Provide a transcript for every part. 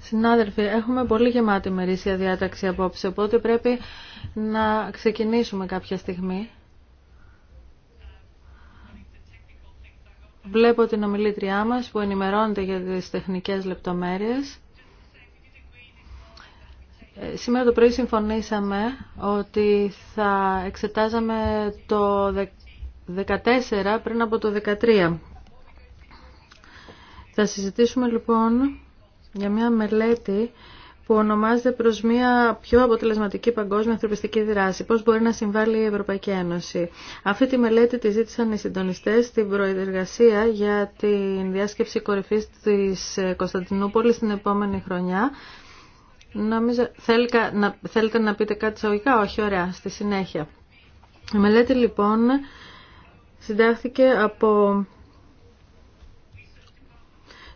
Συνάδελφοι, έχουμε πολύ γεμάτη μερίσια διάταξη απόψε, οπότε πρέπει να ξεκινήσουμε κάποια στιγμή. Βλέπω την ομιλήτριά μας που ενημερώνεται για τις τεχνικές λεπτομέρειες. Ε, σήμερα το πρωί συμφωνήσαμε ότι θα εξετάζαμε το 14 πριν από το 13. Θα συζητήσουμε λοιπόν για μια μελέτη που ονομάζεται προ μια πιο αποτελεσματική παγκόσμια ανθρωπιστική δράση. Πώ μπορεί να συμβάλλει η Ευρωπαϊκή Ένωση. Αυτή τη μελέτη τη ζήτησαν οι συντονιστές στην προεργασία για τη διάσκεψη κορυφή της Κωνσταντινούπολη την επόμενη χρονιά. Νομίζω, θέλετε, να, θέλετε να πείτε κάτι εισαγωγικά, όχι, ωραία, στη συνέχεια. Η μελέτη λοιπόν συντάχθηκε από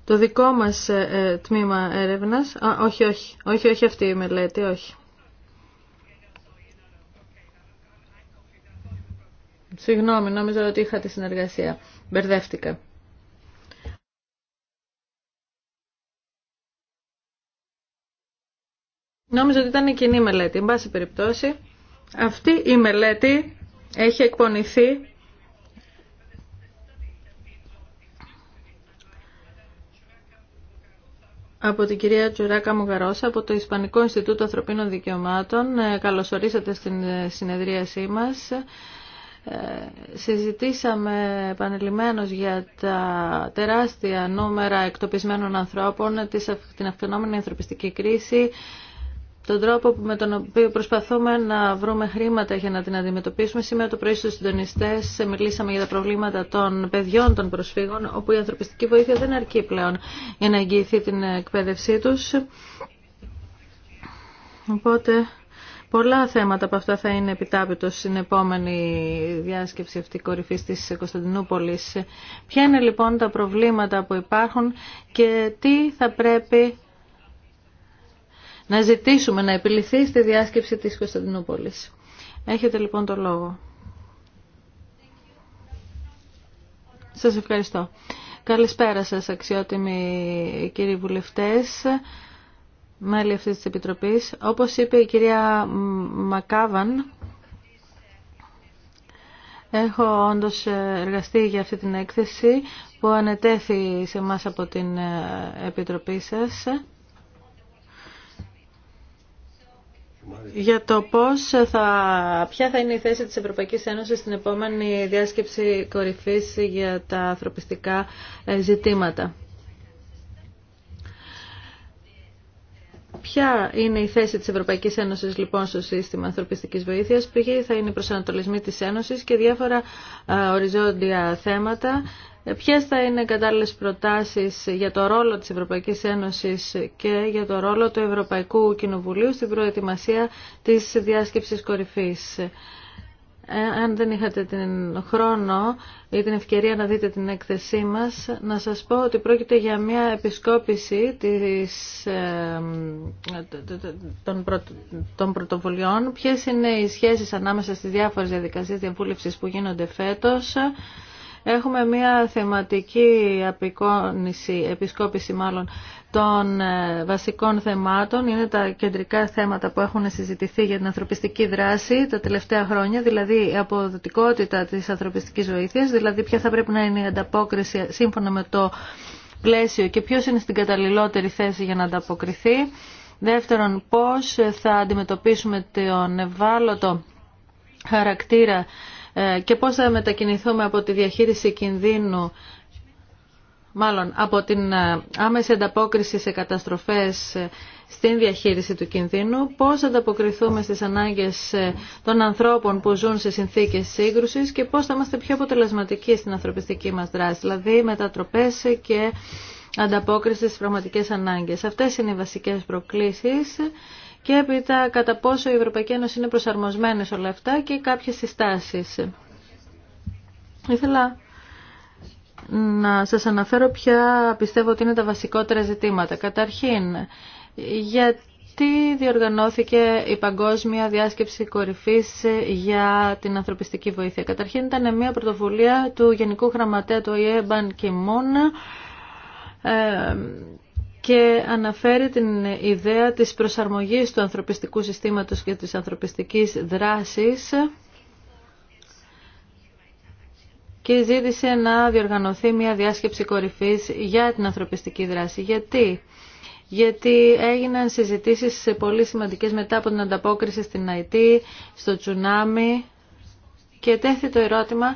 το δικό μας ε, ε, τμήμα έρευνας. όχι, όχι, όχι, όχι αυτή η μελέτη, όχι. Συγγνώμη, νόμιζα ότι είχα τη συνεργασία. Μπερδεύτηκα. Νόμιζα ότι ήταν η κοινή μελέτη. Εν πάση περιπτώσει, αυτή η μελέτη έχει εκπονηθεί από την κυρία Τσουράκα Μουγαρόσα από το Ισπανικό Ινστιτούτο Ανθρωπίνων Δικαιωμάτων. Ε, καλωσορίσατε στην ε, συνεδρίασή μας. Ε, συζητήσαμε επανελειμμένως για τα τεράστια νούμερα εκτοπισμένων ανθρώπων, την αυξανόμενη ανθρωπιστική κρίση, τον τρόπο με τον οποίο προσπαθούμε να βρούμε χρήματα για να την αντιμετωπίσουμε. Σήμερα το πρωί στους συντονιστές μιλήσαμε για τα προβλήματα των παιδιών των προσφύγων, όπου η ανθρωπιστική βοήθεια δεν αρκεί πλέον για να εγγυηθεί την εκπαίδευσή τους. Οπότε... Πολλά θέματα από αυτά θα είναι επιτάπητο στην επόμενη διάσκεψη αυτή κορυφή τη Κωνσταντινούπολη. Ποια είναι λοιπόν τα προβλήματα που υπάρχουν και τι θα πρέπει να ζητήσουμε να επιληθεί στη διάσκεψη της Κωνσταντινούπολης. Έχετε λοιπόν το λόγο. Σας ευχαριστώ. Καλησπέρα σας αξιότιμοι κύριοι βουλευτές, μέλη αυτής της Επιτροπής. Όπως είπε η κυρία Μακάβαν, Έχω όντως εργαστεί για αυτή την έκθεση που ανετέθη σε μας από την Επιτροπή σας. για το πώς θα, ποια θα είναι η θέση της Ευρωπαϊκής Ένωσης στην επόμενη διάσκεψη κορυφής για τα ανθρωπιστικά ε, ζητήματα. Ποια είναι η θέση της Ευρωπαϊκής Ένωσης λοιπόν στο σύστημα ανθρωπιστικής βοήθειας, ποιοι θα είναι οι προσανατολισμοί της Ένωσης και διάφορα ε, οριζόντια θέματα Ποιε θα είναι κατάλληλε προτάσεις για το ρόλο τη Ευρωπαϊκής Ένωσης και για το ρόλο του Ευρωπαϊκού Κοινοβουλίου στην προετοιμασία της διάσκεψης κορυφής. Ε, αν δεν είχατε την χρόνο ή την ευκαιρία να δείτε την έκθεσή μας, να σας πω ότι πρόκειται για μια επισκόπηση της, ε, των, πρω, των πρωτοβουλειών. Ποιες είναι οι σχέσεις ανάμεσα στις διάφορες διαδικασίες διαβούλευσης που γίνονται φέτος Έχουμε μια θεματική απεικόνηση, επισκόπηση μάλλον των ε, βασικών θεμάτων. Είναι τα κεντρικά θέματα που έχουν συζητηθεί για την ανθρωπιστική δράση τα τελευταία χρόνια, δηλαδή η αποδοτικότητα της ανθρωπιστικής βοήθειας, δηλαδή ποια θα πρέπει να είναι η ανταπόκριση σύμφωνα με το πλαίσιο και ποιος είναι στην καταλληλότερη θέση για να ανταποκριθεί. Δεύτερον, πώς θα αντιμετωπίσουμε τον ευάλωτο χαρακτήρα ε, και πώς θα μετακινηθούμε από τη διαχείριση κινδύνου μάλλον από την ε, άμεση ανταπόκριση σε καταστροφές ε, στην διαχείριση του κινδύνου, πώς ανταποκριθούμε στις ανάγκες των ανθρώπων που ζουν σε συνθήκες σύγκρουσης και πώς θα είμαστε πιο αποτελεσματικοί στην ανθρωπιστική μας δράση, δηλαδή μετατροπές και ανταπόκριση στις πραγματικές ανάγκες. Αυτές είναι οι βασικές προκλήσεις και έπειτα κατά πόσο η Ευρωπαϊκή Ένωση είναι προσαρμοσμένη σε όλα αυτά και κάποιες συστάσεις. Ήθελα να σας αναφέρω ποια πιστεύω ότι είναι τα βασικότερα ζητήματα. Καταρχήν, γιατί διοργανώθηκε η Παγκόσμια Διάσκεψη Κορυφής για την ανθρωπιστική βοήθεια. Καταρχήν ήταν μια πρωτοβουλία του Γενικού Γραμματέα του ΟΗΕ και αναφέρει την ιδέα της προσαρμογής του ανθρωπιστικού συστήματος και της ανθρωπιστικής δράσης και ζήτησε να διοργανωθεί μια διάσκεψη κορυφής για την ανθρωπιστική δράση. Γιατί? Γιατί έγιναν συζητήσεις σε πολύ σημαντικές μετά από την ανταπόκριση στην ΑΙΤ, στο τσουνάμι και τέθη το ερώτημα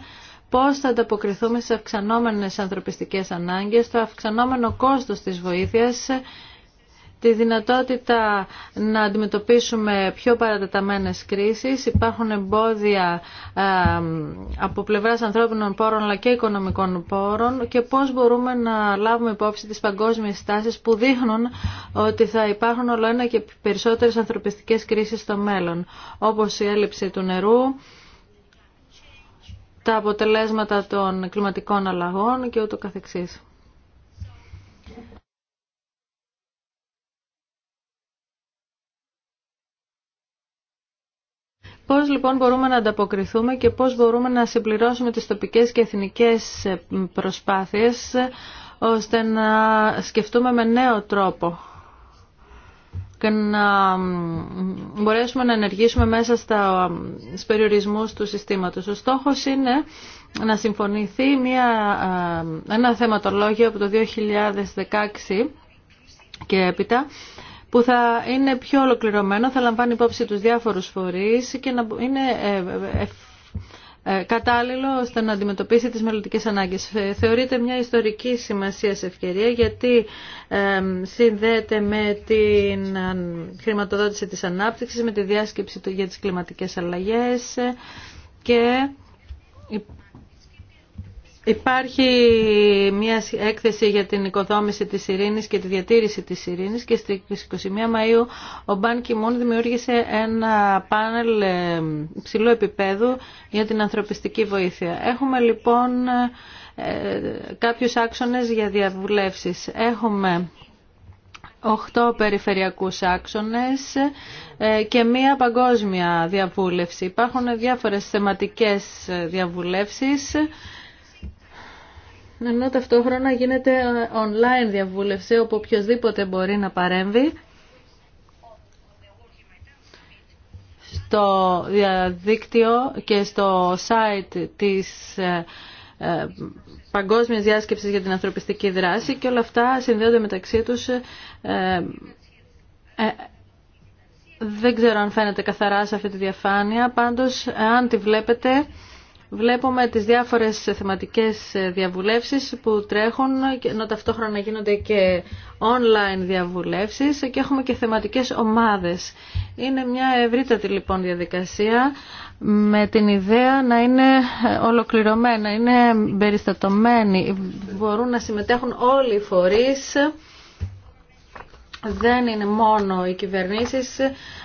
πώς θα ανταποκριθούμε στις αυξανόμενες ανθρωπιστικές ανάγκες, το αυξανόμενο κόστος της βοήθειας, τη δυνατότητα να αντιμετωπίσουμε πιο παρατεταμένες κρίσεις. Υπάρχουν εμπόδια ε, από πλευράς ανθρώπινων πόρων αλλά και οικονομικών πόρων και πώς μπορούμε να λάβουμε υπόψη τις παγκόσμιες τάσεις που δείχνουν ότι θα υπάρχουν όλο ένα και περισσότερες ανθρωπιστικές κρίσεις στο μέλλον, όπως η έλλειψη του νερού, τα αποτελέσματα των κλιματικών αλλαγών και ούτω καθεξής. Πώς λοιπόν μπορούμε να ανταποκριθούμε και πώς μπορούμε να συμπληρώσουμε τις τοπικές και εθνικές ε, προσπάθειες ώστε να σκεφτούμε με νέο τρόπο και να μπορέσουμε να ενεργήσουμε μέσα στα, στους περιορισμούς του συστήματος. Ο στόχος είναι να συμφωνηθεί μια, ένα θεματολόγιο από το 2016 και έπειτα που θα είναι πιο ολοκληρωμένο, θα λαμβάνει υπόψη τους διάφορους φορείς και να είναι ε, ε, ε, κατάλληλο ώστε να αντιμετωπίσει τις μελλοντικές ανάγκες. Ε, θεωρείται μια ιστορική σημασία σε ευκαιρία γιατί ε, συνδέεται με την χρηματοδότηση της ανάπτυξης, με τη διάσκεψη για τις κλιματικές αλλαγές και Υπάρχει μια έκθεση για την οικοδόμηση της ειρήνης και τη διατήρηση της ειρήνης και στις 21 Μαΐου ο Μπάν Κιμούν δημιούργησε ένα πάνελ ε, ψηλού επίπεδου για την ανθρωπιστική βοήθεια. Έχουμε λοιπόν ε, κάποιους άξονες για διαβουλεύσεις. Έχουμε 8 περιφερειακούς άξονες ε, και μία παγκόσμια διαβούλευση. Υπάρχουν διάφορες θεματικές διαβουλεύσεις ενώ ταυτόχρονα γίνεται ε, online διαβούλευση όπου οποιοδήποτε μπορεί να παρέμβει στο διαδίκτυο και στο site της ε, ε, Παγκόσμιας Διάσκεψης για την Ανθρωπιστική Δράση και όλα αυτά συνδέονται μεταξύ τους δεν ξέρω αν φαίνεται καθαρά σε αυτή τη διαφάνεια, πάντως αν τη βλέπετε βλέπουμε τις διάφορες θεματικές διαβουλεύσεις που τρέχουν, ενώ ταυτόχρονα γίνονται και online διαβουλεύσεις και έχουμε και θεματικές ομάδες. Είναι μια ευρύτατη λοιπόν διαδικασία με την ιδέα να είναι ολοκληρωμένα, είναι περιστατωμένη. Μπορούν να συμμετέχουν όλοι οι φορείς δεν είναι μόνο οι κυβερνήσεις,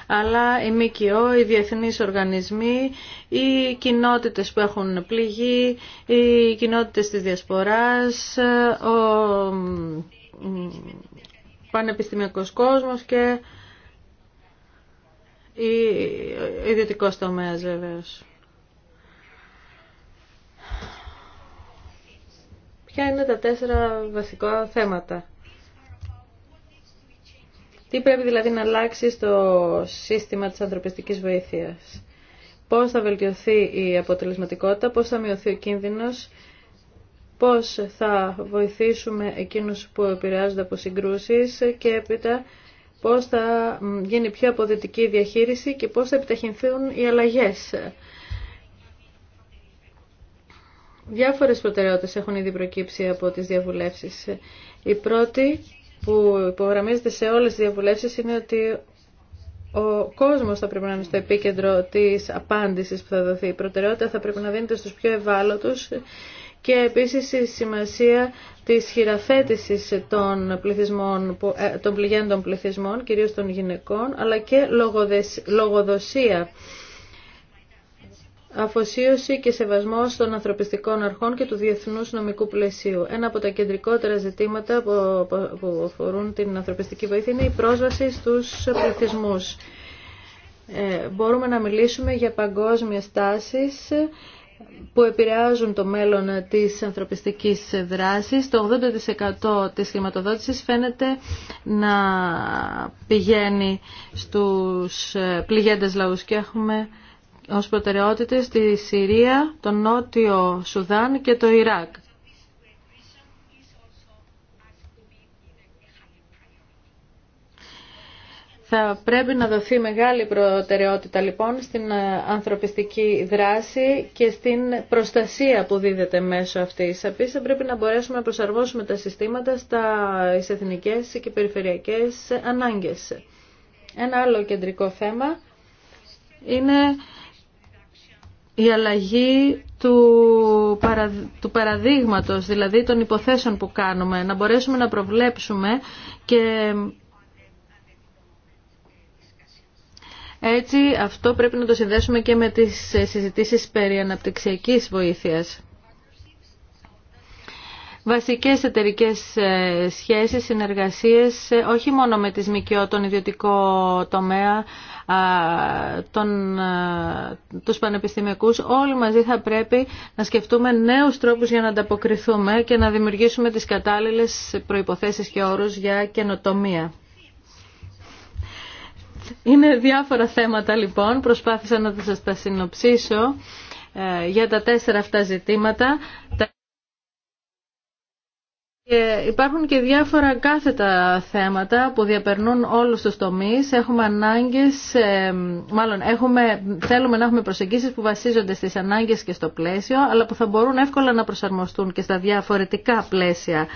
αλλά οι ΜΚΟ, οι διεθνείς οργανισμοί, οι κοινότητες που έχουν πληγεί, οι κοινότητες της διασποράς, ο πανεπιστημιακός κόσμος και ο ιδιωτικό τομέας βεβαίως. Ποια είναι τα τέσσερα βασικά θέματα τι πρέπει δηλαδή να αλλάξει στο σύστημα της ανθρωπιστικής βοήθειας. Πώς θα βελτιωθεί η αποτελεσματικότητα, πώς θα μειωθεί ο κίνδυνος, πώς θα βοηθήσουμε εκείνους που επηρεάζονται από συγκρούσεις και έπειτα πώς θα γίνει πιο αποδετική η διαχείριση και πώς θα επιταχυνθούν οι αλλαγές. Διάφορες προτεραιότητες έχουν ήδη προκύψει από τις διαβουλεύσεις. Η πρώτη που υπογραμμίζεται σε όλες τις διαβουλεύσεις είναι ότι ο κόσμος θα πρέπει να είναι στο επίκεντρο της απάντησης που θα δοθεί. Η προτεραιότητα θα πρέπει να δίνεται στους πιο ευάλωτους και επίσης η σημασία της χειραφέτησης των, πληθυσμών, ε, των πληγέντων πληθυσμών, κυρίως των γυναικών, αλλά και λογοδοσία αφοσίωση και σεβασμός των ανθρωπιστικών αρχών και του διεθνούς νομικού πλαισίου. Ένα από τα κεντρικότερα ζητήματα που αφορούν την ανθρωπιστική βοήθεια είναι η πρόσβαση στους πληθυσμούς. Ε, μπορούμε να μιλήσουμε για παγκόσμιες στάσεις που επηρεάζουν το μέλλον της ανθρωπιστικής δράσης. Το 80% της χρηματοδότησης φαίνεται να πηγαίνει στους πληγέντες λαούς και έχουμε ως προτεραιότητες στη Συρία, τον Νότιο Σουδάν και το Ιράκ. Θα πρέπει να δοθεί μεγάλη προτεραιότητα λοιπόν στην ε, ανθρωπιστική δράση και στην προστασία που δίδεται μέσω αυτής. Επίσης θα πρέπει να μπορέσουμε να προσαρμόσουμε τα συστήματα στα εθνικές και περιφερειακές ανάγκες. Ένα άλλο κεντρικό θέμα είναι η αλλαγή του, του παραδείγματος, δηλαδή των υποθέσεων που κάνουμε, να μπορέσουμε να προβλέψουμε και έτσι αυτό πρέπει να το συνδέσουμε και με τις συζητήσεις περί αναπτυξιακής βοήθειας. Βασικές εταιρικές ε, σχέσεις, συνεργασίες, ε, όχι μόνο με τις ΜΚΟ, τον ιδιωτικό τομέα, τον, τους πανεπιστημιακούς, όλοι μαζί θα πρέπει να σκεφτούμε νέους τρόπους για να ανταποκριθούμε και να δημιουργήσουμε τις κατάλληλες προϋποθέσεις και όρους για καινοτομία. Είναι διάφορα θέματα λοιπόν, προσπάθησα να σας τα συνοψίσω ε, για τα τέσσερα αυτά ζητήματα υπάρχουν και διάφορα κάθετα θέματα που διαπερνούν όλους τους τομείς. Έχουμε ανάγκες, ε, μάλλον έχουμε, θέλουμε να έχουμε προσεγγίσεις που βασίζονται στις ανάγκες και στο πλαίσιο, αλλά που θα μπορούν εύκολα να προσαρμοστούν και στα διαφορετικά πλαίσια.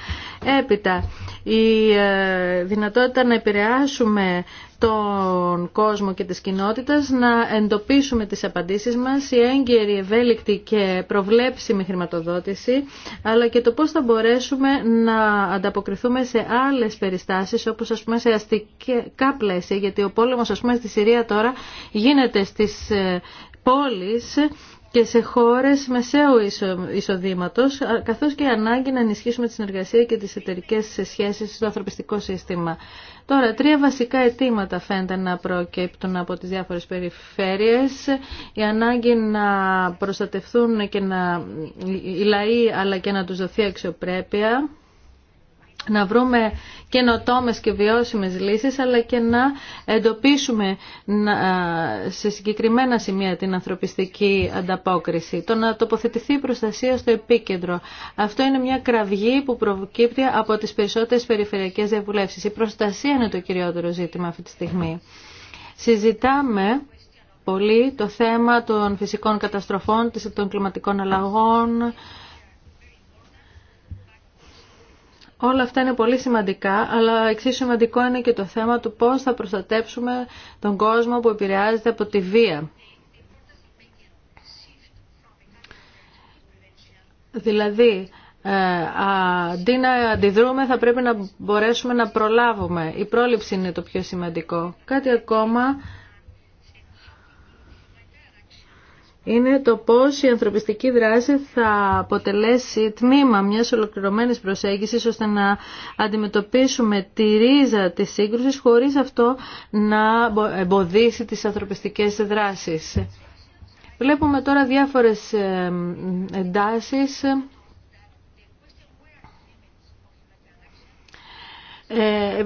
Έπειτα, η ε, δυνατότητα να επηρεάσουμε τον κόσμο και της κοινότητας να εντοπίσουμε τις απαντήσεις μας, η έγκαιρη, ευέλικτη και προβλέψιμη χρηματοδότηση, αλλά και το πώς θα μπορέσουμε να ανταποκριθούμε σε άλλες περιστάσεις, όπως ας πούμε σε αστικά πλαίσια, γιατί ο πόλεμος ας πούμε στη Συρία τώρα γίνεται στις ε, πόλεις και σε χώρες μεσαίου εισοδήματος, καθώς και η ανάγκη να ενισχύσουμε τη συνεργασία και τις εταιρικέ σχέσεις στο ανθρωπιστικό σύστημα. Τώρα, τρία βασικά αιτήματα φαίνεται να προκύπτουν από τις διάφορες περιφέρειες. Η ανάγκη να προστατευθούν και να, οι λαοί αλλά και να τους δοθεί αξιοπρέπεια να βρούμε καινοτόμε και βιώσιμες λύσεις, αλλά και να εντοπίσουμε σε συγκεκριμένα σημεία την ανθρωπιστική ανταπόκριση. Το να τοποθετηθεί η προστασία στο επίκεντρο. Αυτό είναι μια κραυγή που προκύπτει από τις περισσότερε περιφερειακές διαβουλεύσει. Η προστασία είναι το κυριότερο ζήτημα αυτή τη στιγμή. Συζητάμε πολύ το θέμα των φυσικών καταστροφών, των κλιματικών αλλαγών, Όλα αυτά είναι πολύ σημαντικά, αλλά εξίσου σημαντικό είναι και το θέμα του πώς θα προστατέψουμε τον κόσμο που επηρεάζεται από τη βία. Δηλαδή, ε, αντί να αντιδρούμε θα πρέπει να μπορέσουμε να προλάβουμε. Η πρόληψη είναι το πιο σημαντικό. Κάτι ακόμα είναι το πώς η ανθρωπιστική δράση θα αποτελέσει τμήμα μιας ολοκληρωμένης προσέγγισης ώστε να αντιμετωπίσουμε τη ρίζα της σύγκρουσης χωρίς αυτό να εμποδίσει τις ανθρωπιστικές δράσεις. Βλέπουμε τώρα διάφορες εντάσεις Ε,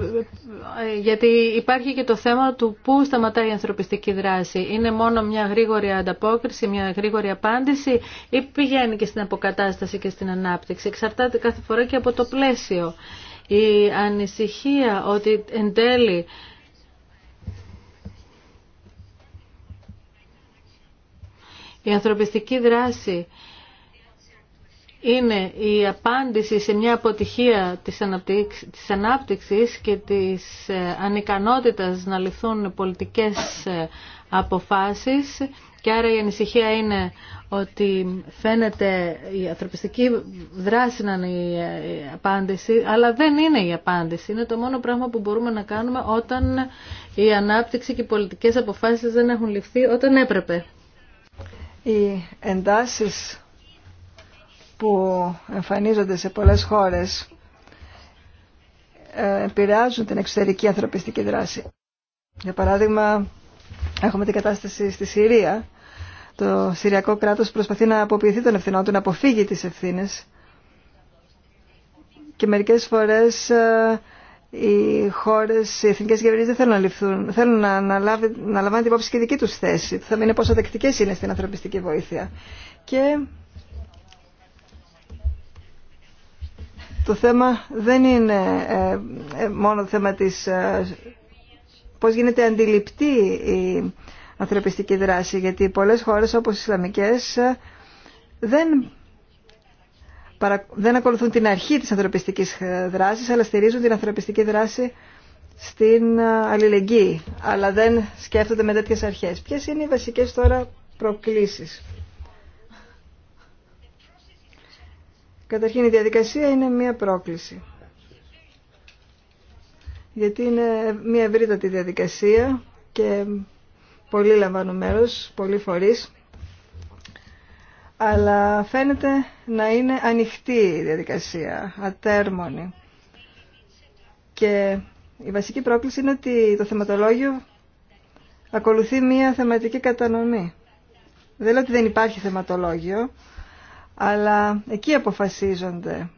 γιατί υπάρχει και το θέμα του πού σταματάει η ανθρωπιστική δράση. Είναι μόνο μια γρήγορη ανταπόκριση, μια γρήγορη απάντηση ή πηγαίνει και στην αποκατάσταση και στην ανάπτυξη. Εξαρτάται κάθε φορά και από το πλαίσιο. Η ανησυχία ότι εν τέλει η ανθρωπιστική δράση είναι η απάντηση σε μια αποτυχία της ανάπτυξης και της ε, ανικανότητας να ληφθούν πολιτικές ε, αποφάσεις και άρα η ανησυχία είναι ότι φαίνεται η ανθρωπιστική δράση να είναι ε, η απάντηση, αλλά δεν είναι η απάντηση. Είναι το μόνο πράγμα που μπορούμε να κάνουμε όταν η ανάπτυξη και οι πολιτικές αποφάσεις δεν έχουν ληφθεί όταν έπρεπε. Οι εντάσεις που εμφανίζονται σε πολλές χώρες ε, επηρεάζουν την εξωτερική ανθρωπιστική δράση. Για παράδειγμα, έχουμε την κατάσταση στη Συρία. Το Συριακό κράτος προσπαθεί να αποποιηθεί τον ευθυνών του, να αποφύγει τις ευθύνες. Και μερικές φορές ε, οι χώρες, οι εθνικές κυβερνήσεις δεν θέλουν να ληφθούν, θέλουν να, να λαμβάνουν την υπόψη και δική τους θέση. Θα μείνει πόσο δεκτικές είναι στην ανθρωπιστική βοήθεια. Και το θέμα δεν είναι ε, ε, μόνο το θέμα της ε, πώς γίνεται αντιληπτή η ανθρωπιστική δράση, γιατί πολλές χώρες όπως οι Ισλαμικές δεν, δεν ακολουθούν την αρχή της ανθρωπιστικής δράσης, αλλά στηρίζουν την ανθρωπιστική δράση στην αλληλεγγύη, αλλά δεν σκέφτονται με τέτοιες αρχές. Ποιες είναι οι βασικές τώρα προκλήσεις Καταρχήν η διαδικασία είναι μία πρόκληση. Γιατί είναι μία ευρύτατη διαδικασία και πολλοί λαμβάνουν μέρος, πολλοί φορείς. Αλλά φαίνεται να είναι ανοιχτή η διαδικασία, ατέρμονη. Και η βασική πρόκληση είναι ότι το θεματολόγιο ακολουθεί μία θεματική κατανομή. Δεν λέω ότι δεν υπάρχει θεματολόγιο, αλλά εκεί αποφασίζονται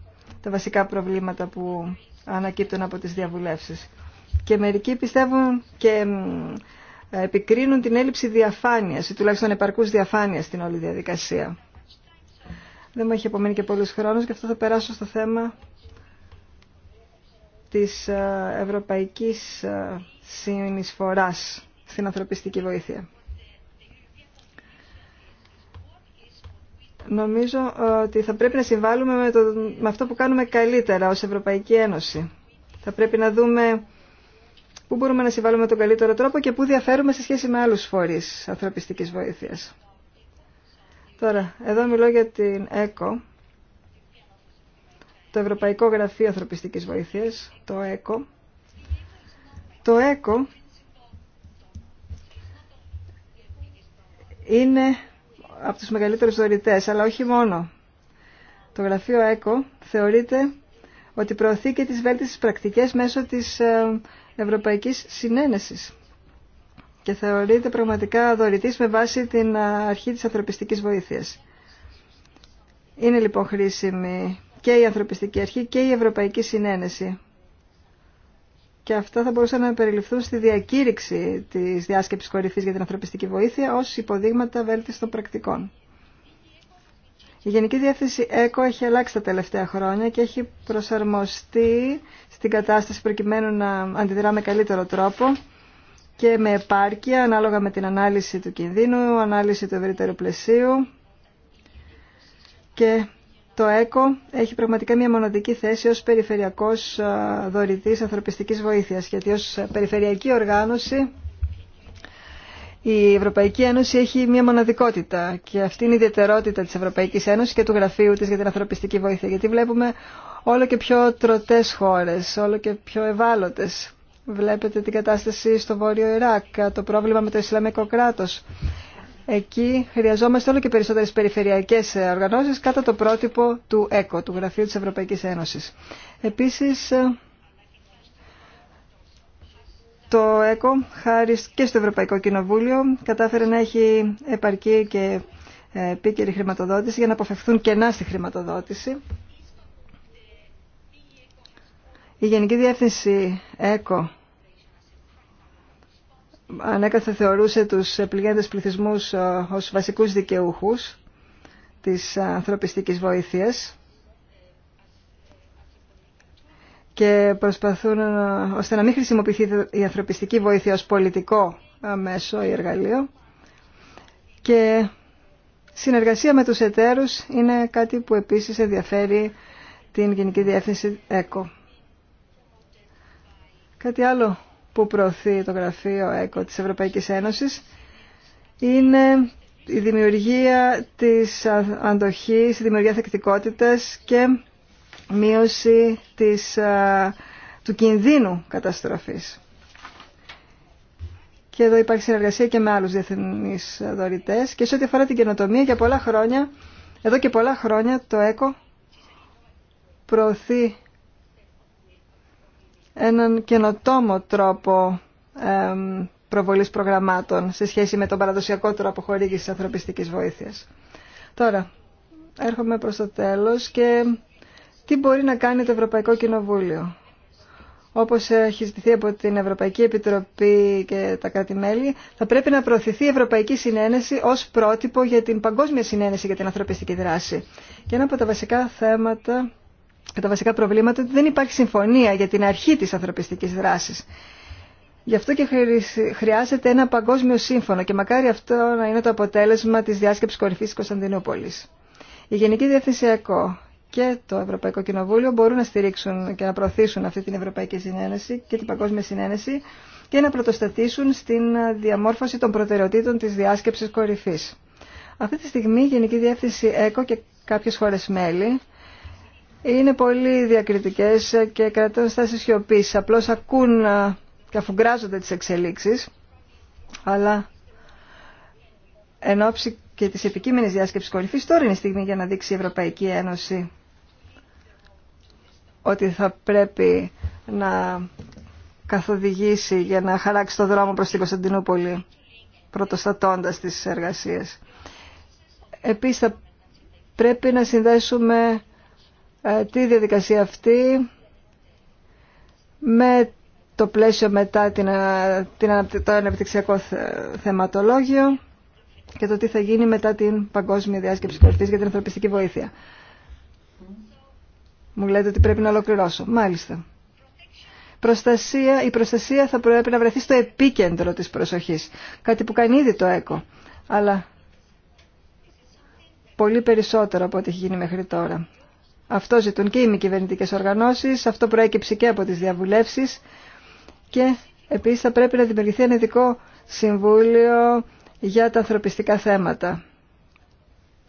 τα βασικά προβλήματα που ανακύπτουν από τις διαβουλεύσεις. Και μερικοί πιστεύουν και επικρίνουν την έλλειψη διαφάνειας ή τουλάχιστον επαρκούς διαφάνειας στην όλη διαδικασία. Δεν μου έχει απομείνει και πολλούς χρόνους και αυτό θα περάσω στο θέμα της ε, ευρωπαϊκής ε, συνεισφοράς στην ανθρωπιστική βοήθεια. Νομίζω ε, ότι θα πρέπει να συμβάλλουμε με, το, με αυτό που κάνουμε καλύτερα ως Ευρωπαϊκή Ένωση. Θα πρέπει να δούμε πού μπορούμε να συμβάλλουμε με τον καλύτερο τρόπο και πού διαφέρουμε σε σχέση με άλλους φορείς ανθρωπιστικής βοήθειας. Τώρα, εδώ μιλώ για την ΕΚΟ, το Ευρωπαϊκό Γραφείο Ανθρωπιστικής Βοήθειας, το ΕΚΟ. Το ΕΚΟ είναι από τους μεγαλύτερους δωρητές, αλλά όχι μόνο. Το γραφείο ΕΚΟ θεωρείται ότι προωθεί και τις βέλτιστες πρακτικές μέσω της ε, Ευρωπαϊκής Συνένεσης και θεωρείται πραγματικά δωρητής με βάση την ε, αρχή της ανθρωπιστικής βοήθειας. Είναι λοιπόν χρήσιμη και η ανθρωπιστική αρχή και η Ευρωπαϊκή Συνένεση και αυτά θα μπορούσαν να περιληφθούν στη διακήρυξη της διάσκεψης κορυφής για την ανθρωπιστική βοήθεια ως υποδείγματα βέλτιστων πρακτικών. Η Γενική Διεύθυνση ΕΚΟ έχει αλλάξει τα τελευταία χρόνια και έχει προσαρμοστεί στην κατάσταση προκειμένου να αντιδρά με καλύτερο τρόπο και με επάρκεια ανάλογα με την ανάλυση του κινδύνου, ανάλυση του ευρύτερου πλαισίου και το ΕΚΟ έχει πραγματικά μια μοναδική θέση ως περιφερειακός δωρητής ανθρωπιστικής βοήθειας, γιατί ως περιφερειακή οργάνωση η Ευρωπαϊκή Ένωση έχει μια μοναδικότητα και αυτή είναι η ιδιαιτερότητα της Ευρωπαϊκής Ένωσης και του γραφείου της για την ανθρωπιστική βοήθεια, γιατί βλέπουμε όλο και πιο τροτές χώρες, όλο και πιο ευάλωτες. Βλέπετε την κατάσταση στο Βόρειο Ιράκ, το πρόβλημα με το Ισλαμικό κράτος. Εκεί χρειαζόμαστε όλο και περισσότερες περιφερειακές οργανώσεις κατά το πρότυπο του ΕΚΟ, του Γραφείου της Ευρωπαϊκής Ένωσης. Επίσης, το ΕΚΟ, χάρη και στο Ευρωπαϊκό Κοινοβούλιο, κατάφερε να έχει επαρκή και ε, επίκαιρη χρηματοδότηση για να αποφευθούν κενά στη χρηματοδότηση. Η Γενική Διεύθυνση ΕΚΟ ανέκαθε θεωρούσε τους πληγέντες πληθυσμούς ε, ως βασικούς δικαιούχους της ανθρωπιστικής βοήθειας και προσπαθούν ε, ώστε να μην χρησιμοποιηθεί η ανθρωπιστική βοήθεια ως πολιτικό ε, μέσο ή εργαλείο και συνεργασία με τους εταίρους είναι κάτι που επίσης ενδιαφέρει την Γενική Διεύθυνση ΕΚΟ. Κάτι άλλο που προωθεί το γραφείο ΕΚΟ της Ευρωπαϊκής Ένωσης είναι η δημιουργία της αντοχής, η δημιουργία θεκτικότητας και μείωση της, του κινδύνου καταστροφής. Και εδώ υπάρχει συνεργασία και με άλλους διεθνείς δωρητές. Και σε ό,τι αφορά την καινοτομία, για πολλά χρόνια, εδώ και πολλά χρόνια το ΕΚΟ προωθεί έναν καινοτόμο τρόπο προβολής προγραμμάτων σε σχέση με τον παραδοσιακό τρόπο χορήγησης ανθρωπιστικής βοήθειας. Τώρα, έρχομαι προς το τέλος και τι μπορεί να κάνει το Ευρωπαϊκό Κοινοβούλιο. Όπως έχει ζητηθεί από την Ευρωπαϊκή Επιτροπή και τα κράτη-μέλη, θα πρέπει να προωθηθεί η Ευρωπαϊκή Συνένεση ως πρότυπο για την Παγκόσμια Συνένεση για την Ανθρωπιστική Δράση. Και ένα από τα βασικά θέματα τα βασικά προβλήματα ότι δεν υπάρχει συμφωνία για την αρχή της ανθρωπιστικής δράσης. Γι' αυτό και χρειάζεται ένα παγκόσμιο σύμφωνο και μακάρι αυτό να είναι το αποτέλεσμα της διάσκεψης κορυφής της Κωνσταντινούπολης. Η Γενική Διεύθυνση ΕΚΟ και το Ευρωπαϊκό Κοινοβούλιο μπορούν να στηρίξουν και να προωθήσουν αυτή την Ευρωπαϊκή Συνένεση και την Παγκόσμια Συνένεση και να πρωτοστατήσουν στην διαμόρφωση των προτεραιοτήτων της διάσκεψης κορυφής. Αυτή τη στιγμή η Γενική Διεύθυνση ΕΚΟ και κάποιες χώρες μέλη είναι πολύ διακριτικές και κρατούν στάσεις σιωπής. Απλώς ακούν και αφουγκράζονται τις εξελίξεις, αλλά εν ώψη και της επικείμενης διάσκεψης κορυφής, τώρα είναι η στιγμή για να δείξει η Ευρωπαϊκή Ένωση ότι θα πρέπει να καθοδηγήσει για να χαράξει το δρόμο προς την Κωνσταντινούπολη, πρωτοστατώντας τις εργασίες. Επίσης, θα πρέπει να συνδέσουμε ε, τη διαδικασία αυτή με το πλαίσιο μετά την, ε, την, το αναπτυξιακό θεματολόγιο και το τι θα γίνει μετά την Παγκόσμια Διάσκεψη Κορυφής για την Ανθρωπιστική Βοήθεια. Μου λέτε ότι πρέπει να ολοκληρώσω. Μάλιστα. Προστασία, η προστασία θα πρέπει να βρεθεί στο επίκεντρο της προσοχής. Κάτι που κάνει ήδη το ΕΚΟ. Αλλά πολύ περισσότερο από ό,τι έχει γίνει μέχρι τώρα. Αυτό ζητούν και οι μη κυβερνητικέ οργανώσεις, αυτό προέκυψε και από τι διαβουλεύσεις και επίση θα πρέπει να δημιουργηθεί ένα ειδικό συμβούλιο για τα ανθρωπιστικά θέματα.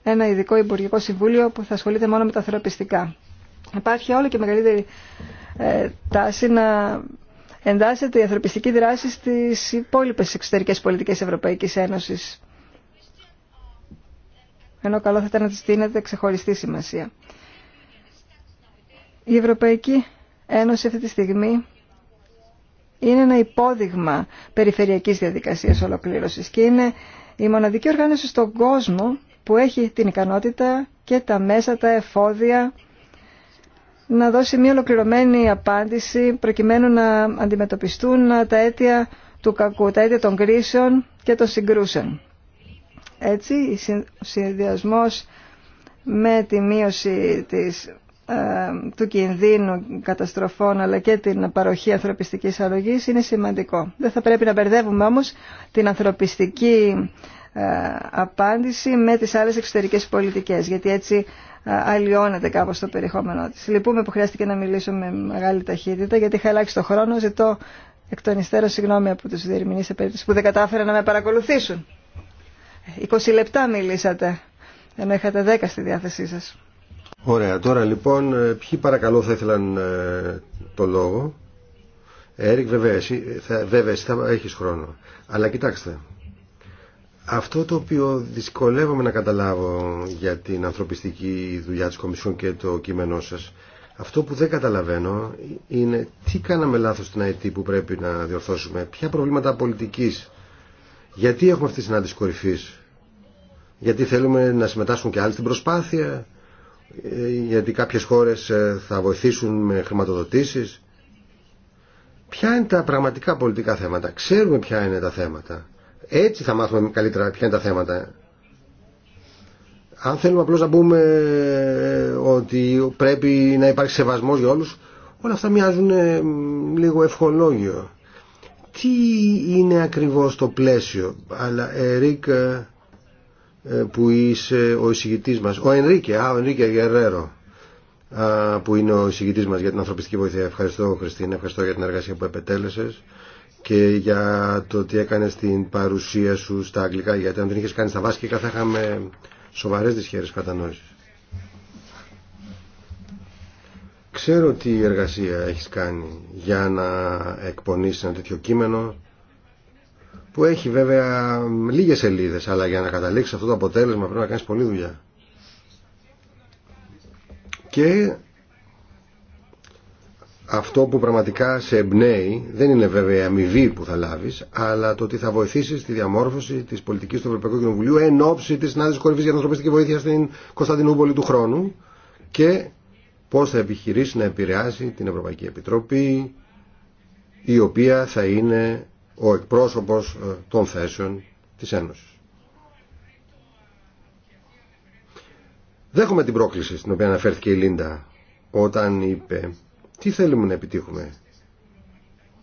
Ένα ειδικό Υπουργικό Συμβούλιο που θα ασχολείται μόνο με τα ανθρωπιστικά. Υπάρχει όλο και μεγαλύτερη ε, τάση να εντάσσεται η ανθρωπιστική δράση στι υπόλοιπε εξωτερικέ πολιτικέ Ευρωπαϊκή Ένωση. Ενώ καλό θα ήταν να τη δίνεται ξεχωριστή σημασία. Η Ευρωπαϊκή Ένωση αυτή τη στιγμή είναι ένα υπόδειγμα περιφερειακής διαδικασίας ολοκλήρωσης και είναι η μοναδική οργάνωση στον κόσμο που έχει την ικανότητα και τα μέσα, τα εφόδια να δώσει μια ολοκληρωμένη απάντηση προκειμένου να αντιμετωπιστούν τα αίτια του κακού, τα αίτια των κρίσεων και των συγκρούσεων. Έτσι, ο συνδυασμός με τη μείωση της ε, του κινδύνου καταστροφών αλλά και την παροχή ανθρωπιστικής αρρωγής είναι σημαντικό. Δεν θα πρέπει να μπερδεύουμε όμως την ανθρωπιστική ε, απάντηση με τις άλλες εξωτερικές πολιτικές γιατί έτσι ε, αλλοιώνεται κάπως το περιεχόμενό της. Λυπούμε που χρειάστηκε να μιλήσω με μεγάλη ταχύτητα γιατί είχα αλλάξει το χρόνο, ζητώ εκ των υστέρων συγγνώμη από τους διερμηνείς σε που δεν κατάφεραν να με παρακολουθήσουν. 20 λεπτά μιλήσατε ενώ είχατε 10 στη διάθεσή σας. Ωραία, τώρα λοιπόν, ε, ποιοι παρακαλώ θα ήθελαν ε, το λόγο. Έρικ, βέβαια εσύ, ε, θα, βέβαια, έχεις χρόνο. Αλλά κοιτάξτε, αυτό το οποίο δυσκολεύομαι να καταλάβω για την ανθρωπιστική δουλειά της Κομισιόν και το κείμενό σας, αυτό που δεν καταλαβαίνω είναι τι κάναμε λάθος στην ΑΕΤ που πρέπει να διορθώσουμε, ποια προβλήματα πολιτικής, γιατί έχουμε αυτή τη συνάντηση γιατί θέλουμε να συμμετάσχουν και άλλοι στην προσπάθεια, γιατί κάποιες χώρες ε, θα βοηθήσουν με χρηματοδοτήσεις. Ποια είναι τα πραγματικά πολιτικά θέματα. Ξέρουμε ποια είναι τα θέματα. Έτσι θα μάθουμε καλύτερα ποια είναι τα θέματα. Αν θέλουμε απλώς να πούμε ε, ότι πρέπει να υπάρχει σεβασμός για όλους, όλα αυτά μοιάζουν ε, λίγο ευχολόγιο. Τι είναι ακριβώς το πλαίσιο. Αλλά Ερικ, ε, που είσαι ο εισηγητής μας. Ο Ενρίκε, α, ο Ενρίκε Γερέρο, που είναι ο εισηγητής μας για την ανθρωπιστική βοήθεια. Ευχαριστώ, Χριστίνα, ευχαριστώ για την εργασία που επετέλεσες και για το τι έκανε την παρουσία σου στα αγγλικά, γιατί αν δεν είχε κάνει στα βάσκικα θα είχαμε σοβαρές δυσχέρειες κατανόησης. Ξέρω τι εργασία έχεις κάνει για να εκπονήσεις ένα τέτοιο κείμενο που έχει βέβαια λίγες σελίδε, αλλά για να καταλήξεις αυτό το αποτέλεσμα πρέπει να κάνεις πολλή δουλειά. Και αυτό που πραγματικά σε εμπνέει δεν είναι βέβαια η αμοιβή που θα λάβεις, αλλά το ότι θα βοηθήσεις τη διαμόρφωση της πολιτικής του Ευρωπαϊκού Κοινοβουλίου εν ώψη της συνάντησης κορυφής για την ανθρωπιστική βοήθεια στην Κωνσταντινούπολη του χρόνου και πώς θα επιχειρήσει να επηρεάσει την Ευρωπαϊκή Επιτροπή η οποία θα είναι ο εκπρόσωπος ε, των θέσεων της Ένωσης. Δέχομαι την πρόκληση στην οποία αναφέρθηκε η Λίντα όταν είπε τι θέλουμε να επιτύχουμε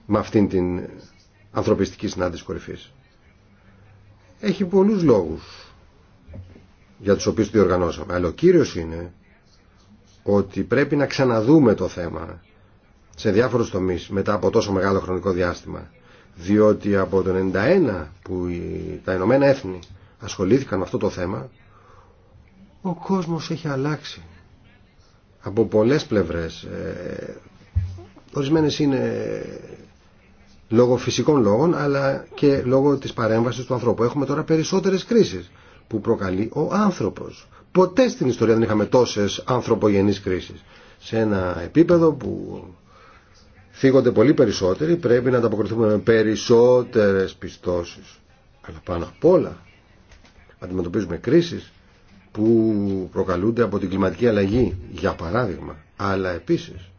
με αυτήν την ανθρωπιστική συνάντηση κορυφής. Έχει πολλούς λόγους για τους οποίους το διοργανώσαμε. Αλλά ο κύριος είναι ότι πρέπει να ξαναδούμε το θέμα σε διάφορους τομείς μετά από τόσο μεγάλο χρονικό διάστημα διότι από το 1991 που τα Ηνωμένα Έθνη ασχολήθηκαν με αυτό το θέμα ο κόσμος έχει αλλάξει από πολλές πλευρές ε, ορισμένες είναι λόγω φυσικών λόγων αλλά και λόγω της παρέμβασης του ανθρώπου έχουμε τώρα περισσότερες κρίσεις που προκαλεί ο άνθρωπος ποτέ στην ιστορία δεν είχαμε τόσες ανθρωπογενείς κρίσεις σε ένα επίπεδο που Φύγονται πολύ περισσότεροι, πρέπει να ανταποκριθούμε με περισσότερες πιστώσεις. Αλλά πάνω απ' όλα αντιμετωπίζουμε κρίσεις που προκαλούνται από την κλιματική αλλαγή, για παράδειγμα, αλλά επίσης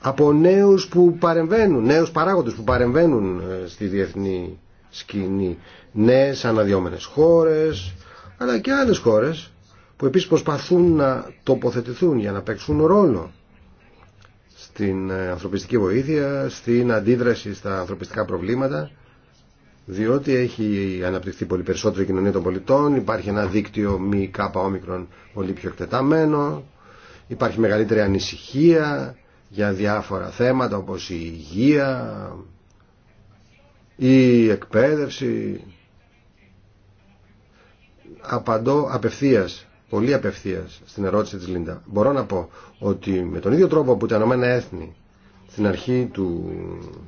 από νέους που παρεμβαίνουν, νέους παράγοντες που παρεμβαίνουν ε, στη διεθνή σκηνή, νέες αναδιόμενες χώρες, αλλά και άλλες χώρες που επίσης προσπαθούν να τοποθετηθούν για να παίξουν ρόλο στην ε, ανθρωπιστική βοήθεια, στην αντίδραση στα ανθρωπιστικά προβλήματα, διότι έχει αναπτυχθεί πολύ περισσότερο η κοινωνία των πολιτών, υπάρχει ένα δίκτυο μη κάπα όμικρον πολύ πιο εκτεταμένο, υπάρχει μεγαλύτερη ανησυχία για διάφορα θέματα όπως η υγεία, η εκπαίδευση. Απαντώ απευθείας πολύ απευθεία στην ερώτηση της Λίντα. Μπορώ να πω ότι με τον ίδιο τρόπο που τα Ηνωμένα Έθνη στην αρχή του,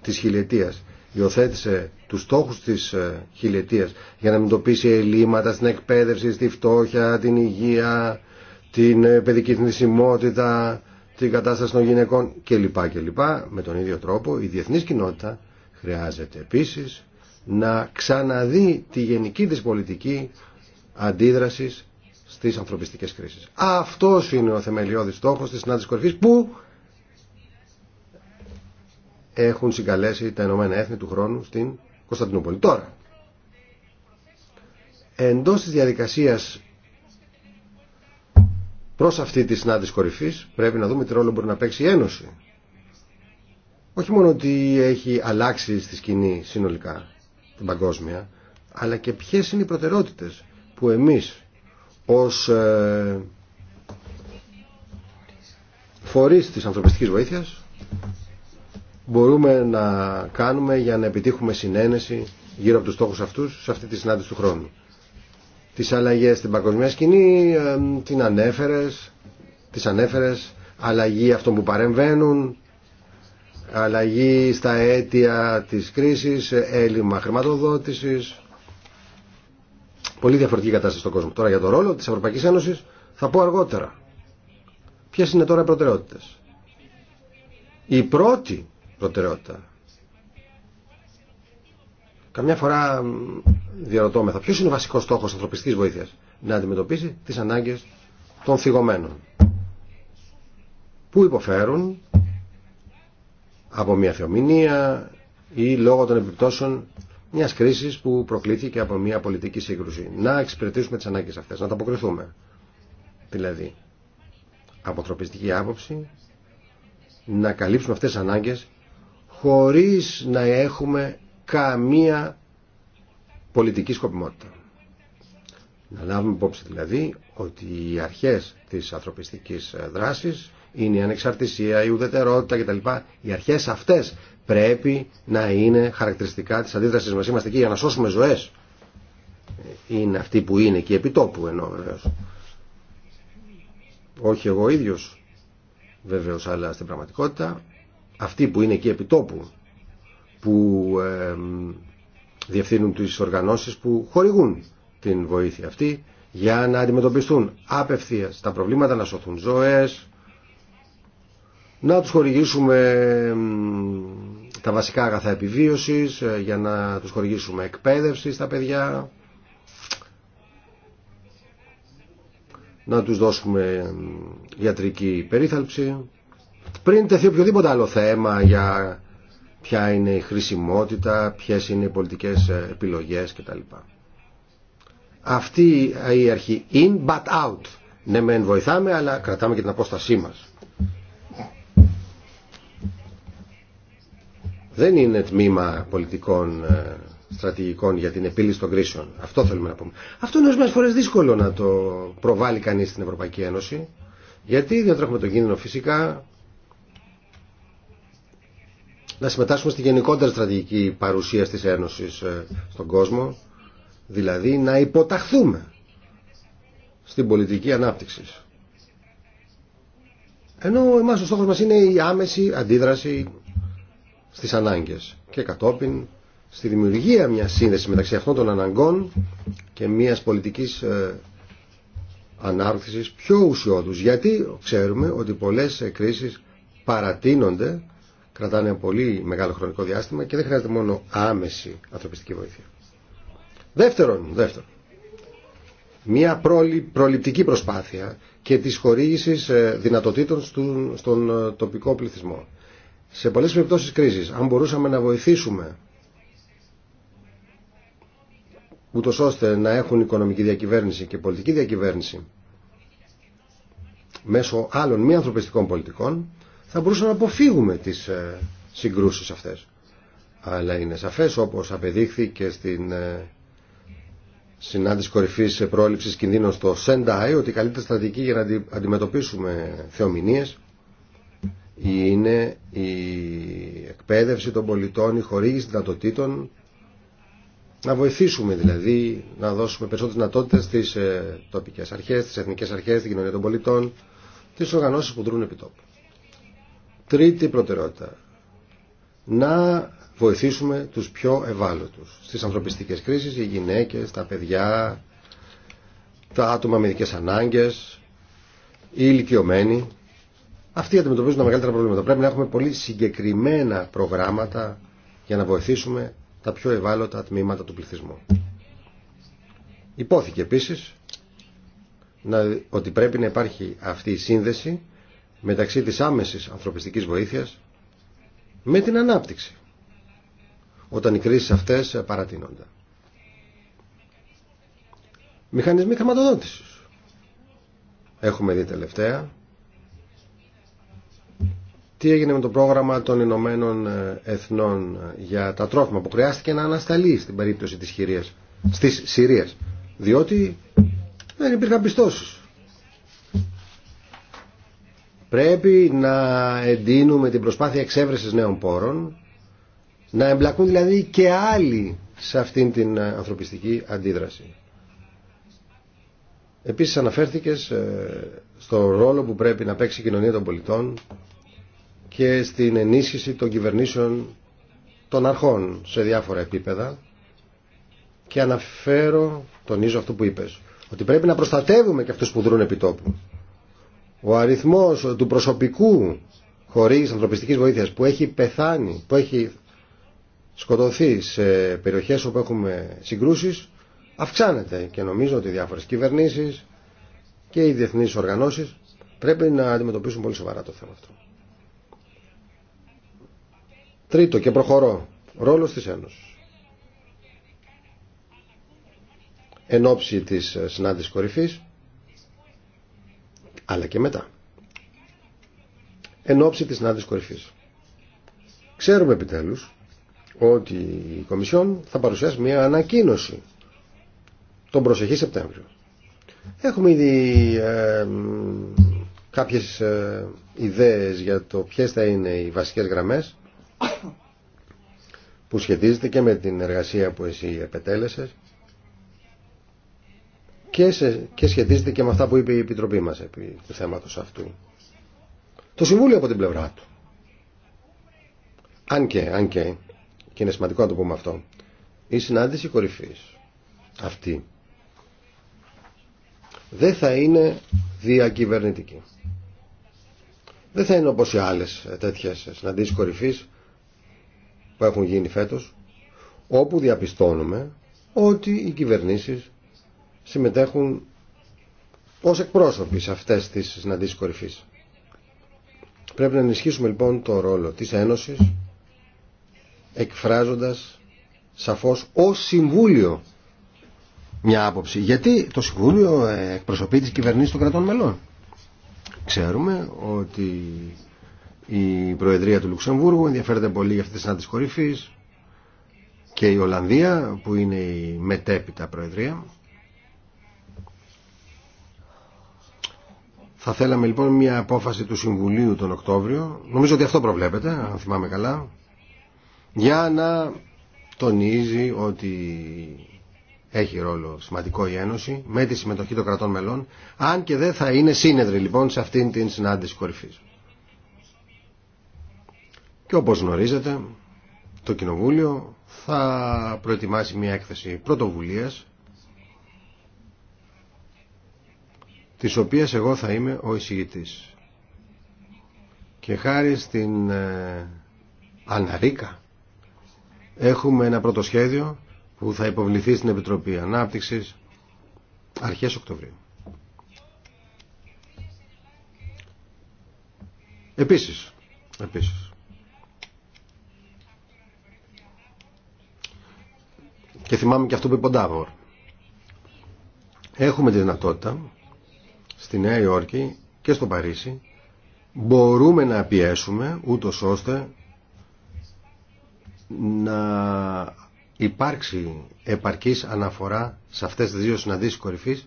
της χιλιετίας υιοθέτησε τους στόχους της ε, χιλιετίας για να εντοπίσει ελλείμματα στην εκπαίδευση, στη φτώχεια, την υγεία, την ε, παιδική θνησιμότητα, την κατάσταση των γυναικών κλπ. κλπ. Με τον ίδιο τρόπο η διεθνής κοινότητα χρειάζεται επίσης να ξαναδεί τη γενική της πολιτική αντίδρασης τι ανθρωπιστικές κρίσεις. Αυτός είναι ο θεμελιώδης στόχο της συνάντηση Κορυφή που έχουν συγκαλέσει τα Ηνωμένα Έθνη του χρόνου στην Κωνσταντινούπολη. Τώρα, Εντό τη διαδικασίας προς αυτή τη συνάντηση κορυφή, πρέπει να δούμε τι ρόλο μπορεί να παίξει η Ένωση. Όχι μόνο ότι έχει αλλάξει στη σκηνή συνολικά, την παγκόσμια, αλλά και ποιες είναι οι προτεραιότητες που εμείς ως ε, φορείς της ανθρωπιστικής βοήθειας μπορούμε να κάνουμε για να επιτύχουμε συνένεση γύρω από τους στόχους αυτούς σε αυτή τη συνάντηση του χρόνου. Τις αλλαγές στην παγκοσμία σκηνή ε, την ανέφερες, τις ανέφερες, αλλαγή αυτών που παρεμβαίνουν, αλλαγή στα αίτια της κρίσης, έλλειμμα χρηματοδότησης, Πολύ διαφορετική κατάσταση στον κόσμο. Τώρα για τον ρόλο της Ευρωπαϊκής Ένωσης θα πω αργότερα. Ποιες είναι τώρα οι προτεραιότητες. Η πρώτη προτεραιότητα. Καμιά φορά διαρωτώμεθα ποιος είναι ο βασικός στόχος ανθρωπιστικής βοήθειας. Να αντιμετωπίσει τις ανάγκες των θυγωμένων. Που υποφέρουν από μια θεομηνία ή λόγω των επιπτώσεων μια κρίση που προκλήθηκε από μια πολιτική σύγκρουση. Να εξυπηρετήσουμε τις ανάγκες αυτές, να τα αποκριθούμε. Δηλαδή, από ανθρωπιστική άποψη, να καλύψουμε αυτές τις ανάγκες χωρίς να έχουμε καμία πολιτική σκοπιμότητα. Να λάβουμε υπόψη δηλαδή ότι οι αρχές της ανθρωπιστική δράσης είναι η ανεξαρτησία, η ουδετερότητα κτλ. Οι αρχέ αυτέ πρέπει να είναι χαρακτηριστικά της αντίδρασης μας. Είμαστε εκεί για να σώσουμε ζωές. Είναι αυτοί που είναι εκεί επί τόπου ενώ βεβαίω. Όχι εγώ ίδιος βεβαίως, αλλά στην πραγματικότητα αυτοί που είναι εκεί επί που διευθύνουν τις οργανώσεις που χορηγούν την βοήθεια αυτή για να αντιμετωπιστούν απευθείας τα προβλήματα, να σωθούν ζωές, να τους χορηγήσουμε τα βασικά αγαθά επιβίωσης, ε, για να τους χορηγήσουμε εκπαίδευση στα παιδιά, να τους δώσουμε γιατρική περίθαλψη. Πριν τεθεί οποιοδήποτε άλλο θέμα για ποια είναι η χρησιμότητα, ποιες είναι οι πολιτικές ε, επιλογές κτλ. Αυτή η αρχή in but out. Ναι μεν βοηθάμε αλλά κρατάμε και την απόστασή μας. δεν είναι τμήμα πολιτικών ε, στρατηγικών για την επίλυση των κρίσεων. Αυτό θέλουμε να πούμε. Αυτό είναι ορισμένε φορέ δύσκολο να το προβάλλει κανεί στην Ευρωπαϊκή Ένωση. Γιατί διατρέχουμε τον κίνδυνο φυσικά να συμμετάσχουμε στη γενικότερη στρατηγική παρουσία της Ένωσης ε, στον κόσμο, δηλαδή να υποταχθούμε στην πολιτική ανάπτυξη. Ενώ εμάς ο στόχος μας είναι η άμεση αντίδραση στις ανάγκες και κατόπιν στη δημιουργία μιας σύνδεσης μεταξύ αυτών των αναγκών και μιας πολιτικής ε, ανάρτησης πιο ουσιώδους. Γιατί ξέρουμε ότι πολλές ε, κρίσεις παρατείνονται, κρατάνε πολύ μεγάλο χρονικό διάστημα και δεν χρειάζεται μόνο άμεση ανθρωπιστική βοήθεια. Δεύτερον, δεύτερον μια προληπτική προσπάθεια και της χορήγησης ε, δυνατοτήτων στον τοπικό πληθυσμό σε πολλές περιπτώσεις κρίσης, αν μπορούσαμε να βοηθήσουμε ούτω ώστε να έχουν οικονομική διακυβέρνηση και πολιτική διακυβέρνηση μέσω άλλων μη ανθρωπιστικών πολιτικών, θα μπορούσαμε να αποφύγουμε τις ε, συγκρούσεις αυτές. Αλλά είναι σαφές, όπως απεδείχθηκε και στην ε, συνάντηση κορυφής πρόληψης κινδύνων στο ΣΕΝΤΑΙ, ότι η καλύτερη στρατηγική για να αντιμετωπίσουμε θεομηνίες είναι η εκπαίδευση των πολιτών, η χορήγηση δυνατοτήτων, να βοηθήσουμε δηλαδή, να δώσουμε περισσότερες δυνατότητε στις ε, τοπικές αρχές, στις εθνικές αρχές, στην κοινωνία των πολιτών, τις οργανώσεις που δρούν επί τόπου. Τρίτη προτεραιότητα, να βοηθήσουμε τους πιο ευάλωτους. Στις ανθρωπιστικές κρίσεις, οι γυναίκες, τα παιδιά, τα άτομα με ειδικές ανάγκες, οι ηλικιωμένοι, αυτοί αντιμετωπίζουν τα μεγαλύτερα προβλήματα. Πρέπει να έχουμε πολύ συγκεκριμένα προγράμματα για να βοηθήσουμε τα πιο ευάλωτα τμήματα του πληθυσμού. Υπόθηκε επίσης ότι πρέπει να υπάρχει αυτή η σύνδεση μεταξύ της άμεσης ανθρωπιστικής βοήθειας με την ανάπτυξη όταν οι κρίσεις αυτές παρατείνονται. Μηχανισμοί χρηματοδότησης. Έχουμε δει τελευταία τι έγινε με το πρόγραμμα των Ηνωμένων ε, Εθνών ε, για τα τρόφιμα που χρειάστηκε να ανασταλεί στην περίπτωση της, χειρίας, στις Συρίας διότι δεν υπήρχαν πιστώσεις. Πρέπει να εντείνουμε την προσπάθεια εξέβρεσης νέων πόρων να εμπλακούν δηλαδή και άλλοι σε αυτήν την ε, ανθρωπιστική αντίδραση. Επίσης αναφέρθηκες στο ρόλο που πρέπει να παίξει η κοινωνία των πολιτών και στην ενίσχυση των κυβερνήσεων των αρχών σε διάφορα επίπεδα και αναφέρω, τονίζω αυτό που είπες, ότι πρέπει να προστατεύουμε και αυτούς που δρούν επί τόπου. Ο αριθμός του προσωπικού χωρίς ανθρωπιστικής βοήθειας που έχει πεθάνει, που έχει σκοτωθεί σε περιοχές όπου έχουμε συγκρούσεις, αυξάνεται και νομίζω ότι οι διάφορες κυβερνήσεις και οι διεθνείς οργανώσεις πρέπει να αντιμετωπίσουν πολύ σοβαρά το θέμα αυτό. Τρίτο και προχωρώ. Ρόλος της Ένωσης. Εν ώψη της ε, συνάντησης κορυφής, αλλά και μετά. Εν ώψη της συνάντησης κορυφής. Ξέρουμε επιτέλους ότι η Κομισιόν θα παρουσιάσει μια ανακοίνωση τον προσεχή Σεπτέμβριο. Έχουμε ήδη ε, κάποιες ε, ιδέες για το ποιες θα είναι οι βασικές γραμμές που σχετίζεται και με την εργασία που εσύ επετέλεσες και, σε, και σχετίζεται και με αυτά που είπε η Επιτροπή μας επί του θέματος αυτού. Το Συμβούλιο από την πλευρά του. Αν και, αν και, και είναι σημαντικό να το πούμε αυτό, η συνάντηση κορυφής αυτή δεν θα είναι διακυβερνητική. Δεν θα είναι όπως οι άλλες τέτοιες συναντήσεις κορυφής που έχουν γίνει φέτος όπου διαπιστώνουμε ότι οι κυβερνήσεις συμμετέχουν ως εκπρόσωποι σε αυτές τις συναντήσεις κορυφής. Πρέπει να ενισχύσουμε λοιπόν το ρόλο της Ένωσης εκφράζοντας σαφώς ως Συμβούλιο μια άποψη. Γιατί το Συμβούλιο εκπροσωπεί τις κυβερνήσεις των κρατών μελών. Ξέρουμε ότι η Προεδρία του Λουξεμβούργου ενδιαφέρεται πολύ για αυτή τη συνάντηση κορυφή και η Ολλανδία που είναι η μετέπειτα Προεδρία. Θα θέλαμε λοιπόν μια απόφαση του Συμβουλίου τον Οκτώβριο, νομίζω ότι αυτό προβλέπεται, αν θυμάμαι καλά, για να τονίζει ότι έχει ρόλο σημαντικό η Ένωση με τη συμμετοχή των κρατών μελών, αν και δεν θα είναι σύνεδροι λοιπόν σε αυτήν την συνάντηση κορυφής. Και όπως γνωρίζετε, το Κοινοβούλιο θα προετοιμάσει μια έκθεση πρωτοβουλίας της οποίας εγώ θα είμαι ο εισηγητής. Και χάρη στην ε, Αναρίκα έχουμε ένα πρώτο σχέδιο που θα υποβληθεί στην Επιτροπή Ανάπτυξης αρχές Οκτωβρίου. Επίσης, επίσης Και θυμάμαι και αυτό που είπε ο Ντάβορ. Έχουμε τη δυνατότητα στη Νέα Υόρκη και στο Παρίσι μπορούμε να πιέσουμε ούτω ώστε να υπάρξει επαρκής αναφορά σε αυτές τις δύο συναντήσεις κορυφής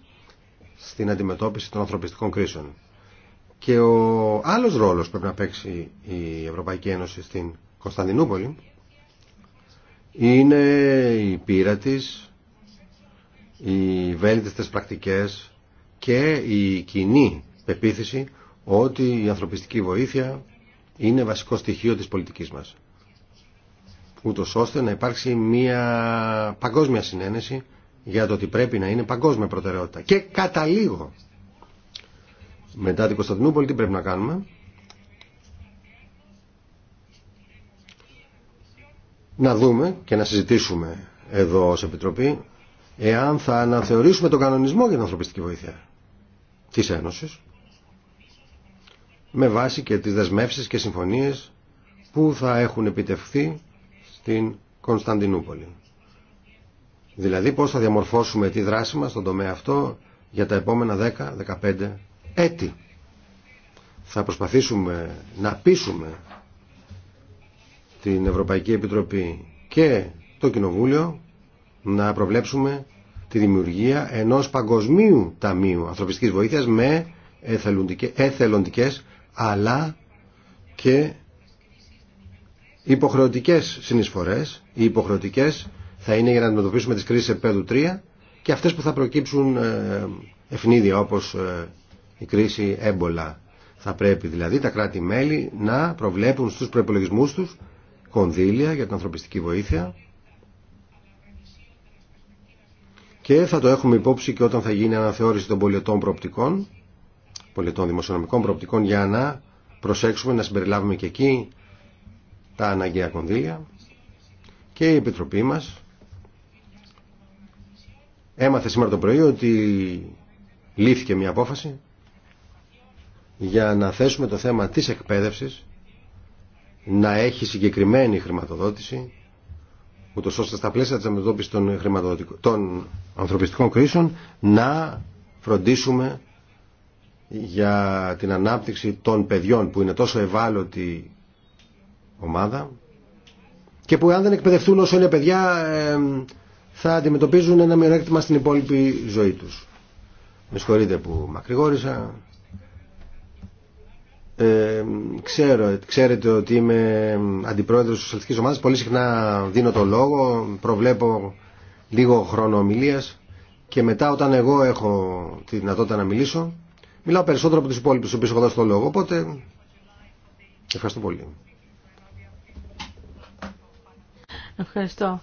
στην αντιμετώπιση των ανθρωπιστικών κρίσεων. Και ο άλλος ρόλος που πρέπει να παίξει η Ευρωπαϊκή Ένωση στην Κωνσταντινούπολη είναι η πείρα τη, οι βέλτιστες πρακτικές και η κοινή πεποίθηση ότι η ανθρωπιστική βοήθεια είναι βασικό στοιχείο της πολιτικής μας. ούτω ώστε να υπάρξει μια παγκόσμια συνένεση για το ότι πρέπει να είναι παγκόσμια προτεραιότητα. Και κατά λίγο μετά την Κωνσταντινούπολη τι πρέπει να κάνουμε. να δούμε και να συζητήσουμε εδώ ως Επιτροπή εάν θα αναθεωρήσουμε τον κανονισμό για την ανθρωπιστική βοήθεια της Ένωσης με βάση και τις δεσμεύσεις και συμφωνίες που θα έχουν επιτευχθεί στην Κωνσταντινούπολη. Δηλαδή πώς θα διαμορφώσουμε τη δράση μας στον τομέα αυτό για τα επόμενα 10-15 έτη. Θα προσπαθήσουμε να πείσουμε την Ευρωπαϊκή Επιτροπή και το Κοινοβούλιο να προβλέψουμε τη δημιουργία ενός παγκοσμίου ταμείου ανθρωπιστικής βοήθειας με εθελοντικές αλλά και υποχρεωτικές συνεισφορές. Οι υποχρεωτικές θα είναι για να αντιμετωπίσουμε τις κρίσεις επέδου 3 και αυτές που θα προκύψουν ε, ευνίδια όπως ε, η κρίση έμπολα. Θα πρέπει δηλαδή τα κράτη-μέλη να προβλέπουν στους προπολογισμού τους κονδύλια για την ανθρωπιστική βοήθεια και θα το έχουμε υπόψη και όταν θα γίνει αναθεώρηση των πολιτών προοπτικών, πολιτών δημοσιονομικών προοπτικών για να προσέξουμε να συμπεριλάβουμε και εκεί τα αναγκαία κονδύλια και η Επιτροπή μας έμαθε σήμερα το πρωί ότι λήφθηκε μια απόφαση για να θέσουμε το θέμα της εκπαίδευσης να έχει συγκεκριμένη χρηματοδότηση, ούτω ώστε στα πλαίσια της αντιμετώπισης των, των ανθρωπιστικών κρίσεων να φροντίσουμε για την ανάπτυξη των παιδιών που είναι τόσο ευάλωτη ομάδα και που αν δεν εκπαιδευτούν όσο είναι παιδιά θα αντιμετωπίζουν ένα μειονέκτημα στην υπόλοιπη ζωή τους. Με συγχωρείτε που μακρηγόρησα. Ε, ξέρω, ξέρετε ότι είμαι αντιπρόεδρος της Σοσιαλιστικής Ομάδας. Πολύ συχνά δίνω το λόγο, προβλέπω λίγο χρόνο ομιλίας και μετά όταν εγώ έχω τη δυνατότητα να μιλήσω, μιλάω περισσότερο από τους υπόλοιπους οποίους έχω δώσει το λόγο. Οπότε, ευχαριστώ πολύ. Ευχαριστώ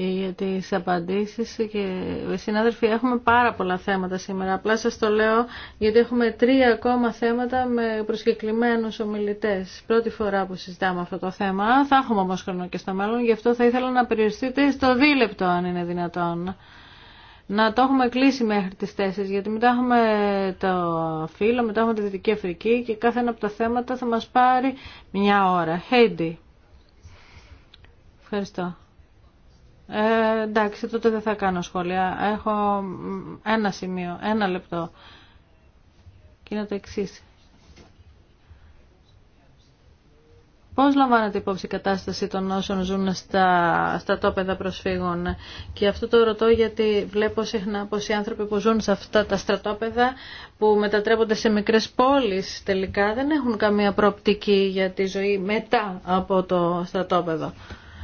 για τις απαντήσεις και συνάδελφοι έχουμε πάρα πολλά θέματα σήμερα. Απλά σας το λέω γιατί έχουμε τρία ακόμα θέματα με προσκεκλημένους ομιλητές. Πρώτη φορά που συζητάμε αυτό το θέμα. Θα έχουμε όμως χρόνο και στο μέλλον. Γι' αυτό θα ήθελα να περιοριστείτε στο δίλεπτο αν είναι δυνατόν. Να το έχουμε κλείσει μέχρι τις 4 γιατί μετά έχουμε το φύλλο, μετά έχουμε τη Δυτική Αφρική και κάθε ένα από τα θέματα θα μας πάρει μια ώρα. Χέιντι. Ευχαριστώ. Ε, εντάξει, τότε δεν θα κάνω σχόλια. Έχω ένα σημείο, ένα λεπτό. Και είναι το εξή. Πώς λαμβάνετε υπόψη η κατάσταση των όσων ζουν στα, στα τόπεδα προσφύγων. Και αυτό το ρωτώ γιατί βλέπω συχνά πως οι άνθρωποι που ζουν σε αυτά τα στρατόπεδα που μετατρέπονται σε μικρές πόλεις τελικά δεν έχουν καμία προοπτική για τη ζωή μετά από το στρατόπεδο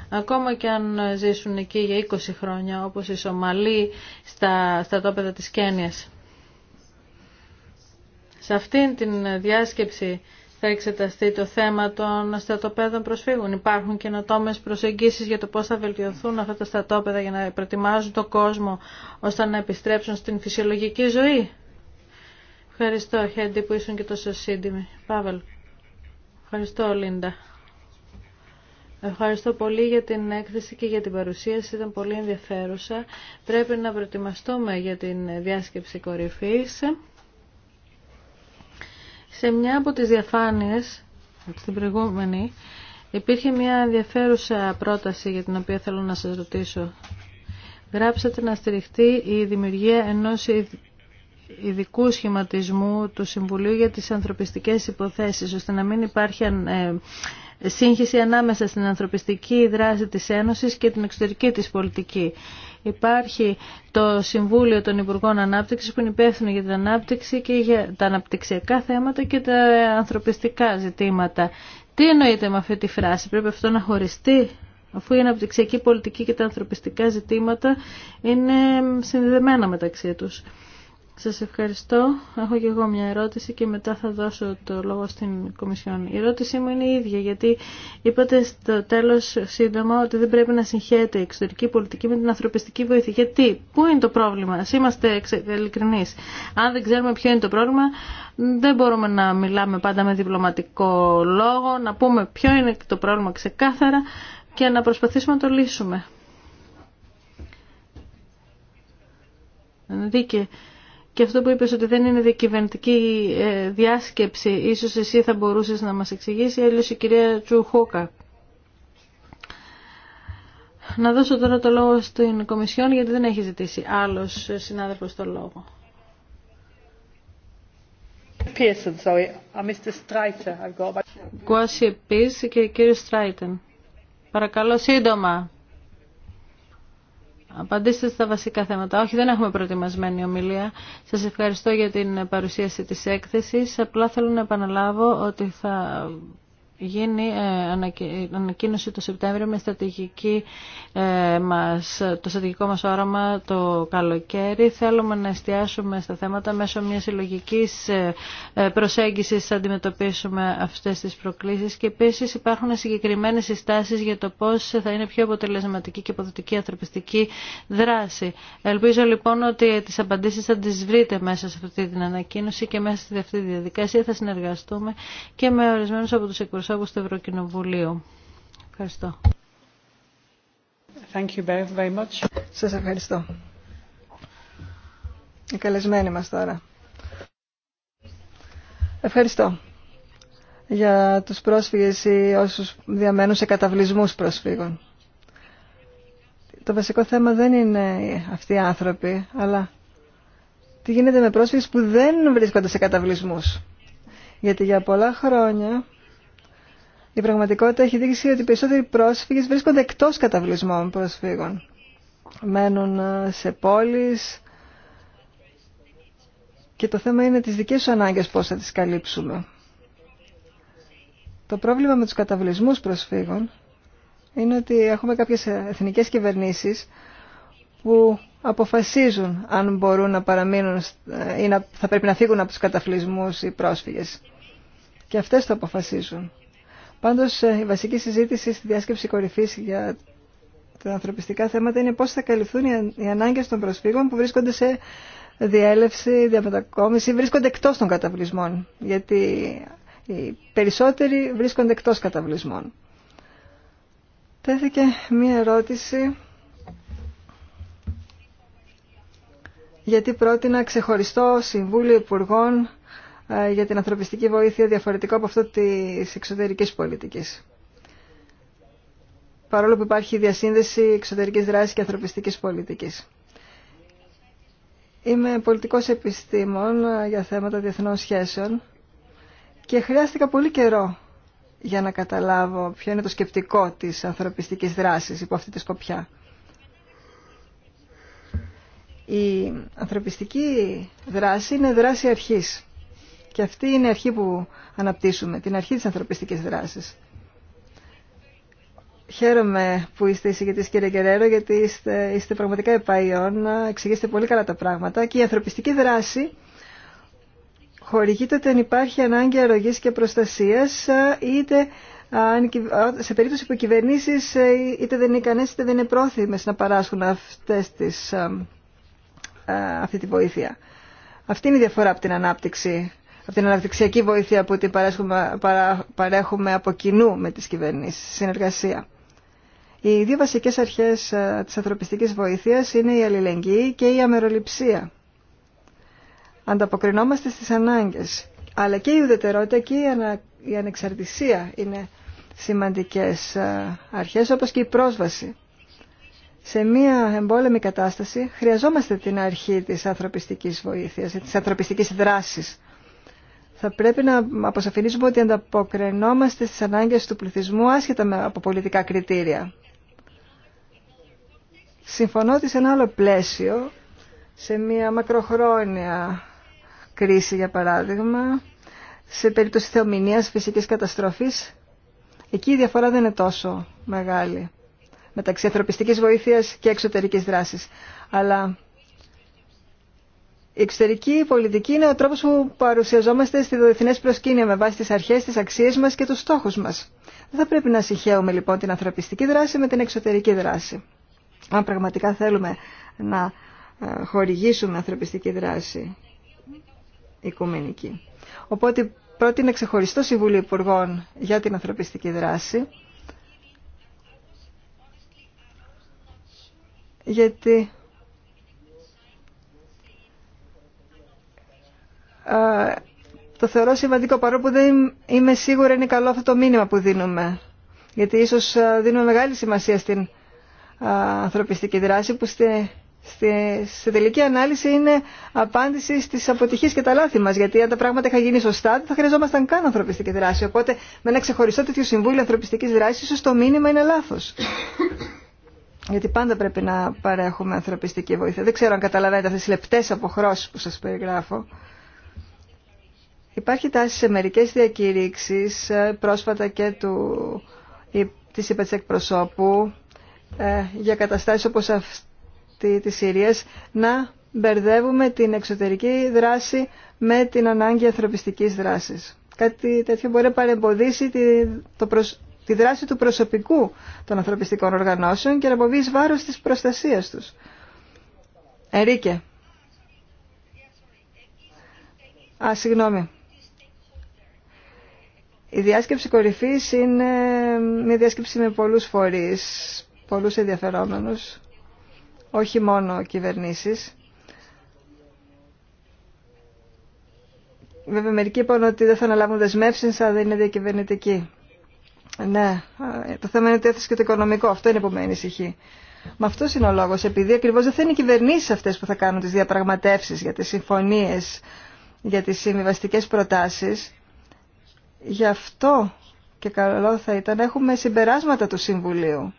ακόμα και αν ζήσουν εκεί για 20 χρόνια, όπως οι Σομαλοί στα, στα τόπεδα της Κένιας. Σε αυτήν την διάσκεψη θα εξεταστεί το θέμα των στρατοπέδων προσφύγων. Υπάρχουν καινοτόμε προσεγγίσεις για το πώς θα βελτιωθούν αυτά τα στρατόπεδα για να προετοιμάζουν τον κόσμο ώστε να επιστρέψουν στην φυσιολογική ζωή. Ευχαριστώ, Χέντι, που ήσουν και τόσο σύντιμη. Πάβελ. Ευχαριστώ, Λίντα. Ευχαριστώ πολύ για την έκθεση και για την παρουσίαση, ήταν πολύ ενδιαφέρουσα. Πρέπει να προετοιμαστούμε για την διάσκεψη κορυφής. Σε μια από τις διαφάνειες, στην προηγούμενη, υπήρχε μια ενδιαφέρουσα πρόταση για την οποία θέλω να σας ρωτήσω. Γράψατε να στηριχτεί η δημιουργία ενός ειδικού σχηματισμού του Συμβουλίου για τις ανθρωπιστικές υποθέσεις, ώστε να μην υπάρχει ε, σύγχυση ανάμεσα στην ανθρωπιστική δράση της Ένωσης και την εξωτερική της πολιτική. Υπάρχει το Συμβούλιο των Υπουργών Ανάπτυξης που είναι υπεύθυνο για την ανάπτυξη και για τα αναπτυξιακά θέματα και τα ανθρωπιστικά ζητήματα. Τι εννοείται με αυτή τη φράση, πρέπει αυτό να χωριστεί αφού η αναπτυξιακή πολιτική και τα ανθρωπιστικά ζητήματα είναι συνδεδεμένα μεταξύ τους. Σας ευχαριστώ. Έχω και εγώ μια ερώτηση και μετά θα δώσω το λόγο στην Κομισιόν. Η ερώτησή μου είναι η ίδια, γιατί είπατε στο τέλος σύντομα ότι δεν πρέπει να συγχαίεται η εξωτερική πολιτική με την ανθρωπιστική βοήθεια. Γιατί, πού είναι το πρόβλημα, ας είμαστε ειλικρινείς. Αν δεν ξέρουμε ποιο είναι το πρόβλημα, δεν μπορούμε να μιλάμε πάντα με διπλωματικό λόγο, να πούμε ποιο είναι το πρόβλημα ξεκάθαρα και να προσπαθήσουμε να το λύσουμε. Και αυτό που είπες ότι δεν είναι διακυβερνητική ε, διάσκεψη, ίσως εσύ θα μπορούσες να μας εξηγήσει, αλλιώς η κυρία Τσουχόκα. Να δώσω τώρα το λόγο στην Κομισιόν γιατί δεν έχει ζητήσει άλλος συνάδελφος το λόγο. Uh, Κουάσι επίσης και κύριο Στράιτεν. Παρακαλώ σύντομα. Απαντήστε στα βασικά θέματα. Όχι, δεν έχουμε προετοιμασμένη ομιλία. Σας ευχαριστώ για την παρουσίαση της έκθεσης. Απλά θέλω να επαναλάβω ότι θα γίνει ε, ανακοίνωση το Σεπτέμβριο με στρατηγική, ε, μας, το στρατηγικό μας όραμα το καλοκαίρι. Θέλουμε να εστιάσουμε στα θέματα μέσω μιας συλλογική ε, προσέγγισης να αντιμετωπίσουμε αυτές τις προκλήσεις και επίσης υπάρχουν συγκεκριμένες συστάσεις για το πώς θα είναι πιο αποτελεσματική και αποδοτική ανθρωπιστική δράση. Ελπίζω λοιπόν ότι τις απαντήσεις θα τις βρείτε μέσα σε αυτή την ανακοίνωση και μέσα σε αυτή τη διαδικασία θα συνεργαστούμε και με ορισμένους από τους εκπροσώπους εκπροσώπους το Ευρωκοινοβούλιο. Ευχαριστώ. Thank you very much. Σας ευχαριστώ. Οι ε, καλεσμένοι μας τώρα. Ευχαριστώ για τους πρόσφυγες ή όσους διαμένουν σε καταβλισμούς προσφύγων. Το βασικό θέμα δεν είναι αυτοί οι άνθρωποι, αλλά τι γίνεται με πρόσφυγες που δεν βρίσκονται σε καταβλισμούς. Γιατί για πολλά χρόνια η πραγματικότητα έχει δείξει ότι οι περισσότεροι πρόσφυγες βρίσκονται εκτός καταβλισμών προσφύγων. Μένουν ε, σε πόλεις και το θέμα είναι τις δικές σου ανάγκες πώς θα τις καλύψουμε. Το πρόβλημα με τους καταβλισμούς προσφύγων είναι ότι έχουμε κάποιες εθνικές κυβερνήσεις που αποφασίζουν αν μπορούν να παραμείνουν ε, ή να, θα πρέπει να φύγουν από τους καταβλισμού οι πρόσφυγες. Και αυτές το αποφασίζουν. Πάντω ε, η βασική συζήτηση στη διάσκεψη κορυφής για τα ανθρωπιστικά θέματα είναι πώ θα καλυφθούν οι ανάγκε των προσφύγων που βρίσκονται σε διέλευση, διαμετακόμιση, βρίσκονται εκτός των καταβλισμών, γιατί οι περισσότεροι βρίσκονται εκτός καταβλισμών. Τέθηκε μία ερώτηση γιατί πρότεινα ξεχωριστό Συμβούλιο Υπουργών ε, για την ανθρωπιστική βοήθεια διαφορετικό από αυτό της εξωτερικής πολιτικής. Παρόλο που υπάρχει διασύνδεση εξωτερικής δράσης και ανθρωπιστικής πολιτικής. Είμαι πολιτικός επιστήμων ε, για θέματα διεθνών σχέσεων και χρειάστηκα πολύ καιρό για να καταλάβω ποιο είναι το σκεπτικό της ανθρωπιστικής δράσης υπό αυτή τη σκοπιά. Η ανθρωπιστική δράση είναι δράση αρχής. Και αυτή είναι η αρχή που αναπτύσσουμε, την αρχή της ανθρωπιστικής δράσης. Χαίρομαι που είστε εισηγητής κύριε Κεραίρο, γιατί είστε, είστε πραγματικά επαϊόν, εξηγήσετε πολύ καλά τα πράγματα και η ανθρωπιστική δράση χορηγείται όταν υπάρχει ανάγκη αρρωγής και προστασίας, είτε σε περίπτωση που οι κυβερνήσεις ε, είτε δεν είναι ικανές είτε δεν είναι πρόθυμες να παράσχουν αυτές τις, ε, ε, αυτή τη βοήθεια. Αυτή είναι η διαφορά από την ανάπτυξη από την αναπτυξιακή βοήθεια που την παρέχουμε από κοινού με τις κυβερνήσεις, συνεργασία. Οι δύο βασικές αρχές ε, της ανθρωπιστικής βοήθειας είναι η αλληλεγγύη και η αμεροληψία. Ανταποκρινόμαστε στις ανάγκες, αλλά και η ουδετερότητα και η ανεξαρτησία είναι σημαντικές ε, αρχές, όπως και η πρόσβαση. Σε μια εμπόλεμη κατάσταση χρειαζόμαστε την αρχή της ανθρωπιστικής βοήθειας, της ανθρωπιστικής δράσης θα πρέπει να αποσαφηνίσουμε ότι ανταποκρινόμαστε στις ανάγκες του πληθυσμού άσχετα από πολιτικά κριτήρια. Συμφωνώ ότι σε ένα άλλο πλαίσιο, σε μια μακροχρόνια κρίση για παράδειγμα, σε περίπτωση θεομηνίας φυσικής καταστροφής, εκεί η διαφορά δεν είναι τόσο μεγάλη μεταξύ ανθρωπιστικής βοήθειας και εξωτερικής δράσης. Αλλά η εξωτερική πολιτική είναι ο τρόπος που παρουσιαζόμαστε στη διεθνέ προσκήνια με βάση τις αρχές, τις αξίες μας και τους στόχους μας. Δεν θα πρέπει να συγχαίουμε λοιπόν την ανθρωπιστική δράση με την εξωτερική δράση. Αν πραγματικά θέλουμε να ε, χορηγήσουμε ανθρωπιστική δράση οικουμενική. Οπότε πρότεινε ξεχωριστό Συμβούλιο Υπουργών για την ανθρωπιστική δράση γιατί Ε, το θεωρώ σημαντικό παρόλο που δεν είμαι σίγουρη είναι καλό αυτό το μήνυμα που δίνουμε. Γιατί ίσως ε, δίνουμε μεγάλη σημασία στην ε, ανθρωπιστική δράση που στη, στη, τελική ανάλυση είναι απάντηση στις αποτυχίες και τα λάθη μας. Γιατί αν τα πράγματα είχαν γίνει σωστά δεν θα χρειαζόμασταν καν ανθρωπιστική δράση. Οπότε με ένα ξεχωριστό τέτοιο συμβούλιο ανθρωπιστικής δράσης ίσως το μήνυμα είναι λάθος. Γιατί πάντα πρέπει να παρέχουμε ανθρωπιστική βοήθεια. Δεν ξέρω αν καταλαβαίνετε αυτές τις λεπτές αποχρώσεις που σας περιγράφω. Υπάρχει τάση σε μερικές διακηρύξεις, ε, πρόσφατα και του, της προσώπου προσώπου ε, για καταστάσεις όπως αυτή της Συρίας, να μπερδεύουμε την εξωτερική δράση με την ανάγκη ανθρωπιστικής δράσης. Κάτι τέτοιο μπορεί να παρεμποδίσει τη, το τη δράση του προσωπικού των ανθρωπιστικών οργανώσεων και να αποβεί βάρος της προστασίας τους. Ερίκε. Α, συγγνώμη. Η διάσκεψη κορυφής είναι μια διάσκεψη με πολλούς φορείς, πολλούς ενδιαφερόμενους, όχι μόνο κυβερνήσεις. Βέβαια, μερικοί είπαν ότι δεν θα αναλάβουν δεσμεύσει αν δεν είναι διακυβερνητικοί. Ναι, το θέμα είναι ότι έθεσε και το οικονομικό. Αυτό είναι που με ανησυχεί. Μα αυτό είναι ο λόγο. Επειδή ακριβώ δεν θα είναι οι κυβερνήσει αυτέ που θα κάνουν τι διαπραγματεύσει για τι συμφωνίε, για τι συμβιβαστικέ προτάσει, Γι' αυτό και καλό θα ήταν έχουμε συμπεράσματα του Συμβουλίου.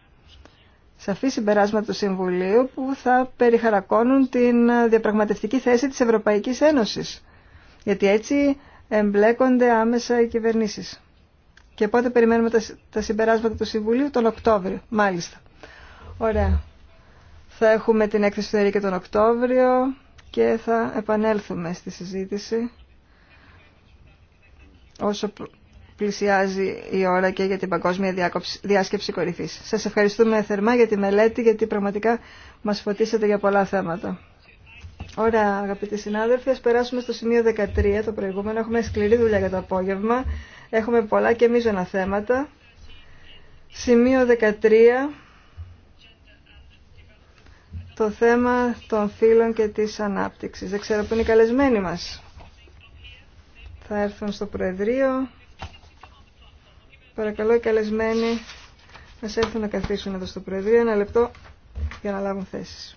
Σαφή συμπεράσματα του Συμβουλίου που θα περιχαρακώνουν την διαπραγματευτική θέση της Ευρωπαϊκής Ένωσης. Γιατί έτσι εμπλέκονται άμεσα οι κυβερνήσεις. Και πότε περιμένουμε τα συμπεράσματα του Συμβουλίου τον Οκτώβριο, μάλιστα. Ωραία. Θα έχουμε την έκθεση του και τον Οκτώβριο και θα επανέλθουμε στη συζήτηση όσο πλησιάζει η ώρα και για την παγκόσμια διάσκεψη κορυφής. Σας ευχαριστούμε θερμά για τη μελέτη, γιατί πραγματικά μας φωτίσατε για πολλά θέματα. Ωραία, αγαπητοί συνάδελφοι, ας περάσουμε στο σημείο 13, το προηγούμενο. Έχουμε σκληρή δουλειά για το απόγευμα. Έχουμε πολλά και μείζωνα θέματα. Σημείο 13, το θέμα των φύλων και της ανάπτυξης. Δεν ξέρω που είναι οι καλεσμένοι μας θα έρθουν στο Προεδρείο. Παρακαλώ οι καλεσμένοι να έρθουν να καθίσουν εδώ στο Προεδρείο ένα λεπτό για να λάβουν θέσεις.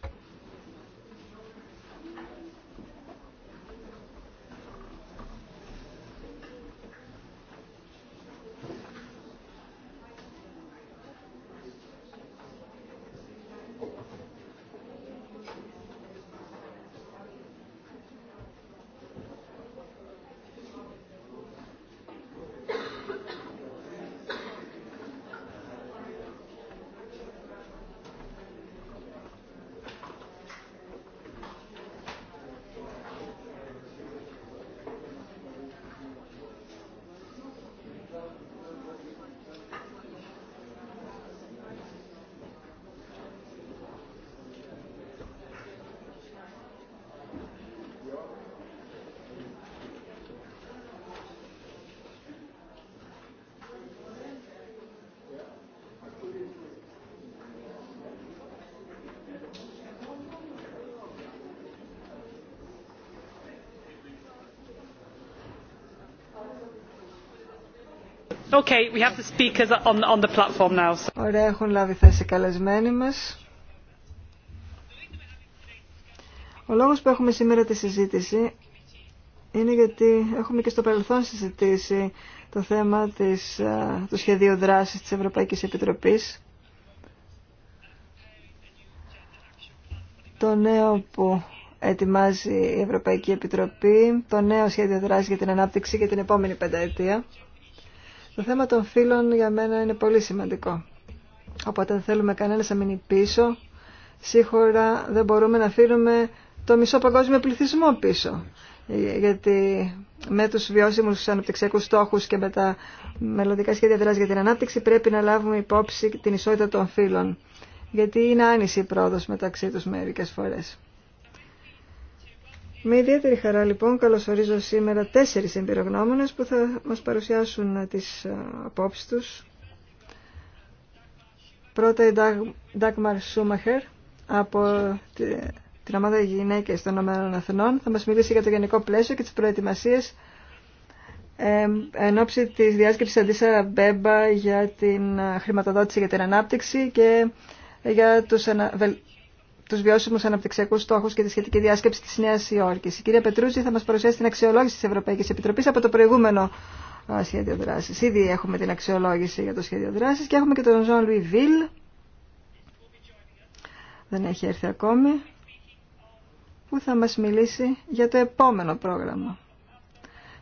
Ωραία, έχουν λάβει θέση καλεσμένοι μας. Ο λόγος που έχουμε σήμερα τη συζήτηση είναι γιατί έχουμε και στο παρελθόν συζητήσει το θέμα της, του σχεδίου δράσης της Ευρωπαϊκής Επιτροπής. Το νέο που ετοιμάζει η Ευρωπαϊκή Επιτροπή, το νέο σχέδιο δράσης για την ανάπτυξη για την επόμενη πενταετία. Το θέμα των φύλων για μένα είναι πολύ σημαντικό. Οπότε δεν θέλουμε κανένα να μείνει πίσω. Σίγουρα δεν μπορούμε να αφήνουμε το μισό παγκόσμιο πληθυσμό πίσω. Γιατί με τους βιώσιμους αναπτυξιακούς στόχους και με τα μελλοντικά σχέδια δράση για την ανάπτυξη πρέπει να λάβουμε υπόψη την ισότητα των φύλων. Γιατί είναι άνηση η πρόοδος μεταξύ τους μερικές φορές. Με ιδιαίτερη χαρά λοιπόν καλωσορίζω σήμερα τέσσερις εμπειρογνώμονες που θα μας παρουσιάσουν ε, τις ε, απόψεις τους. Πρώτα η Ντάκμαρ Σούμαχερ από την ομάδα γυναίκες των Ηνωμένων Αθηνών θα μας μιλήσει για το γενικό πλαίσιο και τις προετοιμασίες ε, εν ώψη της διάσκεψης Αντίσα Μπέμπα για την ε, χρηματοδότηση για την ανάπτυξη και για τους του βιώσιμου αναπτυξιακού στόχου και τη σχετική διάσκεψη τη Νέα Υόρκη. Η κυρία Πετρούζη θα μα παρουσιάσει την αξιολόγηση τη Ευρωπαϊκή Επιτροπή από το προηγούμενο σχέδιο δράση. Ήδη έχουμε την αξιολόγηση για το σχέδιο δράση και έχουμε και τον Ζων Λουι Βίλ. Δεν έχει έρθει ακόμη. Που θα μα μιλήσει για το επόμενο πρόγραμμα.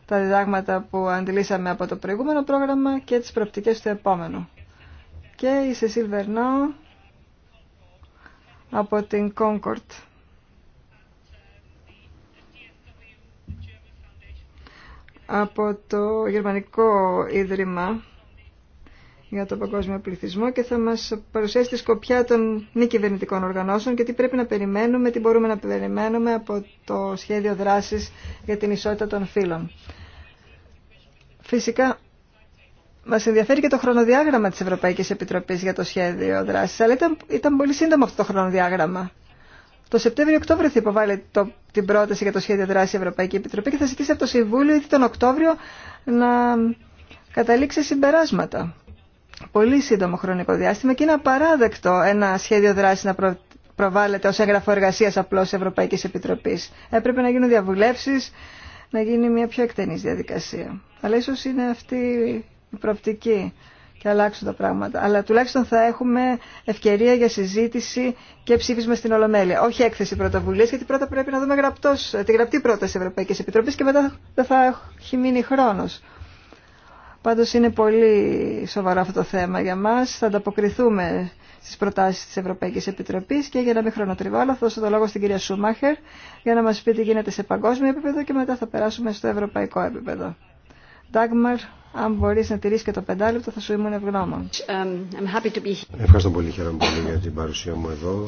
Τα διδάγματα που αντιλήσαμε από το προηγούμενο πρόγραμμα και τι προοπτικέ του επόμενου. Και η Σεσίλ Βερνό από την Concord. από το Γερμανικό Ίδρυμα για τον Παγκόσμιο Πληθυσμό και θα μας παρουσιάσει τη σκοπιά των μη κυβερνητικών οργανώσεων και τι πρέπει να περιμένουμε, τι μπορούμε να περιμένουμε από το σχέδιο δράσης για την ισότητα των φύλων. Φυσικά Μα ενδιαφέρει και το χρονοδιάγραμμα τη Ευρωπαϊκή Επιτροπή για το σχέδιο δράση. Αλλά ήταν, ήταν πολύ σύντομο αυτό το χρονοδιάγραμμα. Το Σεπτέμβριο-Οκτώβριο θα υποβάλει το, την πρόταση για το σχέδιο δράση η Ευρωπαϊκή Επιτροπή και θα ζητήσει από το Συμβούλιο ήδη τον Οκτώβριο να καταλήξει συμπεράσματα. Πολύ σύντομο χρονικό διάστημα και είναι απαράδεκτο ένα σχέδιο δράση να προ, προβάλλεται ω έγγραφο εργασία απλώ Ευρωπαϊκή Επιτροπή. Έπρεπε να γίνουν διαβουλεύσει, να γίνει μια πιο εκτενή διαδικασία. Αλλά ίσω είναι αυτή προοπτική και αλλάξουν τα πράγματα. Αλλά τουλάχιστον θα έχουμε ευκαιρία για συζήτηση και ψήφισμα στην Ολομέλεια. Όχι έκθεση πρωτοβουλία, γιατί πρώτα πρέπει να δούμε γραπτός, τη γραπτή πρόταση Ευρωπαϊκή Επιτροπή και μετά δεν θα έχει μείνει χρόνο. Πάντω είναι πολύ σοβαρό αυτό το θέμα για μα. Θα ανταποκριθούμε στι προτάσει τη Ευρωπαϊκή Επιτροπή και για να μην χρονοτριβάλλω, θα δώσω το λόγο στην κυρία Σούμαχερ για να μα πει τι γίνεται σε παγκόσμιο επίπεδο και μετά θα περάσουμε στο ευρωπαϊκό επίπεδο. Dagmar αν μπορεί να τηρήσει και το πεντάλεπτο, θα σου ήμουν ευγνώμων. Um, Ευχαριστώ πολύ, χαίρομαι πολύ για την παρουσία μου εδώ.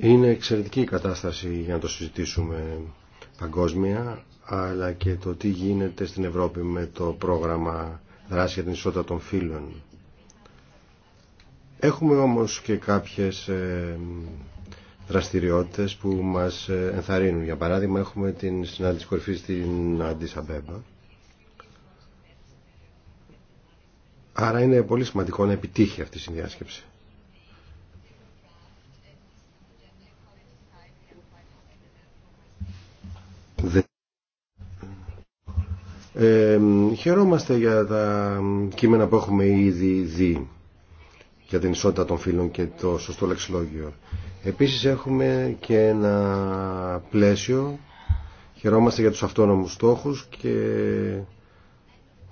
Είναι εξαιρετική η κατάσταση για να το συζητήσουμε παγκόσμια, αλλά και το τι γίνεται στην Ευρώπη με το πρόγραμμα δράση για την ισότητα των φύλων. Έχουμε όμως και κάποιες ε, δραστηριότητες που μας ε, ενθαρρύνουν. Για παράδειγμα έχουμε την συνάντηση κορυφή στην Αντισαμπέμπα. Άρα είναι πολύ σημαντικό να επιτύχει αυτή η συνδιάσκεψη. Ε, χαιρόμαστε για τα κείμενα που έχουμε ήδη δει για την ισότητα των φύλων και το σωστό λεξιλόγιο. Επίσης έχουμε και ένα πλαίσιο. Χαιρόμαστε για τους αυτόνομους στόχους και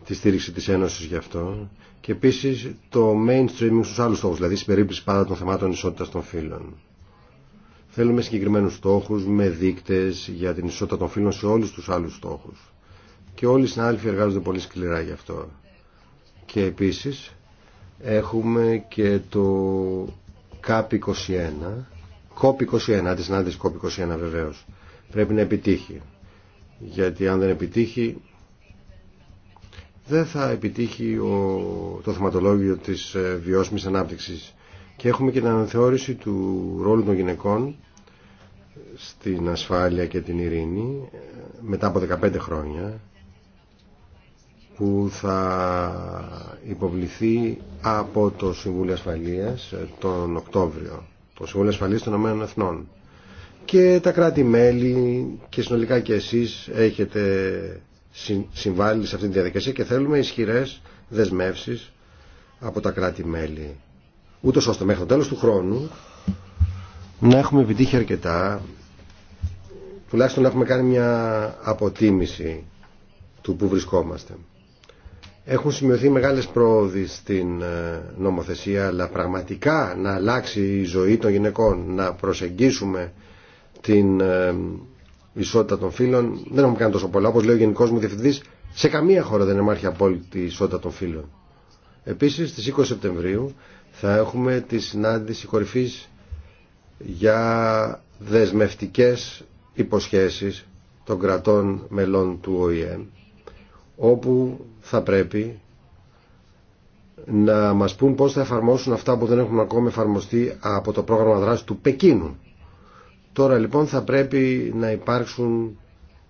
τη στήριξη της Ένωσης γι' αυτό. Και επίσης το mainstreaming στους άλλους στόχους, δηλαδή στην περίπτωση πάντα των θεμάτων ισότητας των φύλων. Θέλουμε συγκεκριμένους στόχους με δείκτες για την ισότητα των φύλων σε όλους τους άλλους στόχους. Και όλοι οι συνάδελφοι εργάζονται πολύ σκληρά γι' αυτό. Και επίσης Έχουμε και το ΚΑΠ 21 κόπ 21 τη συναντηση COP21 βεβαίως. Πρέπει να επιτύχει. Γιατί αν δεν επιτύχει, δεν θα επιτύχει το θεματολόγιο της ε, βιώσιμης ανάπτυξης. Και έχουμε και την αναθεώρηση του ρόλου των γυναικών στην ασφάλεια και την ειρήνη ε, μετά από 15 χρόνια που θα υποβληθεί από το Συμβούλιο Ασφαλείας τον Οκτώβριο, το Συμβούλιο Ασφαλείας των Ηνωμένων Εθνών. Και τα κράτη-μέλη και συνολικά και εσείς έχετε συμβάλει σε αυτή τη διαδικασία και θέλουμε ισχυρές δεσμεύσεις από τα κράτη-μέλη. Ούτως ώστε μέχρι το τέλος του χρόνου να έχουμε επιτύχει αρκετά, τουλάχιστον να έχουμε κάνει μια αποτίμηση του που βρισκόμαστε. Έχουν σημειωθεί μεγάλες πρόοδοι στην ε, νομοθεσία, αλλά πραγματικά να αλλάξει η ζωή των γυναικών, να προσεγγίσουμε την ε, ισότητα των φύλων, δεν έχουμε κάνει τόσο πολλά. Όπως λέει ο Γενικός μου Διευθυντής, σε καμία χώρα δεν υπάρχει απόλυτη ισότητα των φύλων. Επίσης, στις 20 Σεπτεμβρίου θα έχουμε τη συνάντηση κορυφής για δεσμευτικές υποσχέσεις των κρατών μελών του ΟΗΕ, όπου θα πρέπει να μας πούν πώς θα εφαρμόσουν αυτά που δεν έχουν ακόμα εφαρμοστεί από το πρόγραμμα δράσης του Πεκίνου. Τώρα λοιπόν θα πρέπει να υπάρξουν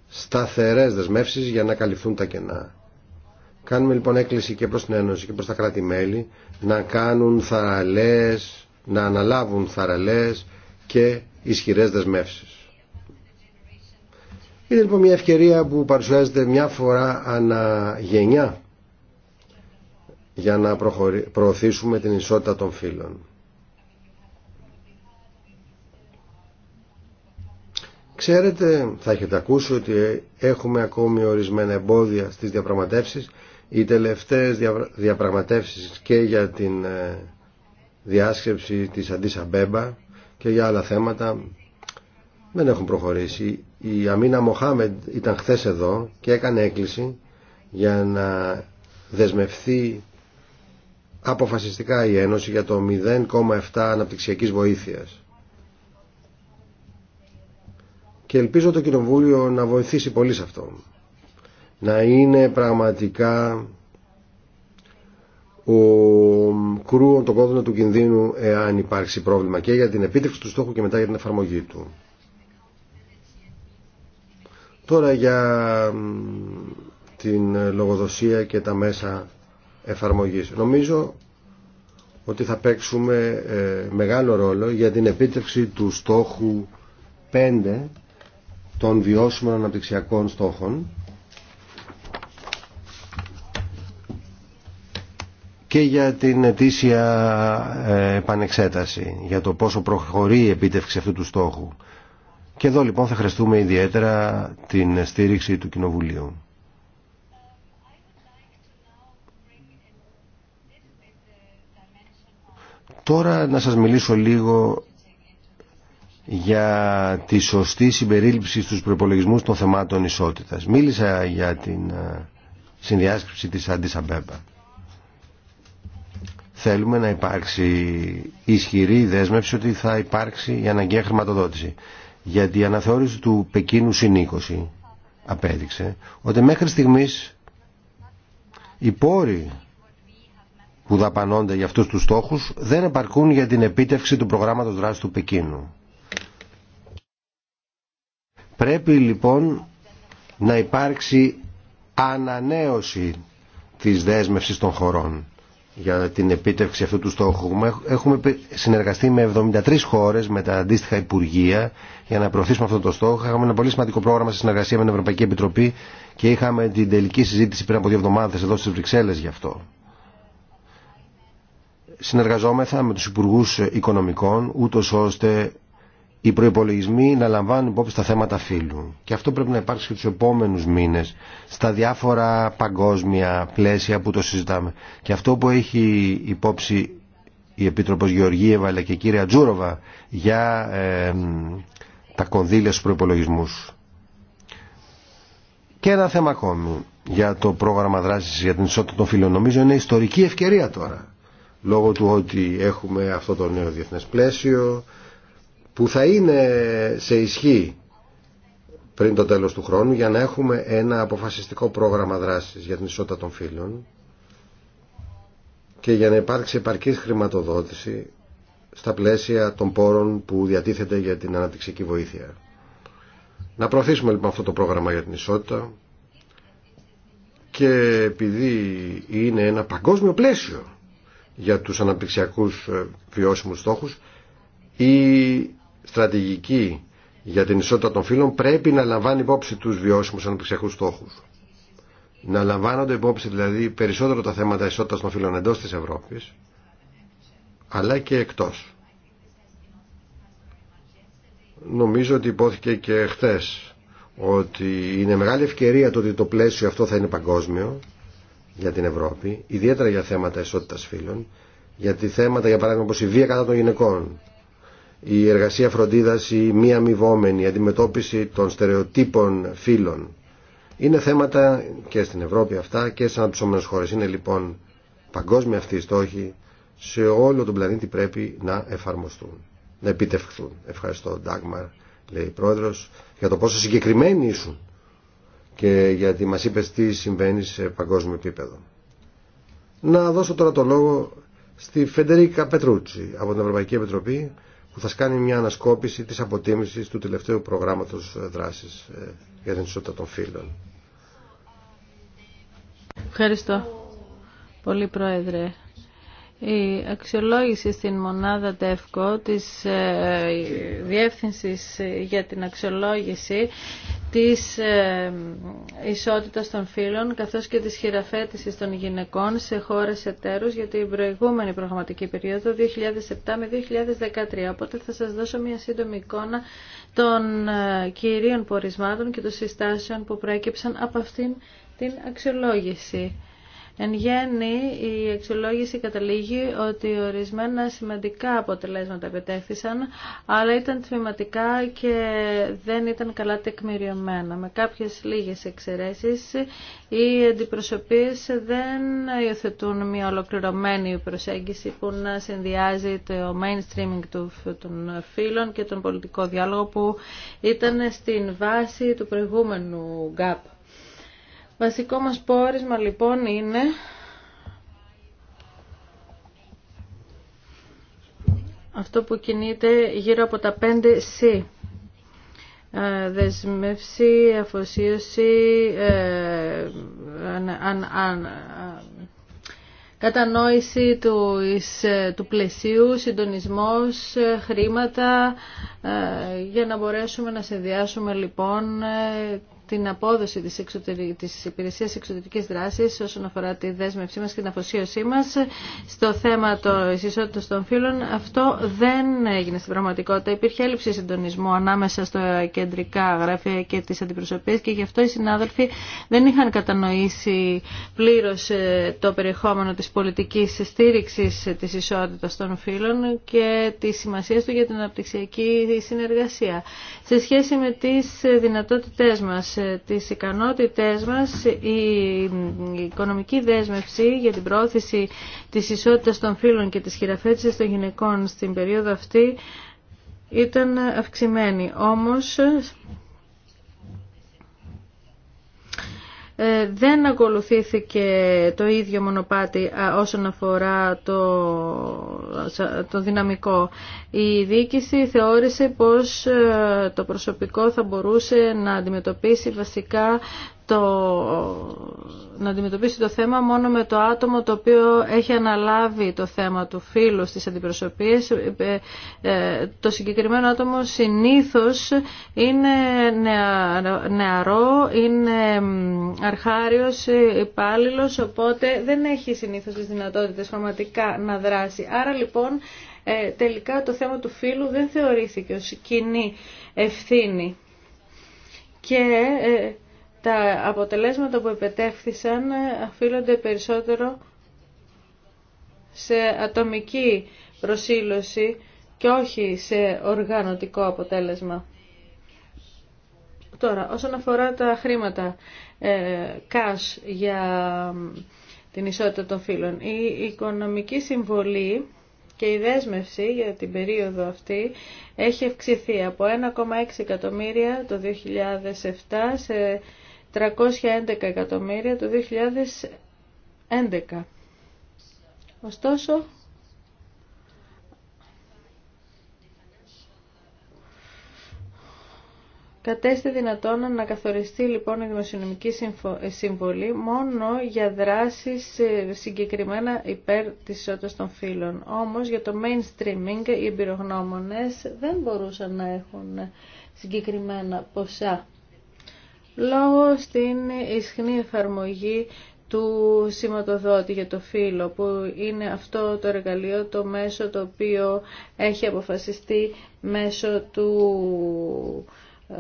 σταθερές δεσμεύσεις για να καλυφθούν τα κενά. Κάνουμε λοιπόν έκκληση και προς την Ένωση και προς τα κράτη-μέλη να κάνουν θαραλές, να αναλάβουν θαραλές και ισχυρές δεσμεύσεις. Είναι λοιπόν μια ευκαιρία που παρουσιάζεται μια φορά αναγενιά για να προωθήσουμε την ισότητα των φύλων. Ξέρετε, θα έχετε ακούσει ότι έχουμε ακόμη ορισμένα εμπόδια στις διαπραγματεύσεις. Οι τελευταίες διαπραγματεύσεις και για την ε, διάσκεψη της Αντίσα Μπέμπα και για άλλα θέματα δεν έχουν προχωρήσει. Η Αμίνα Μοχάμεντ ήταν χθε εδώ και έκανε έκκληση για να δεσμευθεί αποφασιστικά η Ένωση για το 0,7 αναπτυξιακή βοήθειας. Και ελπίζω το Κοινοβούλιο να βοηθήσει πολύ σε αυτό. Να είναι πραγματικά ο κρούο τον κόδωνα του κινδύνου εάν υπάρξει πρόβλημα και για την επίτευξη του στόχου και μετά για την εφαρμογή του. Τώρα για την λογοδοσία και τα μέσα εφαρμογής. Νομίζω ότι θα παίξουμε ε, μεγάλο ρόλο για την επίτευξη του στόχου 5 των βιώσιμων αναπτυξιακών στόχων και για την ετήσια ε, επανεξέταση για το πόσο προχωρεί η επίτευξη αυτού του στόχου. Και εδώ λοιπόν θα χρειαστούμε ιδιαίτερα την στήριξη του Κοινοβουλίου. Τώρα να σας μιλήσω λίγο για τη σωστή συμπερίληψη στους προπολογισμούς των θεμάτων ισότητας. Μίλησα για την ε, συνδιάσκεψη της Αντισαμπέμπα. Θέλουμε να υπάρξει ισχυρή δέσμευση ότι θα υπάρξει η αναγκαία χρηματοδότηση γιατί η αναθεώρηση του Πεκίνου συνήκωση απέδειξε ότι μέχρι στιγμής οι πόροι που δαπανώνται για αυτούς τους στόχους δεν επαρκούν για την επίτευξη του προγράμματος δράσης του Πεκίνου. Πρέπει λοιπόν να υπάρξει ανανέωση της δέσμευσης των χωρών για την επίτευξη αυτού του στόχου. Έχουμε συνεργαστεί με 73 χώρε, με τα αντίστοιχα υπουργεία, για να προωθήσουμε αυτό το στόχο. Έχουμε ένα πολύ σημαντικό πρόγραμμα σε συνεργασία με την Ευρωπαϊκή Επιτροπή και είχαμε την τελική συζήτηση πριν από δύο εβδομάδε εδώ στι Βρυξέλλε γι' αυτό. Συνεργαζόμεθα με του υπουργού οικονομικών, ούτω ώστε οι προπολογισμοί να λαμβάνουν υπόψη τα θέματα φύλου. Και αυτό πρέπει να υπάρξει και του επόμενου μήνε στα διάφορα παγκόσμια πλαίσια που το συζητάμε. Και αυτό που έχει υπόψη η Επίτροπο Γεωργίευα αλλά και η κυρία Τζούροβα για ε, τα κονδύλια στου προπολογισμού. Και ένα θέμα ακόμη για το πρόγραμμα δράση για την ισότητα των φύλων. Νομίζω είναι ιστορική ευκαιρία τώρα. Λόγω του ότι έχουμε αυτό το νέο διεθνέ πλαίσιο, που θα είναι σε ισχύ πριν το τέλος του χρόνου για να έχουμε ένα αποφασιστικό πρόγραμμα δράσης για την ισότητα των φύλων και για να υπάρξει επαρκής χρηματοδότηση στα πλαίσια των πόρων που διατίθεται για την αναπτυξική βοήθεια. Να προωθήσουμε λοιπόν αυτό το πρόγραμμα για την ισότητα και επειδή είναι ένα παγκόσμιο πλαίσιο για τους αναπτυξιακούς ε, βιώσιμους στόχους η στρατηγική για την ισότητα των φύλων πρέπει να λαμβάνει υπόψη τους βιώσιμους αναπτυξιακούς στόχου. Να λαμβάνονται υπόψη δηλαδή περισσότερο τα θέματα ισότητα των φύλων εντό τη Ευρώπη, αλλά και εκτό. Νομίζω ότι υπόθηκε και χθε ότι είναι μεγάλη ευκαιρία το ότι το πλαίσιο αυτό θα είναι παγκόσμιο για την Ευρώπη, ιδιαίτερα για θέματα ισότητας φύλων, γιατί θέματα για παράδειγμα όπω η βία κατά των γυναικών η εργασία φροντίδας, η μη αμοιβόμενη, αντιμετώπιση των στερεοτύπων φύλων. Είναι θέματα και στην Ευρώπη αυτά και σαν αναπτυσσόμενες χώρες. Είναι λοιπόν παγκόσμια αυτή η στόχη σε όλο τον πλανήτη πρέπει να εφαρμοστούν, να επιτευχθούν. Ευχαριστώ Ντάγμαρ, λέει η Πρόεδρος, για το πόσο συγκεκριμένοι ήσουν και γιατί μας είπε τι συμβαίνει σε παγκόσμιο επίπεδο. Να δώσω τώρα το λόγο στη Φεντερίκα Πετρούτσι από την Ευρωπαϊκή Επιτροπή που θα κάνει μια ανασκόπηση της αποτίμησης του τελευταίου προγράμματος ε, δράσης ε, για την ισότητα των φίλων. Ευχαριστώ πολύ Πρόεδρε. Η αξιολόγηση στην μονάδα ΤΕΦΚΟ της ε, Διεύθυνσης για την αξιολόγηση της ε, ισότητας των φύλων καθώς και της χειραφέτησης των γυναικών σε χώρες εταίρους για την προηγούμενη προγραμματική περίοδο 2007 με 2013. Οπότε θα σας δώσω μια σύντομη εικόνα των ε, κυρίων πορισμάτων και των συστάσεων που προέκυψαν από αυτήν την αξιολόγηση. Εν γέννη, η αξιολόγηση καταλήγει ότι ορισμένα σημαντικά αποτελέσματα επιτέχθησαν, αλλά ήταν τμηματικά και δεν ήταν καλά τεκμηριωμένα. Με κάποιες λίγες εξαιρέσεις, οι αντιπροσωπείς δεν υιοθετούν μια ολοκληρωμένη προσέγγιση που να συνδυάζει το mainstreaming των φίλων και τον πολιτικό διάλογο που ήταν στην βάση του προηγούμενου GAP. Βασικό μας πόρισμα λοιπόν είναι αυτό που κινείται γύρω από τα 5 C. Ε, δεσμεύση, αφοσίωση, ε, κατανόηση του, ε, του πλαισίου, συντονισμός, χρήματα, για να μπορέσουμε να συνδυάσουμε λοιπόν την απόδοση της, εξωτερι... της υπηρεσίας εξωτερικής δράσης όσον αφορά τη δέσμευσή μας και την αφοσίωσή μας στο θέμα της ισότητας των φύλων. Αυτό δεν έγινε στην πραγματικότητα. Υπήρχε έλλειψη συντονισμού ανάμεσα στο κεντρικά γραφεία και τις αντιπροσωπείες και γι' αυτό οι συνάδελφοι δεν είχαν κατανοήσει πλήρως ε, το περιεχόμενο της πολιτικής στήριξης της ισότητας των φύλων και τη σημασία του για την αναπτυξιακή συνεργασία. Σε σχέση με τις δυνατότητές μας τις ικανότητές μας η οικονομική δέσμευση για την πρόθεση της ισότητας των φύλων και της χειραφέτησης των γυναικών στην περίοδο αυτή ήταν αυξημένη. Όμως Ε, δεν ακολουθήθηκε το ίδιο μονοπάτι όσον αφορά το, το δυναμικό. Η διοίκηση θεώρησε πως ε, το προσωπικό θα μπορούσε να αντιμετωπίσει βασικά το, να αντιμετωπίσει το θέμα μόνο με το άτομο το οποίο έχει αναλάβει το θέμα του φίλου στις αντιπροσωπείες. Ε, ε, το συγκεκριμένο άτομο συνήθως είναι νεαρό, είναι αρχάριος υπάλληλο, οπότε δεν έχει συνήθως τις δυνατότητες πραγματικά να δράσει. Άρα λοιπόν ε, τελικά το θέμα του φίλου δεν θεωρήθηκε ως κοινή ευθύνη. Και τα αποτελέσματα που επετεύχθησαν αφήνονται περισσότερο σε ατομική προσήλωση και όχι σε οργανωτικό αποτέλεσμα. Τώρα, όσον αφορά τα χρήματα ε, cash για την ισότητα των φύλων, η οικονομική συμβολή και η δέσμευση για την περίοδο αυτή έχει αυξηθεί από 1,6 εκατομμύρια το 2007 σε 311 εκατομμύρια το 2011. Ωστόσο, Κατέστη δυνατόν να καθοριστεί λοιπόν η δημοσιονομική συμβολή ε, μόνο για δράσεις ε, συγκεκριμένα υπέρ της ισότητας των φύλων. Όμως για το mainstreaming οι εμπειρογνώμονες δεν μπορούσαν να έχουν συγκεκριμένα ποσά λόγω στην ισχνή εφαρμογή του σηματοδότη για το φύλλο που είναι αυτό το εργαλείο, το μέσο το οποίο έχει αποφασιστεί μέσω του ε,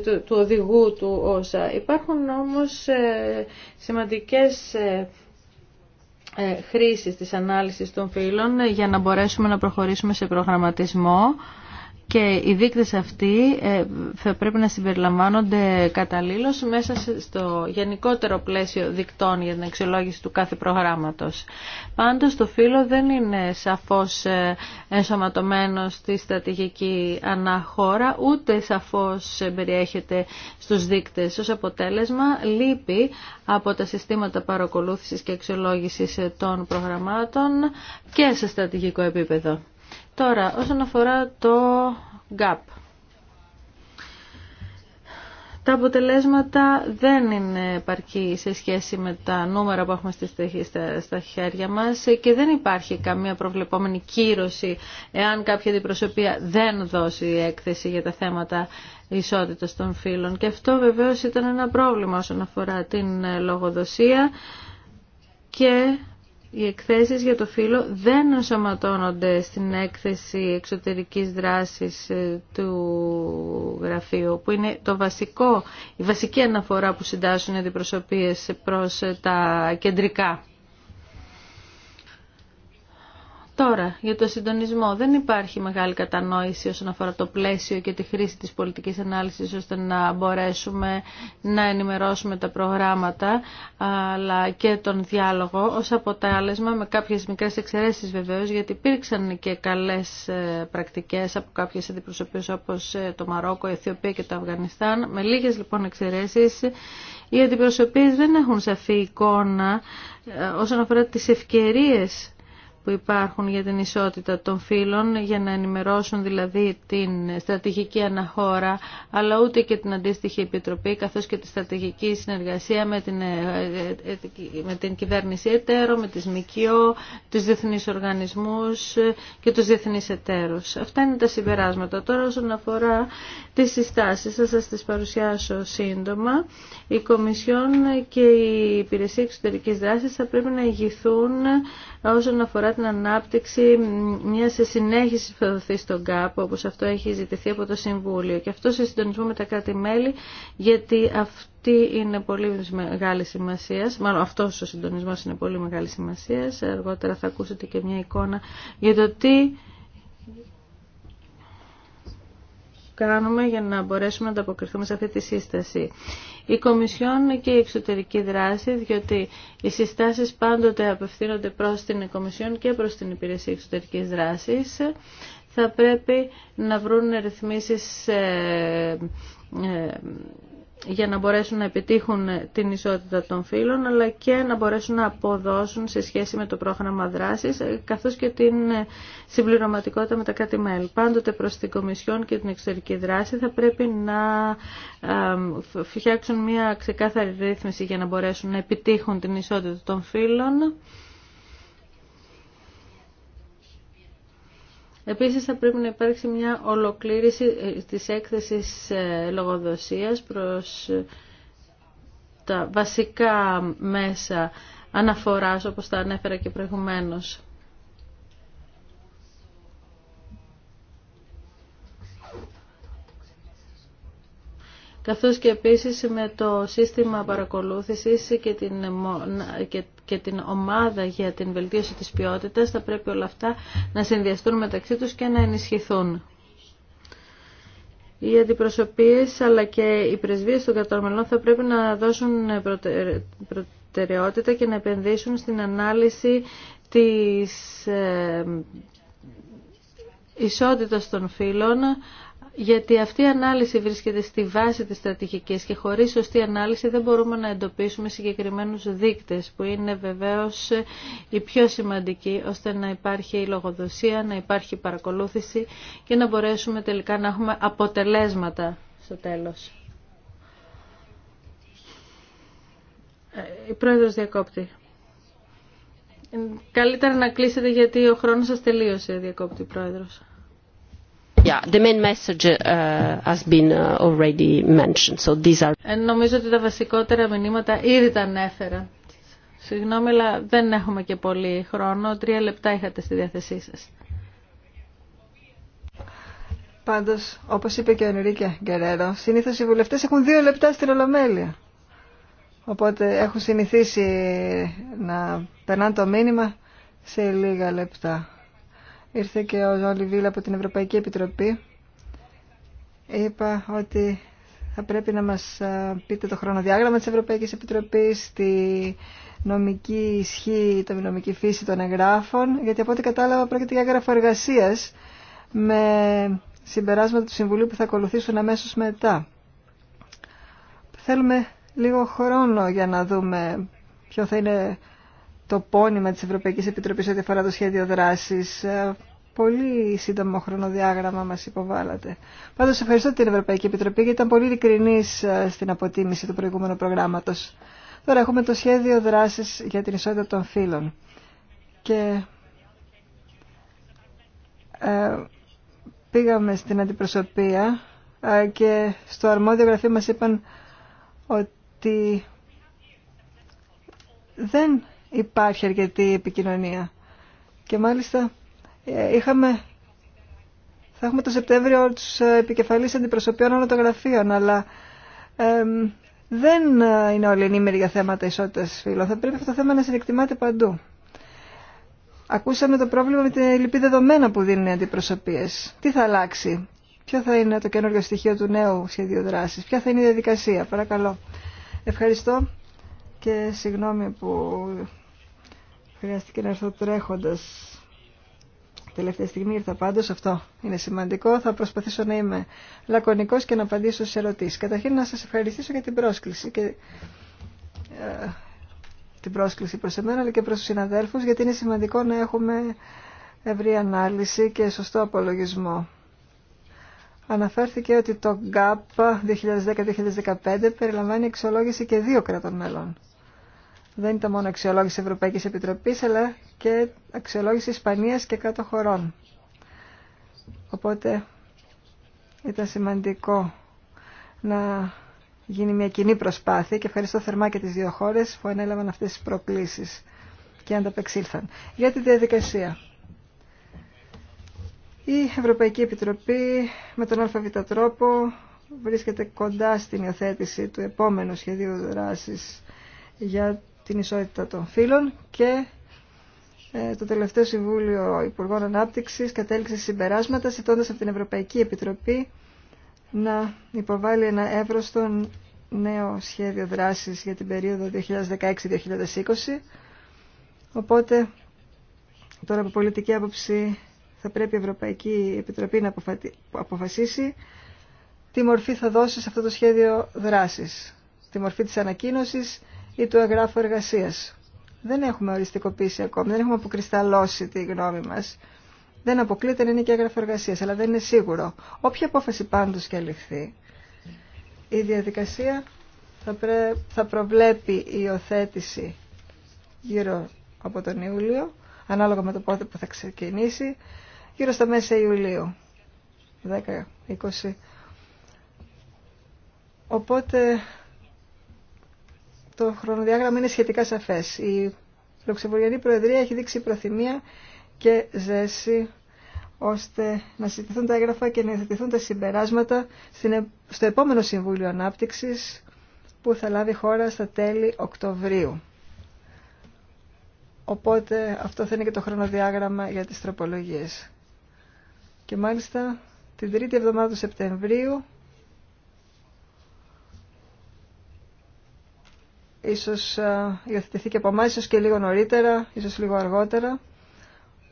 του οδηγού του όσα. Υπάρχουν όμως ε, σημαντικές ε, χρήσεις της ανάλυσης των φύλων για να μπορέσουμε να προχωρήσουμε σε προγραμματισμό και οι δείκτες αυτοί ε, θα πρέπει να συμπεριλαμβάνονται καταλήλως μέσα στο γενικότερο πλαίσιο δικτών για την αξιολόγηση του κάθε προγράμματος. Πάντως το φύλλο δεν είναι σαφώς ε, ενσωματωμένο στη στρατηγική αναχώρα ούτε σαφώς περιέχεται στους δείκτες. Ως αποτέλεσμα λείπει από τα συστήματα παρακολούθησης και αξιολόγησης των προγραμμάτων και σε στρατηγικό επίπεδο. Τώρα, όσον αφορά το GAP. Τα αποτελέσματα δεν είναι επαρκή σε σχέση με τα νούμερα που έχουμε στα χέρια μας και δεν υπάρχει καμία προβλεπόμενη κύρωση εάν κάποια αντιπροσωπεία δεν δώσει έκθεση για τα θέματα ισότητας των φύλων. Και αυτό βεβαίως ήταν ένα πρόβλημα όσον αφορά την λογοδοσία και οι εκθέσεις για το φύλλο δεν ενσωματώνονται στην έκθεση εξωτερικής δράσης ε, του γραφείου, που είναι το βασικό, η βασική αναφορά που συντάσσουν οι αντιπροσωπείες προς ε, τα κεντρικά Τώρα, για το συντονισμό δεν υπάρχει μεγάλη κατανόηση όσον αφορά το πλαίσιο και τη χρήση της πολιτικής ανάλυσης ώστε να μπορέσουμε να ενημερώσουμε τα προγράμματα αλλά και τον διάλογο ως αποτέλεσμα με κάποιες μικρές εξαιρέσεις βεβαίως γιατί υπήρξαν και καλές ε, πρακτικές από κάποιες αντιπροσωπείες όπως ε, το Μαρόκο, η Αιθιοπία και το Αφγανιστάν με λίγες λοιπόν εξαιρέσεις οι αντιπροσωπείες δεν έχουν σαφή εικόνα ε, όσον αφορά τις ευκαιρίες που υπάρχουν για την ισότητα των φύλων, για να ενημερώσουν δηλαδή την στρατηγική αναχώρα, αλλά ούτε και την αντίστοιχη επιτροπή, καθώς και τη στρατηγική συνεργασία με την, ε, ε, ε, με την κυβέρνηση εταίρο, με τις μικιό, τους διεθνείς οργανισμούς και τους διεθνείς εταίρους. Αυτά είναι τα συμπεράσματα. Τώρα όσον αφορά τις συστάσεις, θα σας τις παρουσιάσω σύντομα. Η Κομισιόν και η Υπηρεσία Εξωτερικής Δράσης θα πρέπει να ηγηθούν όσον αφορά την ανάπτυξη μια συνέχιση θα δοθεί στον ΚΑΠ, όπω αυτό έχει ζητηθεί από το Συμβούλιο. Και αυτό σε συντονισμό με τα κράτη-μέλη, γιατί αυτή είναι πολύ μεγάλη σημασία. Μάλλον αυτό ο συντονισμό είναι πολύ μεγάλη σημασία. Αργότερα θα ακούσετε και μια εικόνα για το τι κάνουμε για να μπορέσουμε να ανταποκριθούμε σε αυτή τη σύσταση. Η Κομισιόν και η εξωτερική δράση, διότι οι συστάσεις πάντοτε απευθύνονται προς την Κομισιόν και προς την Υπηρεσία Εξωτερικής Δράσης, θα πρέπει να βρουν ρυθμίσεις ε, για να μπορέσουν να επιτύχουν την ισότητα των φύλων αλλά και να μπορέσουν να αποδώσουν σε σχέση με το πρόγραμμα δράσης καθώς και την συμπληρωματικότητα με τα κάτι μέλ. Πάντοτε προς την Κομισιόν και την εξωτερική δράση θα πρέπει να φτιάξουν μια ξεκάθαρη ρύθμιση για να μπορέσουν να επιτύχουν την ισότητα των φύλων Επίσης θα πρέπει να υπάρξει μια ολοκλήρηση ε, της έκθεσης ε, λογοδοσίας προς ε, τα βασικά μέσα αναφοράς όπως τα ανέφερα και προηγουμένως. καθώς και επίσης με το σύστημα παρακολούθησης και, την, και και την ομάδα για την βελτίωση της ποιότητας, θα πρέπει όλα αυτά να συνδυαστούν μεταξύ τους και να ενισχυθούν. Οι αντιπροσωπείες αλλά και οι πρεσβείες των κατορμελών θα πρέπει να δώσουν προτεραιότητα και να επενδύσουν στην ανάλυση της ε, ισότητας των φύλων γιατί αυτή η ανάλυση βρίσκεται στη βάση της στρατηγικής και χωρίς σωστή ανάλυση δεν μπορούμε να εντοπίσουμε συγκεκριμένους δείκτες που είναι βεβαίως οι πιο σημαντικοί ώστε να υπάρχει η λογοδοσία, να υπάρχει η παρακολούθηση και να μπορέσουμε τελικά να έχουμε αποτελέσματα στο τέλος. Ε, η πρόεδρος διακόπτη. Ε, καλύτερα να κλείσετε γιατί ο χρόνος σας τελείωσε, διακόπτη πρόεδρος. Νομίζω ότι τα βασικότερα μηνύματα ήδη τα ανέφερα. Συγγνώμη, αλλά δεν έχουμε και πολύ χρόνο. Τρία λεπτά είχατε στη διάθεσή σας. Πάντως, όπως είπε και ο Ενρίκε Γκερέρο, συνήθως οι βουλευτές έχουν δύο λεπτά στην Ολομέλεια. Οπότε έχουν συνηθίσει να περνάνε το μήνυμα σε λίγα λεπτά ήρθε και ο Ζόλι Βίλα από την Ευρωπαϊκή Επιτροπή, είπα ότι θα πρέπει να μας ε, πείτε το χρονοδιάγραμμα της Ευρωπαϊκής Επιτροπής, τη νομική ισχύ, τη νομική φύση των εγγράφων, γιατί από ό,τι κατάλαβα πρόκειται για έγγραφο εργασία με συμπεράσματα του Συμβουλίου που θα ακολουθήσουν αμέσως μετά. Θέλουμε λίγο χρόνο για να δούμε ποιο θα είναι το πόνιμα της Ευρωπαϊκής Επιτροπής ό,τι αφορά το σχέδιο δράσης. Ε, πολύ σύντομο χρονοδιάγραμμα μας υποβάλλατε. Πάντως ευχαριστώ την Ευρωπαϊκή Επιτροπή γιατί ήταν πολύ ειλικρινής ε, στην αποτίμηση του προηγούμενου προγράμματος. Τώρα έχουμε το σχέδιο δράσης για την ισότητα των φύλων. Και ε, πήγαμε στην αντιπροσωπεία και στο αρμόδιο γραφείο μας είπαν ότι δεν υπάρχει αρκετή επικοινωνία. Και μάλιστα ε, είχαμε, θα έχουμε το Σεπτέμβριο τους ε, επικεφαλής αντιπροσωπείων όλων των γραφείων, αλλά δεν ε, είναι όλοι ενήμεροι για θέματα ισότητας φύλων. Θα πρέπει αυτό το θέμα να συνεκτιμάται παντού. Ακούσαμε το πρόβλημα με την λυπή δεδομένα που δίνουν οι αντιπροσωπείες. Τι θα αλλάξει, ποιο θα είναι το καινούργιο στοιχείο του νέου σχεδίου δράσης, ποια θα είναι η διαδικασία, παρακαλώ. Ευχαριστώ και συγγνώμη που Χρειάστηκε να έρθω τρέχοντας. Τελευταία στιγμή ήρθα πάντως, αυτό είναι σημαντικό. Θα προσπαθήσω να είμαι λακωνικός και να απαντήσω σε ερωτήσεις. Καταρχήν να σας ευχαριστήσω για την πρόσκληση και ε, την πρόσκληση προς εμένα αλλά και προς τους συναδέλφους γιατί είναι σημαντικό να έχουμε ευρύ ανάλυση και σωστό απολογισμό. Αναφέρθηκε ότι το GAP 2010-2015 περιλαμβάνει εξολόγηση και δύο κρατών μέλων δεν ήταν μόνο αξιολόγηση Ευρωπαϊκής Επιτροπής, αλλά και αξιολόγηση Ισπανίας και κάτω χωρών. Οπότε ήταν σημαντικό να γίνει μια κοινή προσπάθεια και ευχαριστώ θερμά και τις δύο χώρες που ανέλαβαν αυτές τις προκλήσεις και ανταπεξήλθαν. Για τη διαδικασία. Η Ευρωπαϊκή Επιτροπή με τον αλφαβήτα τρόπο βρίσκεται κοντά στην υιοθέτηση του επόμενου σχεδίου δράσης για την ισότητα των φύλων και ε, το τελευταίο Συμβούλιο Υπουργών Ανάπτυξης κατέληξε συμπεράσματα ζητώντας από την Ευρωπαϊκή Επιτροπή να υποβάλει ένα εύρωστο νέο σχέδιο δράσης για την περίοδο 2016-2020. Οπότε τώρα από πολιτική άποψη θα πρέπει η Ευρωπαϊκή Επιτροπή να αποφασίσει τι μορφή θα δώσει σε αυτό το σχέδιο δράσης. Τη μορφή της ανακοίνωσης ή του εγγράφου εργασία. Δεν έχουμε οριστικοποιήσει ακόμη, δεν έχουμε αποκρισταλώσει τη γνώμη μα. Δεν αποκλείται να είναι και έγγραφο εργασία, αλλά δεν είναι σίγουρο. Όποια απόφαση πάντω και ληφθεί, η διαδικασία θα, πρέ... θα προβλέπει η υιοθέτηση γύρω από τον Ιούλιο, ανάλογα με το πότε που θα ξεκινήσει, γύρω στα μέσα Ιουλίου, 10-20. Οπότε το χρονοδιάγραμμα είναι σχετικά σαφές. Η Λουξεμβουργιανή Προεδρία έχει δείξει προθυμία και ζέση ώστε να συζητηθούν τα έγγραφα και να υιοθετηθούν τα συμπεράσματα στο επόμενο Συμβούλιο Ανάπτυξης που θα λάβει χώρα στα τέλη Οκτωβρίου. Οπότε αυτό θα είναι και το χρονοδιάγραμμα για τις τροπολογίες. Και μάλιστα την τρίτη εβδομάδα του Σεπτεμβρίου ίσως ε, υιοθετηθεί και από εμάς, ίσως και λίγο νωρίτερα, ίσως λίγο αργότερα.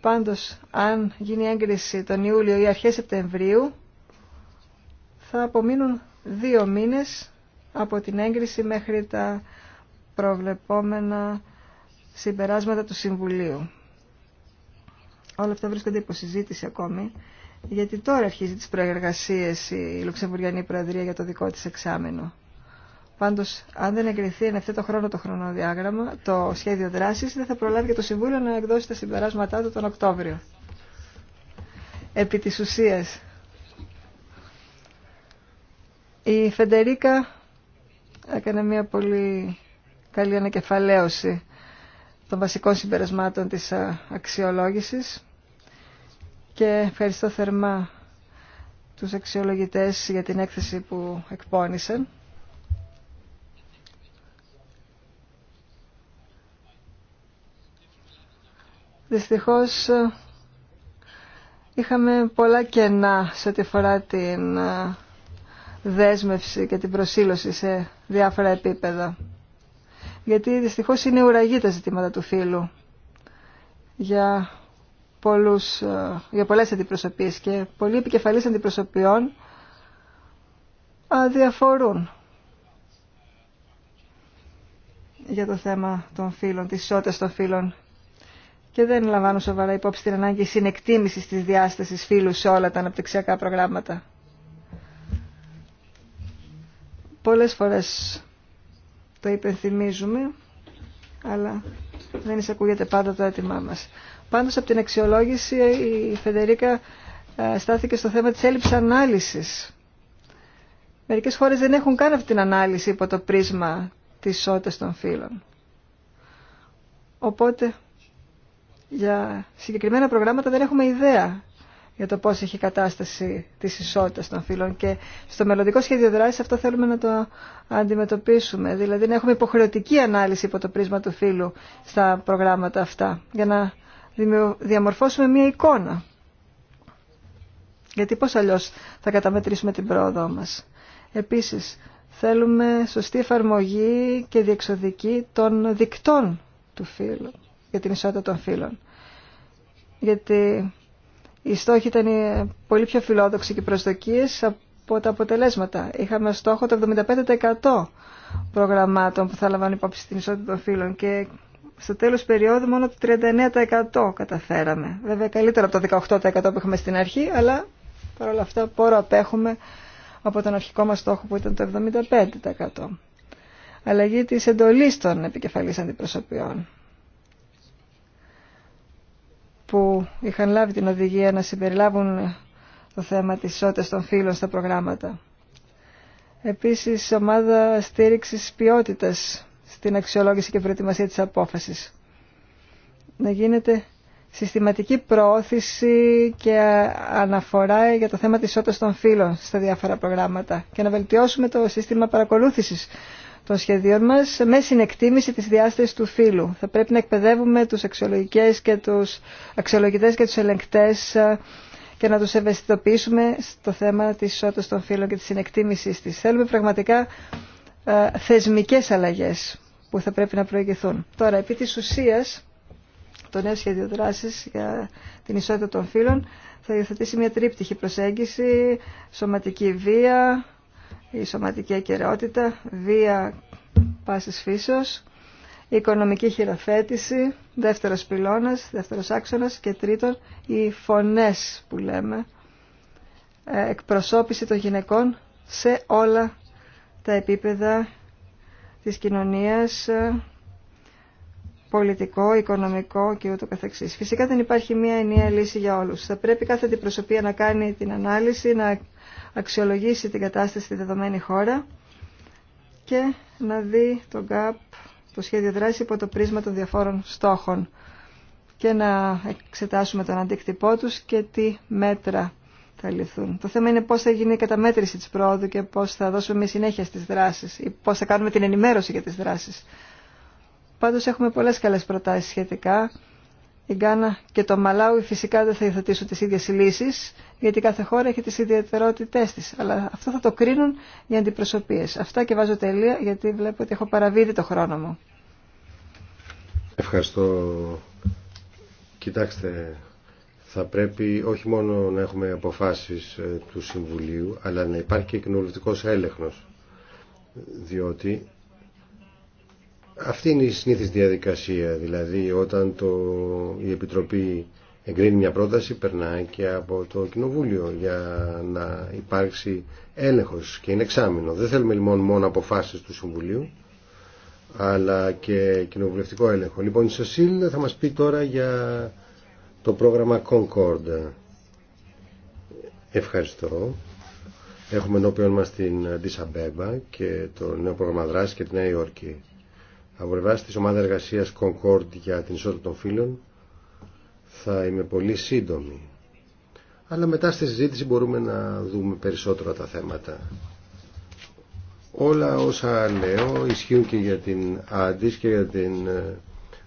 Πάντως, αν γίνει έγκριση τον Ιούλιο ή αρχές Σεπτεμβρίου, θα απομείνουν δύο μήνες από την έγκριση μέχρι τα προβλεπόμενα συμπεράσματα του Συμβουλίου. Όλα αυτά βρίσκονται υπό συζήτηση ακόμη, γιατί τώρα αρχίζει τις προεργασίες η Λουξεμβουργιανή Προεδρία για το δικό της εξάμενο. Πάντως, αν δεν εγκριθεί εν αυτό το χρόνο το χρονοδιάγραμμα, το σχέδιο δράσης, δεν θα προλάβει και το Συμβούλιο να εκδώσει τα συμπεράσματά του τον Οκτώβριο. Επί τη ουσία. η Φεντερίκα έκανε μια πολύ καλή ανακεφαλαίωση των βασικών συμπερασμάτων της αξιολόγησης και ευχαριστώ θερμά τους αξιολογητές για την έκθεση που εκπώνησαν. Δυστυχώς ε, είχαμε πολλά κενά σε ό,τι αφορά την ε, δέσμευση και την προσήλωση σε διάφορα επίπεδα. Γιατί δυστυχώς είναι ουραγή τα ζητήματα του φίλου για, πολλούς, ε, για πολλές αντιπροσωπείες και πολλοί επικεφαλείς αντιπροσωπιών αδιαφορούν για το θέμα των φύλων, της ισότητας των φύλων και δεν λαμβάνουν σοβαρά υπόψη την ανάγκη συνεκτίμηση τη διάσταση φύλου σε όλα τα αναπτυξιακά προγράμματα. Πολλές φορές το υπενθυμίζουμε, αλλά δεν εισακούγεται πάντα το έτοιμά μας. Πάντως από την αξιολόγηση η Φεντερίκα ε, στάθηκε στο θέμα της έλλειψης ανάλυσης. Μερικές χώρες δεν έχουν καν αυτή την ανάλυση υπό το πρίσμα της ισότητας των φύλων. Οπότε για συγκεκριμένα προγράμματα δεν έχουμε ιδέα για το πώς έχει η κατάσταση της ισότητας των φύλων και στο μελλοντικό σχέδιο δράσης αυτό θέλουμε να το αντιμετωπίσουμε. Δηλαδή να έχουμε υποχρεωτική ανάλυση υπό το πρίσμα του φύλου στα προγράμματα αυτά για να διαμορφώσουμε μία εικόνα. Γιατί πώς αλλιώς θα καταμετρήσουμε την πρόοδό μας. Επίσης, θέλουμε σωστή εφαρμογή και διεξοδική των δικτών του φύλου για την ισότητα των φύλων. Γιατί οι στόχοι ήταν ε, πολύ πιο φιλόδοξοι και προσδοκίες από τα αποτελέσματα. Είχαμε στόχο το 75% προγραμμάτων που θα λαμβάνουν υπόψη την ισότητα των φύλων και στο τέλος περίοδου μόνο το 39% καταφέραμε. Βέβαια καλύτερο από το 18% που είχαμε στην αρχή, αλλά παρόλα αυτά πόρο απέχουμε από τον αρχικό μας στόχο που ήταν το 75%. Αλλαγή της εντολής των επικεφαλής αντιπροσωπιών που είχαν λάβει την οδηγία να συμπεριλάβουν το θέμα της ισότητας των φύλων στα προγράμματα. Επίσης, ομάδα στήριξης ποιότητας στην αξιολόγηση και προετοιμασία της απόφασης. Να γίνεται συστηματική προώθηση και αναφορά για το θέμα της ισότητας των φύλων στα διάφορα προγράμματα και να βελτιώσουμε το σύστημα παρακολούθησης των σχεδίων μα με συνεκτίμηση τη διάσταση του φύλου. Θα πρέπει να εκπαιδεύουμε του αξιολογικέ και του αξιολογητές και τους ελεγκτές ε, και να του ευαισθητοποιήσουμε στο θέμα τη ισότητα των φύλων και τη συνεκτίμηση τη. Θέλουμε πραγματικά ε, θεσμικέ αλλαγέ που θα πρέπει να προηγηθούν. Τώρα, επί τη ουσία, το νέο σχέδιο δράση για την ισότητα των φύλων θα υιοθετήσει μια τρίπτυχη προσέγγιση, σωματική βία, η σωματική ακαιρεότητα, βία πάσης φύσεως, η οικονομική χειραφέτηση, δεύτερος πυλώνας, δεύτερος άξονας και τρίτον οι φωνές που λέμε, ε, εκπροσώπηση των γυναικών σε όλα τα επίπεδα της κοινωνίας, ε, πολιτικό, οικονομικό και ούτω καθεξής. Φυσικά δεν υπάρχει μία ενιαία λύση για όλους. Θα πρέπει κάθε αντιπροσωπεία να κάνει την ανάλυση, να αξιολογήσει την κατάσταση στη δεδομένη χώρα και να δει το gap το σχέδιο δράση υπό το πρίσμα των διαφόρων στόχων και να εξετάσουμε τον αντίκτυπό τους και τι μέτρα θα λυθούν. Το θέμα είναι πώς θα γίνει η καταμέτρηση της πρόοδου και πώς θα δώσουμε μια συνέχεια στις δράσεις ή πώς θα κάνουμε την ενημέρωση για τις δράσεις. Πάντως έχουμε πολλές καλές προτάσεις σχετικά η Γκάνα και το Μαλάουι φυσικά δεν θα υιοθετήσουν τις ίδιες λύσεις, γιατί κάθε χώρα έχει τις ιδιαιτερότητές της. Αλλά αυτό θα το κρίνουν οι αντιπροσωπείες. Αυτά και βάζω τελεία, γιατί βλέπω ότι έχω παραβίδει το χρόνο μου. Ευχαριστώ. Κοιτάξτε, θα πρέπει όχι μόνο να έχουμε αποφάσεις ε, του Συμβουλίου, αλλά να υπάρχει και κοινοβουλευτικός έλεγχο Διότι αυτή είναι η συνήθις διαδικασία, δηλαδή όταν το, η Επιτροπή εγκρίνει μια πρόταση περνάει και από το Κοινοβούλιο για να υπάρξει έλεγχος και είναι εξάμεινο. Δεν θέλουμε λοιπόν μόνο αποφάσεις του Συμβουλίου αλλά και κοινοβουλευτικό έλεγχο. Λοιπόν η Σασίλ θα μας πει τώρα για το πρόγραμμα Concord. Ευχαριστώ. Έχουμε ενώπιον μας την DISABEBA και το νέο πρόγραμμα δράση και τη Νέα Υόρκη από πλευρά τη ομάδα εργασία Concord για την ισότητα των φύλων θα είμαι πολύ σύντομη. Αλλά μετά στη συζήτηση μπορούμε να δούμε περισσότερα τα θέματα. Όλα όσα λέω ισχύουν και για την Άντις και για την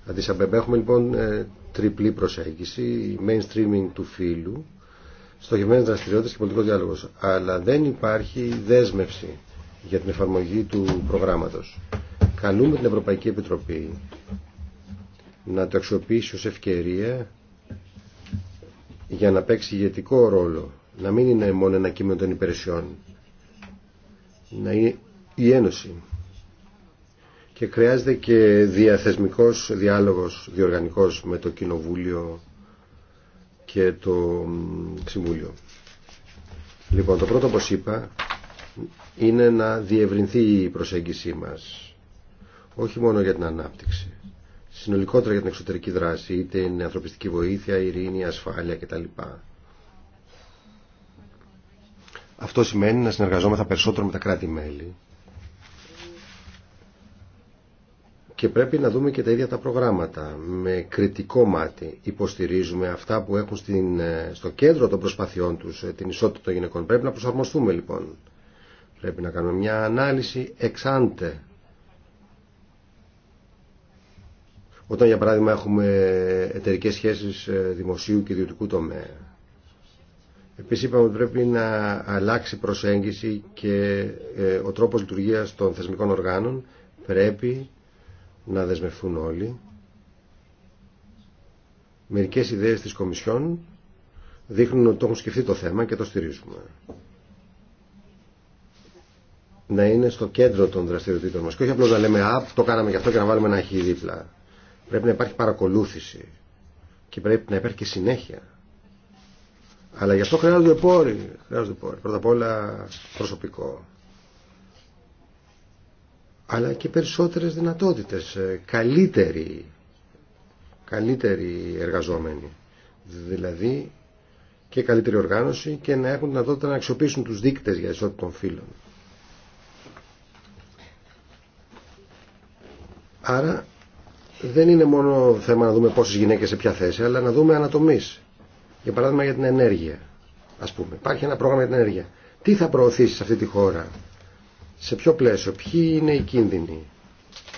Αντισαμπέμπα. Ε, Έχουμε λοιπόν ε, τριπλή προσέγγιση, mainstreaming του φύλου, στοχευμένες δραστηριότητες και πολιτικό διάλογος. Αλλά δεν υπάρχει δέσμευση για την εφαρμογή του προγράμματος. Καλούμε την Ευρωπαϊκή Επιτροπή να το αξιοποιήσει ως ευκαιρία για να παίξει ηγετικό ρόλο, να μην είναι μόνο ένα κείμενο των υπηρεσιών, να είναι η Ένωση. Και χρειάζεται και διαθεσμικός διάλογος, διοργανικός με το Κοινοβούλιο και το Συμβούλιο. Λοιπόν, το πρώτο, όπως είπα, είναι να διευρυνθεί η προσέγγιση μας όχι μόνο για την ανάπτυξη, συνολικότερα για την εξωτερική δράση, είτε είναι ανθρωπιστική βοήθεια, ειρήνη, ασφάλεια κτλ. Αυτό σημαίνει να συνεργαζόμεθα περισσότερο με τα κράτη-μέλη και πρέπει να δούμε και τα ίδια τα προγράμματα. Με κριτικό μάτι υποστηρίζουμε αυτά που έχουν ε, στο κέντρο των προσπαθειών τους ε, την ισότητα των γυναικών. Πρέπει να προσαρμοστούμε λοιπόν. Πρέπει να κάνουμε μια ανάλυση εξάντε όταν για παράδειγμα έχουμε εταιρικές σχέσεις ε, δημοσίου και ιδιωτικού τομέα. Επίσης είπαμε ότι πρέπει να αλλάξει προσέγγιση και ε, ο τρόπος λειτουργίας των θεσμικών οργάνων πρέπει να δεσμευθούν όλοι. Μερικές ιδέες της Κομισιόν δείχνουν ότι το έχουν σκεφτεί το θέμα και το στηρίζουμε. Να είναι στο κέντρο των δραστηριοτήτων μας και όχι απλώς να λέμε «α, το κάναμε γι' αυτό και να βάλουμε ένα χι δίπλα». Πρέπει να υπάρχει παρακολούθηση και πρέπει να υπάρχει και συνέχεια. Αλλά γι' αυτό χρειάζονται πόροι. Χρειάζονται πόροι. Πρώτα απ' όλα προσωπικό. Αλλά και περισσότερες δυνατότητες. Ε, καλύτεροι, καλύτεροι εργαζόμενοι. Δηλαδή και καλύτερη οργάνωση και να έχουν δυνατότητα να αξιοποιήσουν τους δείκτες για ισότητα των φύλων. Άρα δεν είναι μόνο θέμα να δούμε πόσες γυναίκες σε ποια θέση, αλλά να δούμε ανατομή. Για παράδειγμα για την ενέργεια, ας πούμε. Υπάρχει ένα πρόγραμμα για την ενέργεια. Τι θα προωθήσει σε αυτή τη χώρα, σε ποιο πλαίσιο, ποιοι είναι οι κίνδυνοι.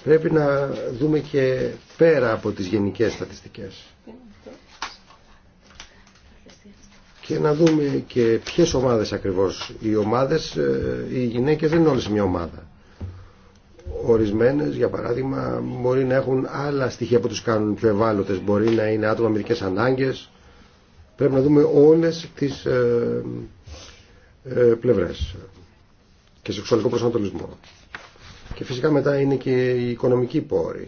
Πρέπει να δούμε και πέρα από τις γενικές στατιστικές. Και να δούμε και ποιες ομάδες ακριβώς. Οι ομάδες, ε, οι γυναίκες δεν είναι όλες μια ομάδα. Ορισμένες, για παράδειγμα, μπορεί να έχουν άλλα στοιχεία που τους κάνουν πιο ευάλωτες. Μπορεί να είναι άτομα με ειδικές ανάγκες. Πρέπει να δούμε όλες τις ε, ε πλευρές και σεξουαλικό προσανατολισμό. Και φυσικά μετά είναι και η οικονομική πόροι.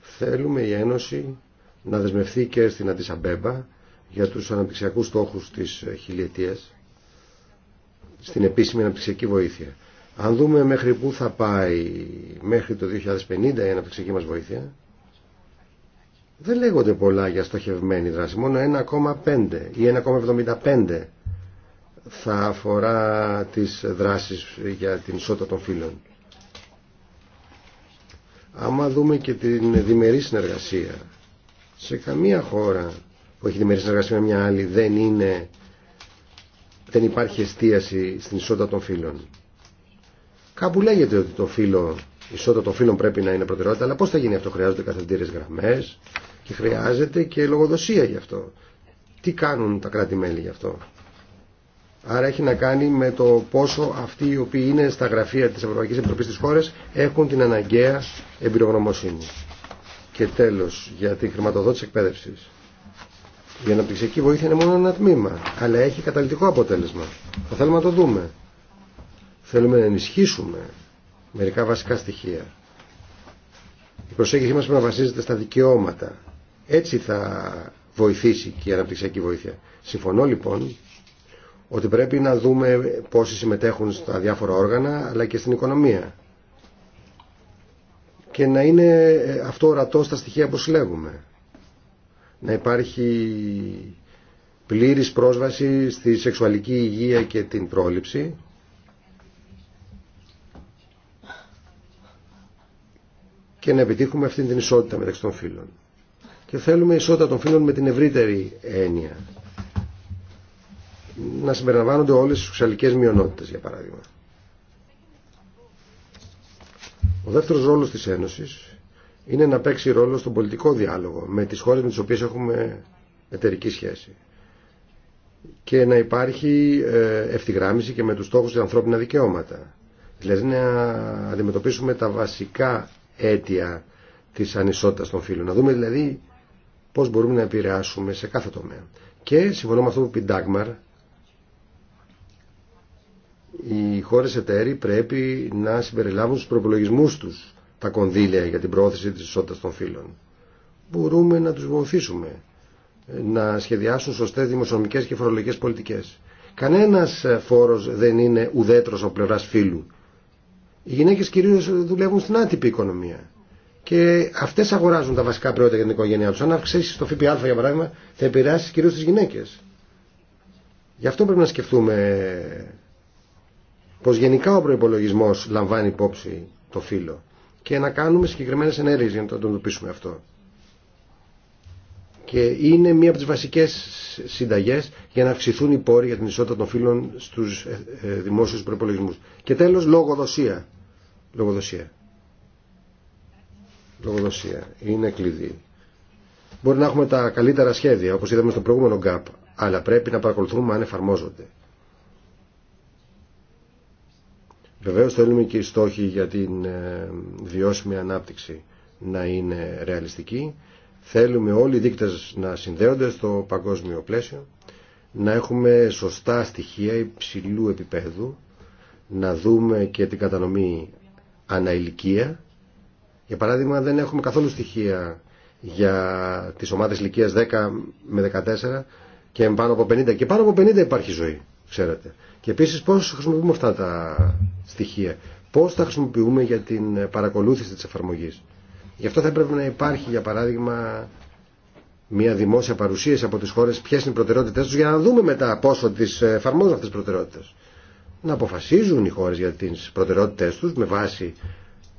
Θέλουμε η Ένωση να δεσμευθεί και στην Αντισαμπέμπα για τους αναπτυξιακούς στόχους της χιλιετίας στην επίσημη αναπτυξιακή βοήθεια. Αν δούμε μέχρι πού θα πάει μέχρι το 2050 η αναπτυξιακή μας βοήθεια, δεν λέγονται πολλά για στοχευμένη δράση. Μόνο 1,5 ή 1,75 θα αφορά τις δράσεις για την ισότητα των φύλων. Άμα δούμε και την διμερή συνεργασία, σε καμία χώρα που έχει διμερή συνεργασία με μια άλλη δεν, είναι, δεν υπάρχει εστίαση στην ισότητα των φύλων. Κάπου λέγεται ότι το φύλλο, η ισότητα των φύλων πρέπει να είναι προτεραιότητα, αλλά πώ θα γίνει αυτό, χρειάζονται καθεντήρε γραμμέ και χρειάζεται και λογοδοσία γι' αυτό. Τι κάνουν τα κράτη-μέλη γι' αυτό. Άρα έχει να κάνει με το πόσο αυτοί οι οποίοι είναι στα γραφεία τη Ευρωπαϊκή Επιτροπή της χώρας έχουν την αναγκαία εμπειρογνωμοσύνη. Και τέλο, για την χρηματοδότηση εκπαίδευση. Η αναπτυξιακή βοήθεια είναι μόνο ένα τμήμα, αλλά έχει καταλητικό αποτέλεσμα. Θα θέλουμε να το δούμε. Θέλουμε να ενισχύσουμε μερικά βασικά στοιχεία. Η προσέγγιση μας πρέπει να βασίζεται στα δικαιώματα. Έτσι θα βοηθήσει και η αναπτυξιακή βοήθεια. Συμφωνώ λοιπόν ότι πρέπει να δούμε πόσοι συμμετέχουν στα διάφορα όργανα αλλά και στην οικονομία. Και να είναι ε, αυτό ορατό στα στοιχεία που συλλέγουμε. Να υπάρχει πλήρης πρόσβαση στη σεξουαλική υγεία και την πρόληψη και να επιτύχουμε αυτή την ισότητα μεταξύ των φίλων. Και θέλουμε ισότητα των φίλων με την ευρύτερη έννοια. Να συμπεριλαμβάνονται όλε τι σεξουαλικές μειονότητε, για παράδειγμα. Ο δεύτερος ρόλος της Ένωσης είναι να παίξει ρόλο στον πολιτικό διάλογο με τις χώρες με τις οποίες έχουμε εταιρική σχέση και να υπάρχει ε, ευθυγράμμιση και με τους στόχους για ανθρώπινα δικαιώματα. Δηλαδή να αντιμετωπίσουμε τα βασικά αίτια της ανισότητας των φύλων. Να δούμε δηλαδή πώς μπορούμε να επηρεάσουμε σε κάθε τομέα. Και συμφωνώ με αυτό που πει οι χώρες εταίροι πρέπει να συμπεριλάβουν στους προπολογισμούς τους τα κονδύλια για την προώθηση της ισότητας των φύλων. Μπορούμε να τους βοηθήσουμε ε, να σχεδιάσουν σωστές δημοσιονομικές και φορολογικές πολιτικές. Κανένας ε, φόρος δεν είναι ουδέτερος από πλευράς φύλου. Οι γυναίκες κυρίω δουλεύουν στην άτυπη οικονομία. Και αυτές αγοράζουν τα βασικά προϊόντα για την οικογένειά του. Αν αυξήσει το ΦΠΑ για παράδειγμα θα επηρεάσει κυρίω τις γυναίκες. Γι' αυτό πρέπει να σκεφτούμε πώ γενικά ο προπολογισμό λαμβάνει υπόψη το φύλλο και να κάνουμε συγκεκριμένε ενέργειε για να το αντιμετωπίσουμε αυτό και είναι μία από τις βασικές συνταγές για να αυξηθούν οι πόροι για την ισότητα των φύλων στους ε, ε, δημόσιους προπολογισμούς. Και τέλος, λογοδοσία. Λογοδοσία. Λογοδοσία. Είναι κλειδί. Μπορεί να έχουμε τα καλύτερα σχέδια, όπως είδαμε στο προηγούμενο γκάπ, αλλά πρέπει να παρακολουθούμε αν εφαρμόζονται. Βεβαίως θέλουμε και οι στόχοι για την ε, βιώσιμη ανάπτυξη να είναι ρεαλιστικοί Θέλουμε όλοι οι δείκτες να συνδέονται στο παγκόσμιο πλαίσιο, να έχουμε σωστά στοιχεία υψηλού επίπεδου, να δούμε και την κατανομή αναηλικία. Για παράδειγμα δεν έχουμε καθόλου στοιχεία για τις ομάδες ηλικία 10 με 14 και πάνω από 50. Και πάνω από 50 υπάρχει ζωή, ξέρετε. Και επίσης πώς χρησιμοποιούμε αυτά τα στοιχεία. Πώς τα χρησιμοποιούμε για την παρακολούθηση της εφαρμογής. Γι' αυτό θα έπρεπε να υπάρχει, για παράδειγμα, μια δημόσια παρουσίαση από τι χώρε ποιε είναι οι προτεραιότητες του για να δούμε μετά πόσο τι εφαρμόζουν αυτέ τι προτεραιότητες. Να αποφασίζουν οι χώρε για τι προτεραιότητες του με βάση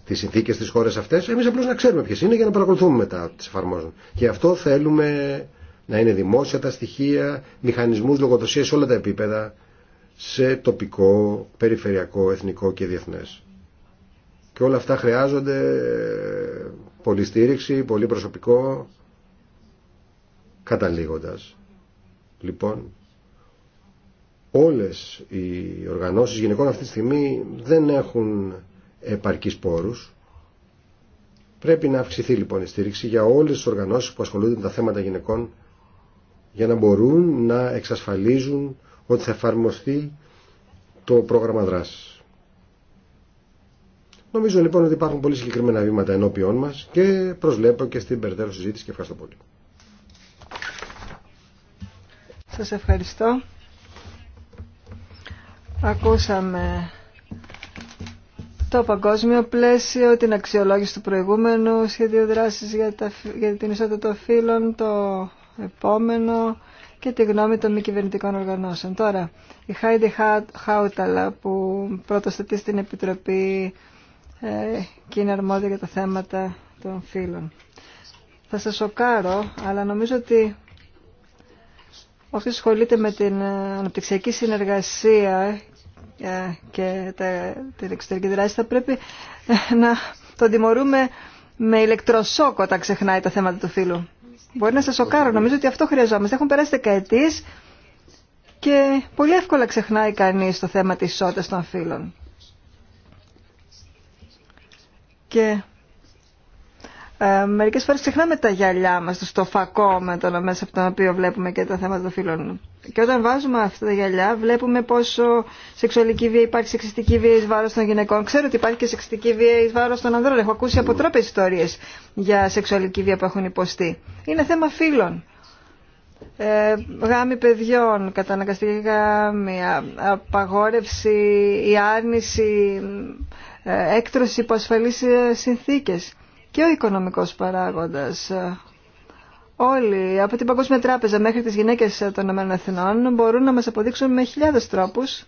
τι συνθήκε τη χώρας αυτέ. Εμεί απλώ να ξέρουμε ποιε είναι για να παρακολουθούμε μετά τι εφαρμόζουν. Γι' αυτό θέλουμε να είναι δημόσια τα στοιχεία, μηχανισμού λογοδοσία σε όλα τα επίπεδα, σε τοπικό, περιφερειακό, εθνικό και διεθνέ. Και όλα αυτά χρειάζονται Πολύ στήριξη, πολύ προσωπικό, καταλήγοντας. Λοιπόν, όλες οι οργανώσεις γυναικών αυτή τη στιγμή δεν έχουν επαρκείς πόρους. Πρέπει να αυξηθεί λοιπόν η στήριξη για όλες τις οργανώσεις που ασχολούνται με τα θέματα γυναικών για να μπορούν να εξασφαλίζουν ότι θα εφαρμοστεί το πρόγραμμα δράσης. Νομίζω λοιπόν ότι υπάρχουν πολύ συγκεκριμένα βήματα ενώπιόν μα και προσβλέπω και στην περαιτέρω συζήτηση και ευχαριστώ πολύ. Σα ευχαριστώ. Ακούσαμε το παγκόσμιο πλαίσιο, την αξιολόγηση του προηγούμενου σχεδίου δράση για, την ισότητα των φύλων, το επόμενο και τη γνώμη των μη κυβερνητικών οργανώσεων. Τώρα, η Χάιντι Χάουταλα που πρωτοστατεί στην Επιτροπή ε, και είναι αρμόδια για τα θέματα των φίλων. Θα σας σοκάρω, αλλά νομίζω ότι όσοι ασχολείται με την ε, αναπτυξιακή συνεργασία ε, και την εξωτερική δράση θα πρέπει να το τιμωρούμε με ηλεκτροσόκ όταν ξεχνάει τα θέματα του φίλου. Μπορεί να σας σοκάρω, νομίζω ότι αυτό χρειαζόμαστε. Έχουν περάσει δεκαετίες και πολύ εύκολα ξεχνάει κανείς το θέμα της ισότητας των φίλων. Και ε, μερικές φορές ξεχνάμε τα γυαλιά μας, στο φακό με το μέσα από τον οποίο βλέπουμε και τα θέματα των φίλων. Και όταν βάζουμε αυτά τα γυαλιά βλέπουμε πόσο σεξουαλική βία υπάρχει, σεξιστική βία εις βάρος των γυναικών. Ξέρω ότι υπάρχει και σεξιστική βία εις βάρος των ανδρών. Έχω ακούσει από τρόπε ιστορίες για σεξουαλική βία που έχουν υποστεί. Είναι θέμα φίλων. Ε, γάμοι παιδιών, καταναγκαστική γάμοι, απαγόρευση, η άρνηση έκτρωση υπό ασφαλείς ε, συνθήκες και ο οικονομικός παράγοντας. Όλοι, από την Παγκόσμια Τράπεζα μέχρι τις γυναίκες των Εθνών, μπορούν να μας αποδείξουν με χιλιάδες τρόπους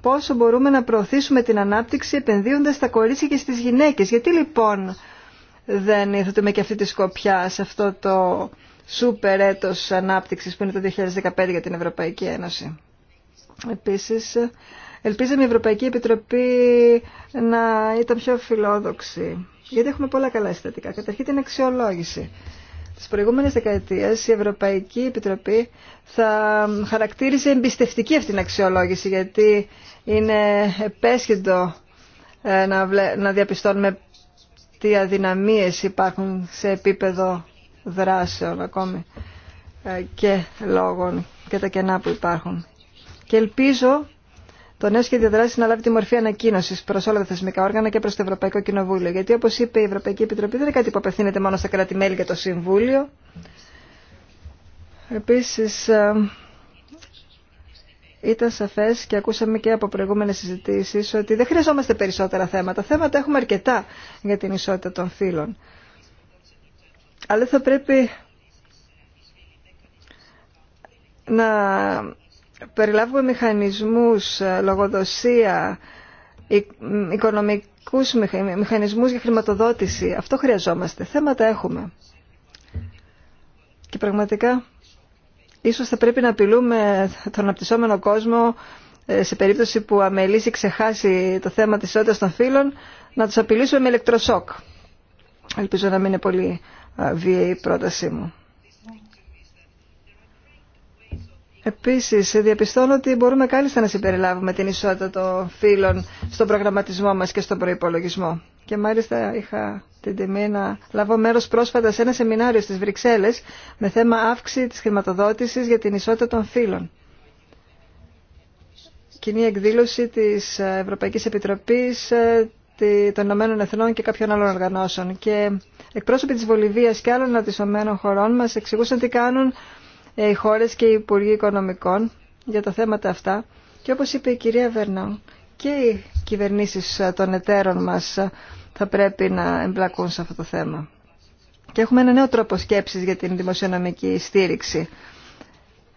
πόσο μπορούμε να προωθήσουμε την ανάπτυξη επενδύοντας στα κορίτσια και στις γυναίκες. Γιατί λοιπόν δεν με και αυτή τη σκοπιά σε αυτό το σούπερ έτος ανάπτυξης που είναι το 2015 για την Ευρωπαϊκή Ένωση. Επίσης, Ελπίζαμε η Ευρωπαϊκή Επιτροπή να ήταν πιο φιλόδοξη. Γιατί έχουμε πολλά καλά συστατικά. Καταρχήν την αξιολόγηση. Τι προηγούμενε δεκαετίε η Ευρωπαϊκή Επιτροπή θα χαρακτήριζε εμπιστευτική αυτή την αξιολόγηση γιατί είναι επέσχυντο ε, να διαπιστώνουμε τι αδυναμίες υπάρχουν σε επίπεδο δράσεων ακόμη ε, και λόγων και τα κενά που υπάρχουν. Και ελπίζω το νέο σχέδιο δράση να λάβει τη μορφή ανακοίνωση προ όλα τα θεσμικά όργανα και προ το Ευρωπαϊκό Κοινοβούλιο. Γιατί, όπω είπε η Ευρωπαϊκή Επιτροπή, δεν είναι κάτι που απευθύνεται μόνο στα κράτη-μέλη και το Συμβούλιο. Επίση, ε, ήταν σαφέ και ακούσαμε και από προηγούμενε συζητήσει ότι δεν χρειαζόμαστε περισσότερα θέματα. Θέματα έχουμε αρκετά για την ισότητα των φύλων. Αλλά θα πρέπει να περιλάβουμε μηχανισμούς, ε, λογοδοσία, οικονομικούς μηχανισμούς για χρηματοδότηση. Αυτό χρειαζόμαστε. Θέματα έχουμε. Και πραγματικά, ίσως θα πρέπει να απειλούμε τον αναπτυσσόμενο κόσμο ε, σε περίπτωση που αμελήσει ξεχάσει το θέμα της ισότητας των φύλων, να τους απειλήσουμε με ηλεκτροσόκ. Ελπίζω να μην είναι πολύ ε, βίαιη η πρότασή μου. Επίση, διαπιστώνω ότι μπορούμε κάλλιστα να συμπεριλάβουμε την ισότητα των φύλων στον προγραμματισμό μα και στον προπολογισμό. Και μάλιστα είχα την τιμή να λάβω μέρο πρόσφατα σε ένα σεμινάριο στι Βρυξέλλες με θέμα αύξηση τη χρηματοδότηση για την ισότητα των φύλων. Κοινή εκδήλωση ε, τη Ευρωπαϊκή Επιτροπή των Ηνωμένων Εθνών και κάποιων άλλων οργανώσεων. Και εκπρόσωποι τη Βολιβίας και άλλων αντισωμένων χωρών μα εξηγούσαν τι κάνουν ε, οι χώρες και οι Υπουργοί Οικονομικών για τα θέματα αυτά. Και όπως είπε η κυρία Βερνάου, και οι κυβερνήσεις των εταίρων μας θα πρέπει να εμπλακούν σε αυτό το θέμα. Και έχουμε ένα νέο τρόπο σκέψης για την δημοσιονομική στήριξη.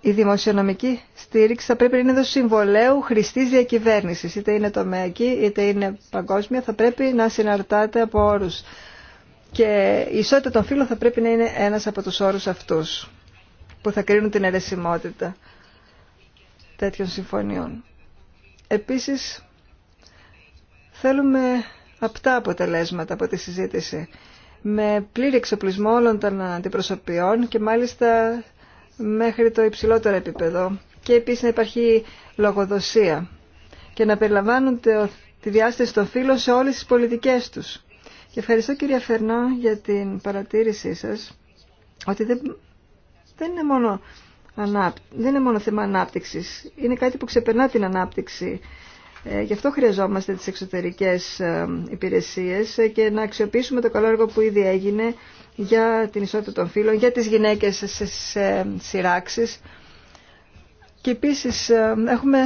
Η δημοσιονομική στήριξη θα πρέπει να είναι το συμβολέου χρηστή διακυβέρνηση. Είτε είναι τομεακή είτε είναι παγκόσμια, θα πρέπει να συναρτάται από όρου. Και η ισότητα των φύλων θα πρέπει να είναι ένα από του όρου αυτού που θα κρίνουν την αιρεσιμότητα τέτοιων συμφωνιών. Επίσης, θέλουμε απτά αποτελέσματα από τη συζήτηση με πλήρη εξοπλισμό όλων των αντιπροσωπιών και μάλιστα μέχρι το υψηλότερο επίπεδο και επίσης να υπάρχει λογοδοσία και να περιλαμβάνονται τη διάσταση των φύλων σε όλες τις πολιτικές τους. Και ευχαριστώ κυρία Φερνά για την παρατήρησή σας ότι δεν δεν είναι μόνο, δεν είναι μόνο θέμα ανάπτυξης. Είναι κάτι που ξεπερνά την ανάπτυξη. Ε, γι' αυτό χρειαζόμαστε τις εξωτερικές ε, υπηρεσίες ε, και να αξιοποιήσουμε το καλό έργο που ήδη έγινε για την ισότητα των φύλων, για τις γυναίκες σε σειράξεις. Και επίσης έχουμε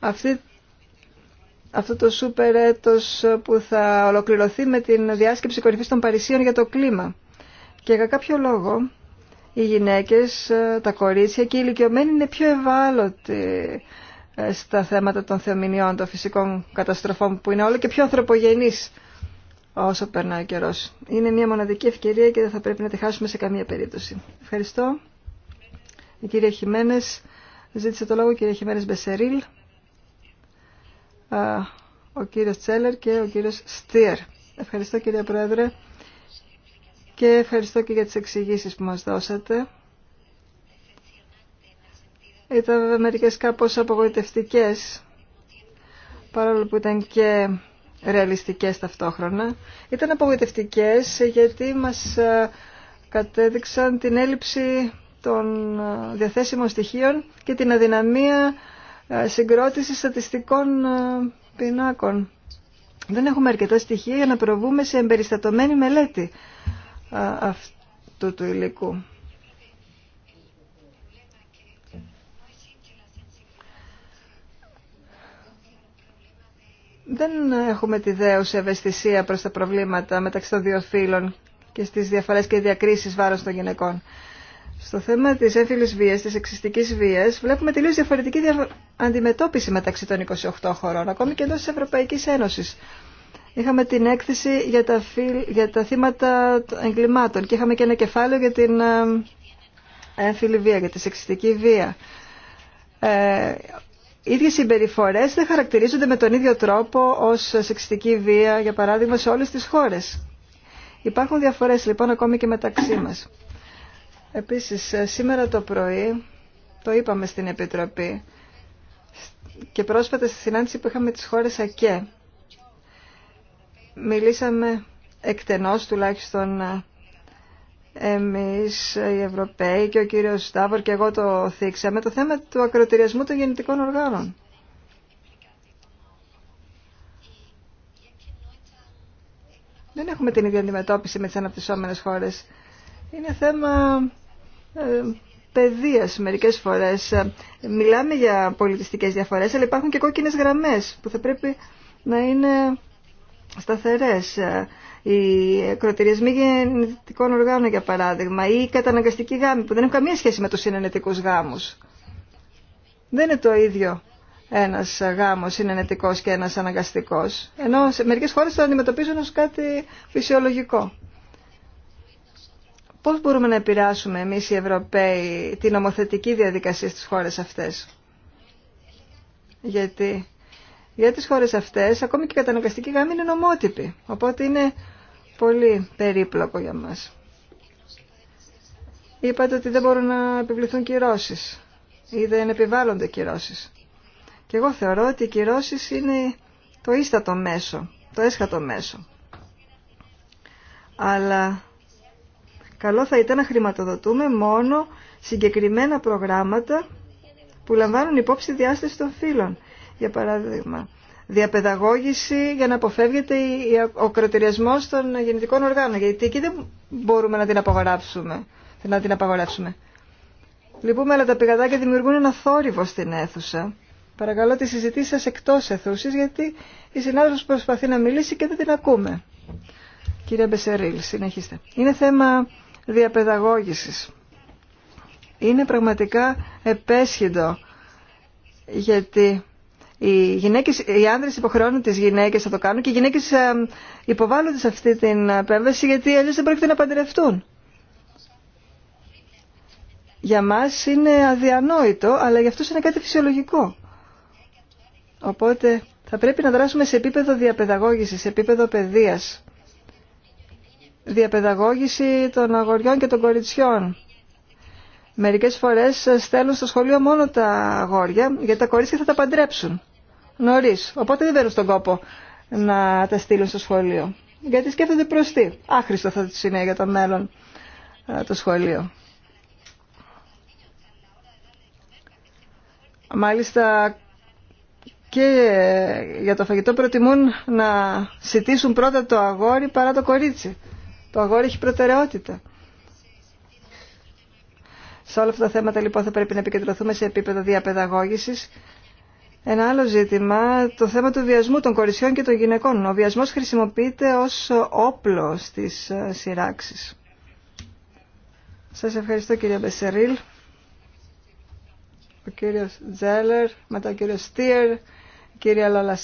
αυτή, αυτό το σούπερ έτος που θα ολοκληρωθεί με την διάσκεψη κορυφής των Παρισίων για το κλίμα. Και για κάποιο λόγο οι γυναίκες, ε, τα κορίτσια και οι ηλικιωμένοι είναι πιο ευάλωτοι ε, στα θέματα των θεομηνιών, των φυσικών καταστροφών που είναι όλο και πιο ανθρωπογενείς όσο περνάει ο καιρός. Είναι μια μοναδική ευκαιρία και δεν θα πρέπει να τη χάσουμε σε καμία περίπτωση. Ευχαριστώ. Η κυρία Χιμένες ζήτησε το λόγο, η κυρία Χιμένες Μπεσερίλ, ο κύριος Τσέλερ και ο κύριος Στίερ. Ευχαριστώ κυρία Πρόεδρε και ευχαριστώ και για τις εξηγήσεις που μας δώσατε. Ήταν μερικές κάπως απογοητευτικές, παρόλο που ήταν και ρεαλιστικές ταυτόχρονα. Ήταν απογοητευτικές γιατί μας ε, κατέδειξαν την έλλειψη των ε, διαθέσιμων στοιχείων και την αδυναμία ε, συγκρότησης στατιστικών πινάκων. Δεν έχουμε αρκετά στοιχεία για να προβούμε σε εμπεριστατωμένη μελέτη αυτού του υλικού. Δεν έχουμε τη δέωση ευαισθησία προς τα προβλήματα μεταξύ των δύο φύλων και στις διαφορές και διακρίσεις βάρος των γυναικών. Στο θέμα της έμφυλης βίας, της εξιστικής βίας, βλέπουμε τελείως διαφορετική αντιμετώπιση μεταξύ των 28 χωρών, ακόμη και εντός της Ευρωπαϊκής Ένωσης είχαμε την έκθεση για τα, για τα θύματα εγκλημάτων και είχαμε και ένα κεφάλαιο για την ε, έμφυλη βία, για τη σεξιστική βία. Ε, οι ίδιες δεν χαρακτηρίζονται με τον ίδιο τρόπο ως σεξιστική βία, για παράδειγμα, σε όλες τις χώρες. Υπάρχουν διαφορές λοιπόν ακόμη και μεταξύ μας. Επίσης, ε, σήμερα το πρωί, το είπαμε στην Επιτροπή και πρόσφατα στη συνάντηση που είχαμε τις χώρες ΑΚΕ, μιλήσαμε εκτενώς τουλάχιστον ε, εμείς οι Ευρωπαίοι και ο κύριος Στάβορ και εγώ το θίξαμε το θέμα του ακροτηριασμού των γεννητικών οργάνων. Δεν έχουμε την ίδια αντιμετώπιση με τις αναπτυσσόμενες χώρες. Είναι θέμα ε, παιδείας μερικές φορές. Ε, μιλάμε για πολιτιστικές διαφορές, αλλά υπάρχουν και κόκκινες γραμμές που θα πρέπει να είναι σταθερές. Ε, οι ακροτηριασμοί γεννητικών οργάνων, για παράδειγμα, ή η καταναγκαστική γάμοι που δεν έχουν καμία σχέση με τους συνενετικούς γάμους. Δεν είναι το ίδιο ένας γάμος συνενετικός και ένας αναγκαστικός, ενώ σε μερικές χώρες το αντιμετωπίζουν ως κάτι φυσιολογικό. Πώς μπορούμε να επηρεάσουμε εμείς οι Ευρωπαίοι την νομοθετική διαδικασία στις χώρες αυτές. Γιατί για τις χώρες αυτές ακόμη και η καταναγκαστική γάμη είναι νομότυπη. Οπότε είναι πολύ περίπλοκο για μας. Είπατε ότι δεν μπορούν να επιβληθούν κυρώσεις ή δεν επιβάλλονται κυρώσεις. Και εγώ θεωρώ ότι οι κυρώσεις είναι το ίστατο μέσο, το έσχατο μέσο. Αλλά καλό θα ήταν να χρηματοδοτούμε μόνο συγκεκριμένα προγράμματα που λαμβάνουν υπόψη διάσταση των φύλων για παράδειγμα. Διαπαιδαγώγηση για να αποφεύγεται ο κροτηριασμό των γεννητικών οργάνων, γιατί εκεί δεν μπορούμε να την απαγοράψουμε. Να την απαγορεύσουμε. Λυπούμε, αλλά τα πηγαδάκια δημιουργούν ένα θόρυβο στην αίθουσα. Παρακαλώ τη συζητήσει σα εκτός αιθούση, γιατί η συνάδελφο προσπαθεί να μιλήσει και δεν την ακούμε. Κυρία Μπεσερίλ, συνεχίστε. Είναι θέμα διαπαιδαγώγηση. Είναι πραγματικά επέσχυντο, γιατί οι, γυναίκες, οι άνδρες υποχρεώνουν τις γυναίκες να το κάνουν και οι γυναίκες ε, υποβάλλονται σε αυτή την επέμβαση γιατί αλλιώς δεν πρόκειται να παντρευτούν. Για μας είναι αδιανόητο, αλλά για αυτούς είναι κάτι φυσιολογικό. Οπότε θα πρέπει να δράσουμε σε επίπεδο διαπαιδαγώγησης, σε επίπεδο παιδείας. Διαπαιδαγώγηση των αγοριών και των κοριτσιών. Μερικές φορές στέλνουν στο σχολείο μόνο τα αγόρια, γιατί τα κορίτσια θα τα παντρέψουν νωρί. Οπότε δεν δίνουν στον κόπο να τα στείλουν στο σχολείο. Γιατί σκέφτονται προ τι. Άχρηστο θα του είναι για το μέλλον ε, το σχολείο. Μάλιστα και για το φαγητό προτιμούν να σητήσουν πρώτα το αγόρι παρά το κορίτσι. Το αγόρι έχει προτεραιότητα. Σε όλα αυτά τα θέματα λοιπόν θα πρέπει να επικεντρωθούμε σε επίπεδο διαπαιδαγώγησης ένα άλλο ζήτημα, το θέμα του βιασμού των κορισιών και των γυναικών. Ο βιασμός χρησιμοποιείται ως όπλο στις ε, σειράξεις. Σας ευχαριστώ κύριε Μπεσερίλ. Ο κύριος Τζέλερ, μετά ο κύριος Στίερ, η κυρία Λόλα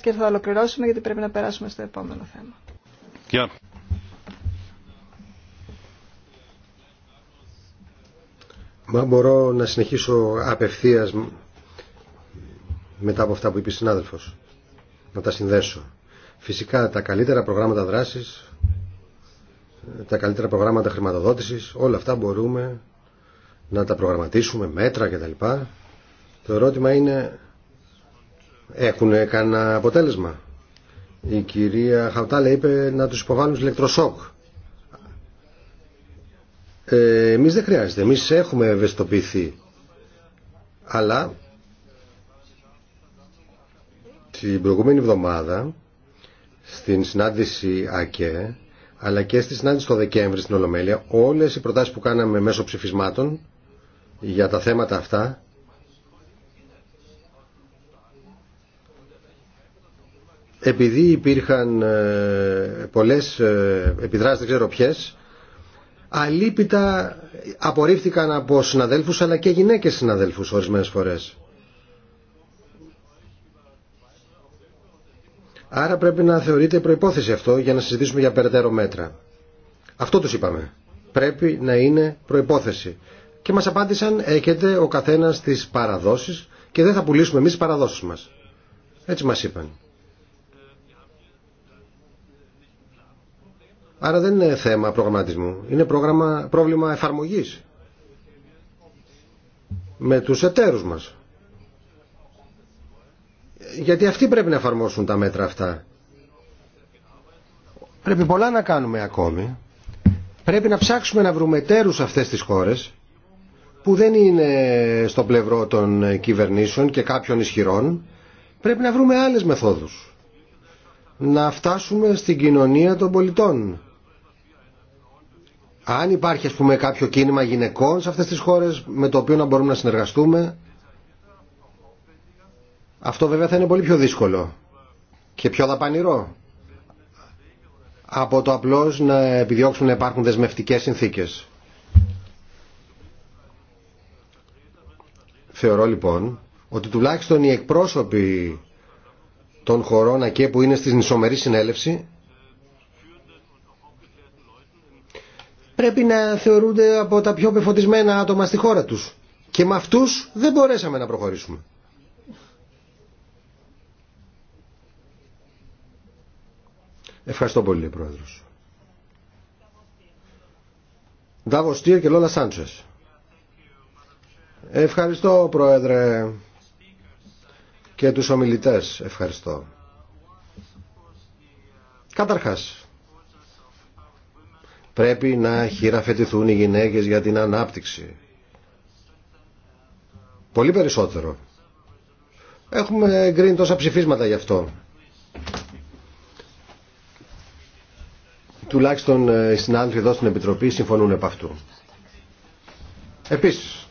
και θα ολοκληρώσουμε γιατί πρέπει να περάσουμε στο επόμενο θέμα. Yeah. Μα μπορώ να συνεχίσω απευθείας μετά από αυτά που είπε η Να τα συνδέσω. Φυσικά τα καλύτερα προγράμματα δράσης, τα καλύτερα προγράμματα χρηματοδότησης, όλα αυτά μπορούμε να τα προγραμματίσουμε, μέτρα κτλ. Το ερώτημα είναι, έχουν κανένα αποτέλεσμα. Η κυρία Χαουτάλα είπε να τους υποβάλουν ηλεκτροσόκ. Ε, εμείς δεν χρειάζεται, εμείς έχουμε ευαισθητοποιηθεί. Αλλά την προηγούμενη εβδομάδα στην συνάντηση ΑΚΕ αλλά και στη συνάντηση το Δεκέμβρη στην Ολομέλεια όλες οι προτάσεις που κάναμε μέσω ψηφισμάτων για τα θέματα αυτά επειδή υπήρχαν ε, πολλές ε, επιδράσεις δεν ξέρω ποιες αλίπητα απορρίφθηκαν από συναδέλφους αλλά και γυναίκες συναδέλφους ορισμένες φορές Άρα πρέπει να θεωρείται προϋπόθεση αυτό για να συζητήσουμε για περαιτέρω μέτρα. Αυτό τους είπαμε. Πρέπει να είναι προϋπόθεση. Και μας απάντησαν έχετε ο καθένας τις παραδόσεις και δεν θα πουλήσουμε εμείς τις παραδόσεις μας. Έτσι μας είπαν. Άρα δεν είναι θέμα προγραμματισμού. Είναι πρόγραμμα, πρόβλημα εφαρμογής. Με τους εταίρους μας γιατί αυτοί πρέπει να εφαρμόσουν τα μέτρα αυτά. Πρέπει πολλά να κάνουμε ακόμη. Πρέπει να ψάξουμε να βρούμε τέρους αυτές τις χώρες που δεν είναι στο πλευρό των κυβερνήσεων και κάποιων ισχυρών. Πρέπει να βρούμε άλλες μεθόδους. Να φτάσουμε στην κοινωνία των πολιτών. Αν υπάρχει ας πούμε κάποιο κίνημα γυναικών σε αυτές τις χώρες με το οποίο να μπορούμε να συνεργαστούμε αυτό βέβαια θα είναι πολύ πιο δύσκολο και πιο δαπανηρό από το απλώς να επιδιώξουν να υπάρχουν δεσμευτικές συνθήκες. Θεωρώ λοιπόν ότι τουλάχιστον οι εκπρόσωποι των χωρών ΑΚΕ που είναι στη νησομερή συνέλευση πρέπει να θεωρούνται από τα πιο πεφωτισμένα άτομα στη χώρα τους. Και με αυτούς δεν μπορέσαμε να προχωρήσουμε. Ευχαριστώ πολύ, πρόεδρο. Ντάβο και Λόλα Σάντσε. Ευχαριστώ, Πρόεδρε, και τους ομιλητές. Ευχαριστώ. Καταρχάς, πρέπει να χειραφετηθούν οι γυναίκες για την ανάπτυξη. Πολύ περισσότερο. Έχουμε γκρίνει τόσα ψηφίσματα γι' αυτό. Τουλάχιστον ε, οι συνάδελφοι εδώ στην Επιτροπή συμφωνούν επ' αυτού. Επίσης,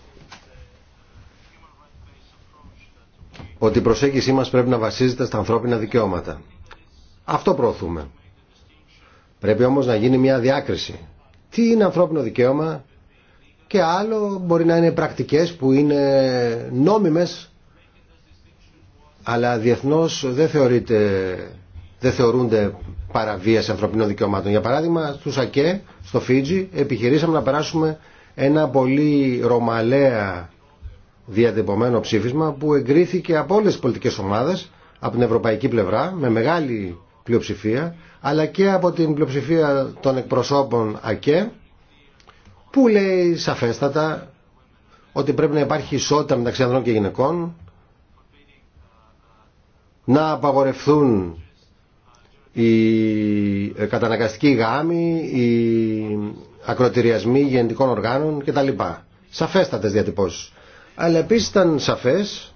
ότι η προσέγγιση μας πρέπει να βασίζεται στα ανθρώπινα δικαιώματα. Αυτό προωθούμε. Πρέπει όμως να γίνει μια διάκριση. Τι είναι ανθρώπινο δικαίωμα και άλλο μπορεί να είναι πρακτικές που είναι νόμιμες αλλά διεθνώς δεν, θεωρείται, δεν θεωρούνται παραβίαση ανθρωπίνων δικαιωμάτων. Για παράδειγμα, στου ΑΚΕ, στο Φίτζι, επιχειρήσαμε να περάσουμε ένα πολύ ρωμαλαία διατυπωμένο ψήφισμα που εγκρίθηκε από όλε τι πολιτικέ ομάδε, από την ευρωπαϊκή πλευρά, με μεγάλη πλειοψηφία, αλλά και από την πλειοψηφία των εκπροσώπων ΑΚΕ, που λέει σαφέστατα ότι πρέπει να υπάρχει ισότητα μεταξύ ανδρών και γυναικών, να απαγορευθούν η ε, καταναγκαστική γάμη, οι ακροτηριασμοί γεννητικών οργάνων κτλ. Σαφέστατες διατυπώσεις. Αλλά επίσης ήταν σαφές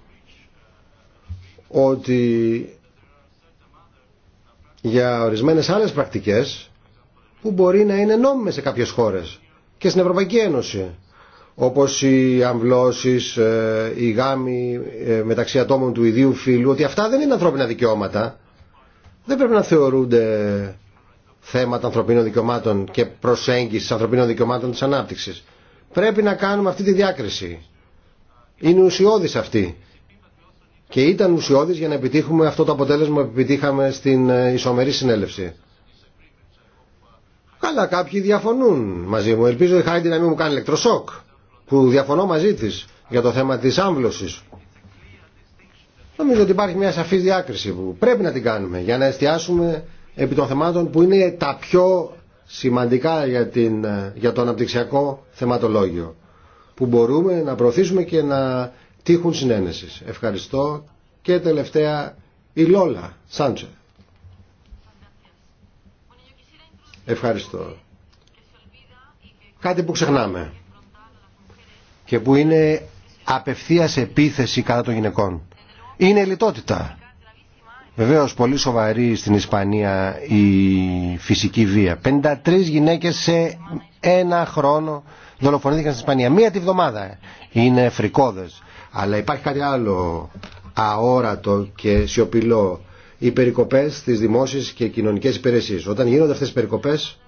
ότι για ορισμένες άλλες πρακτικές που μπορεί να είναι νόμιμες σε κάποιες χώρες και στην Ευρωπαϊκή Ένωση όπως οι αμβλώσεις, οι ε, γάμοι ε, μεταξύ ατόμων του ιδίου φύλου ότι αυτά δεν είναι ανθρώπινα δικαιώματα δεν πρέπει να θεωρούνται θέματα ανθρωπίνων δικαιωμάτων και προσέγγισης ανθρωπίνων δικαιωμάτων της ανάπτυξης. Πρέπει να κάνουμε αυτή τη διάκριση. Είναι ουσιώδης αυτή. Και ήταν ουσιώδης για να επιτύχουμε αυτό το αποτέλεσμα που επιτύχαμε στην ε, ισομερή συνέλευση. Καλά, κάποιοι διαφωνούν μαζί μου. Ελπίζω η Χάιντι να μην μου κάνει ηλεκτροσόκ, που διαφωνώ μαζί της για το θέμα της άμβλωσης. Νομίζω ότι υπάρχει μια σαφή διάκριση που πρέπει να την κάνουμε για να εστιάσουμε επί των θεμάτων που είναι τα πιο σημαντικά για, την, για το αναπτυξιακό θεματολόγιο που μπορούμε να προωθήσουμε και να τύχουν συνένεσης. Ευχαριστώ και τελευταία η Λόλα Σάντσε. Ευχαριστώ. Κάτι που ξεχνάμε και που είναι απευθείας επίθεση κατά των γυναικών είναι λιτότητα. Βεβαίω πολύ σοβαρή στην Ισπανία η φυσική βία. 53 γυναίκες σε ένα χρόνο δολοφονήθηκαν στην Ισπανία. Μία τη βδομάδα. Είναι φρικόδες. Αλλά υπάρχει κάτι άλλο αόρατο και σιωπηλό. Οι περικοπές στις δημόσιες και κοινωνικές υπηρεσίες. Όταν γίνονται αυτές οι περικοπές,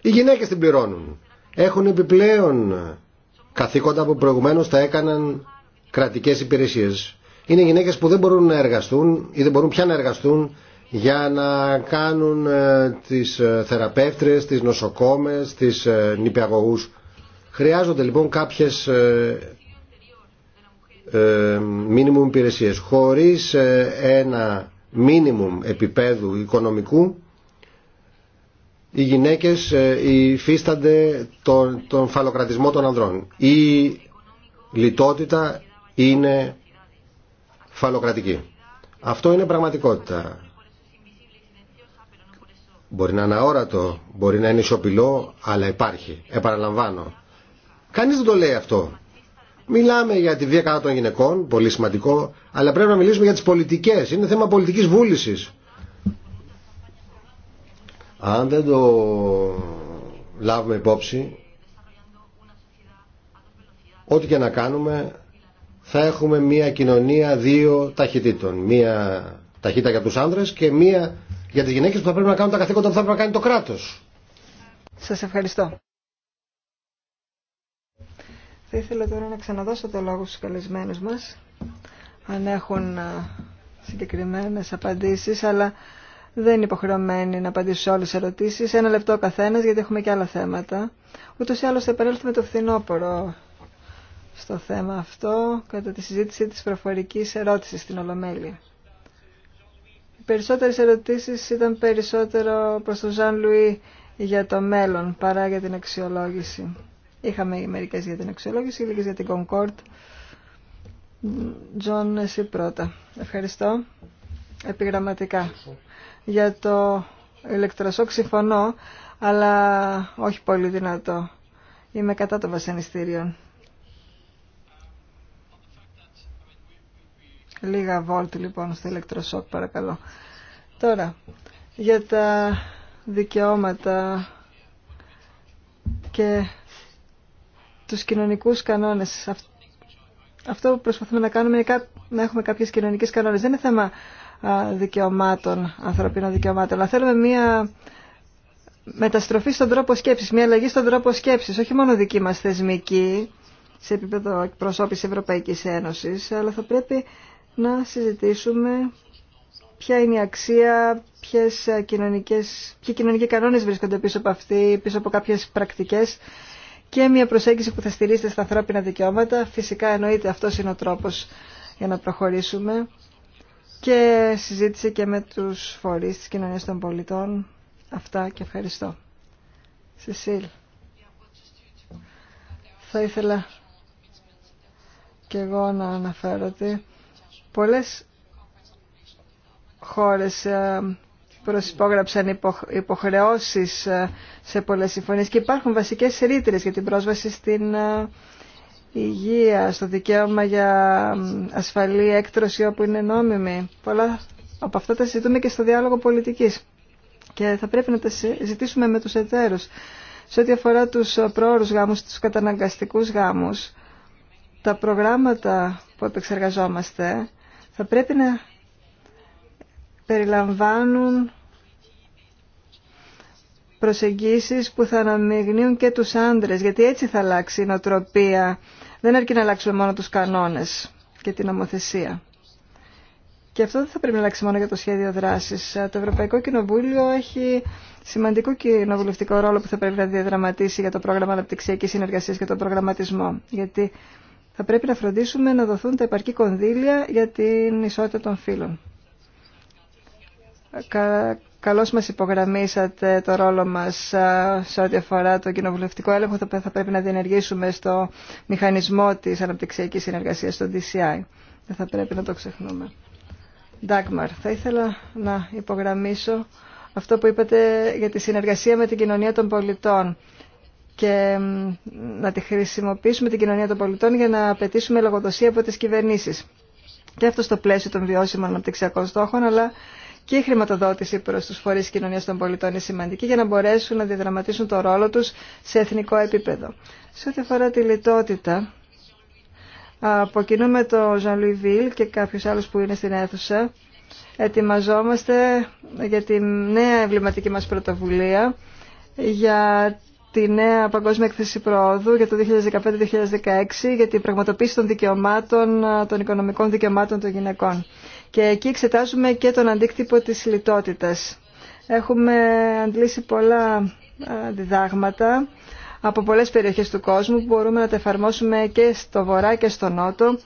οι γυναίκες την πληρώνουν. Έχουν επιπλέον καθήκοντα που προηγουμένως τα έκαναν κρατικές υπηρεσίες είναι γυναίκες που δεν μπορούν να εργαστούν ή δεν μπορούν πια να εργαστούν για να κάνουν ε, τις ε, θεραπεύτρες, τις νοσοκόμες, τις ε, νηπιαγωγούς. Χρειάζονται λοιπόν κάποιες μίνιμουμ υπηρεσίες. Χωρίς ένα μίνιμουμ επίπεδου οικονομικού οι γυναίκες υφίστανται τον, τον φαλοκρατισμό των ανδρών. Η λιτότητα είναι φαλοκρατική. Αυτό είναι πραγματικότητα. Μπορεί να είναι αόρατο, μπορεί να είναι ισοπηλό, αλλά υπάρχει. Επαναλαμβάνω. Κανείς δεν το λέει αυτό. Μιλάμε για τη βία κατά των γυναικών, πολύ σημαντικό, αλλά πρέπει να μιλήσουμε για τις πολιτικές. Είναι θέμα πολιτικής βούλησης. Αν δεν το λάβουμε υπόψη, ό,τι και να κάνουμε θα έχουμε μια κοινωνία δύο ταχυτήτων. Μια ταχύτητα για τους άνδρες και μια για τις γυναίκες που θα πρέπει να κάνουν τα καθήκοντα που θα πρέπει να κάνει το κράτος. Σας ευχαριστώ. Θα ήθελα τώρα να ξαναδώσω το λόγο στους καλεσμένους μας, αν έχουν συγκεκριμένες απαντήσεις, αλλά δεν είναι υποχρεωμένοι να απαντήσουν σε όλες τις ερωτήσεις. Ένα λεπτό ο καθένας, γιατί έχουμε και άλλα θέματα. Ούτως ή άλλως θα επανέλθουμε το φθινόπωρο στο θέμα αυτό κατά τη συζήτηση της προφορικής ερώτησης στην Ολομέλεια. Οι περισσότερες ερωτήσεις ήταν περισσότερο προς τον Ζαν Λουί για το μέλλον παρά για την αξιολόγηση. Είχαμε μερικές για την αξιολόγηση, λίγες για την Concord. Τζον, εσύ πρώτα. Ευχαριστώ. Επιγραμματικά. Για το ηλεκτροσόκ συμφωνώ, αλλά όχι πολύ δυνατό. Είμαι κατά των βασανιστήριων. Λίγα βόλτ λοιπόν στο ηλεκτροσόκ παρακαλώ. Τώρα, για τα δικαιώματα και τους κοινωνικούς κανόνες. Αυτό που προσπαθούμε να κάνουμε είναι να έχουμε κάποιες κοινωνικές κανόνες. Δεν είναι θέμα δικαιωμάτων, ανθρωπίνων δικαιωμάτων, αλλά θέλουμε μία μεταστροφή στον τρόπο σκέψης, μία αλλαγή στον τρόπο σκέψης, όχι μόνο δική μας θεσμική, σε επίπεδο εκπροσώπηση Ευρωπαϊκής Ένωσης, αλλά θα πρέπει να συζητήσουμε ποια είναι η αξία, ποιες κοινωνικές, ποιοι κοινωνικοί κανόνες βρίσκονται πίσω από αυτή, πίσω από κάποιες πρακτικές και μια προσέγγιση που θα στηρίζεται στα ανθρώπινα δικαιώματα. Φυσικά εννοείται αυτός είναι ο τρόπος για να προχωρήσουμε και συζήτηση και με τους φορείς της κοινωνίας των πολιτών. Αυτά και ευχαριστώ. Σεσίλ. Θα ήθελα και εγώ να αναφέρω ότι Πολλές χώρες ε, προσυπόγραψαν υποχρεώσεις ε, σε πολλές συμφωνίες και υπάρχουν βασικές ρήτρες για την πρόσβαση στην ε, υγεία, στο δικαίωμα για ασφαλή έκτρωση όπου είναι νόμιμη. Πολλά από αυτά τα συζητούμε και στο διάλογο πολιτικής και θα πρέπει να τα συζητήσουμε με τους εταίρους. Σε ό,τι αφορά τους προόρους γάμους, τους καταναγκαστικούς γάμους, τα προγράμματα που επεξεργαζόμαστε θα πρέπει να περιλαμβάνουν προσεγγίσεις που θα αναμειγνύουν και τους άντρες, γιατί έτσι θα αλλάξει η νοοτροπία. Δεν αρκεί να αλλάξουμε μόνο τους κανόνες και την νομοθεσία. Και αυτό δεν θα πρέπει να αλλάξει μόνο για το σχέδιο δράσης. Το Ευρωπαϊκό Κοινοβούλιο έχει σημαντικό κοινοβουλευτικό ρόλο που θα πρέπει να διαδραματίσει για το πρόγραμμα αναπτυξιακή συνεργασία και τον προγραμματισμό. Γιατί θα πρέπει να φροντίσουμε να δοθούν τα επαρκή κονδύλια για την ισότητα των φύλων. Κα, καλώς μας υπογραμμίσατε το ρόλο μας σε ό,τι αφορά το κοινοβουλευτικό έλεγχο θα πρέπει να διενεργήσουμε στο μηχανισμό της αναπτυξιακής συνεργασίας, στο DCI. Δεν θα πρέπει να το ξεχνούμε. Ντάκμαρ, θα ήθελα να υπογραμμίσω αυτό που είπατε για τη συνεργασία με την κοινωνία των πολιτών και να τη χρησιμοποιήσουμε την κοινωνία των πολιτών για να απαιτήσουμε λογοδοσία από τις κυβερνήσεις. Και αυτό στο πλαίσιο των βιώσιμων αναπτυξιακών στόχων, αλλά και η χρηματοδότηση προς τους φορείς κοινωνίας των πολιτών είναι σημαντική για να μπορέσουν να διαδραματίσουν το ρόλο τους σε εθνικό επίπεδο. Σε ό,τι αφορά τη λιτότητα, αποκοινούμε τον Ζαν Λουιβίλ και κάποιους άλλους που είναι στην αίθουσα. Ετοιμαζόμαστε για τη νέα εμβληματική μας πρωτοβουλία για τη νέα Παγκόσμια Έκθεση Προόδου για το 2015-2016 για την πραγματοποίηση των δικαιωμάτων, των οικονομικών δικαιωμάτων των γυναικών. Και εκεί εξετάζουμε και τον αντίκτυπο της λιτότητας. Έχουμε αντλήσει πολλά ε, διδάγματα από πολλές περιοχές του κόσμου που μπορούμε να τα εφαρμόσουμε και στο βορρά και στο νότο.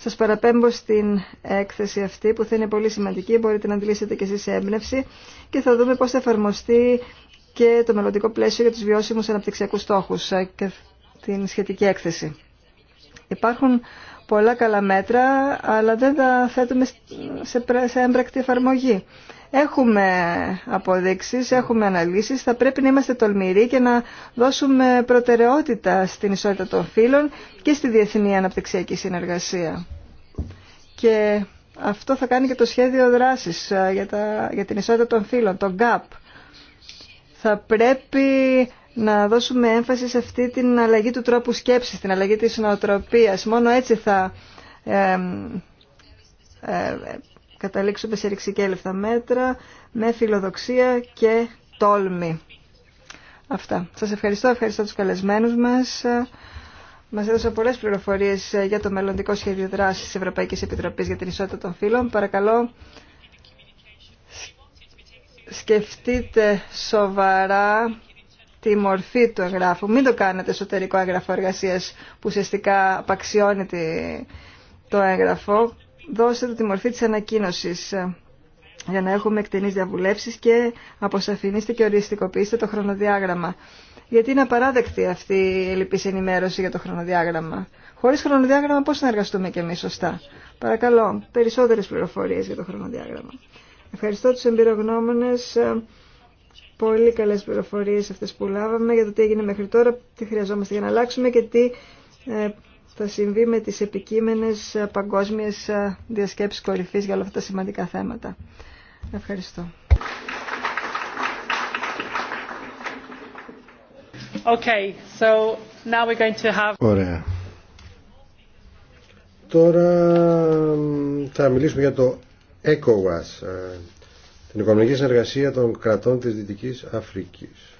Σας παραπέμπω στην έκθεση αυτή που θα είναι πολύ σημαντική, μπορείτε να αντιλήσετε και εσείς έμπνευση και θα δούμε πώς θα εφαρμοστεί και το μελλοντικό πλαίσιο για τους βιώσιμους αναπτυξιακούς στόχους ε, και την σχετική έκθεση. Υπάρχουν πολλά καλά μέτρα, αλλά δεν τα θέτουμε σε έμπρακτη εφαρμογή. Έχουμε αποδείξεις, έχουμε αναλύσεις, θα πρέπει να είμαστε τολμηροί και να δώσουμε προτεραιότητα στην ισότητα των φύλων και στη διεθνή αναπτυξιακή συνεργασία. Και αυτό θα κάνει και το σχέδιο δράσης ε, για, για την ισότητα των φύλων, το GAP θα πρέπει να δώσουμε έμφαση σε αυτή την αλλαγή του τρόπου σκέψης, την αλλαγή της νοοτροπίας. Μόνο έτσι θα ε, καταλήξουμε σε ρηξικέλευτα μέτρα με φιλοδοξία και τόλμη. Αυτά. Σας ευχαριστώ, ευχαριστώ τους καλεσμένους μας. Μας έδωσαν πολλές πληροφορίες για το μελλοντικό σχέδιο δράσης της Ευρωπαϊκής Επιτροπής για την Ισότητα των Φύλων. Παρακαλώ σκεφτείτε σοβαρά τη μορφή του εγγράφου. Μην το κάνετε εσωτερικό έγγραφο εργασία που ουσιαστικά απαξιώνει το έγγραφο. Δώστε τη μορφή της ανακοίνωσης ε, για να έχουμε εκτενείς διαβουλεύσεις και αποσαφηνίστε και οριστικοποιήστε το χρονοδιάγραμμα. Γιατί είναι απαράδεκτη αυτή η ελληπής ενημέρωση για το χρονοδιάγραμμα. Χωρίς χρονοδιάγραμμα πώς να εργαστούμε και εμείς σωστά. Παρακαλώ, περισσότερες πληροφορίες για το χρονοδιάγραμμα. Ευχαριστώ τους εμπειρογνώμονες. Ε, πολύ καλές πληροφορίες αυτές που λάβαμε για το τι έγινε μέχρι τώρα, τι χρειαζόμαστε για να αλλάξουμε και τι ε, θα συμβεί με τις επικείμενες ε, παγκόσμιες διασκέψεις κορυφής για όλα αυτά τα σημαντικά θέματα. Ευχαριστώ. Okay, so now we're going to have... Ωραία. Τώρα θα μιλήσουμε για το ECOWAS, ε, την οικονομική συνεργασία των κρατών της Δυτικής Αφρικής.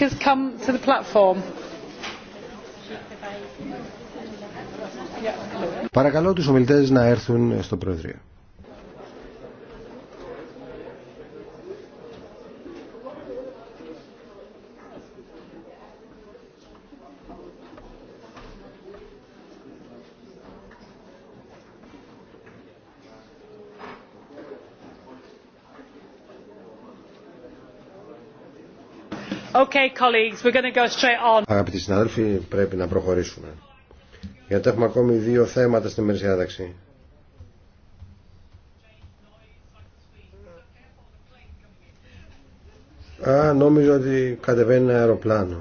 speakers come to the platform. Παρακαλώ τους ομιλητές να έρθουν στο Προεδρείο. Okay, colleagues, we're going to go straight on. Αγαπητοί συνάδελφοι, πρέπει να προχωρήσουμε. Γιατί έχουμε ακόμη δύο θέματα στην ημερήσια ταξι. Α, νόμιζα ότι κατεβαίνει ένα αεροπλάνο.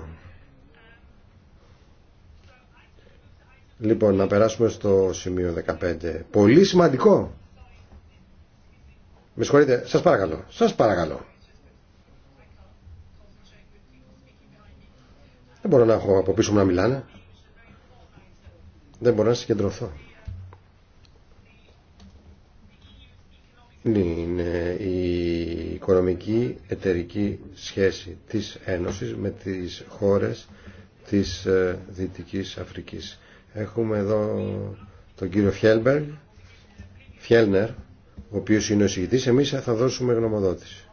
Λοιπόν, να περάσουμε στο σημείο 15. Πολύ σημαντικό. Με συγχωρείτε, σας παρακαλώ, σας παρακαλώ. Δεν μπορώ να έχω από πίσω μου να μιλάνε. Δεν μπορώ να συγκεντρωθώ. Είναι η οικονομική εταιρική σχέση της Ένωσης με τις χώρες της ε, Δυτικής Αφρικής. Έχουμε εδώ τον κύριο Φιέλμπερ, Φιέλνερ, ο οποίος είναι ο εισηγητής. Εμείς θα δώσουμε γνωμοδότηση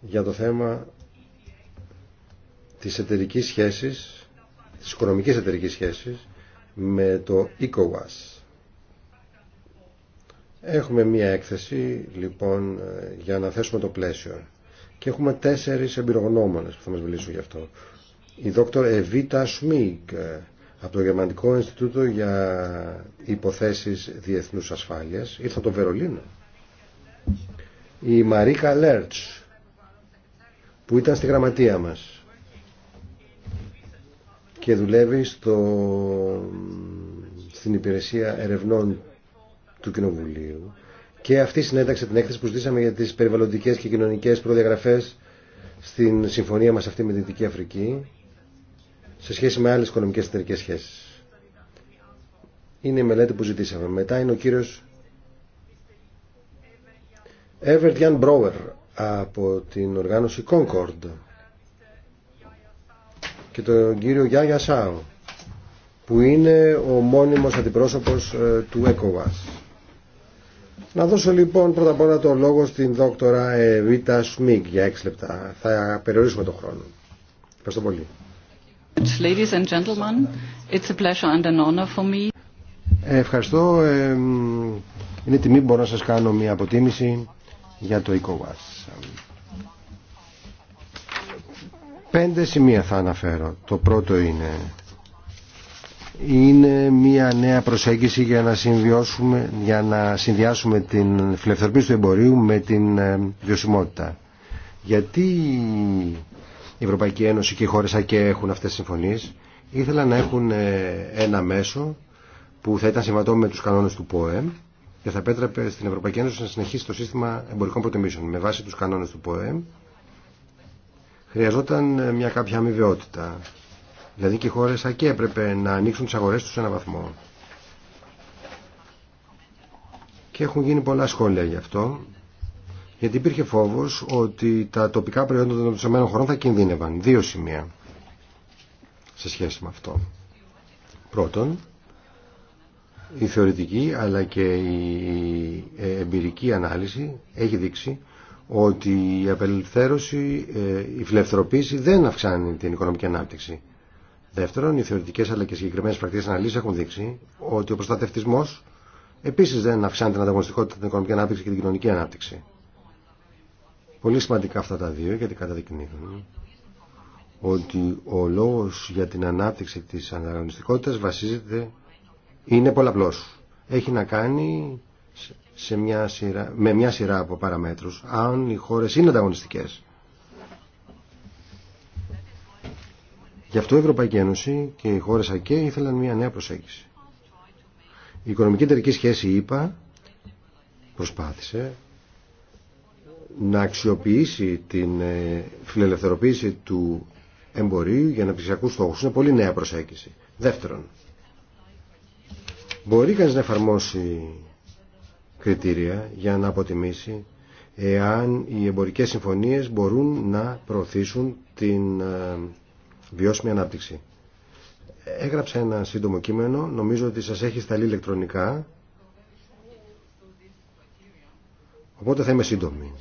για το θέμα της εταιρικής σχέσης, της οικονομικής εταιρικής σχέσης με το ECOWAS. Έχουμε μία έκθεση λοιπόν για να θέσουμε το πλαίσιο και έχουμε τέσσερις εμπειρογνώμονες που θα μας μιλήσουν γι' αυτό. Η δόκτωρ Εβίτα Σμίγκ από το Γερμανικό Ινστιτούτο για Υποθέσεις Διεθνούς Ασφάλειας ήρθε το Βερολίνο. Η Μαρίκα Λέρτς που ήταν στη γραμματεία μας και δουλεύει στο, στην υπηρεσία ερευνών του Κοινοβουλίου και αυτή συνέταξε την έκθεση που ζητήσαμε για τις περιβαλλοντικές και κοινωνικές προδιαγραφές στην συμφωνία μας αυτή με την Δυτική Αφρική σε σχέση με άλλες οικονομικές εταιρικές σχέσεις. Είναι η μελέτη που ζητήσαμε. Μετά είναι ο κύριος Everdian Brower από την οργάνωση Concord και τον κύριο Γιάγια Σάου που είναι ο μόνιμος αντιπρόσωπος ε, του ΕΚΟΒΑΣ. Να δώσω λοιπόν πρώτα απ' όλα το λόγο στην δόκτωρα Βίτα Σμίγκ για έξι λεπτά. Θα περιορίσουμε τον χρόνο. Ευχαριστώ πολύ. Ευχαριστώ. είναι τιμή που μπορώ να σας κάνω μια αποτίμηση για το ΕΚΟΒΑΣ. Πέντε σημεία θα αναφέρω. Το πρώτο είναι είναι μια νέα προσέγγιση για να, για να συνδυάσουμε την φιλευθερωπή του εμπορίου με την ε, βιωσιμότητα. Γιατί η Ευρωπαϊκή Ένωση και οι χώρες ΑΚΕ έχουν αυτές τις συμφωνίες Ήθελα να έχουν ε, ένα μέσο που θα ήταν συμβατό με τους κανόνες του ΠΟΕ και θα επέτρεπε στην Ευρωπαϊκή Ένωση να συνεχίσει το σύστημα εμπορικών προτιμήσεων με βάση τους κανόνες του ΠΟΕ χρειαζόταν ε, μια κάποια αμοιβαιότητα. Δηλαδή και οι χώρες ΑΚΕ έπρεπε να ανοίξουν τις αγορές τους σε έναν βαθμό. Και έχουν γίνει πολλά σχόλια γι' αυτό, γιατί υπήρχε φόβος ότι τα τοπικά προϊόντα των αναπτυσσομένων χωρών θα κινδύνευαν. Δύο σημεία σε σχέση με αυτό. Πρώτον, η θεωρητική αλλά και η ε, εμπειρική ανάλυση έχει δείξει ότι η απελευθέρωση, ε, η φιλελευθερωποίηση δεν αυξάνει την οικονομική ανάπτυξη. Δεύτερον, οι θεωρητικέ αλλά και συγκεκριμένε πρακτικέ αναλύσει έχουν δείξει ότι ο προστατευτισμό επίση δεν αυξάνει την ανταγωνιστικότητα, την οικονομική ανάπτυξη και την κοινωνική ανάπτυξη. Πολύ σημαντικά αυτά τα δύο γιατί καταδεικνύουν ότι ο λόγος για την ανάπτυξη της ανταγωνιστικότητας βασίζεται, είναι πολλαπλός. Έχει να κάνει σε μια σειρά, με μια σειρά από παραμέτρους αν οι χώρες είναι ανταγωνιστικές. Γι' αυτό η Ευρωπαϊκή Ένωση και οι χώρες ΑΚΕ ήθελαν μια νέα προσέγγιση. Η οικονομική εταιρική σχέση είπα προσπάθησε να αξιοποιήσει την ε, φιλελευθερωποίηση του εμπορίου για να ψηφιακούς στόχους. Είναι πολύ νέα προσέγγιση. Δεύτερον, μπορεί κανείς να εφαρμόσει κριτήρια για να αποτιμήσει εάν οι εμπορικές συμφωνίες μπορούν να προωθήσουν την ε, βιώσιμη ανάπτυξη. Έγραψα ένα σύντομο κείμενο, νομίζω ότι σας έχει σταλεί ηλεκτρονικά, οπότε θα είμαι σύντομη.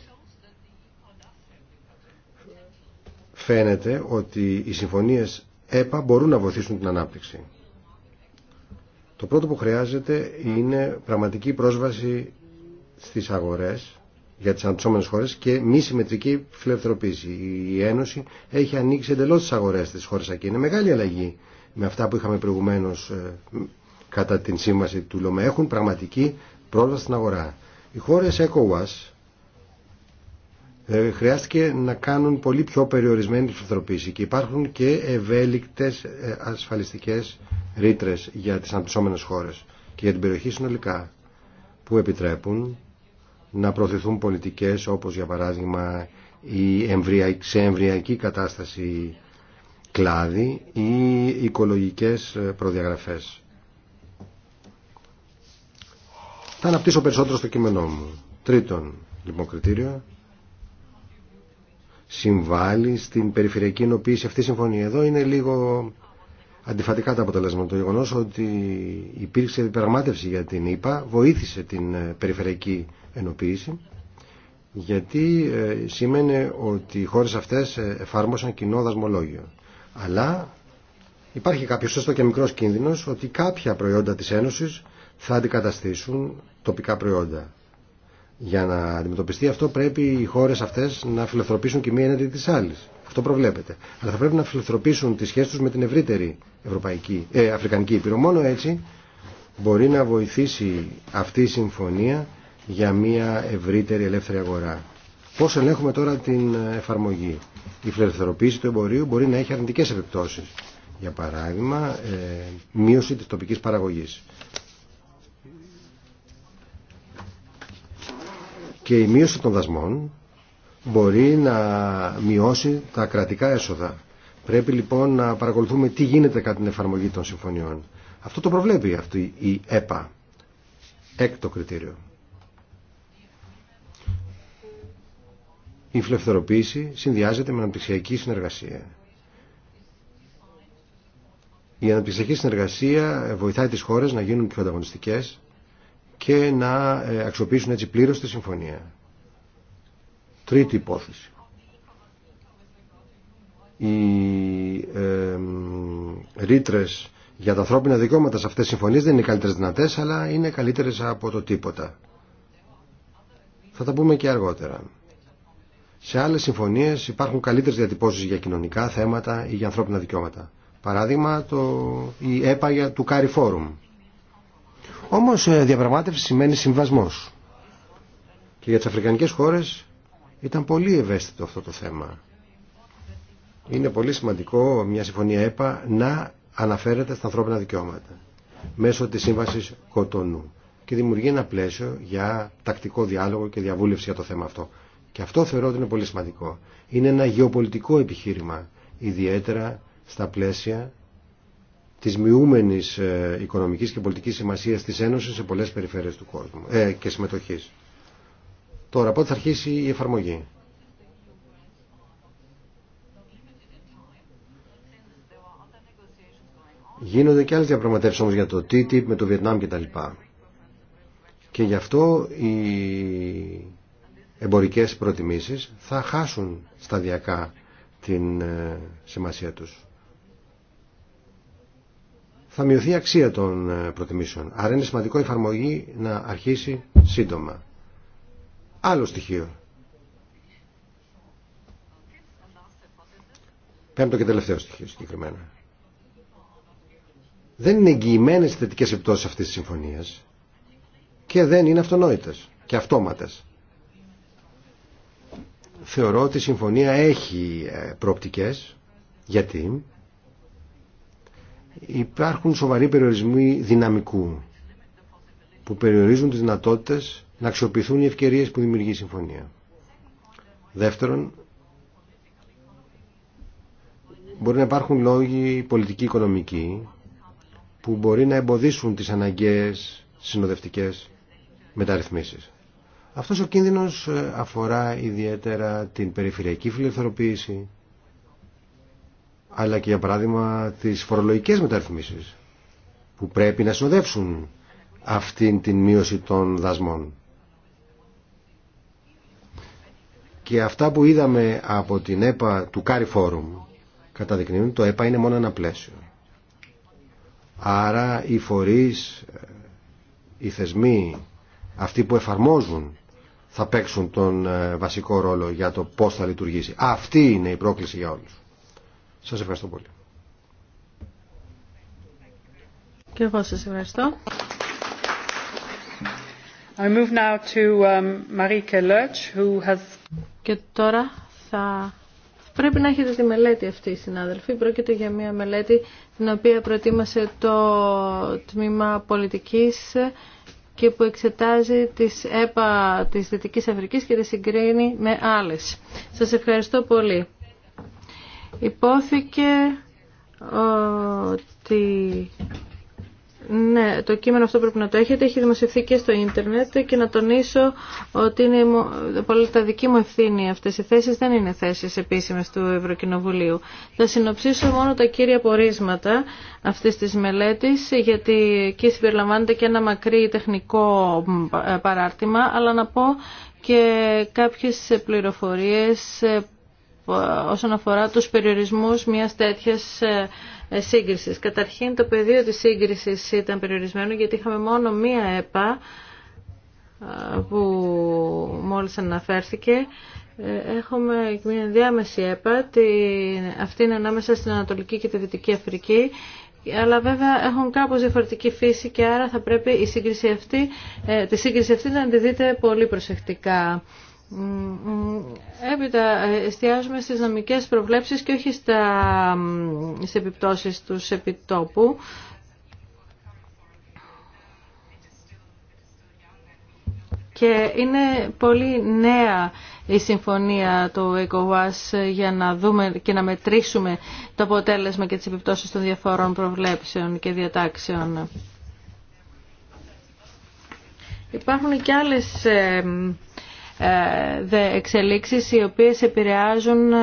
Φαίνεται ότι οι συμφωνίες ΕΠΑ μπορούν να βοηθήσουν την ανάπτυξη. Το πρώτο που χρειάζεται είναι πραγματική πρόσβαση στις αγορές για τις αναπτυσσόμενες χώρες και μη συμμετρική φιλελευθερωποίηση. Η Ένωση έχει ανοίξει εντελώς τις αγορές στις χώρες εκεί. Είναι μεγάλη αλλαγή με αυτά που είχαμε προηγουμένως ε, κατά την σύμβαση του ΛΟΜΕ. Έχουν πραγματική πρόσβαση στην αγορά. Οι χώρες ECOWAS ε, χρειάστηκε να κάνουν πολύ πιο περιορισμένη ψηφοθροπήση και υπάρχουν και ευέλικτε ε, ασφαλιστικές ρήτρε για τις αναπτυσσόμενε χώρες και για την περιοχή συνολικά που επιτρέπουν να προωθηθούν πολιτικές όπως για παράδειγμα η σε κατάσταση κλάδη ή οικολογικές ε, προδιαγραφές. Θα αναπτύσσω περισσότερο στο κείμενό μου. Τρίτον, λοιπόν, κριτήριο συμβάλλει στην περιφερειακή ενοποίηση αυτή η συμφωνία. Εδώ είναι λίγο αντιφατικά τα αποτελέσματα. Το γεγονό ότι υπήρξε διπραγμάτευση για την ΕΠΑ βοήθησε την ε, περιφερειακή ενοποίηση γιατί ε, σήμαινε ότι οι χώρες αυτές ε, εφάρμοσαν κοινό δασμολόγιο. Αλλά υπάρχει κάποιος έστω και μικρός κίνδυνος ότι κάποια προϊόντα της Ένωσης θα αντικαταστήσουν τοπικά προϊόντα. Για να αντιμετωπιστεί αυτό πρέπει οι χώρες αυτές να φιλοθροπήσουν και μία έναντι της άλλης. Αυτό προβλέπεται. Αλλά θα πρέπει να φιλοθροπήσουν τις σχέσεις τους με την ευρύτερη Ευρωπαϊκή, ε, Αφρικανική Ήπειρο. Μόνο έτσι μπορεί να βοηθήσει αυτή η συμφωνία για μία ευρύτερη ελεύθερη αγορά. Πώς ελέγχουμε τώρα την εφαρμογή. Η φιλελευθερωποίηση του εμπορίου μπορεί να έχει αρνητικές επιπτώσεις. Για παράδειγμα, ε, μείωση της τοπικής παραγωγής. και η μείωση των δασμών μπορεί να μειώσει τα κρατικά έσοδα. Πρέπει λοιπόν να παρακολουθούμε τι γίνεται κατά την εφαρμογή των συμφωνιών. Αυτό το προβλέπει αυτή η ΕΠΑ. Έκτο κριτήριο. Η φλευθεροποίηση συνδυάζεται με αναπτυξιακή συνεργασία. Η αναπτυξιακή συνεργασία βοηθάει τις χώρες να γίνουν πιο ανταγωνιστικές και να ε, αξιοποιήσουν έτσι πλήρως τη συμφωνία. Τρίτη υπόθεση. Οι ε, ρήτρε για τα ανθρώπινα δικαιώματα σε αυτές τις συμφωνίες δεν είναι καλύτερες δυνατές, αλλά είναι καλύτερες από το τίποτα. Θα τα πούμε και αργότερα. Σε άλλες συμφωνίες υπάρχουν καλύτερες διατυπώσεις για κοινωνικά θέματα ή για ανθρώπινα δικαιώματα. Παράδειγμα, το, η έπαγια του Κάρι Φόρουμ. Όμως ε, διαπραγμάτευση σημαίνει συμβασμός. Και για τις αφρικανικές χώρες ήταν πολύ ευαίσθητο αυτό το θέμα. Είναι πολύ σημαντικό μια συμφωνία ΕΠΑ να αναφέρεται στα ανθρώπινα δικαιώματα μέσω της σύμβασης Κοτονού και δημιουργεί ένα πλαίσιο για τακτικό διάλογο και διαβούλευση για το θέμα αυτό. Και αυτό θεωρώ ότι είναι πολύ σημαντικό. Είναι ένα γεωπολιτικό επιχείρημα, ιδιαίτερα στα πλαίσια της μειούμενης ε, οικονομικής και πολιτικής σημασίας της Ένωσης σε πολλές περιφέρειες του κόσμου ε, και συμμετοχής. Τώρα, πότε θα αρχίσει η εφαρμογή. Γίνονται και άλλες διαπραγματεύσεις όμως για το TTIP με το Βιετνάμ και τα λοιπά. Και γι' αυτό οι εμπορικές προτιμήσεις θα χάσουν σταδιακά την ε, σημασία τους θα μειωθεί η αξία των ε, προτιμήσεων. Άρα είναι σημαντικό η εφαρμογή να αρχίσει σύντομα. Άλλο στοιχείο. Πέμπτο και τελευταίο στοιχείο συγκεκριμένα. Δεν είναι εγγυημένε οι θετικέ επιπτώσει αυτή τη και δεν είναι αυτονόητε και αυτόματε. Θεωρώ ότι η συμφωνία έχει ε, πρόπτικες. γιατί υπάρχουν σοβαροί περιορισμοί δυναμικού που περιορίζουν τις δυνατότητες να αξιοποιηθούν οι ευκαιρίες που δημιουργεί η συμφωνία. Δεύτερον, μπορεί να υπάρχουν λόγοι πολιτικοί-οικονομικοί που μπορεί να εμποδίσουν τις αναγκαίες συνοδευτικές μεταρρυθμίσεις. Αυτός ο κίνδυνος ε, αφορά ιδιαίτερα την περιφερειακή φιλελευθερωποίηση, αλλά και για παράδειγμα τις φορολογικές μεταρρυθμίσεις που πρέπει να συνοδεύσουν αυτήν την μείωση των δασμών. Και αυτά που είδαμε από την ΕΠΑ του Κάρι Φόρουμ καταδεικνύουν το ΕΠΑ είναι μόνο ένα πλαίσιο. Άρα οι φορείς, ε, οι θεσμοί, αυτοί που εφαρμόζουν θα παίξουν τον ε, βασικό ρόλο για το πώς θα λειτουργήσει. Αυτή είναι η πρόκληση για όλους. Σας ευχαριστώ πολύ. Και εγώ σας ευχαριστώ. I move now to um, Marieke Lurch, who has... Και τώρα θα Πρέπει να έχετε τη μελέτη αυτή, συνάδελφοι. Πρόκειται για μια μελέτη την οποία προετοίμασε το Τμήμα Πολιτικής και που εξετάζει τις ΕΠΑ της Δυτικής Αφρικής και τη συγκρίνει με άλλες. Σας ευχαριστώ πολύ. Υπόθηκε ότι ναι, το κείμενο αυτό πρέπει να το έχετε. Έχει δημοσιευθεί και στο ίντερνετ και να τονίσω ότι είναι πολύ τα δική μου ευθύνη αυτές οι θέσεις. Δεν είναι θέσεις επίσημες του Ευρωκοινοβουλίου. Θα συνοψίσω μόνο τα κύρια πορίσματα αυτής της μελέτης γιατί εκεί συμπεριλαμβάνεται και ένα μακρύ τεχνικό παράρτημα αλλά να πω και κάποιες πληροφορίες ε, όσον αφορά τους περιορισμούς μιας τέτοιας ε, ε, σύγκρισης. Καταρχήν το πεδίο της σύγκρισης ήταν περιορισμένο γιατί είχαμε μόνο μία ΕΠΑ ε, που μόλις αναφέρθηκε. Έχουμε μια διάμεση ΕΠΑ, αυτή είναι ανάμεσα στην Ανατολική και τη Δυτική Αφρική αλλά βέβαια έχουν κάπως διαφορετική φύση και άρα θα πρέπει η αυτή, τη σύγκριση αυτή να τη δείτε πολύ προσεκτικά. Έπειτα ε, εστιάζουμε στις νομικές προβλέψεις και όχι στα, στις επιπτώσεις τους επιτόπου. Και είναι πολύ νέα η συμφωνία του ΕΚΟΒΑΣ για να δούμε και να μετρήσουμε το αποτέλεσμα και τις επιπτώσεις των διαφόρων προβλέψεων και διατάξεων. Υπάρχουν και άλλες ε, ε, εξελίξεις οι οποίες επηρεάζουν ε,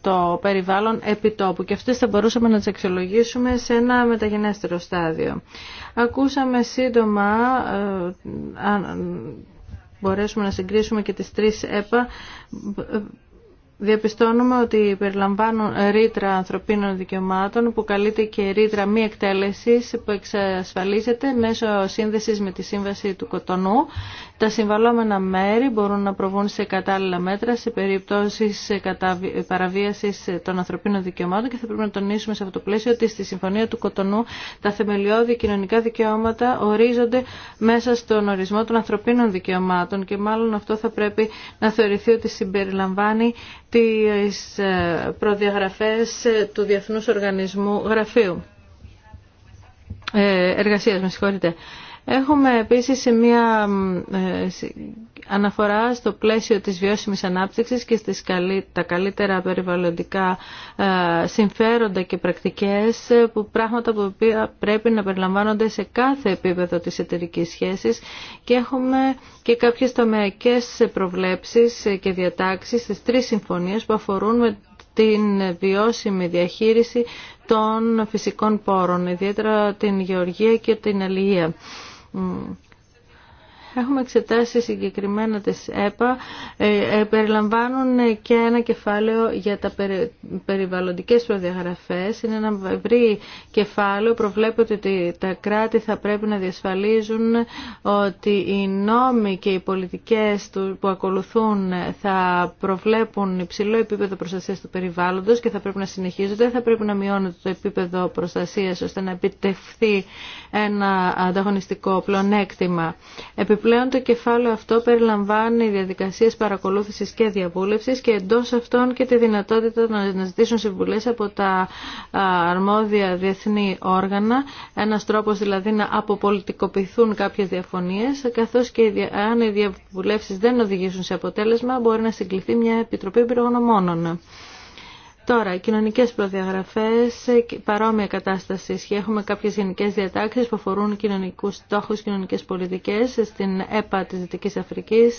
το περιβάλλον επιτόπου και αυτές θα μπορούσαμε να τις αξιολογήσουμε σε ένα μεταγενέστερο στάδιο. Ακούσαμε σύντομα, ε, αν μπορέσουμε να συγκρίσουμε και τις τρεις ΕΠΑ, Διαπιστώνουμε ότι περιλαμβάνουν ρήτρα ανθρωπίνων δικαιωμάτων που καλείται και ρήτρα μη εκτέλεση που εξασφαλίζεται μέσω σύνδεση με τη Σύμβαση του Κοτονού. Τα συμβαλόμενα μέρη μπορούν να προβούν σε κατάλληλα μέτρα σε περιπτώσει παραβίαση των ανθρωπίνων δικαιωμάτων και θα πρέπει να τονίσουμε σε αυτό το πλαίσιο ότι στη Συμφωνία του Κοτονού τα θεμελιώδη κοινωνικά δικαιώματα ορίζονται μέσα στον ορισμό των ανθρωπίνων δικαιωμάτων και μάλλον αυτό θα πρέπει να θεωρηθεί ότι συμπεριλαμβάνει τις ε, προδιαγραφές ε, του Διεθνούς Οργανισμού Γραφείου. Ε, εργασίας, με συγχωρείτε. Έχουμε επίσης μια ε, αναφορά στο πλαίσιο της βιώσιμης ανάπτυξης και στις τα καλύτερα περιβαλλοντικά ε, συμφέροντα και πρακτικές ε, που πράγματα που πρέπει να περιλαμβάνονται σε κάθε επίπεδο της εταιρικής σχέσης και έχουμε και κάποιες τομεακές προβλέψεις και διατάξεις στις τρεις συμφωνίες που αφορούν με την βιώσιμη διαχείριση των φυσικών πόρων, ιδιαίτερα την γεωργία και την αλληλεία. Μουσική mm. Έχουμε εξετάσει συγκεκριμένα τις ΕΠΑ, ε, ε, περιλαμβάνουν και ένα κεφάλαιο για τα περιβαλλοντικές προδιαγραφές. Είναι ένα ευρύ κεφάλαιο, προβλέπεται ότι τα κράτη θα πρέπει να διασφαλίζουν ότι οι νόμοι και οι πολιτικές που ακολουθούν θα προβλέπουν υψηλό επίπεδο προστασίας του περιβάλλοντος και θα πρέπει να συνεχίζονται, θα πρέπει να μειώνεται το επίπεδο προστασίας ώστε να επιτευχθεί ένα ανταγωνιστικό πλονέκτημα. Επιπλέον το κεφάλαιο αυτό περιλαμβάνει διαδικασίες παρακολούθησης και διαβούλευσης και εντός αυτών και τη δυνατότητα να ζητήσουν συμβουλές από τα αρμόδια διεθνή όργανα, ένας τρόπος δηλαδή να αποπολιτικοποιηθούν κάποιες διαφωνίες, καθώς και αν οι διαβουλεύσεις δεν οδηγήσουν σε αποτέλεσμα μπορεί να συγκληθεί μια επιτροπή πυρογνωμόνων. Τώρα, κοινωνικές προδιαγραφές, ε, παρόμοια κατάσταση. Έχουμε κάποιες γενικές διατάξεις που αφορούν κοινωνικούς στόχους, κοινωνικές πολιτικές στην ΕΠΑ της Δυτικής Αφρικής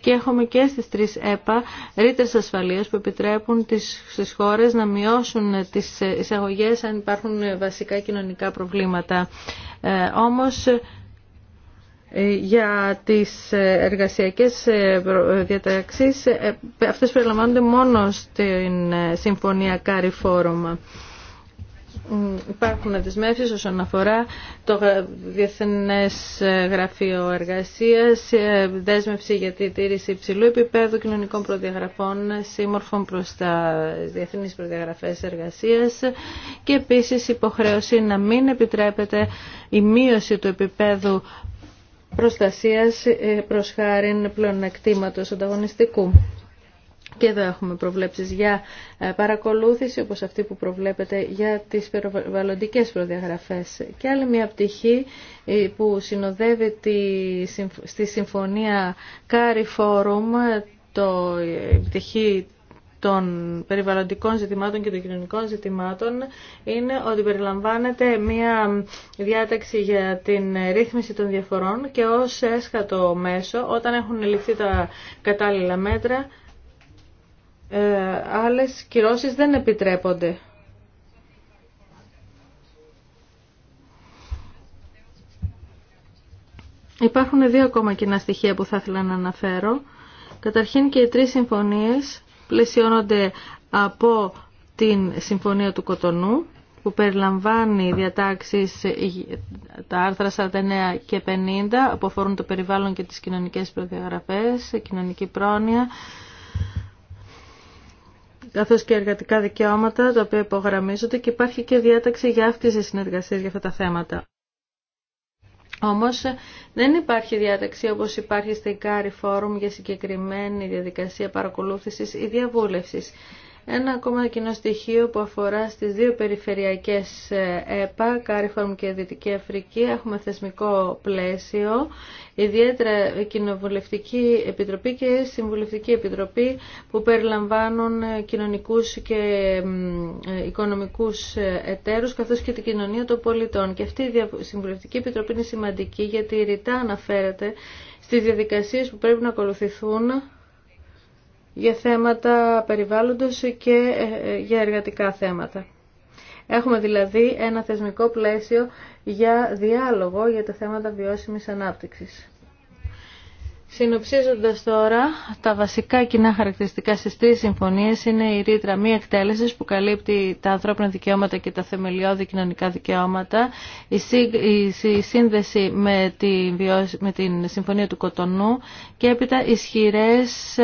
και έχουμε και στις τρεις ΕΠΑ ρήτρες ασφαλείας που επιτρέπουν στις χώρες να μειώσουν τις ε, εισαγωγές αν υπάρχουν βασικά κοινωνικά προβλήματα. Ε, ε, για τις ε, εργασιακές ε, διαταξίες αυτές περιλαμβάνονται μόνο στην Συμφωνία Κάρι Φόρομα. Υπάρχουν δεσμεύσεις όσον αφορά το Διεθνές Γραφείο Εργασίας, δέσμευση για τη τήρηση υψηλού επίπεδου κοινωνικών προδιαγραφών σύμμορφων προς τα διεθνείς προδιαγραφές εργασίας και επίσης υποχρέωση να μην επιτρέπεται η μείωση του επίπεδου προστασίας ε, προς χάριν πλεονεκτήματος ανταγωνιστικού. Και εδώ έχουμε προβλέψεις για ε, παρακολούθηση, όπως αυτή που προβλέπεται για τις περιβαλλοντικές προδιαγραφές. Και άλλη μια πτυχή ε, που συνοδεύει τη, στη συμφωνία Κάρι Φόρουμ, το πτυχή των περιβαλλοντικών ζητημάτων και των κοινωνικών ζητημάτων είναι ότι περιλαμβάνεται μία διάταξη για την ρύθμιση των διαφορών και ως έσχατο μέσο όταν έχουν ληφθεί τα κατάλληλα μέτρα ε, άλλες κυρώσεις δεν επιτρέπονται. Υπάρχουν δύο ακόμα κοινά στοιχεία που θα ήθελα να αναφέρω. Καταρχήν και οι τρεις συμφωνίες πλαισιώνονται από την Συμφωνία του Κοτονού που περιλαμβάνει διατάξεις τα άρθρα 49 και 50 που αφορούν το περιβάλλον και τις κοινωνικές προδιαγραφές, κοινωνική πρόνοια, καθώς και εργατικά δικαιώματα τα οποία υπογραμμίζονται και υπάρχει και διάταξη για αύξηση συνεργασίας για αυτά τα θέματα. Όμως δεν υπάρχει διάταξη όπως υπάρχει στην Κάρι Φόρουμ για συγκεκριμένη διαδικασία παρακολούθησης ή διαβούλευσης. Ένα ακόμα κοινό στοιχείο που αφορά στις δύο περιφερειακές ε, ΕΠΑ, Κάριφορμ και Δυτική Αφρική, έχουμε θεσμικό πλαίσιο, ιδιαίτερα Κοινοβουλευτική Επιτροπή και Συμβουλευτική Επιτροπή που περιλαμβάνουν ε, κοινωνικούς και ε, οικονομικούς εταίρους καθώς και την κοινωνία των πολιτών. Και αυτή η Συμβουλευτική Επιτροπή είναι σημαντική γιατί ρητά αναφέρεται στις διαδικασίες που πρέπει να ακολουθηθούν για θέματα περιβάλλοντος και ε, ε, για εργατικά θέματα. Έχουμε δηλαδή ένα θεσμικό πλαίσιο για διάλογο για τα θέματα βιώσιμης ανάπτυξης. Συνοψίζοντας τώρα, τα βασικά κοινά χαρακτηριστικά στι τρει συμφωνίε είναι η ρήτρα μη εκτέλεση που καλύπτει τα ανθρώπινα δικαιώματα και τα θεμελιώδη κοινωνικά δικαιώματα, η, σύνδεση με, την Συμφωνία του Κοτονού και έπειτα ισχυρές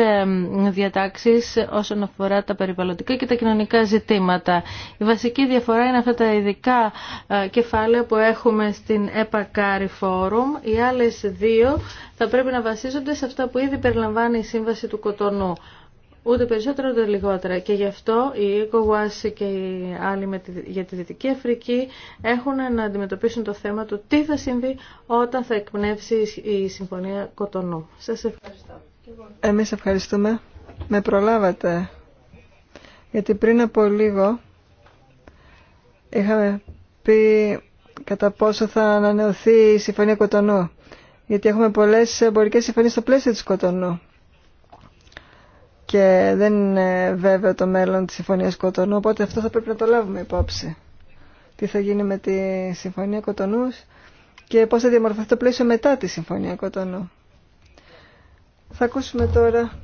διατάξεις όσον αφορά τα περιβαλλοντικά και τα κοινωνικά ζητήματα. Η βασική διαφορά είναι αυτά τα ειδικά ε, κεφάλαια που έχουμε στην ΕΠΑ Φόρουμ. Οι άλλε δύο θα πρέπει να βασίζονται σε αυτά που ήδη περιλαμβάνει η Σύμβαση του Κοτονού. Ούτε περισσότερο ούτε λιγότερα. Και γι' αυτό οι ECOWAS και οι άλλοι για τη Δυτική Αφρική έχουν να αντιμετωπίσουν το θέμα του τι θα συμβεί όταν θα εκπνεύσει η Συμφωνία Κοτονού. Σας ευχαριστώ. Εμείς ευχαριστούμε. Με προλάβατε. Γιατί πριν από λίγο είχαμε πει κατά πόσο θα ανανεωθεί η Συμφωνία Κοτονού γιατί έχουμε πολλές εμπορικές συμφωνίες στο πλαίσιο της Κοτονού και δεν είναι βέβαιο το μέλλον της συμφωνίας Κοτονού, οπότε αυτό θα πρέπει να το λάβουμε υπόψη. Τι θα γίνει με τη συμφωνία Κοτονού και πώς θα διαμορφωθεί το πλαίσιο μετά τη συμφωνία Κοτονού. Θα ακούσουμε τώρα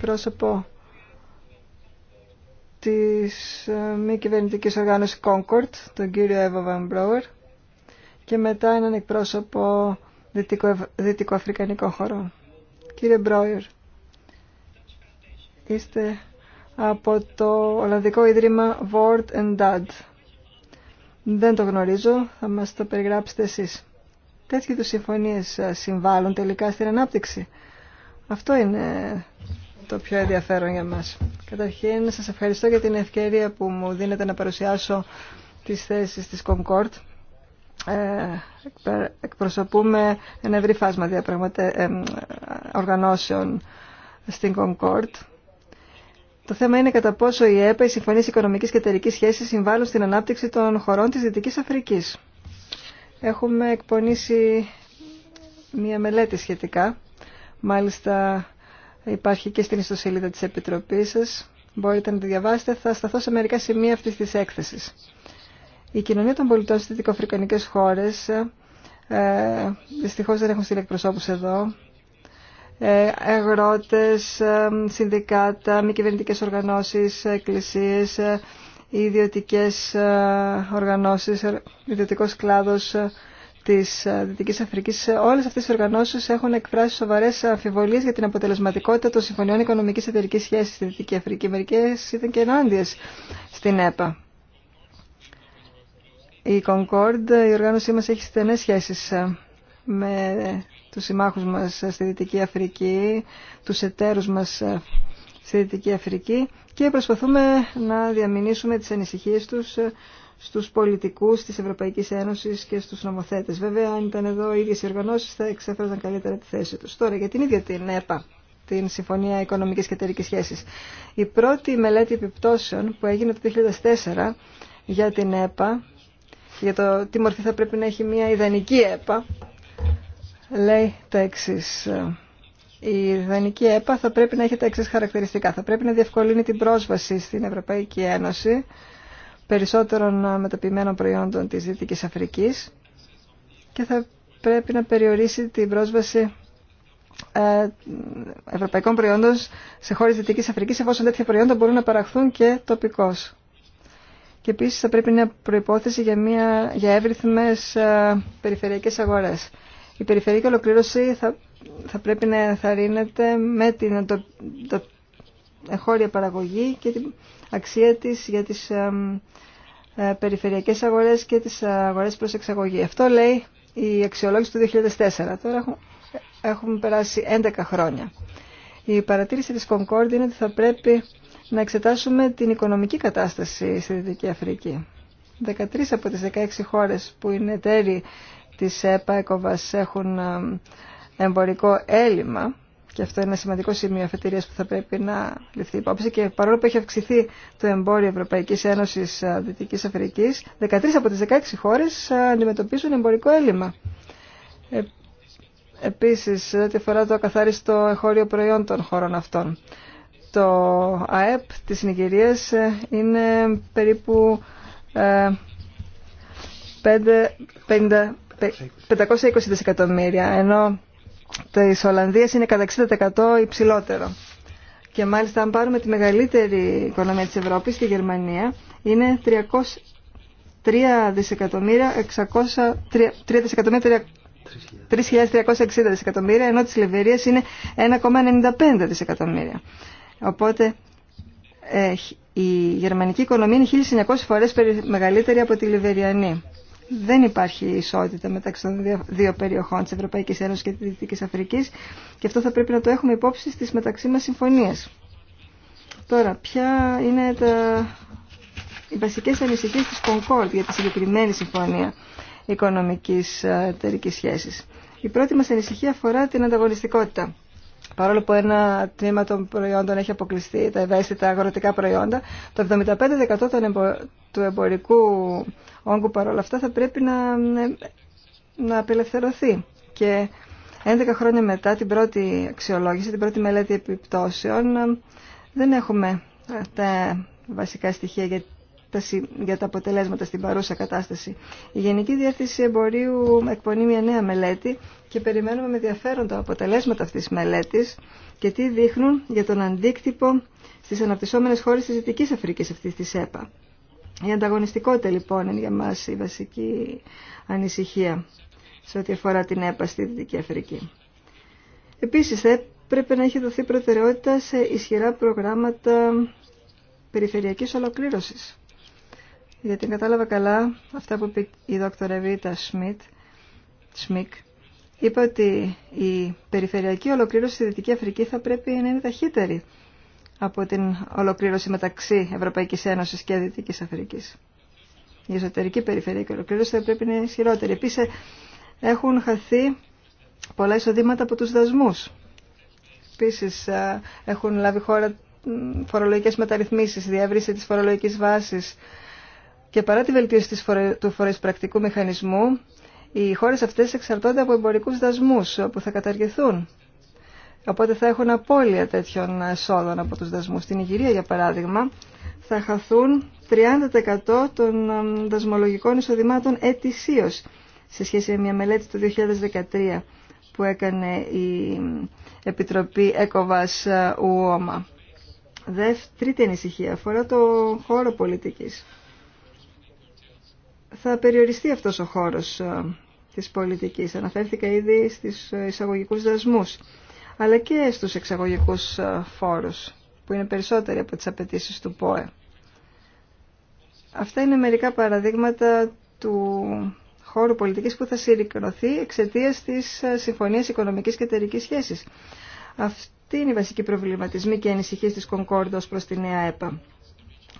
πρόσωπο της ε, μη κυβερνητικής οργάνωσης Concord, τον κύριο Εύα Βαμπρόερ και μετά έναν εκπρόσωπο δυτικο, χώρο. Κύριε Μπρόιερ, είστε από το Ολλανδικό Ίδρυμα Word and Dad. Δεν το γνωρίζω, θα μας το περιγράψετε εσείς. τους του συμφωνίες ε, συμβάλλουν τελικά στην ανάπτυξη. Αυτό είναι το πιο ενδιαφέρον για μας. Καταρχήν, σας ευχαριστώ για την ευκαιρία που μου δίνετε να παρουσιάσω τις θέσεις της Concord ε, εκπροσωπούμε ένα ευρύ φάσμα διαπραγματε... Ε, οργανώσεων στην Concord. Το θέμα είναι κατά πόσο η ΕΠΑ, οι Συμφωνίε Οικονομική και Εταιρική Σχέση, συμβάλλουν στην ανάπτυξη των χωρών τη Δυτικής Αφρική. Έχουμε εκπονήσει μία μελέτη σχετικά. Μάλιστα υπάρχει και στην ιστοσελίδα της Επιτροπής σας. Μπορείτε να τη διαβάσετε. Θα σταθώ σε μερικά σημεία αυτής της έκθεσης. Η κοινωνία των πολιτών στις δικοαφρικανικές χώρες, ε, δυστυχώς δεν έχουν στείλει εκπροσώπους εδώ, ε, αγρότες, ε, συνδικάτα, μη κυβερνητικέ οργανώσεις, εκκλησίες, ε, ιδιωτικές ε, οργανώσεις, ιδιωτικός κλάδος της Δυτικής Αφρικής. Όλες αυτές οι οργανώσεις έχουν εκφράσει σοβαρές αμφιβολίες για την αποτελεσματικότητα των συμφωνιών οικονομικής εταιρικής σχέσης στη Δυτική Αφρική. Μερικές ήταν και ενάντια στην ΕΠΑ. Η Concord, η οργάνωσή μας έχει στενές σχέσεις ε, με τους συμμάχους μας ε, στη Δυτική Αφρική, τους εταίρους μας ε, στη Δυτική Αφρική και προσπαθούμε να διαμηνήσουμε τις ανησυχίες τους στους πολιτικούς της Ευρωπαϊκής Ένωσης και στους νομοθέτες. Βέβαια, αν ήταν εδώ οι ίδιες οι οργανώσεις θα εξέφεραν καλύτερα τη θέση τους. Τώρα, για την ίδια την ΕΠΑ, την Συμφωνία Οικονομικής και Εταιρικής Σχέσης. Η πρώτη μελέτη επιπτώσεων που έγινε το 2004 για την ΕΠΑ για το τι μορφή θα πρέπει να έχει μια ιδανική ΕΠΑ, λέει τα εξή. Η ιδανική ΕΠΑ θα πρέπει να έχει τα εξή χαρακτηριστικά. Θα πρέπει να διευκολύνει την πρόσβαση στην Ευρωπαϊκή Ένωση περισσότερων μεταποιημένων προϊόντων της Δυτικής Αφρικής και θα πρέπει να περιορίσει την πρόσβαση ε, ευρωπαϊκών προϊόντων σε χώρες Δυτικής Αφρικής εφόσον τέτοια προϊόντα μπορούν να παραχθούν και τοπικώς και επίσης θα πρέπει να είναι προϋπόθεση για, μια, για εύρυθμες ε, περιφερειακές αγορές. Η περιφερειακή ολοκλήρωση θα, πρέπει να ενθαρρύνεται με την το, εγχώρια παραγωγή και την αξία της για τις ε, ε, περιφερειακές αγορές και τις αγορές προς εξαγωγή. Αυτό λέει η αξιολόγηση του 2004. Τώρα έχουμε, περάσει 11 χρόνια. Η παρατήρηση της Concord είναι ότι θα πρέπει να εξετάσουμε την οικονομική κατάσταση στη Δυτική Αφρική. 13 από τις 16 χώρες που είναι εταίροι της ΕΠΑ ΕΚΟΒΑΣ έχουν ε, εμπορικό έλλειμμα και αυτό είναι ένα σημαντικό σημείο αφετηρίας που θα πρέπει να ληφθεί υπόψη και παρόλο που έχει αυξηθεί το εμπόριο Ευρωπαϊκής Ένωσης ε, Δυτικής Αφρικής 13 από τις 16 χώρες ε, αντιμετωπίζουν εμπορικό έλλειμμα. Επίση, επίσης, ό,τι αφορά το ακαθάριστο εχώριο προϊόν των χωρών αυτών το ΑΕΠ της Νιγηρίας ε, είναι περίπου 520 ε, δισεκατομμύρια, ενώ της Ολλανδίας είναι κατά 60% υψηλότερο. Και μάλιστα αν πάρουμε τη μεγαλύτερη οικονομία της Ευρώπης, τη Γερμανία, είναι 3.360 δισεκατομμύρια, ενώ της Λιβερίας είναι 1,95 δισεκατομμύρια. Οπότε ε, η γερμανική οικονομία είναι 1.900 φορές μεγαλύτερη από τη Λιβεριανή. Δεν υπάρχει ισότητα μεταξύ των δύο περιοχών της Ευρωπαϊκής Ένωσης και της Δυτικής Αφρικής και αυτό θα πρέπει να το έχουμε υπόψη στις μεταξύ μας συμφωνίες. Τώρα, ποια είναι τα... οι βασικές ανησυχίες της Concord για τη συγκεκριμένη συμφωνία οικονομικής ε, εταιρικής σχέσης. Η πρώτη μας ανησυχία αφορά την ανταγωνιστικότητα παρόλο που ένα τμήμα των προϊόντων έχει αποκλειστεί, τα ευαίσθητα αγροτικά προϊόντα, το 75% του εμπορικού όγκου παρόλα αυτά θα πρέπει να, ε, απελευθερωθεί. Και 11 χρόνια μετά την πρώτη αξιολόγηση, την πρώτη μελέτη επιπτώσεων, ε, δεν έχουμε τα βασικά στοιχεία για για τα αποτελέσματα στην παρούσα κατάσταση. Η Γενική Διεύθυνση Εμπορίου εκπονεί μια νέα μελέτη και περιμένουμε με ενδιαφέρον τα αποτελέσματα αυτή τη μελέτη και τι δείχνουν για τον αντίκτυπο στι αναπτυσσόμενες χώρε τη Δυτικής Αφρική αυτή τη ΕΠΑ. Η ανταγωνιστικότητα λοιπόν είναι για μα η βασική ανησυχία σε ό,τι αφορά την ΕΠΑ στη Δυτική Αφρική. Επίση, θα πρέπει να έχει δοθεί προτεραιότητα σε ισχυρά προγράμματα περιφερειακής ολοκλήρωσης γιατί κατάλαβα καλά αυτά που είπε η δόκτωρα Βίτα Σμιτ, Σμικ, είπε ότι η περιφερειακή ολοκλήρωση στη Δυτική Αφρική θα πρέπει να είναι ταχύτερη από την ολοκλήρωση μεταξύ Ευρωπαϊκής Ένωσης και Δυτικής Αφρικής. Η εσωτερική περιφερειακή ολοκλήρωση θα πρέπει να είναι ισχυρότερη. Επίσης έχουν χαθεί πολλά εισοδήματα από τους δασμούς. Επίση, έχουν λάβει χώρα φορολογικές μεταρρυθμίσεις, διεύρυνση της φορολογικής βάσης, και παρά τη βελτίωση του φορεσπρακτικού μηχανισμού, οι χώρες αυτές εξαρτώνται από εμπορικούς δασμούς που θα καταργηθούν. Οπότε θα έχουν απώλεια τέτοιων εσόδων από τους δασμούς. Στην Ιγυρία, για παράδειγμα, θα χαθούν 30% των δασμολογικών εισοδημάτων ετησίως σε σχέση με μια μελέτη του 2013 που έκανε η Επιτροπή ΕΚΟΒΑΣ ε, ΟΟΜΑ. Τρίτη ανησυχία αφορά το χώρο πολιτικής θα περιοριστεί αυτός ο χώρος ε, της πολιτικής. Αναφέρθηκα ήδη στις εισαγωγικούς δασμούς, αλλά και στους εξαγωγικούς ε, φόρους, που είναι περισσότεροι από τις απαιτήσει του ΠΟΕ. Αυτά είναι μερικά παραδείγματα του χώρου πολιτικής που θα συρρικνωθεί εξαιτία της ε, Συμφωνίας Οικονομικής και Εταιρικής Σχέσης. Αυτή είναι η βασική προβληματισμή και ανησυχία της Κονκόρντος προς τη Νέα ΕΠΑ.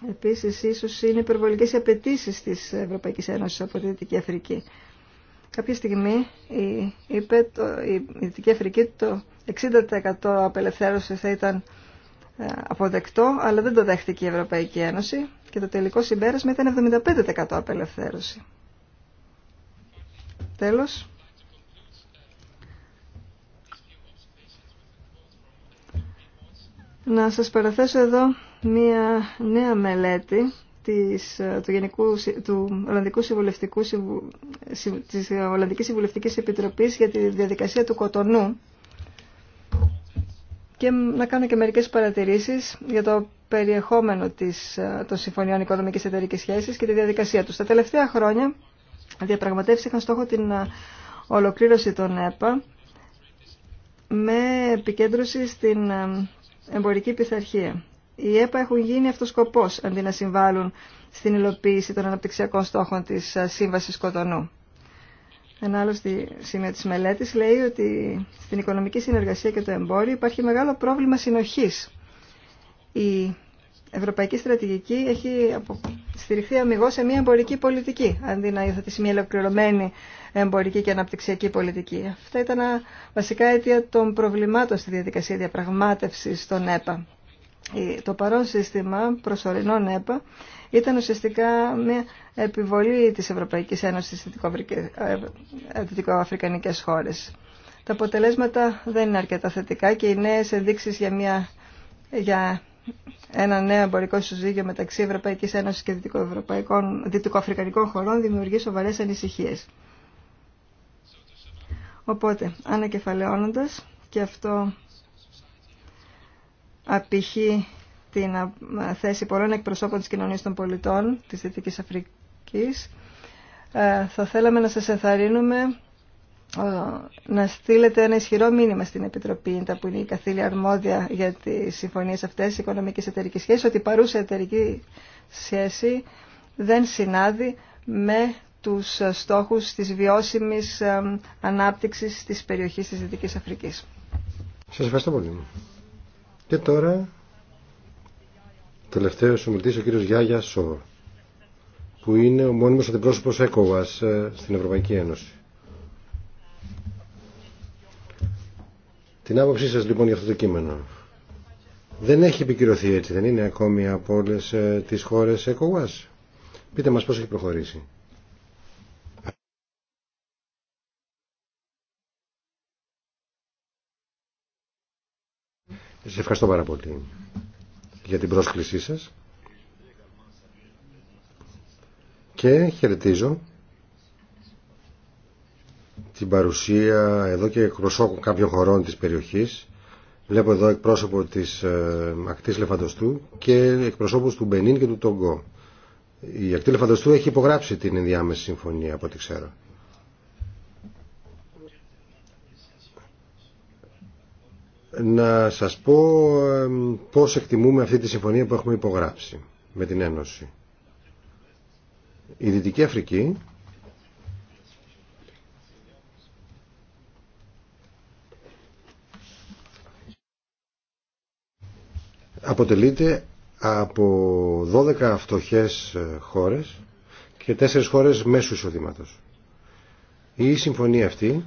Επίση ίσως είναι υπερβολικέ οι απαιτήσει τη Ευρωπαϊκή Ένωση από τη Δυτική Αφρική. Κάποια στιγμή η, είπε, η Δυτική Αφρική το 60% απελευθέρωση θα ήταν ε, αποδεκτό, αλλά δεν το δέχτηκε η Ευρωπαϊκή Ένωση και το τελικό συμπέρασμα ήταν 75% απελευθέρωση. Τέλος. Να σας παραθέσω εδώ μία νέα μελέτη της, του, Γενικού, του Ολλανδικού Συμβουλευτικού, της Ολλανδικής Συμβουλευτικής Επιτροπής για τη διαδικασία του Κοτονού και να κάνω και μερικές παρατηρήσεις για το περιεχόμενο της, των Συμφωνιών Οικονομικής Εταιρικής Σχέσης και τη διαδικασία του. Τα τελευταία χρόνια διαπραγματεύσεις είχαν στόχο την ε, ολοκλήρωση των ΕΠΑ με επικέντρωση στην ε, εμπορική πειθαρχία. Οι ΕΠΑ έχουν γίνει αυτοσκοπός αντί να συμβάλλουν στην υλοποίηση των αναπτυξιακών στόχων της ε, Σύμβασης Κοτονού. Ένα άλλο σημείο της μελέτης λέει ότι στην οικονομική συνεργασία και το εμπόριο υπάρχει μεγάλο πρόβλημα συνοχής. Η ευρωπαϊκή στρατηγική έχει στηριχθεί αμυγό σε μια εμπορική πολιτική, αντί να υιοθετήσει μια ολοκληρωμένη εμπορική και αναπτυξιακή πολιτική. Αυτά ήταν βασικά αίτια των προβλημάτων στη διαδικασία διαπραγμάτευση των ΕΠΑ το παρόν σύστημα προσωρινών ΕΠΑ ήταν ουσιαστικά μια επιβολή της Ευρωπαϊκής Ένωσης στις ε, ε, δυτικοαφρικανικές χώρες. Τα αποτελέσματα δεν είναι αρκετά θετικά και οι νέες ενδείξεις για, μια, για ένα νέο εμπορικό συζύγιο μεταξύ Ευρωπαϊκής Ένωσης και δυτικοαφρικανικών χωρών δημιουργεί σοβαρές ανησυχίες. Οπότε, ανακεφαλαιώνοντας, και αυτό απηχεί την θέση πολλών εκπροσώπων της κοινωνίας των πολιτών της Δυτικής Αφρικής. Ε, θα θέλαμε να σας ενθαρρύνουμε ε, να στείλετε ένα ισχυρό μήνυμα στην Επιτροπή που είναι η καθήλια αρμόδια για τις συμφωνίες αυτές οι οικονομικές εταιρικής σχέσεις, ότι η παρούσα εταιρική σχέση δεν συνάδει με τους στόχους της βιώσιμης ε, ανάπτυξης της περιοχής της Δυτικής Αφρικής. Σας ευχαριστώ πολύ. Και τώρα, τελευταίος ομιλητής ο κύριος Γιάγια Σό, που είναι ο μόνιμος αντιπρόσωπος ΕΚΟΒΑΣ ε, στην Ευρωπαϊκή Ένωση. Την άποψή σας λοιπόν για αυτό το κείμενο. Δεν έχει επικυρωθεί έτσι, δεν είναι ακόμη από όλε ε, τις χώρες ΕΚΟΒΑΣ. Πείτε μας πώς έχει προχωρήσει. Σας ευχαριστώ πάρα πολύ για την πρόσκλησή σας και χαιρετίζω την παρουσία εδώ και εκπροσώπων κάποιων χωρών της περιοχής. Βλέπω εδώ εκπρόσωπο της ε, ακτής Λεφαντοστού και εκπροσώπους του Μπενίν και του Τογκό. Η ακτή Λεφαντοστού έχει υπογράψει την ενδιάμεση συμφωνία από ό,τι ξέρω. να σας πω πώς εκτιμούμε αυτή τη συμφωνία που έχουμε υπογράψει με την Ένωση. Η Δυτική Αφρική αποτελείται από 12 φτωχές ε, χώρες και 4 χώρες μέσου εισοδήματος. Η συμφωνία αυτή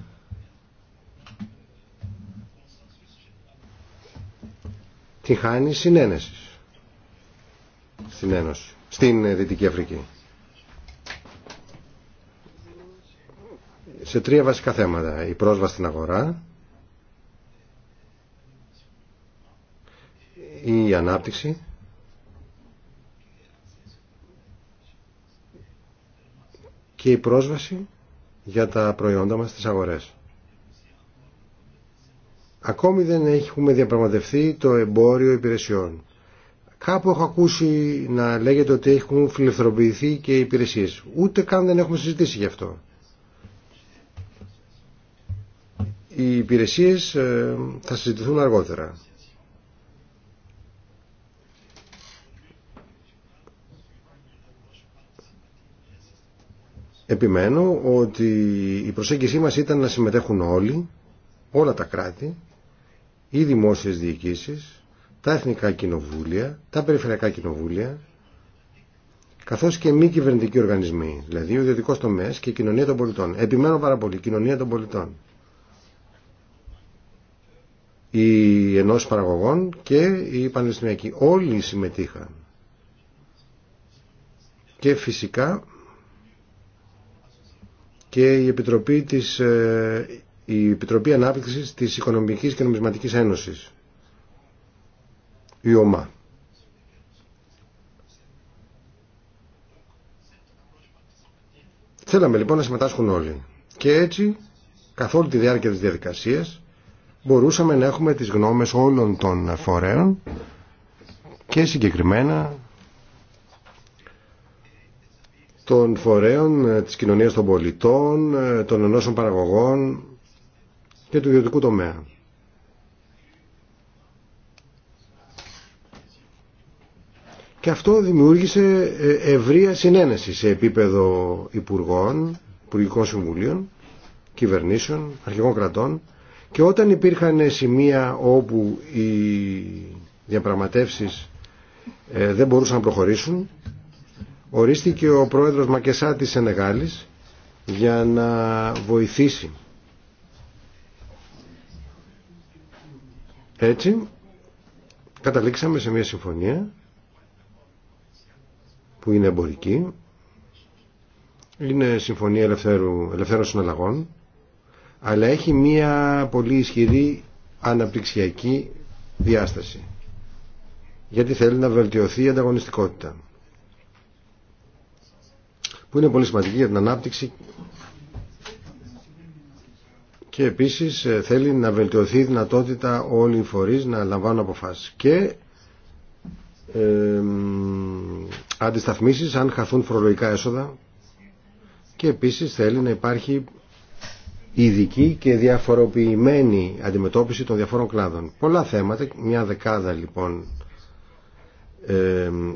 τη χάνει συνένεση στην στην ε, Δυτική Αφρική. Σε τρία βασικά θέματα. Η πρόσβαση στην αγορά, η ανάπτυξη και η πρόσβαση για τα προϊόντα μας στις αγορές. Ακόμη δεν έχουμε διαπραγματευτεί το εμπόριο υπηρεσιών. Κάπου έχω ακούσει να λέγεται ότι έχουν φιλελευθερωποιηθεί και οι υπηρεσίες. Ούτε καν δεν έχουμε συζητήσει γι' αυτό. Οι υπηρεσίες ε, θα συζητηθούν αργότερα. Επιμένω ότι η προσέγγιση μας ήταν να συμμετέχουν όλοι, όλα τα κράτη, οι δημόσιες διοικήσεις, τα εθνικά κοινοβούλια, τα περιφερειακά κοινοβούλια, καθώς και μη κυβερνητικοί οργανισμοί, δηλαδή ο ιδιωτικό τομέα και η κοινωνία των πολιτών. Επιμένω πάρα πολύ, η κοινωνία των πολιτών. Οι ενός παραγωγών και οι πανεπιστημιακοί. Όλοι συμμετείχαν. Και φυσικά και η Επιτροπή της ε, η Επιτροπή Ανάπτυξης της Οικονομικής και Νομισματικής Ένωσης, η ΟΜΑ. Θέλαμε λοιπόν να συμμετάσχουν όλοι. Και έτσι, καθ' όλη τη διάρκεια της διαδικασίας, μπορούσαμε να έχουμε τις γνώμες όλων των φορέων και συγκεκριμένα των φορέων ε, της κοινωνίας των πολιτών, ε, των ενώσεων παραγωγών, και του ιδιωτικού τομέα. Και αυτό δημιούργησε ε, ευρεία συνένεση σε επίπεδο υπουργών, υπουργικών συμβουλίων, κυβερνήσεων, αρχικών κρατών και όταν υπήρχαν σημεία όπου οι διαπραγματεύσεις ε, δεν μπορούσαν να προχωρήσουν ορίστηκε ο πρόεδρος Μακεσάτης της Σενεγάλης για να βοηθήσει Έτσι καταλήξαμε σε μια συμφωνία που είναι εμπορική. Είναι συμφωνία ελευθέρου, ελευθέρων συναλλαγών αλλά έχει μια πολύ ισχυρή αναπτυξιακή διάσταση γιατί θέλει να βελτιωθεί η ανταγωνιστικότητα που είναι πολύ σημαντική για την ανάπτυξη και επίσης ε, θέλει να βελτιωθεί η δυνατότητα όλοι οι να λαμβάνουν αποφάσεις και ε, αντισταθμίσεις αν χαθούν φορολογικά έσοδα και επίσης θέλει να υπάρχει ειδική και διαφοροποιημένη αντιμετώπιση των διαφόρων κλάδων. Πολλά θέματα, μια δεκάδα λοιπόν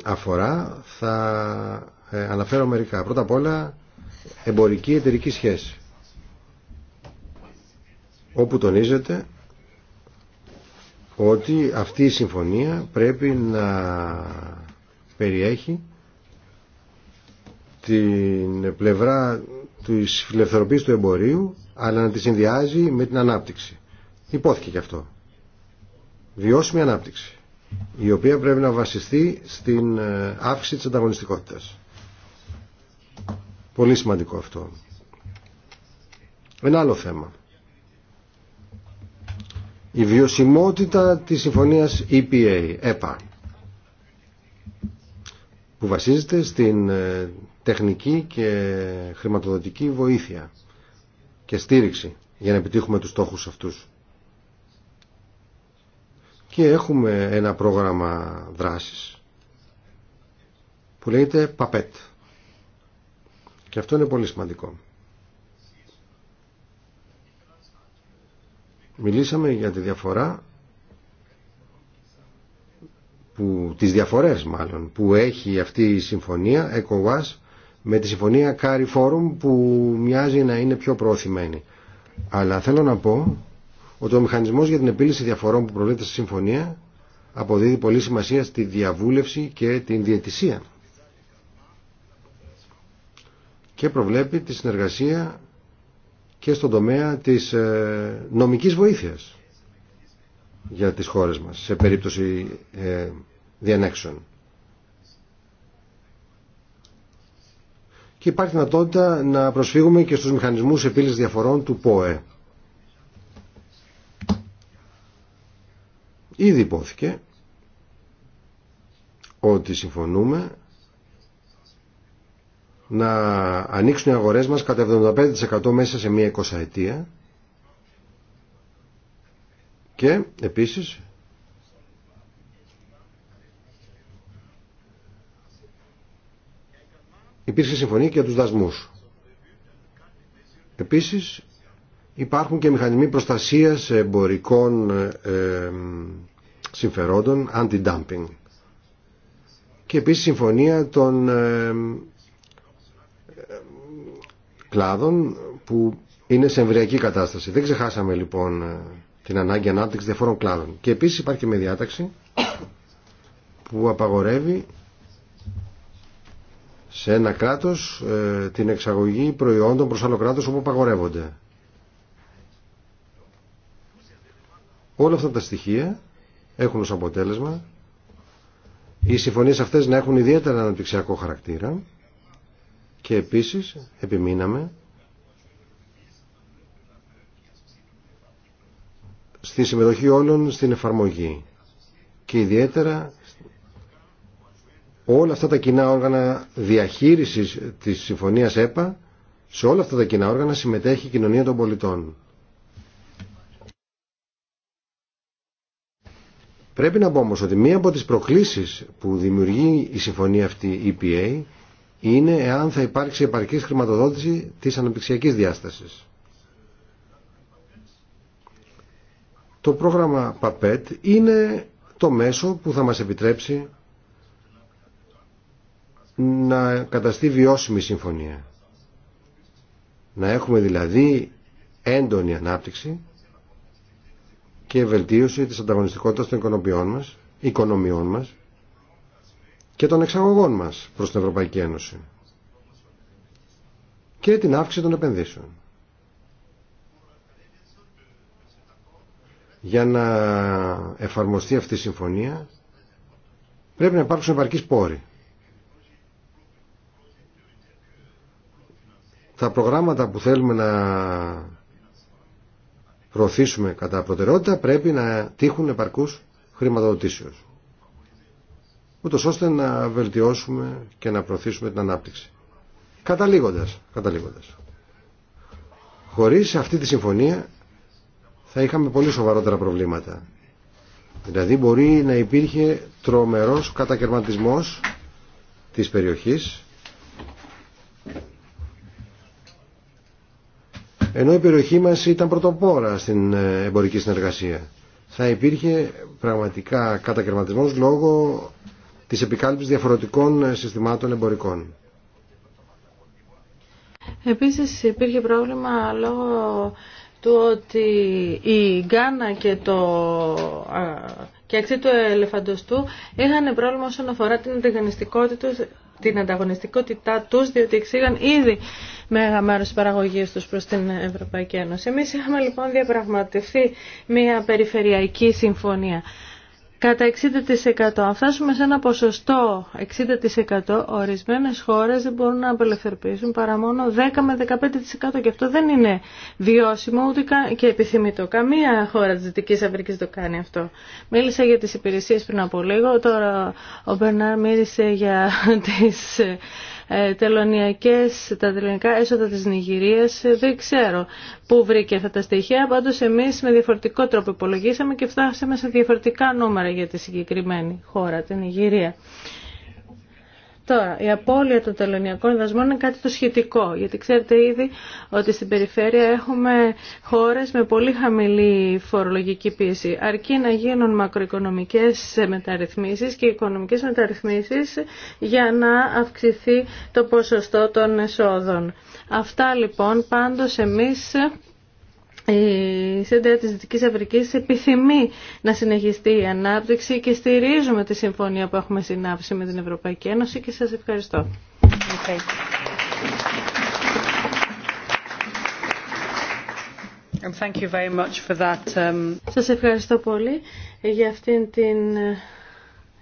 αφορά, θα ε, αναφέρω μερικά. Πρώτα απ' όλα εμπορική εταιρική σχέση όπου τονίζεται ότι αυτή η συμφωνία πρέπει να περιέχει την πλευρά της φιλευθερωπής του εμπορίου αλλά να τη συνδυάζει με την ανάπτυξη. Υπόθηκε και αυτό. Βιώσιμη ανάπτυξη η οποία πρέπει να βασιστεί στην ε, αύξηση της ανταγωνιστικότητας. Πολύ σημαντικό αυτό. Ένα άλλο θέμα η βιωσιμότητα της συμφωνίας EPA, EPA που βασίζεται στην ε, τεχνική και χρηματοδοτική βοήθεια και στήριξη για να επιτύχουμε τους στόχους αυτούς. Και έχουμε ένα πρόγραμμα δράσης που λέγεται PAPET. Και αυτό είναι πολύ σημαντικό. Μιλήσαμε για τη διαφορά που, τις διαφορές μάλλον που έχει αυτή η συμφωνία ECOWAS με τη συμφωνία κάρι Forum που μοιάζει να είναι πιο προωθημένη. Αλλά θέλω να πω ότι ο μηχανισμός για την επίλυση διαφορών που προβλέπεται στη συμφωνία αποδίδει πολύ σημασία στη διαβούλευση και την διαιτησία και προβλέπει τη συνεργασία και στον τομέα της ε, νομικής βοήθειας για τις χώρες μας σε περίπτωση ε, διανέξεων. Και υπάρχει δυνατότητα να προσφύγουμε και στους μηχανισμούς επίλυσης διαφορών του ΠΟΕ. Ήδη υπόθηκε ότι συμφωνούμε να ανοίξουν οι αγορές μας κατά 75% μέσα σε μία εικοσαετία και επίσης υπήρξε συμφωνία και για τους δασμούς. Επίσης υπάρχουν και μηχανισμοί προστασίας εμπορικών ε, συμφερόντων, anti-dumping. Και επίσης συμφωνία των ε, κλάδων που είναι σε εμβριακή κατάσταση. Δεν ξεχάσαμε λοιπόν ε, την ανάγκη ανάπτυξη διαφόρων κλάδων. Και επίσης υπάρχει και μια διάταξη που απαγορεύει σε ένα κράτος ε, την εξαγωγή προϊόντων προς άλλο κράτος όπου απαγορεύονται. Όλα αυτά τα στοιχεία έχουν ως αποτέλεσμα οι συμφωνίες αυτές να έχουν ιδιαίτερα αναπτυξιακό χαρακτήρα και επίσης επιμείναμε στη συμμετοχή όλων στην εφαρμογή και ιδιαίτερα όλα αυτά τα κοινά όργανα διαχείρισης της Συμφωνίας ΕΠΑ σε όλα αυτά τα κοινά όργανα συμμετέχει η κοινωνία των πολιτών. Πρέπει να πω όμως ότι μία από τις προκλήσεις που δημιουργεί η συμφωνία αυτή EPA είναι εάν θα υπάρξει επαρκή χρηματοδότηση της αναπτυξιακής διάστασης. Το πρόγραμμα ΠΑΠΕΤ είναι το μέσο που θα μας επιτρέψει να καταστεί βιώσιμη συμφωνία. Να έχουμε δηλαδή έντονη ανάπτυξη και βελτίωση της ανταγωνιστικότητας των οικονομιών μας, οικονομιών μας και των εξαγωγών μας προς την Ευρωπαϊκή Ένωση και την αύξηση των επενδύσεων. Για να εφαρμοστεί αυτή η συμφωνία πρέπει να υπάρξουν επαρκείς πόροι. Τα προγράμματα που θέλουμε να προωθήσουμε κατά προτεραιότητα πρέπει να τύχουν επαρκούς χρηματοδοτήσεως ούτως ώστε να βελτιώσουμε και να προωθήσουμε την ανάπτυξη. Καταλήγοντας, καταλήγοντας. Χωρίς αυτή τη συμφωνία θα είχαμε πολύ σοβαρότερα προβλήματα. Δηλαδή μπορεί να υπήρχε τρομερός κατακαιρματισμός της περιοχής ενώ η περιοχή μας ήταν πρωτοπόρα στην ε, εμπορική συνεργασία. Θα υπήρχε πραγματικά κατακαιρματισμός λόγω της επικάλυψης διαφορετικών ε, συστημάτων εμπορικών. Επίσης υπήρχε πρόβλημα λόγω του ότι η Γκάνα και το και αξί του ελεφαντοστού είχαν πρόβλημα όσον αφορά την ανταγωνιστικότητα, την ανταγωνιστικότητά τους διότι εξήγαν ήδη μέγα μέρος της παραγωγής τους προς την Ευρωπαϊκή Ένωση. Εμείς είχαμε λοιπόν διαπραγματευτεί μια περιφερειακή συμφωνία κατά 60%. Αν φτάσουμε σε ένα ποσοστό 60%, ορισμένες χώρες δεν μπορούν να απελευθερωποιήσουν παρά μόνο 10 με 15% και αυτό δεν είναι βιώσιμο ούτε και επιθυμητό. Καμία χώρα της Δυτικής Αφρικής το κάνει αυτό. Μίλησα για τις υπηρεσίες πριν από λίγο, τώρα ο Μπερνάρ μίλησε για τις ε, τελωνιακές, τα τελωνιακά έσοδα της Νιγηρίας, ε, δεν ξέρω πού βρήκε αυτά τα στοιχεία, πάντως εμείς με διαφορετικό τρόπο υπολογίσαμε και φτάσαμε σε διαφορετικά νούμερα για τη συγκεκριμένη χώρα, την Νιγηρία. Τώρα, η απώλεια των τελωνιακών δασμών είναι κάτι το σχετικό, γιατί ξέρετε ήδη ότι στην περιφέρεια έχουμε χώρες με πολύ χαμηλή φορολογική πίεση. Αρκεί να γίνουν μακροοικονομικές μεταρρυθμίσεις και οικονομικές μεταρρυθμίσεις για να αυξηθεί το ποσοστό των εσόδων. Αυτά λοιπόν πάντως εμείς η ΣΕΝΤΕΑ της Δυτικής Αφρικής επιθυμεί να συνεχιστεί η ανάπτυξη και στηρίζουμε τη συμφωνία που έχουμε συνάψει με την Ευρωπαϊκή Ένωση και σας ευχαριστώ. Okay. thank you very much for that. Um, σας ευχαριστώ πολύ για αυτήν την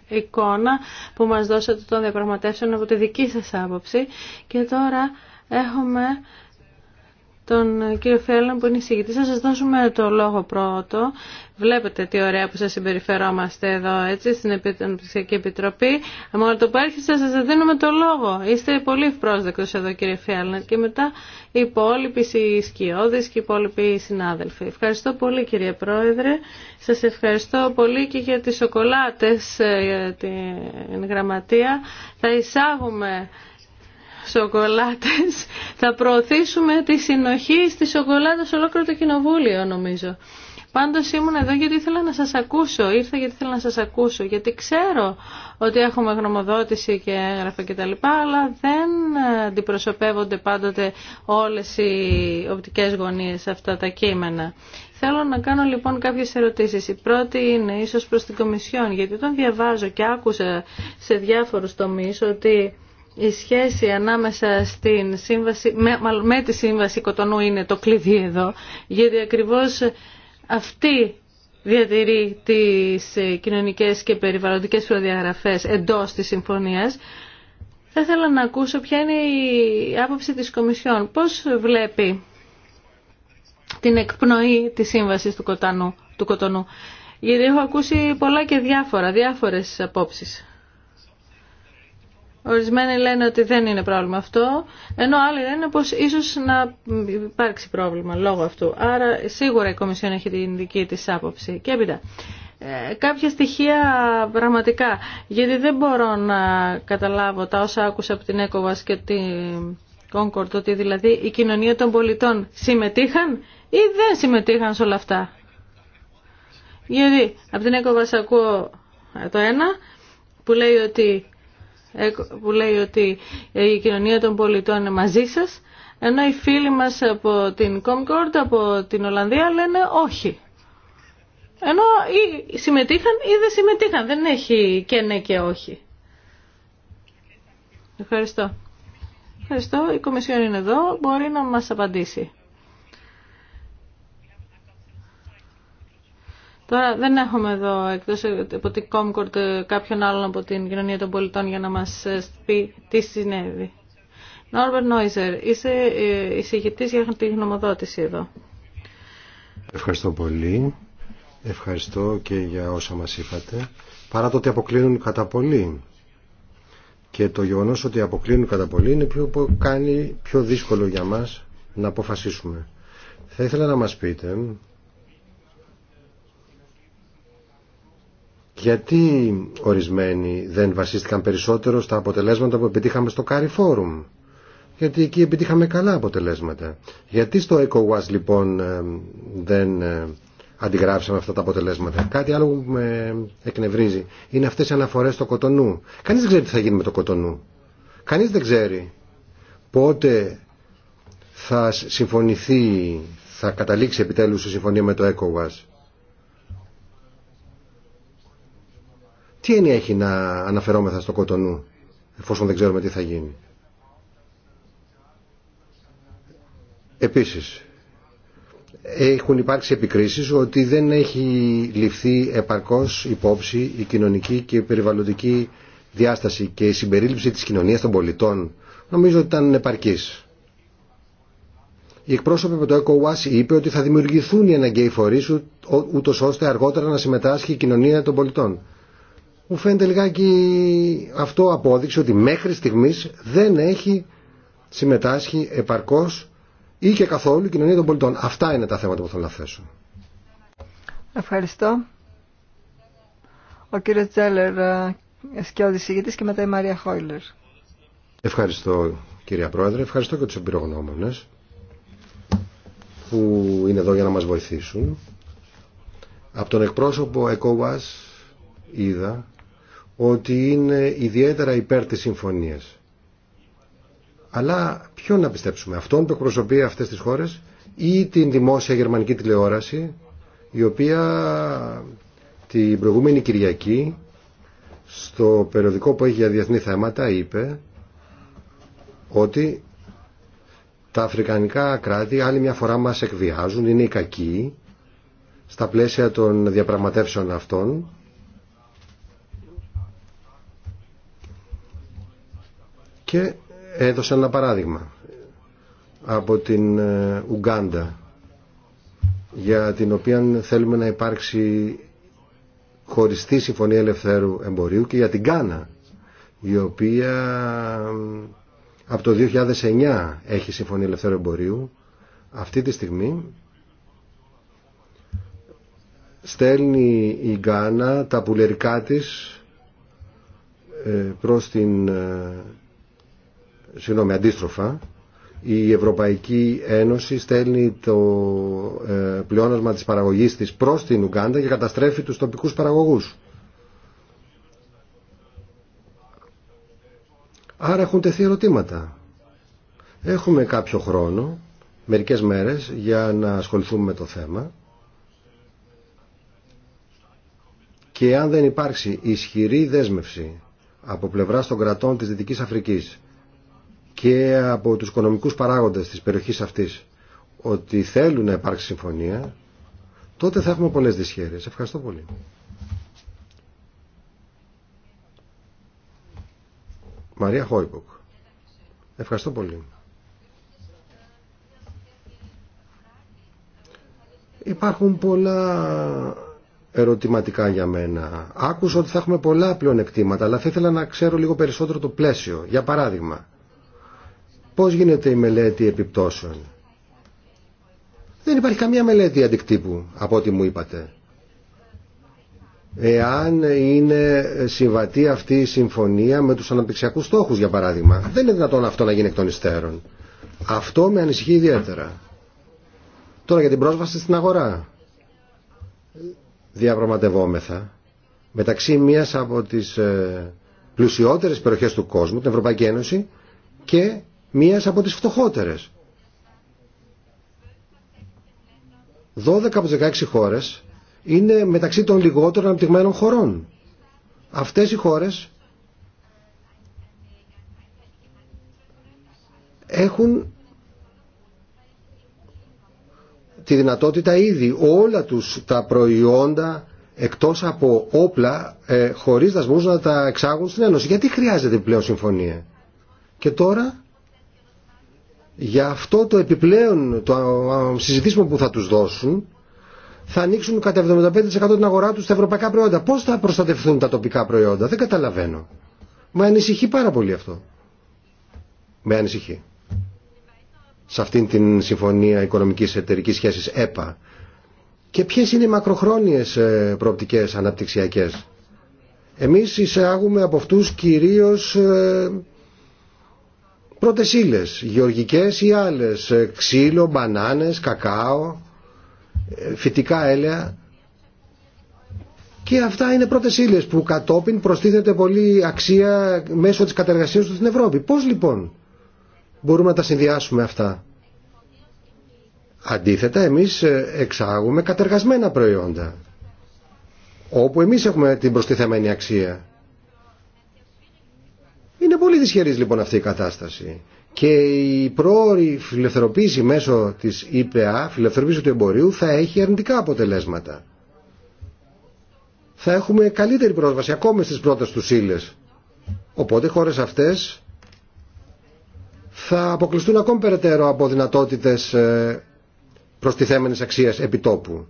εικόνα που μας δώσατε των διαπραγματεύσεων από τη δική σας άποψη και τώρα έχουμε τον κύριο Φέλλον που είναι εισηγητής. Θα σας δώσουμε το λόγο πρώτο. Βλέπετε τι ωραία που σας συμπεριφερόμαστε εδώ έτσι στην Επιτροπή. Επιτροπή. Μόνο το που έρχεστε σας δίνουμε το λόγο. Είστε πολύ ευπρόσδεκτος εδώ κύριε Φέλλον και μετά οι υπόλοιποι οι και οι υπόλοιποι συνάδελφοι. Ευχαριστώ πολύ κύριε Πρόεδρε. Σας ευχαριστώ πολύ και για τις σοκολάτες, ε, για την γραμματεία. Θα εισάγουμε σοκολάτες. Θα προωθήσουμε τη συνοχή στη σοκολάτα σε ολόκληρο το κοινοβούλιο νομίζω. Πάντως ήμουν εδώ γιατί ήθελα να σας ακούσω, ήρθα γιατί ήθελα να σας ακούσω, γιατί ξέρω ότι έχουμε γνωμοδότηση και έγραφα και αλλά δεν αντιπροσωπεύονται πάντοτε όλες οι οπτικές γωνίες αυτά τα κείμενα. Θέλω να κάνω λοιπόν κάποιες ερωτήσεις. Η πρώτη είναι ίσως προς την Κομισιόν, γιατί όταν διαβάζω και άκουσα σε διάφορους τομείς ότι η σχέση ανάμεσα στην σύμβαση, με, με τη σύμβαση Κοτονού είναι το κλειδί εδώ, γιατί ακριβώς αυτή διατηρεί τις ε, κοινωνικές και περιβαλλοντικές προδιαγραφές εντός της συμφωνίας. Θα ήθελα να ακούσω ποια είναι η άποψη της Κομισιόν. Πώς βλέπει την εκπνοή της σύμβασης του, κοτόνου του Κοτονού. Γιατί έχω ακούσει πολλά και διάφορα, διάφορες απόψεις. Ορισμένοι λένε ότι δεν είναι πρόβλημα αυτό, ενώ άλλοι λένε πως ίσως να υπάρξει πρόβλημα λόγω αυτού. Άρα σίγουρα η Κομισιόν έχει την δική της άποψη. Και έπειτα, ε, κάποια στοιχεία πραγματικά, γιατί δεν μπορώ να καταλάβω τα όσα άκουσα από την ΕΚΟΒΑΣ και την Κόνκορτ, ότι δηλαδή η κοινωνία των πολιτών συμμετείχαν ή δεν συμμετείχαν σε όλα αυτά. Γιατί από την ΕΚΟΒΑΣ ακούω το ένα που λέει ότι ε, που λέει ότι η κοινωνία των πολιτών είναι μαζί σας, ενώ οι φίλοι μας από την Comcord, από την Ολλανδία λένε όχι. Ενώ ή συμμετείχαν ή δεν συμμετείχαν. Δεν έχει και ναι και όχι. Ευχαριστώ. Ευχαριστώ. Η Κομισιόν είναι εδώ. Μπορεί να μας απαντήσει. Τώρα δεν έχουμε εδώ εκτό από την Κόμκορτ ε, κάποιον άλλον από την κοινωνία των πολιτών για να μα ε, πει τι συνέβη. Νόρμπερ Νόιζερ, είσαι ε, εισηγητή για τη γνωμοδότηση εδώ. Ευχαριστώ πολύ. Ευχαριστώ και για όσα μας είπατε. Παρά το ότι αποκλίνουν κατά πολύ. Και το γεγονός ότι αποκλίνουν κατά πολύ είναι που κάνει πιο δύσκολο για μας να αποφασίσουμε. Θα ήθελα να μας πείτε Γιατί ορισμένοι δεν βασίστηκαν περισσότερο στα αποτελέσματα που επιτύχαμε στο Κάρι Φόρουμ. Γιατί εκεί επιτύχαμε καλά αποτελέσματα. Γιατί στο ECOWAS λοιπόν ε, δεν ε, αντιγράψαμε αυτά τα αποτελέσματα. Κάτι άλλο που με εκνευρίζει είναι αυτές οι αναφορές στο κοτονού. Κανείς δεν ξέρει τι θα γίνει με το κοτονού. Κανείς δεν ξέρει πότε θα συμφωνηθεί, θα καταλήξει επιτέλους η συμφωνία με το ECOWAS. Τι έννοια έχει να αναφερόμεθα στο κοτονού, εφόσον δεν ξέρουμε τι θα γίνει. Επίσης, έχουν υπάρξει επικρίσεις ότι δεν έχει ληφθεί επαρκώς υπόψη η κοινωνική και η περιβαλλοντική διάσταση και η συμπερίληψη της κοινωνίας των πολιτών. Νομίζω ότι ήταν επαρκής. Η εκπρόσωπη με το ECOWAS είπε ότι θα δημιουργηθούν οι αναγκαίοι φορείς ούτως ώστε αργότερα να συμμετάσχει η κοινωνία των πολιτών μου φαίνεται λιγάκι αυτό απόδειξε ότι μέχρι στιγμής δεν έχει συμμετάσχει επαρκώς ή και καθόλου η κοινωνία των πολιτών. Αυτά είναι τα θέματα που θέλω να θέσω. Ευχαριστώ. Ο κύριος Τζέλερ, ε, σκιώδης ηγητής και μετά η Μαρία Χόιλερ. Ευχαριστώ κυρία Πρόεδρε, ευχαριστώ και τους εμπειρογνώμονες που είναι εδώ για να μας βοηθήσουν. Από τον εκπρόσωπο ΕΚΟΒΑΣ είδα ότι είναι ιδιαίτερα υπέρ της συμφωνίας. Αλλά ποιον να πιστέψουμε, αυτόν που εκπροσωπεί αυτές τις χώρες ή την δημόσια γερμανική τηλεόραση η οποία την προηγούμενη Κυριακή στο περιοδικό που έχει για διεθνή θέματα είπε ότι τα αφρικανικά κράτη άλλη μια φορά μας εκβιάζουν, είναι οι κακοί στα πλαίσια των διαπραγματεύσεων αυτών Και έδωσα ένα παράδειγμα από την ε, Ουγκάντα για την οποία θέλουμε να υπάρξει χωριστή συμφωνία ελευθέρου εμπορίου και για την Κάνα η οποία ε, από το 2009 έχει συμφωνία ελευθέρου εμπορίου αυτή τη στιγμή στέλνει η Γκάνα τα πουλερικά της ε, προς την συγγνώμη, αντίστροφα, η Ευρωπαϊκή Ένωση στέλνει το ε, πλεόνασμα της παραγωγής της προς την Ουγκάντα και καταστρέφει τους τοπικούς παραγωγούς. Άρα έχουν τεθεί ερωτήματα. Έχουμε κάποιο χρόνο, μερικές μέρες, για να ασχοληθούμε με το θέμα. Και αν δεν υπάρξει ισχυρή δέσμευση από πλευράς των κρατών της Δυτικής Αφρικής και από τους οικονομικούς παράγοντες της περιοχής αυτής ότι θέλουν να υπάρξει συμφωνία, τότε θα έχουμε πολλές δυσχέρειες. Ευχαριστώ πολύ. Μαρία Χόιμποκ. Ευχαριστώ πολύ. Υπάρχουν πολλά ερωτηματικά για μένα. Άκουσα ότι θα έχουμε πολλά πλεονεκτήματα, αλλά θα ήθελα να ξέρω λίγο περισσότερο το πλαίσιο. Για παράδειγμα, Πώς γίνεται η μελέτη επιπτώσεων. Δεν υπάρχει καμία μελέτη αντικτύπου από ό,τι μου είπατε. Εάν είναι συμβατή αυτή η συμφωνία με τους αναπτυξιακούς στόχους για παράδειγμα. Δεν είναι δυνατόν αυτό να γίνει εκ των υστέρων. Αυτό με ανησυχεί ιδιαίτερα. Τώρα για την πρόσβαση στην αγορά. Διαπραγματευόμεθα μεταξύ μίας από τις ε, πλουσιότερες περιοχές του κόσμου, την Ευρωπαϊκή Ένωση και μίας από τις φτωχότερες. 12 από 16 χώρες είναι μεταξύ των λιγότερων αναπτυγμένων χωρών. Αυτές οι χώρες έχουν τη δυνατότητα ήδη όλα τους τα προϊόντα εκτός από όπλα ε, χωρίς δασμούς να τα εξάγουν στην Ένωση. Γιατί χρειάζεται πλέον συμφωνία. Και τώρα για αυτό το επιπλέον το συζητήσιμο που θα τους δώσουν θα ανοίξουν κατά 75% την αγορά τους στα ευρωπαϊκά προϊόντα. Πώς θα προστατευθούν τα τοπικά προϊόντα. Δεν καταλαβαίνω. Με ανησυχεί πάρα πολύ αυτό. Με ανησυχεί. Σε αυτήν την Συμφωνία Οικονομικής Εταιρικής Σχέσης ΕΠΑ. Και ποιες είναι οι μακροχρόνιες ε, προοπτικές αναπτυξιακές. Εμείς εισάγουμε από αυτούς κυρίως ε, πρώτες ύλες, γεωργικές ή άλλες, ε, ξύλο, μπανάνες, κακάο, ε, φυτικά έλαια. Και αυτά είναι πρώτες ύλες που κατόπιν προστίθεται πολύ αξία μέσω της κατεργασίας του στην Ευρώπη. Πώς λοιπόν μπορούμε να τα συνδυάσουμε αυτά. Αντίθετα εμείς ε, εξάγουμε κατεργασμένα προϊόντα όπου εμείς έχουμε την προστιθεμένη αξία είναι πολύ δυσχερής λοιπόν αυτή η κατάσταση. Και η πρόορη φιλελευθερωποίηση μέσω της ΙΠΑ, φιλελευθερωποίηση του εμπορίου, θα έχει αρνητικά αποτελέσματα. Θα έχουμε καλύτερη πρόσβαση ακόμη στις πρώτες του ύλε. Οπότε χώρες αυτές θα αποκλειστούν ακόμη περαιτέρω από δυνατότητες ε, προστιθέμενης αξίας επιτόπου.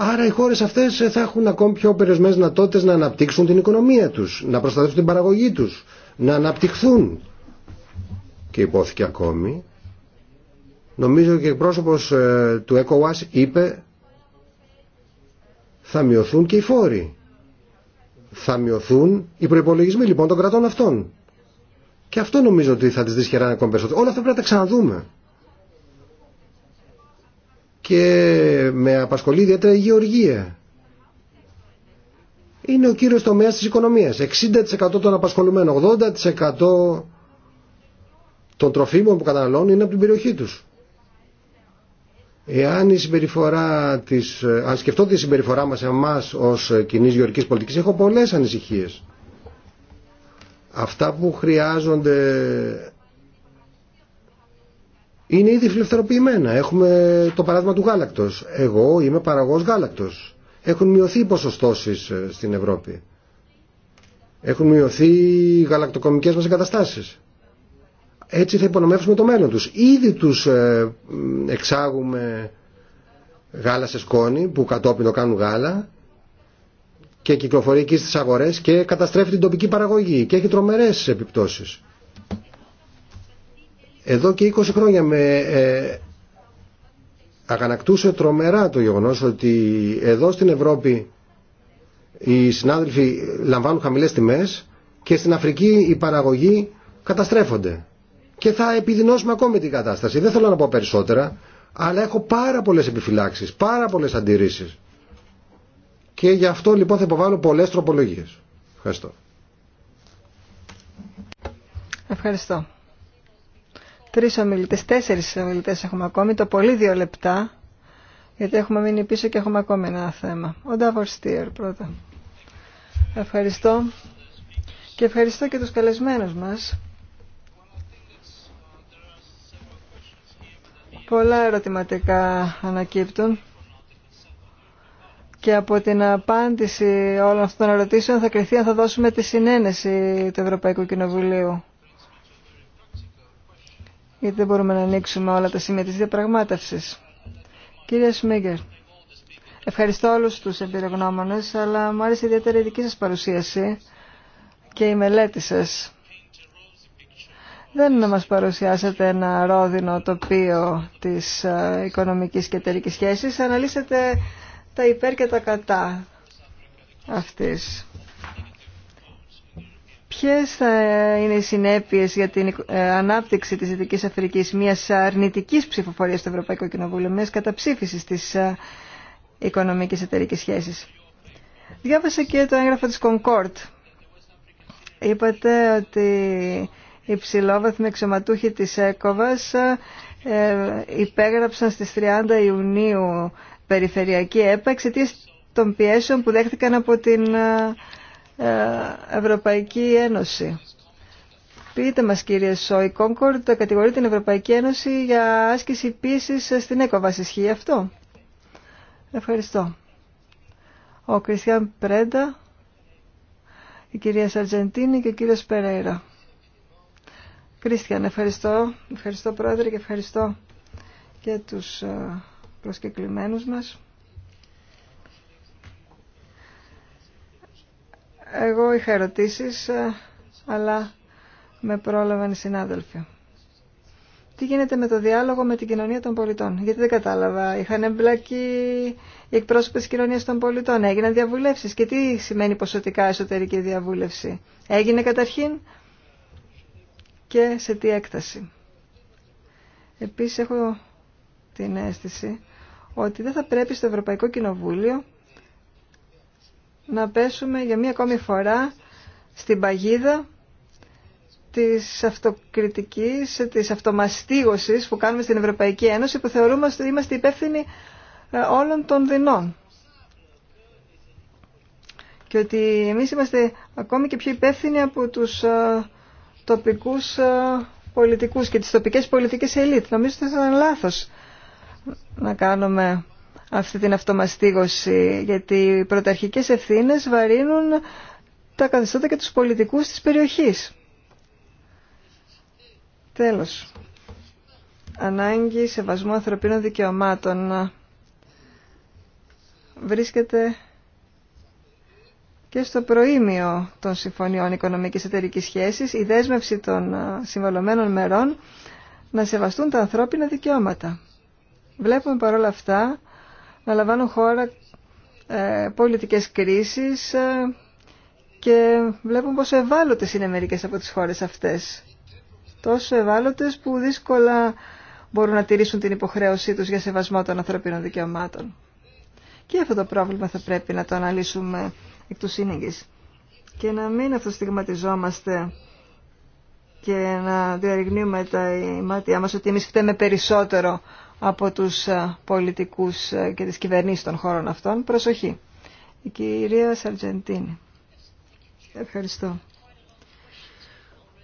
Άρα οι χώρες αυτές ε, θα έχουν ακόμη πιο περιορισμένε δυνατότητες να αναπτύξουν την οικονομία τους, να προστατεύσουν την παραγωγή τους, να αναπτυχθούν. Και υπόθηκε ακόμη, νομίζω και πρόσωπος ε, του ECOWAS είπε θα μειωθούν και οι φόροι. Θα μειωθούν οι προπολογισμοί λοιπόν των κρατών αυτών. Και αυτό νομίζω ότι θα τις δυσχεράνε ακόμη περισσότερο. Όλα αυτά πρέπει να τα ξαναδούμε και με απασχολεί ιδιαίτερα η γεωργία. Είναι ο κύριος τομέας της οικονομίας. 60% των απασχολουμένων, 80% των τροφίμων που καταναλώνουν είναι από την περιοχή τους. Εάν η συμπεριφορά της, αν σκεφτώ τη συμπεριφορά μας εμάς ως κοινή γεωργικής πολιτικής, έχω πολλές ανησυχίες. Αυτά που χρειάζονται είναι ήδη φιλελευθερωποιημένα. Έχουμε το παράδειγμα του γάλακτος. Εγώ είμαι παραγωγός γάλακτος. Έχουν μειωθεί οι ποσοστώσει ε, στην Ευρώπη. Έχουν μειωθεί οι γαλακτοκομικές μας εγκαταστάσεις. Έτσι θα υπονομεύσουμε το μέλλον τους. Ήδη τους ε, εξάγουμε γάλα σε σκόνη που κατόπιν το κάνουν γάλα και κυκλοφορεί εκεί στις αγορές και καταστρέφει την τοπική παραγωγή και έχει τρομερέ επιπτώσει. Εδώ και 20 χρόνια με ε, αγανακτούσε τρομερά το γεγονός ότι εδώ στην Ευρώπη οι συνάδελφοι λαμβάνουν χαμηλές τιμές και στην Αφρική οι παραγωγοί καταστρέφονται. Και θα επιδεινώσουμε ακόμη την κατάσταση. Δεν θέλω να πω περισσότερα, αλλά έχω πάρα πολλές επιφυλάξεις, πάρα πολλές αντιρρήσεις. Και γι' αυτό λοιπόν θα υποβάλω πολλές τροπολογίες. Ευχαριστώ. Ευχαριστώ. Τρεις ομιλητές, τέσσερις ομιλητές έχουμε ακόμη, το πολύ δύο λεπτά, γιατί έχουμε μείνει πίσω και έχουμε ακόμη ένα θέμα. Ο Ντάβορ Στίερ πρώτα. Ευχαριστώ και ευχαριστώ και τους καλεσμένους μας. Πολλά ερωτηματικά ανακύπτουν και από την απάντηση όλων αυτών των ερωτήσεων θα κρυθεί αν θα δώσουμε τη συνένεση του Ευρωπαϊκού Κοινοβουλίου γιατί δεν μπορούμε να ανοίξουμε όλα τα σημεία της διαπραγμάτευσης. Κύριε Σμίγκερ, ευχαριστώ όλους τους εμπειρογνώμονες, αλλά μου άρεσε ιδιαίτερα η δική σας παρουσίαση και η μελέτη σας. Δεν μας παρουσιάσατε ένα ρόδινο τοπίο της ε, οικονομικής και εταιρικής σχέσης, αναλύσατε τα υπέρ και τα κατά αυτής. Ποιες θα είναι οι συνέπειες για την ε, ανάπτυξη της Δυτικής Αφρικής μιας αρνητικής ψηφοφορίας στο Ευρωπαϊκό Κοινοβούλιο, μιας καταψήφισης της ε, οικονομικής εταιρικής σχέσης. Διάβασα και το έγγραφο της Concord. Είπατε ότι οι ψηλόβαθμοι εξωματούχοι της ΕΚΟΒΑΣ ε, υπέγραψαν στις 30 Ιουνίου περιφερειακή ΕΠΑ των πιέσεων που δέχτηκαν από την Ευρωπαϊκή Ένωση. Πείτε μας κύριε Σόι, Κόνκορντ κατηγορεί την Ευρωπαϊκή Ένωση για άσκηση πίεσης στην έκοβα αυτό. Ευχαριστώ. Ο Κριστιαν Πρέντα, η κυρία Σαρτζεντίνη και ο κύριος Περέιρα. Κρίστιαν, ευχαριστώ. Ευχαριστώ πρόεδρε και ευχαριστώ και τους ε, προσκεκλημένους μας. Εγώ είχα ερωτήσει, ε, αλλά με πρόλαβαν οι συνάδελφοι. Τι γίνεται με το διάλογο με την κοινωνία των πολιτών. Γιατί δεν κατάλαβα. Είχαν εμπλακεί οι εκπρόσωποι τη κοινωνία των πολιτών. Έγιναν διαβουλεύσει. Και τι σημαίνει ποσοτικά εσωτερική διαβούλευση. Έγινε καταρχήν και σε τι έκταση. Επίσης έχω την αίσθηση ότι δεν θα πρέπει στο Ευρωπαϊκό Κοινοβούλιο να πέσουμε για μία ακόμη φορά στην παγίδα της αυτοκριτικής, της αυτομαστίγωσης που κάνουμε στην Ευρωπαϊκή Ένωση που θεωρούμε ότι είμαστε υπεύθυνοι ε, όλων των δεινών. Και ότι εμείς είμαστε ακόμη και πιο υπεύθυνοι από τους ε, τοπικούς ε, πολιτικούς και τις τοπικές πολιτικές ελίτ. Νομίζω ότι θα ήταν λάθος να κάνουμε αυτή την αυτομαστίγωση, γιατί οι πρωταρχικές ευθύνες βαρύνουν τα καθεστώτα και τους πολιτικούς της περιοχής. Τέλος. Ανάγκη σεβασμού ανθρωπίνων δικαιωμάτων βρίσκεται και στο προήμιο των συμφωνιών οικονομικής εταιρικής σχέσης η δέσμευση των συμβαλωμένων μερών να σεβαστούν τα ανθρώπινα δικαιώματα. Βλέπουμε παρόλα αυτά να λαμβάνουν χώρα ε, πολιτικές κρίσεις ε, και βλέπουν πόσο ευάλωτες είναι μερικές από τις χώρες αυτές. Τόσο ευάλωτες που δύσκολα μπορούν να τηρήσουν την υποχρέωσή τους για σεβασμό των ανθρωπίνων δικαιωμάτων. Και αυτό το πρόβλημα θα πρέπει να το αναλύσουμε εκ του σύνεγγης. Και να μην αυτοστιγματιζόμαστε και να διαρριγνύουμε τα μάτια μας ότι εμείς φταίμε περισσότερο από τους ε, πολιτικούς ε, και τις κυβερνήσεις των χώρων αυτών. Προσοχή. Η κυρία Σαρτζεντίνη. Ευχαριστώ.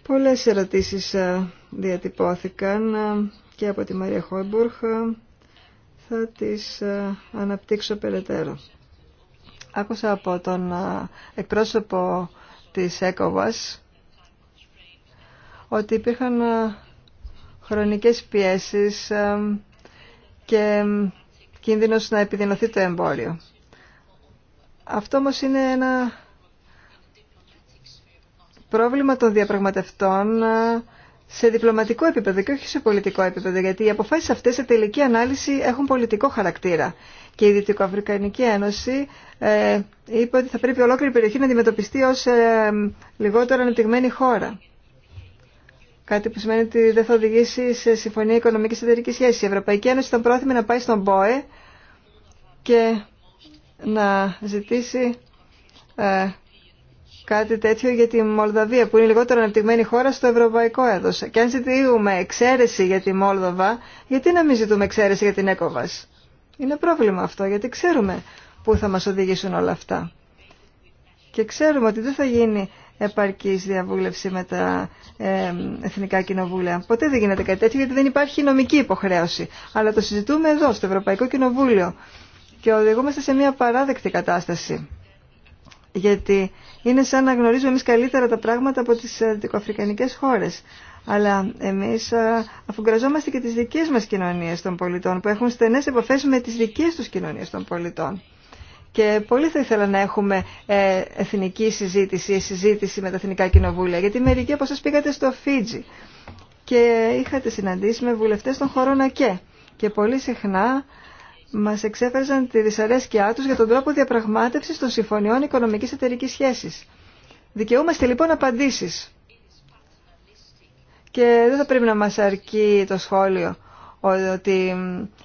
Πολλές ερωτήσεις ε, διατυπώθηκαν και από τη Μαρία Χόιμπουργ. Θα τις αναπτύξω περαιτέρω. Άκουσα από τον εκπρόσωπο της ΕΚΟΒΑΣ ότι υπήρχαν χρονικές πιέσεις και κίνδυνος να επιδεινωθεί το εμπόριο. Αυτό όμως είναι ένα πρόβλημα των διαπραγματευτών ε, σε διπλωματικό επίπεδο και όχι σε πολιτικό επίπεδο, γιατί οι αποφάσεις αυτές σε τελική ανάλυση έχουν πολιτικό χαρακτήρα. Και η Δυτικοαφρικανική Ένωση ε, είπε ότι θα πρέπει ολόκληρη περιοχή να αντιμετωπιστεί ως ε, λιγότερο ανεπτυγμένη χώρα. Κάτι που σημαίνει ότι δεν θα οδηγήσει σε συμφωνία οικονομική εταιρική σχέση. Η Ευρωπαϊκή Ένωση ήταν πρόθυμη να πάει στον ΠΟΕ και να ζητήσει ε, κάτι τέτοιο για τη Μολδαβία που είναι λιγότερο αναπτυγμένη χώρα στο ευρωπαϊκό έδος. Και αν ζητούμε εξαίρεση για τη Μόλδοβα, γιατί να μην ζητούμε εξαίρεση για την ΕΚΟΒΑΣ. Είναι πρόβλημα αυτό γιατί ξέρουμε πού θα μα οδηγήσουν όλα αυτά. Και ξέρουμε ότι δεν θα γίνει επαρκής διαβούλευση με τα ε, Εθνικά Κοινοβούλια. Ποτέ δεν γίνεται κάτι τέτοιο γιατί δεν υπάρχει νομική υποχρέωση. Αλλά το συζητούμε εδώ, στο Ευρωπαϊκό Κοινοβούλιο και οδηγούμαστε σε μια παράδεκτη κατάσταση. Γιατί είναι σαν να γνωρίζουμε εμείς καλύτερα τα πράγματα από τις ε, δικοαφρικανικές χώρες. Αλλά εμείς ε, αφουγκραζόμαστε και τις δικές μας κοινωνίες των πολιτών που έχουν στενές επαφές με τις δικές τους κοινωνίες των πολιτών. Και πολύ θα ήθελα να έχουμε ε, εθνική συζήτηση ή ε, συζήτηση με τα εθνικά κοινοβούλια, γιατί μερικοί από σας πήγατε στο Φίτζι και είχατε συναντήσει με βουλευτές των χωρών ΑΚΕ. Και πολύ συχνά μας εξέφραζαν τη δυσαρέσκειά τους για τον τρόπο διαπραγμάτευσης των συμφωνιών οικονομικής εταιρική σχέσης. Δικαιούμαστε λοιπόν απαντήσεις. Και δεν θα πρέπει να μας αρκεί το σχόλιο ότι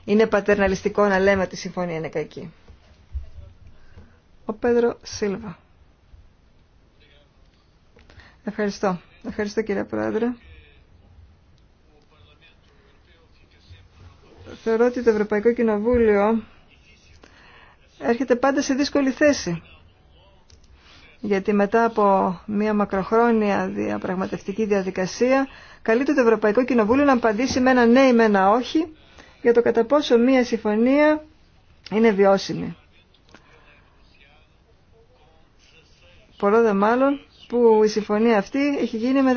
είναι πατερναλιστικό να λέμε ότι η συμφωνία είναι κακή ο Πέδρο Σίλβα. Ευχαριστώ. Ευχαριστώ κύριε Πρόεδρε. Θεωρώ ότι το Ευρωπαϊκό Κοινοβούλιο έρχεται πάντα σε δύσκολη θέση. Γιατί μετά από μια μακροχρόνια διαπραγματευτική διαδικασία καλείται το Ευρωπαϊκό Κοινοβούλιο να απαντήσει με ένα ναι ή με ένα όχι για το κατά πόσο μια συμφωνία είναι βιώσιμη. Πολλό δε μάλλον που η συμφωνία αυτή έχει γίνει με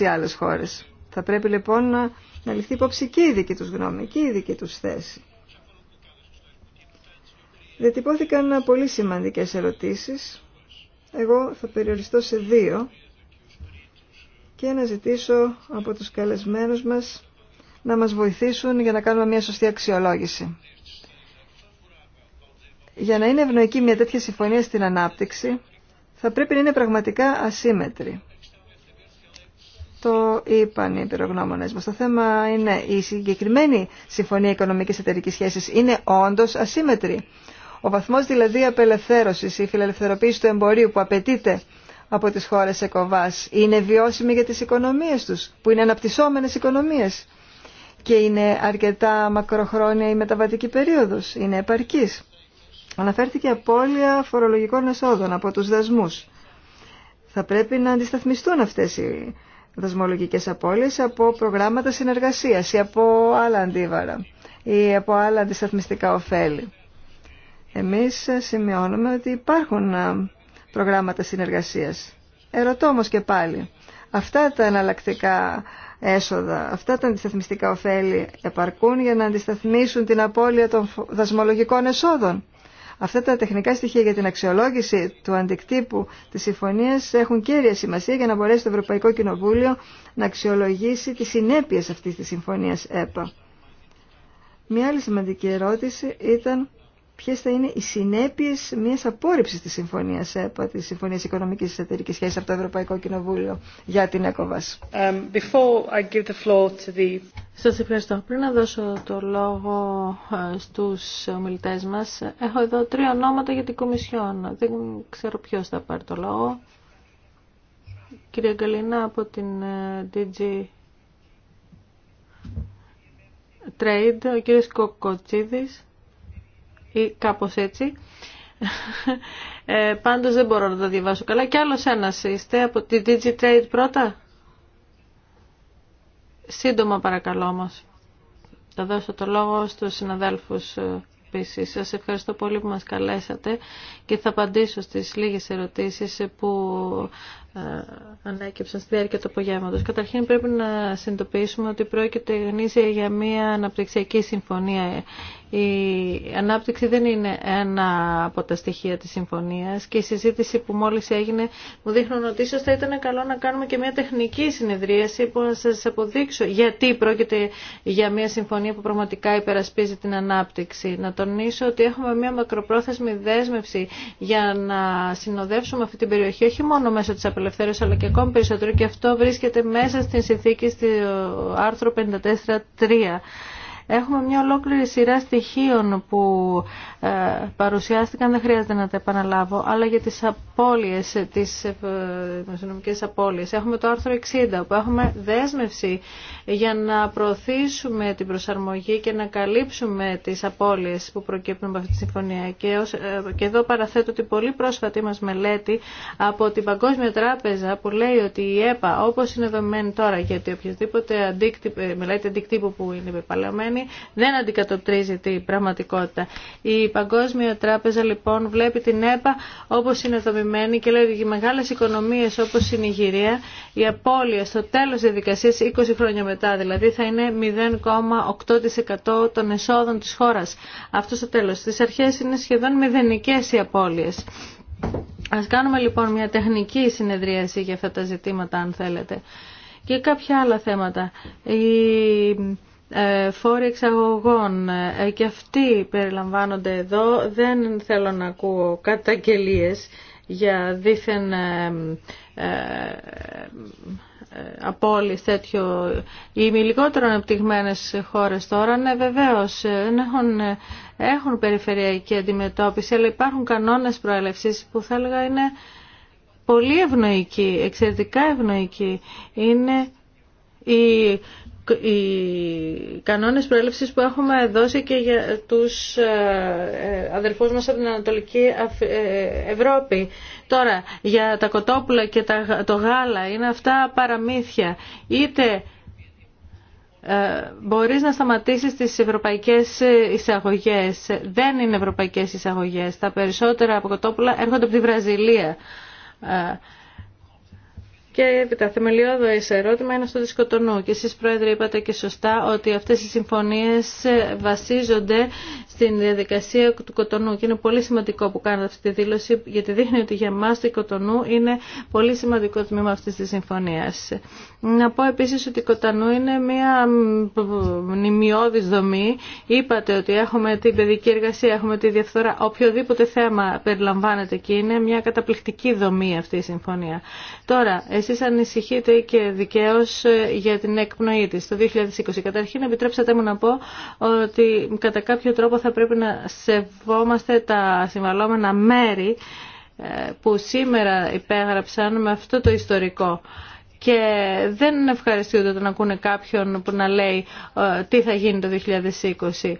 16 άλλες χώρες. Θα πρέπει λοιπόν να, να ληφθεί υπόψη και η δική τους γνώμη και η δική τους θέση. Διατυπώθηκαν πολύ σημαντικές ερωτήσεις. Εγώ θα περιοριστώ σε δύο και να ζητήσω από τους καλεσμένους μας να μας βοηθήσουν για να κάνουμε μια σωστή αξιολόγηση. Για να είναι ευνοϊκή μια τέτοια συμφωνία στην ανάπτυξη, θα πρέπει να είναι πραγματικά ασύμετρη. Το είπαν οι πυρογνώμονες μας. Το θέμα είναι η συγκεκριμένη Συμφωνία Οικονομικής Εταιρικής Σχέσης είναι όντως ασύμετρη. Ο βαθμός δηλαδή απελευθέρωσης ή φιλελευθεροποίηση του εμπορίου που απαιτείται από τις χώρες ΕΚΟΒΑΣ είναι βιώσιμη για τις οικονομίες τους, που είναι αναπτυσσόμενες οικονομίες και είναι αρκετά μακροχρόνια η μεταβατική περίοδος, είναι επαρκής. Αναφέρθηκε απώλεια φορολογικών εσόδων από τους δασμούς. Θα πρέπει να αντισταθμιστούν αυτές οι δασμολογικές απώλειες από προγράμματα συνεργασίας ή από άλλα αντίβαρα ή από άλλα αντισταθμιστικά ωφέλη. Εμείς σημειώνουμε ότι υπάρχουν προγράμματα συνεργασίας. Ερωτώ όμως και πάλι, αυτά τα εναλλακτικά έσοδα, αυτά τα αντισταθμιστικά ωφέλη επαρκούν για να αντισταθμίσουν την απώλεια των δασμολογικών εσόδων. Αυτά τα τεχνικά στοιχεία για την αξιολόγηση του αντικτύπου της συμφωνίας έχουν κέρια σημασία για να μπορέσει το Ευρωπαϊκό Κοινοβούλιο να αξιολογήσει τις συνέπειες αυτής της συμφωνίας ΕΠΑ. Μια άλλη σημαντική ερώτηση ήταν Ποιε θα είναι οι συνέπειες μιας απόρριψης της Συμφωνίας ΕΠΑ, Συμφωνία Οικονομική Οικονομικής Εταιρικής Σχέσης από το Ευρωπαϊκό Κοινοβούλιο για την έκοβα. Um, Σα ευχαριστώ. Πριν να δώσω το λόγο ε, στους ομιλητέ μας, έχω εδώ τρία ονόματα για την Κομισιόν. Δεν ξέρω ποιος θα πάρει το λόγο. Κυρία Γκαλίνα από την ε, DG Trade, ο κύριος Κοκοτσίδης ή κάπως έτσι. Ε, πάντως δεν μπορώ να τα διαβάσω καλά. Κι άλλος ένας είστε από τη Digitrade πρώτα. Σύντομα παρακαλώ όμως. Θα δώσω το λόγο στους συναδέλφους ε, επίση. Σας ευχαριστώ πολύ που μας καλέσατε και θα απαντήσω στις λίγες ερωτήσεις που ε, ανέκυψαν στη διάρκεια του απογεύματος. Καταρχήν πρέπει να συνειδητοποιήσουμε ότι πρόκειται γνήσια για μια αναπτυξιακή συμφωνία. Η ανάπτυξη δεν είναι ένα από τα στοιχεία της συμφωνίας και η συζήτηση που μόλις έγινε μου δείχνουν ότι ίσως θα ήταν καλό να κάνουμε και μια τεχνική συνεδρίαση που να σας αποδείξω γιατί πρόκειται για μια συμφωνία που πραγματικά υπερασπίζει την ανάπτυξη. Να τονίσω ότι έχουμε μια μακροπρόθεσμη δέσμευση για να συνοδεύσουμε αυτή την περιοχή όχι μόνο μέσω της απελευθέρωση αλλά και ακόμη περισσότερο και αυτό βρίσκεται μέσα στην συνθήκη στο άρθρο 54.3 Έχουμε μια ολόκληρη σειρά στοιχείων που ε, παρουσιάστηκαν, δεν χρειάζεται να τα επαναλάβω, αλλά για τις απώλειες, τις ε, δημοσιονομικές απώλειες. Έχουμε το άρθρο 60 που έχουμε δέσμευση για να προωθήσουμε την προσαρμογή και να καλύψουμε τις απώλειες που προκύπτουν από αυτή τη συμφωνία. Και, ε, εδώ παραθέτω την πολύ πρόσφατη μας μελέτη από την Παγκόσμια Τράπεζα που λέει ότι η ΕΠΑ όπως είναι δομημένη τώρα γιατί οποιοδήποτε μελέτη αντικτύπου που είναι επεπαλαιωμένη κάνει δεν αντικατοπτρίζει την πραγματικότητα. Η Παγκόσμια Τράπεζα λοιπόν βλέπει την ΕΠΑ όπω είναι δομημένη και λέει ότι οι μεγάλε οικονομίε όπω η Νιγηρία η απώλεια στο τέλο της δικασία, 20 χρόνια μετά δηλαδή θα είναι 0,8% των εσόδων τη χώρα. Αυτό στο τέλο. Στι αρχέ είναι σχεδόν μηδενικέ οι απώλειε. Α κάνουμε λοιπόν μια τεχνική συνεδρίαση για αυτά τα ζητήματα αν θέλετε. Και κάποια άλλα θέματα. Η ε, φόροι εξαγωγών ε, και αυτοί περιλαμβάνονται εδώ. Δεν θέλω να ακούω καταγγελίες για δήθεν ε, απόλυση τέτοιο οι μη λιγότερο ανεπτυγμένες χώρες τώρα ναι βεβαίως έχουν, έχουν περιφερειακή αντιμετώπιση αλλά υπάρχουν κανόνες προέλευσης που θα έλεγα είναι πολύ ευνοϊκοί, εξαιρετικά ευνοϊκοί είναι η οι κανόνες προέλευσης που έχουμε δώσει και για τους ε, ε, αδερφούς μας από την Ανατολική ε, Ευρώπη. Τώρα, για τα κοτόπουλα και το γάλα είναι αυτά παραμύθια. Είτε μπορείς να σταματήσεις τις ευρωπαϊκές εισαγωγές. Δεν είναι ευρωπαϊκές εισαγωγές. Τα περισσότερα από κοτόπουλα έρχονται από τη Βραζιλία. Και έπειτα, θεμελιώδη ερώτημα είναι στο δισκοτονού. Και εσείς, Πρόεδρε, είπατε και σωστά ότι αυτές οι συμφωνίες βασίζονται στην διαδικασία του Κοτονού και είναι πολύ σημαντικό που κάνετε αυτή τη δήλωση γιατί δείχνει ότι για μας το Κοτονού είναι πολύ σημαντικό τμήμα αυτής της συμφωνίας. Να πω επίσης ότι η Κοτονού είναι μια μνημειώδης δομή. Είπατε ότι έχουμε την παιδική εργασία, έχουμε τη διαφθορά, οποιοδήποτε θέμα περιλαμβάνεται και είναι μια καταπληκτική δομή αυτή η συμφωνία. Τώρα, εσείς ανησυχείτε και δικαίως ε, για την εκπνοή της το 2020. Καταρχήν επιτρέψατε μου να πω ότι κατά κάποιο τρόπο θα πρέπει να σεβόμαστε τα συμβαλόμενα μέρη ε, που σήμερα υπέγραψαν με αυτό το ιστορικό και δεν ευχαριστούνται όταν ακούνε κάποιον που να λέει ε, τι θα γίνει το 2020.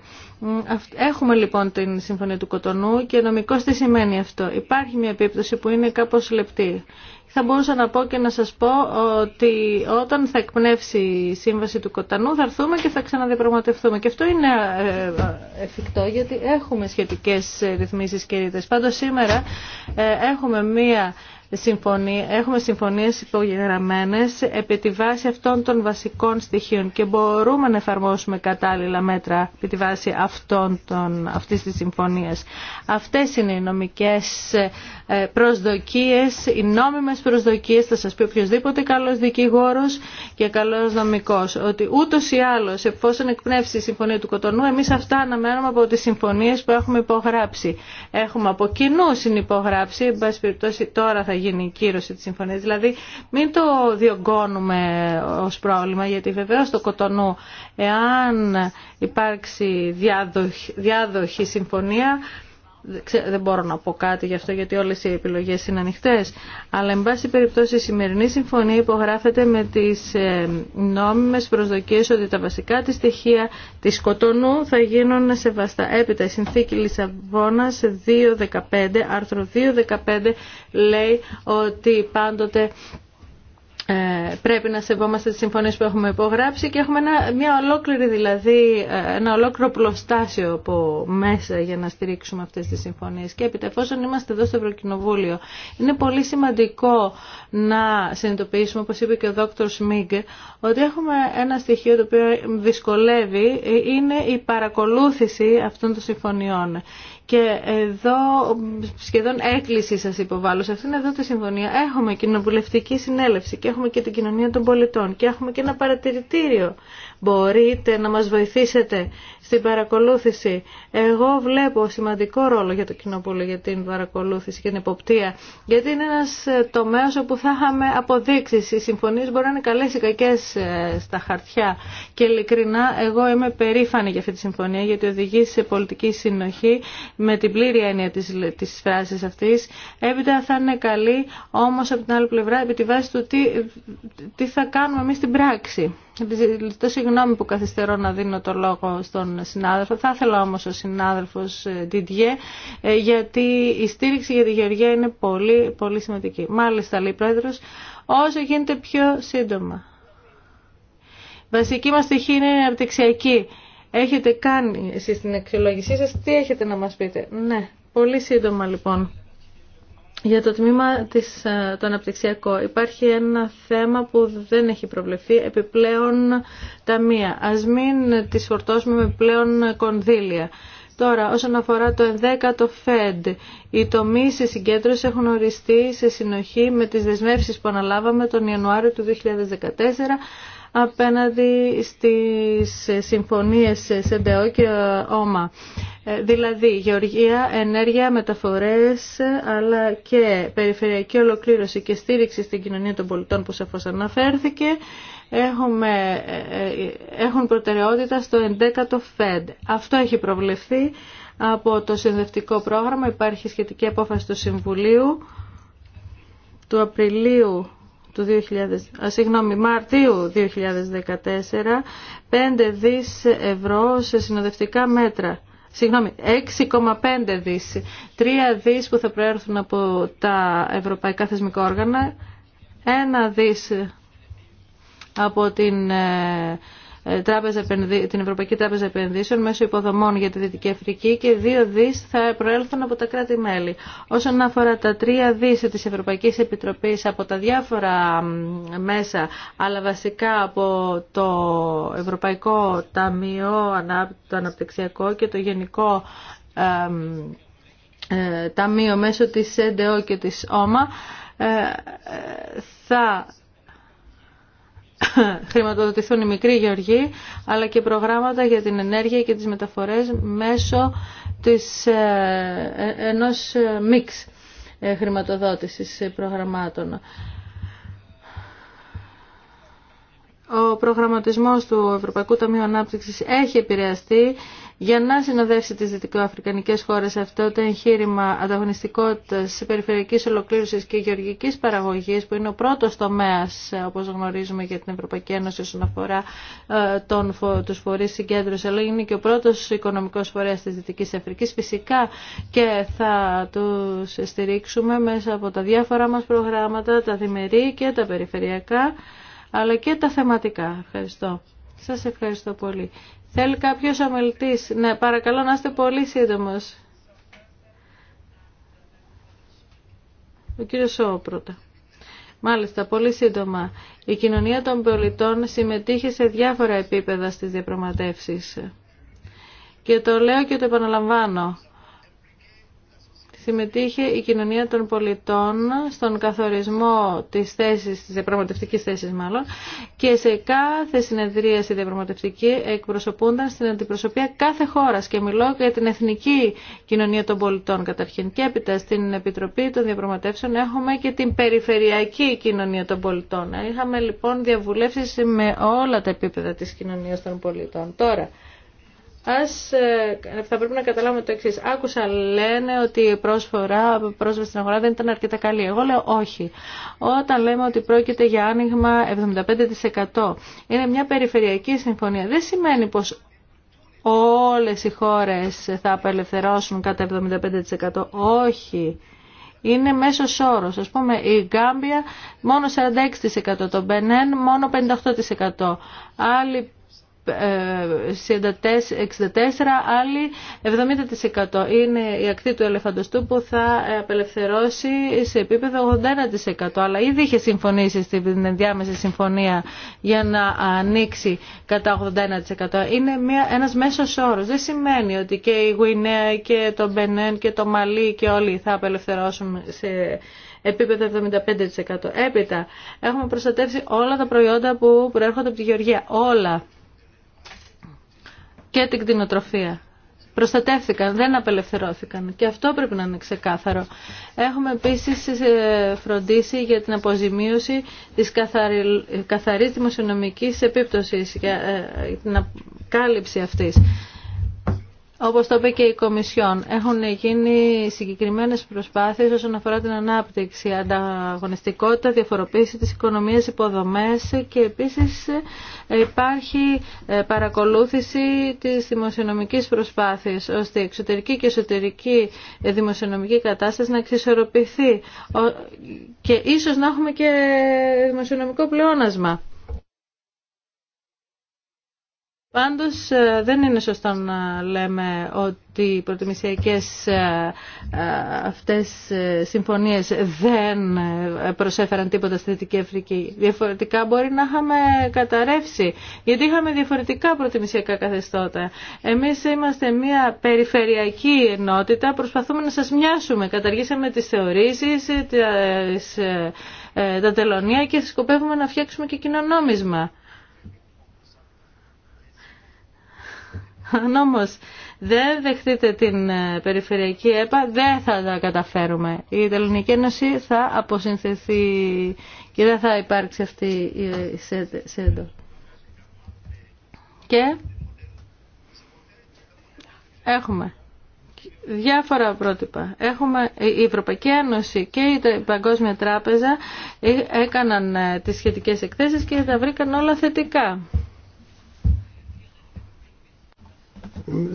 Έχουμε λοιπόν την Συμφωνία του Κοτονού και νομικώς τι σημαίνει αυτό. Υπάρχει μια επίπτωση που είναι κάπως λεπτή θα μπορούσα να πω και να σας πω ότι όταν θα εκπνεύσει η σύμβαση του Κοτανού θα έρθουμε και θα ξαναδιαπραγματευτούμε. Και αυτό είναι ε, εφικτό γιατί έχουμε σχετικές ε, ρυθμίσεις και ρήτες. Πάντως σήμερα ε, έχουμε μία συμφωνία, έχουμε συμφωνίες υπογεγραμμένες επί τη βάση αυτών των βασικών στοιχείων και μπορούμε να εφαρμόσουμε κατάλληλα μέτρα επί τη βάση αυτών των, αυτής της συμφωνίας. Αυτές είναι οι νομικές ε, προσδοκίες, οι νόμιμες προσδοκίες, θα σας πει οποιοδήποτε καλός δικηγόρος και καλός νομικός, ότι ούτως ή άλλως εφόσον εκπνεύσει η Συμφωνία του Κοτονού, εμείς αυτά αναμένουμε από τις συμφωνίες που έχουμε υπογράψει. Έχουμε από κοινού συνυπογράψει, εν πάση περιπτώσει τώρα θα γίνει η κύρωση της συμφωνίας, δηλαδή μην το διωγγώνουμε ως πρόβλημα, γιατί βεβαίως το Κοτονού, εάν υπάρξει διάδοχη συμφωνία, δεν μπορώ να πω κάτι γι' αυτό γιατί όλες οι επιλογές είναι ανοιχτές. αλλά εν πάση περιπτώσει η σημερινή συμφωνία υπογράφεται με τις ε, νόμιμες προσδοκίες ότι τα βασικά της στοιχεία της Κοτονού θα γίνουν σεβαστά. Έπειτα η συνθήκη Λισαβόνας 2.15, άρθρο 2.15 λέει ότι πάντοτε ε, πρέπει να σεβόμαστε τις συμφωνίες που έχουμε υπογράψει και έχουμε ένα, μια ολόκληρη δηλαδή, ε, ένα ολόκληρο πλωστάσιο από μέσα για να στηρίξουμε αυτές τις συμφωνίες. Και έπειτα εφόσον είμαστε εδώ στο Ευρωκοινοβούλιο, είναι πολύ σημαντικό να συνειδητοποιήσουμε, όπως είπε και ο δόκτωρ Σμίγκ, ότι έχουμε ένα στοιχείο το οποίο δυσκολεύει, ε, είναι η παρακολούθηση αυτών των συμφωνιών. Και εδώ σχεδόν έκκληση σα υποβάλλω. Σε αυτήν εδώ τη συμφωνία έχουμε κοινοβουλευτική συνέλευση και έχουμε και την κοινωνία των πολιτών και έχουμε και ένα παρατηρητήριο. Μπορείτε να μας βοηθήσετε στην παρακολούθηση. Εγώ βλέπω σημαντικό ρόλο για το Κοινοβούλιο για την παρακολούθηση και την υποπτία, γιατί είναι ένα ε, τομέα όπου θα είχαμε αποδείξει. Οι συμφωνίε μπορεί να είναι καλέ ή κακές ε, στα χαρτιά και ειλικρινά εγώ είμαι περήφανη για αυτή τη συμφωνία γιατί οδηγεί σε πολιτική συνοχή με την πλήρη έννοια τη φράση αυτή, Έπειτα θα είναι καλή, όμω από την άλλη πλευρά επί τη βάση του τι, τι θα κάνουμε εμεί στην πράξη. Ζητώ συγγνώμη που καθυστερώ να δίνω το λόγο στον συνάδελφο. Θα ήθελα όμως ο συνάδελφος Ντιντιέ, ε, ε, γιατί η στήριξη για τη Γεωργία είναι πολύ, πολύ σημαντική. Μάλιστα, λέει πρόεδρος, όσο γίνεται πιο σύντομα. Βασική μας στοιχεία είναι η Έχετε κάνει εσείς την αξιολόγησή σας, τι έχετε να μας πείτε. Ναι, πολύ σύντομα λοιπόν. Για το τμήμα της, ε, το αναπτυξιακό υπάρχει ένα θέμα που δεν έχει προβλεφθεί, επιπλέον ταμεία. Ας μην τις φορτώσουμε με πλέον κονδύλια. Τώρα, όσον αφορά το 11ο ΦΕΔ, οι τομεί σε συγκέντρωση έχουν οριστεί σε συνοχή με τις δεσμεύσεις που αναλάβαμε τον Ιανουάριο του 2014 απέναντι στις συμφωνίες ΣΕΝΤΕΟ και ΟΜΑ. Ε, δηλαδή, γεωργία, ενέργεια, μεταφορές, αλλά και περιφερειακή ολοκλήρωση και στήριξη στην κοινωνία των πολιτών που σαφώς αναφέρθηκε, έχουμε, ε, ε, έχουν προτεραιότητα στο 11ο ΦΕΔ. Αυτό έχει προβλεφθεί από το συνδευτικό πρόγραμμα. Υπάρχει σχετική απόφαση του Συμβουλίου του Απριλίου του 2000, συγγνώμη, Μαρτίου 2014 5 δις ευρώ σε συνοδευτικά μέτρα. Συγγνώμη, 6,5 δις. 3 δις που θα προέρθουν από τα ευρωπαϊκά θεσμικά όργανα. 1 δις από την ε, την Ευρωπαϊκή Τράπεζα Επενδύσεων μέσω υποδομών για τη Δυτική Αφρική και δύο δις θα προέλθουν από τα κράτη-μέλη. Όσον αφορά τα τρία δις της Ευρωπαϊκής Επιτροπής από τα διάφορα μέσα, αλλά βασικά από το Ευρωπαϊκό Ταμείο, το Αναπτυξιακό και το Γενικό ε, Ταμείο μέσω της ΕΝΤΕΟ και της ΟΜΑ, ε, ε, θα χρηματοδοτηθούν οι μικροί γεωργοί, αλλά και προγράμματα για την ενέργεια και τις μεταφορές μέσω της, ε, ε, ενός ε, μίξ χρηματοδότησης προγραμμάτων. Ο προγραμματισμός του Ευρωπαϊκού Ταμείου Ανάπτυξης έχει επηρεαστεί για να συνοδεύσει τις δυτικοαφρικανικές χώρες αυτό το εγχείρημα ανταγωνιστικότητας περιφερειακής ολοκλήρωσης και γεωργικής παραγωγής που είναι ο πρώτος τομέας ε, όπως γνωρίζουμε για την Ευρωπαϊκή Ένωση όσον αφορά ε, τον, τους φορείς συγκέντρωση αλλά είναι και ο πρώτος οικονομικός φορέας της Δυτικής Αφρικής φυσικά και θα τους στηρίξουμε μέσα από τα διάφορα μας προγράμματα τα διμερή και τα περιφερειακά αλλά και τα θεματικά. Ευχαριστώ. Σας ευχαριστώ πολύ. Θέλει κάποιος ομιλητής. Ναι, παρακαλώ να είστε πολύ σύντομος. Ο κύριος Σο πρώτα. Μάλιστα, πολύ σύντομα. Η κοινωνία των πολιτών συμμετείχε σε διάφορα επίπεδα στις διαπραγματεύσεις. Και το λέω και το επαναλαμβάνω συμμετείχε η κοινωνία των πολιτών στον καθορισμό της θέσης, της διαπραγματευτικής θέσης μάλλον, και σε κάθε συνεδρίαση διαπραγματευτική εκπροσωπούνταν στην αντιπροσωπεία κάθε χώρας και μιλώ για την Εθνική Κοινωνία των Πολιτών καταρχήν και έπειτα στην Επιτροπή των Διαπραγματεύσεων έχουμε και την Περιφερειακή Κοινωνία των Πολιτών. Είχαμε λοιπόν διαβουλεύσεις με όλα τα επίπεδα της κοινωνίας των πολιτών. Τώρα, Ας, ε, θα πρέπει να καταλάβουμε το εξή. Άκουσα λένε ότι η πρόσφορα, πρόσβαση στην αγορά δεν ήταν αρκετά καλή. Εγώ λέω όχι. Όταν λέμε ότι πρόκειται για άνοιγμα 75% είναι μια περιφερειακή συμφωνία. Δεν σημαίνει πως όλες οι χώρες θα απελευθερώσουν κατά 75%. Όχι. Είναι μέσο όρο. Α πούμε, η Γκάμπια μόνο 46%, το Μπενέν μόνο 58%. Άλλοι 64, ε, ε, άλλοι 70%. Είναι η ακτή του ελεφαντοστού που θα απελευθερώσει σε επίπεδο 81%. Αλλά ήδη είχε συμφωνήσει στην ενδιάμεση συμφωνία για να ανοίξει κατά 81%. Είναι μια, ένας μέσος όρος. Δεν σημαίνει ότι και η Γουινέα και το Μπενέν και το Μαλί και όλοι θα απελευθερώσουν σε επίπεδο 75%. Έπειτα έχουμε προστατεύσει όλα τα προϊόντα που προέρχονται από τη Γεωργία. Όλα και την κτηνοτροφία. Προστατεύθηκαν, δεν απελευθερώθηκαν και αυτό πρέπει να είναι ξεκάθαρο. Έχουμε επίσης ε, φροντίσει για την αποζημίωση της καθαρής δημοσιονομικής επίπτωσης, για ε, την κάλυψη αυτής. Όπως το είπε και η Κομισιόν, έχουν γίνει συγκεκριμένες προσπάθειες όσον αφορά την ανάπτυξη, ανταγωνιστικότητα, διαφοροποίηση της οικονομίας, υποδομές και επίσης ε, υπάρχει ε, παρακολούθηση της δημοσιονομικής προσπάθειας, ώστε η εξωτερική και εσωτερική ε, δημοσιονομική κατάσταση να εξισορροπηθεί και ίσως να έχουμε και δημοσιονομικό πλεόνασμα. Πάντως ε, δεν είναι σωστό να λέμε ότι οι προτιμησιακές ε, ε, αυτές συμφωνίες δεν προσέφεραν τίποτα στη Δυτική Αφρική. Διαφορετικά μπορεί να είχαμε καταρρεύσει, γιατί είχαμε διαφορετικά προτιμησιακά καθεστώτα. Εμείς είμαστε μια περιφερειακή ενότητα, προσπαθούμε να σας μοιάσουμε. Καταργήσαμε τις θεωρήσεις, τα τελωνία και σκοπεύουμε να φτιάξουμε και κοινωνόμισμα. Αν όμω, δεν δεχτείτε την ε, περιφερειακή ΕΠΑ, δεν θα τα καταφέρουμε. Η Ελληνική Ένωση θα αποσυνθεθεί και δεν θα υπάρξει αυτή η ε, ΣΕΔΟ. Και έχουμε διάφορα πρότυπα. Έχουμε, ε, η Ευρωπαϊκή Ένωση και η Παγκόσμια Τράπεζα έκαναν τις σχετικές εκθέσεις και τα βρήκαν όλα θετικά.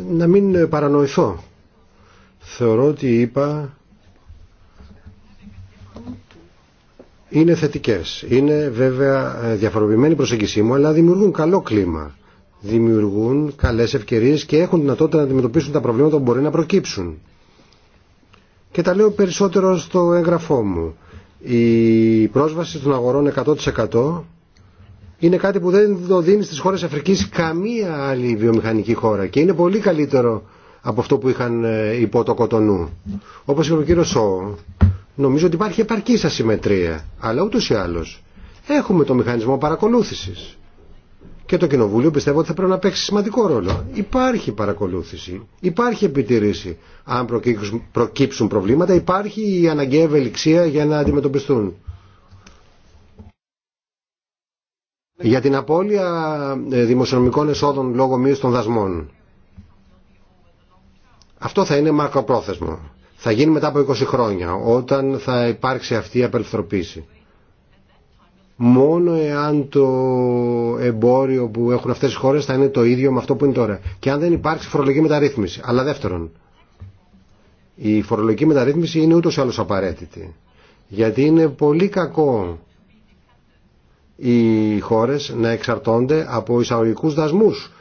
να μην παρανοηθώ. Θεωρώ ότι είπα είναι θετικές. Είναι βέβαια διαφοροποιημένη προσέγγιση μου, αλλά δημιουργούν καλό κλίμα. Δημιουργούν καλές ευκαιρίες και έχουν δυνατότητα να αντιμετωπίσουν τα προβλήματα που μπορεί να προκύψουν. Και τα λέω περισσότερο στο έγγραφό μου. Η πρόσβαση των αγορών 100% είναι κάτι που δεν το δίνει στις χώρες Αφρικής καμία άλλη βιομηχανική χώρα και είναι πολύ καλύτερο από αυτό που είχαν ε, υπό το κοτονού. Όπως είπε ο κύριος Σό, νομίζω ότι υπάρχει επαρκής ασυμμετρία, αλλά ούτως ή άλλως έχουμε το μηχανισμό παρακολούθησης. Και το Κοινοβούλιο πιστεύω ότι θα πρέπει να παίξει σημαντικό ρόλο. Υπάρχει παρακολούθηση, υπάρχει επιτηρήση. Αν προκύψουν προβλήματα, υπάρχει η αναγκαία ευελιξία για να αντιμετωπιστούν. για την απώλεια ε, δημοσιονομικών εσόδων λόγω μείωση των δασμών. Αυτό θα είναι μακροπρόθεσμο. Θα γίνει μετά από 20 χρόνια, όταν θα υπάρξει αυτή η απελευθερωποίηση. Μόνο εάν το εμπόριο που έχουν αυτές οι χώρες θα είναι το ίδιο με αυτό που είναι τώρα. Και αν δεν υπάρξει φορολογική μεταρρύθμιση. Αλλά δεύτερον, η φορολογική μεταρρύθμιση είναι ούτως ή άλλως απαραίτητη. Γιατί είναι πολύ κακό οι χώρες να εξαρτώνται από εισαγωγικούς δασμούς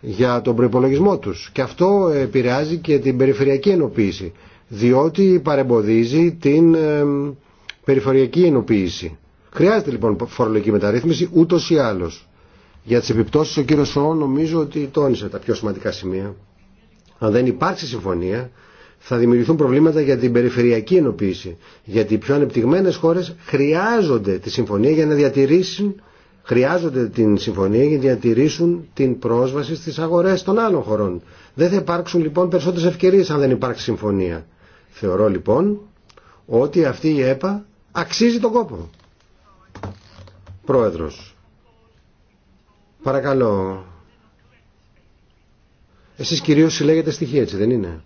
για τον προϋπολογισμό τους. Και αυτό επηρεάζει και την περιφερειακή ενοποίηση, διότι παρεμποδίζει την περιφερειακή ενοποίηση. Χρειάζεται λοιπόν φορολογική μεταρρύθμιση ούτως ή άλλως. Για τις επιπτώσεις ο κύριος Σόν νομίζω ότι τόνισε τα πιο σημαντικά σημεία. Αν δεν υπάρξει συμφωνία θα δημιουργηθούν προβλήματα για την περιφερειακή ενοποίηση. Γιατί οι πιο ανεπτυγμένε χώρες χρειάζονται τη συμφωνία για να διατηρήσουν χρειάζονται την συμφωνία για να διατηρήσουν την πρόσβαση στις αγορές των άλλων χωρών. Δεν θα υπάρξουν λοιπόν περισσότερε ευκαιρίες αν δεν υπάρξει συμφωνία. Θεωρώ λοιπόν ότι αυτή η ΕΠΑ αξίζει τον κόπο. Πρόεδρος, παρακαλώ. Εσείς κυρίως συλλέγετε στοιχεία έτσι δεν είναι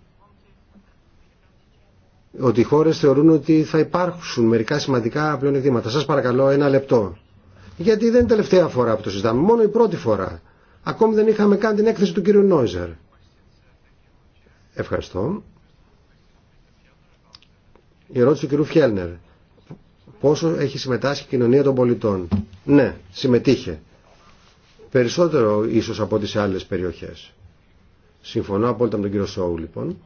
ότι οι χώρες θεωρούν ότι θα υπάρξουν μερικά σημαντικά πλεονεκτήματα. Σας παρακαλώ ένα λεπτό. Γιατί δεν είναι τελευταία φορά που το συζητάμε, μόνο η πρώτη φορά. Ακόμη δεν είχαμε καν την έκθεση του κύριου Νόιζερ. Ευχαριστώ. Η ερώτηση του κυρίου Φιέλνερ. Πόσο έχει συμμετάσχει η κοινωνία των πολιτών. Ναι, συμμετείχε. Περισσότερο ίσως από ό,τι σε άλλες περιοχές. Συμφωνώ απόλυτα με τον κύριο Σόου λοιπόν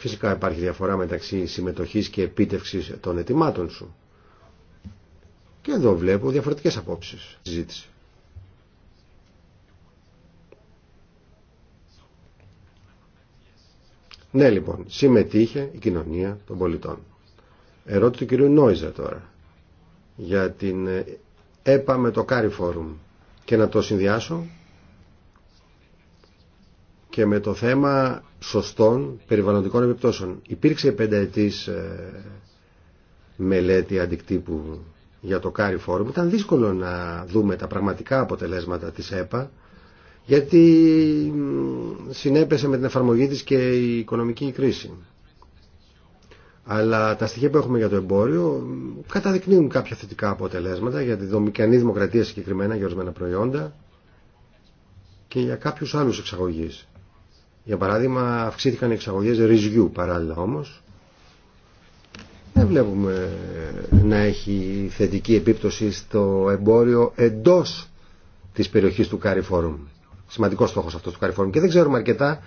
Φυσικά υπάρχει διαφορά μεταξύ συμμετοχής και επίτευξης των ετοιμάτων σου. Και εδώ βλέπω διαφορετικές απόψεις συζήτηση. Ναι λοιπόν, συμμετείχε η κοινωνία των πολιτών. Ερώτηση του κυρίου Νόιζα τώρα για την ε, ΕΠΑ με το Κάρι Φόρουμ και να το συνδυάσω και με το θέμα σωστών περιβαλλοντικών επιπτώσεων. Υπήρξε πενταετής ε, μελέτη αντικτύπου για το Κάρι Φόρουμ. Ήταν δύσκολο να δούμε τα πραγματικά αποτελέσματα της ΕΠΑ γιατί συνέπεσε με την εφαρμογή της και η οικονομική κρίση. Αλλά τα στοιχεία που έχουμε για το εμπόριο καταδεικνύουν κάποια θετικά αποτελέσματα για τη δομικανή δημοκρατία συγκεκριμένα για ορισμένα προϊόντα και για κάποιους άλλους εξαγωγείς. Για παράδειγμα αυξήθηκαν οι εξαγωγές ρυζιού παράλληλα όμως. Δεν βλέπουμε να έχει θετική επίπτωση στο εμπόριο εντός της περιοχής του Φόρουμ. Σημαντικός στόχος αυτός του Φόρουμ. Και δεν ξέρουμε αρκετά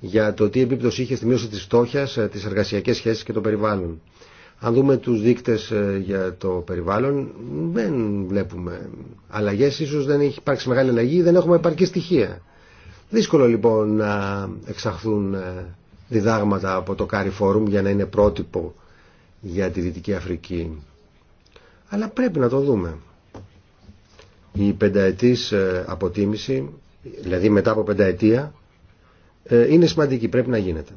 για το τι επίπτωση είχε στη μείωση της φτώχειας, ε, τις εργασιακές σχέσεις και το περιβάλλον. Αν δούμε τους δείκτες ε, για το περιβάλλον, δεν βλέπουμε αλλαγές. Ίσως δεν έχει υπάρξει μεγάλη αλλαγή, ή δεν έχουμε επαρκή στοιχεία. Δύσκολο λοιπόν να εξαχθούν ε, διδάγματα από το Κάρι Φόρουμ για να είναι πρότυπο για τη Δυτική Αφρική. Αλλά πρέπει να το δούμε. Η πενταετής ε, αποτίμηση, δηλαδή μετά από πενταετία, ε, είναι σημαντική, πρέπει να γίνεται.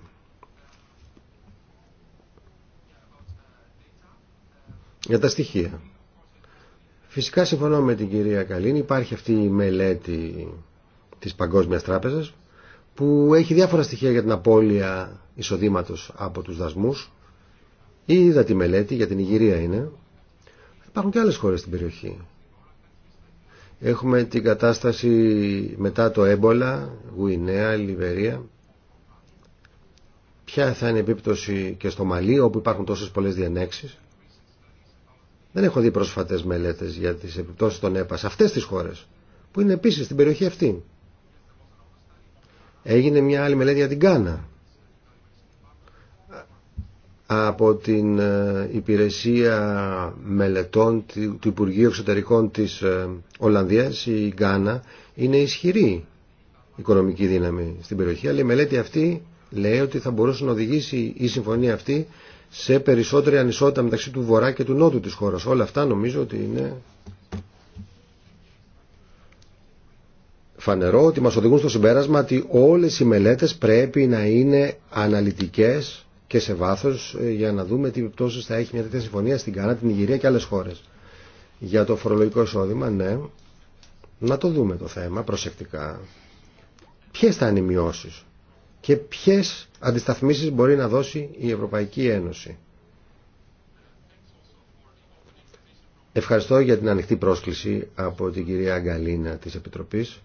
Για τα στοιχεία. Φυσικά συμφωνώ με την κυρία Καλίνη, υπάρχει αυτή η μελέτη της Παγκόσμιας Τράπεζας που έχει διάφορα στοιχεία για την απώλεια εισοδήματος από τους δασμούς. Είδα τη μελέτη για την Ιγυρία είναι. Υπάρχουν και άλλες χώρες στην περιοχή. Έχουμε την κατάσταση μετά το έμπολα, Γουινέα, Λιβερία. Ποια θα είναι η επίπτωση και στο Μαλί όπου υπάρχουν τόσες πολλές διανέξεις. Δεν έχω δει πρόσφατες μελέτες για τις επιπτώσεις των ΕΠΑ σε αυτές τις χώρες που είναι επίση στην περιοχή αυτή. Έγινε μια άλλη μελέτη για την Κάνα από την ε, υπηρεσία μελετών του Υπουργείου Εξωτερικών της ε, Ολλανδίας η Γκάνα είναι ισχυρή οικονομική δύναμη στην περιοχή αλλά η μελέτη αυτή λέει ότι θα μπορούσε να οδηγήσει η συμφωνία αυτή σε περισσότερη ανισότητα μεταξύ του βορρά και του νότου της χώρας όλα αυτά νομίζω ότι είναι φανερό ότι μας οδηγούν στο συμπέρασμα ότι όλες οι μελέτες πρέπει να είναι αναλυτικές και σε βάθος ε, για να δούμε τι επιπτώσεις θα έχει μια τέτοια συμφωνία στην Κάνα, την Ιγυρία και άλλες χώρες. Για το φορολογικό εισόδημα, ναι, να το δούμε το θέμα προσεκτικά. Ποιε θα είναι οι μειώσεις και ποιε αντισταθμίσεις μπορεί να δώσει η Ευρωπαϊκή Ένωση. Ευχαριστώ για την ανοιχτή πρόσκληση από την κυρία Αγκαλίνα της Επιτροπής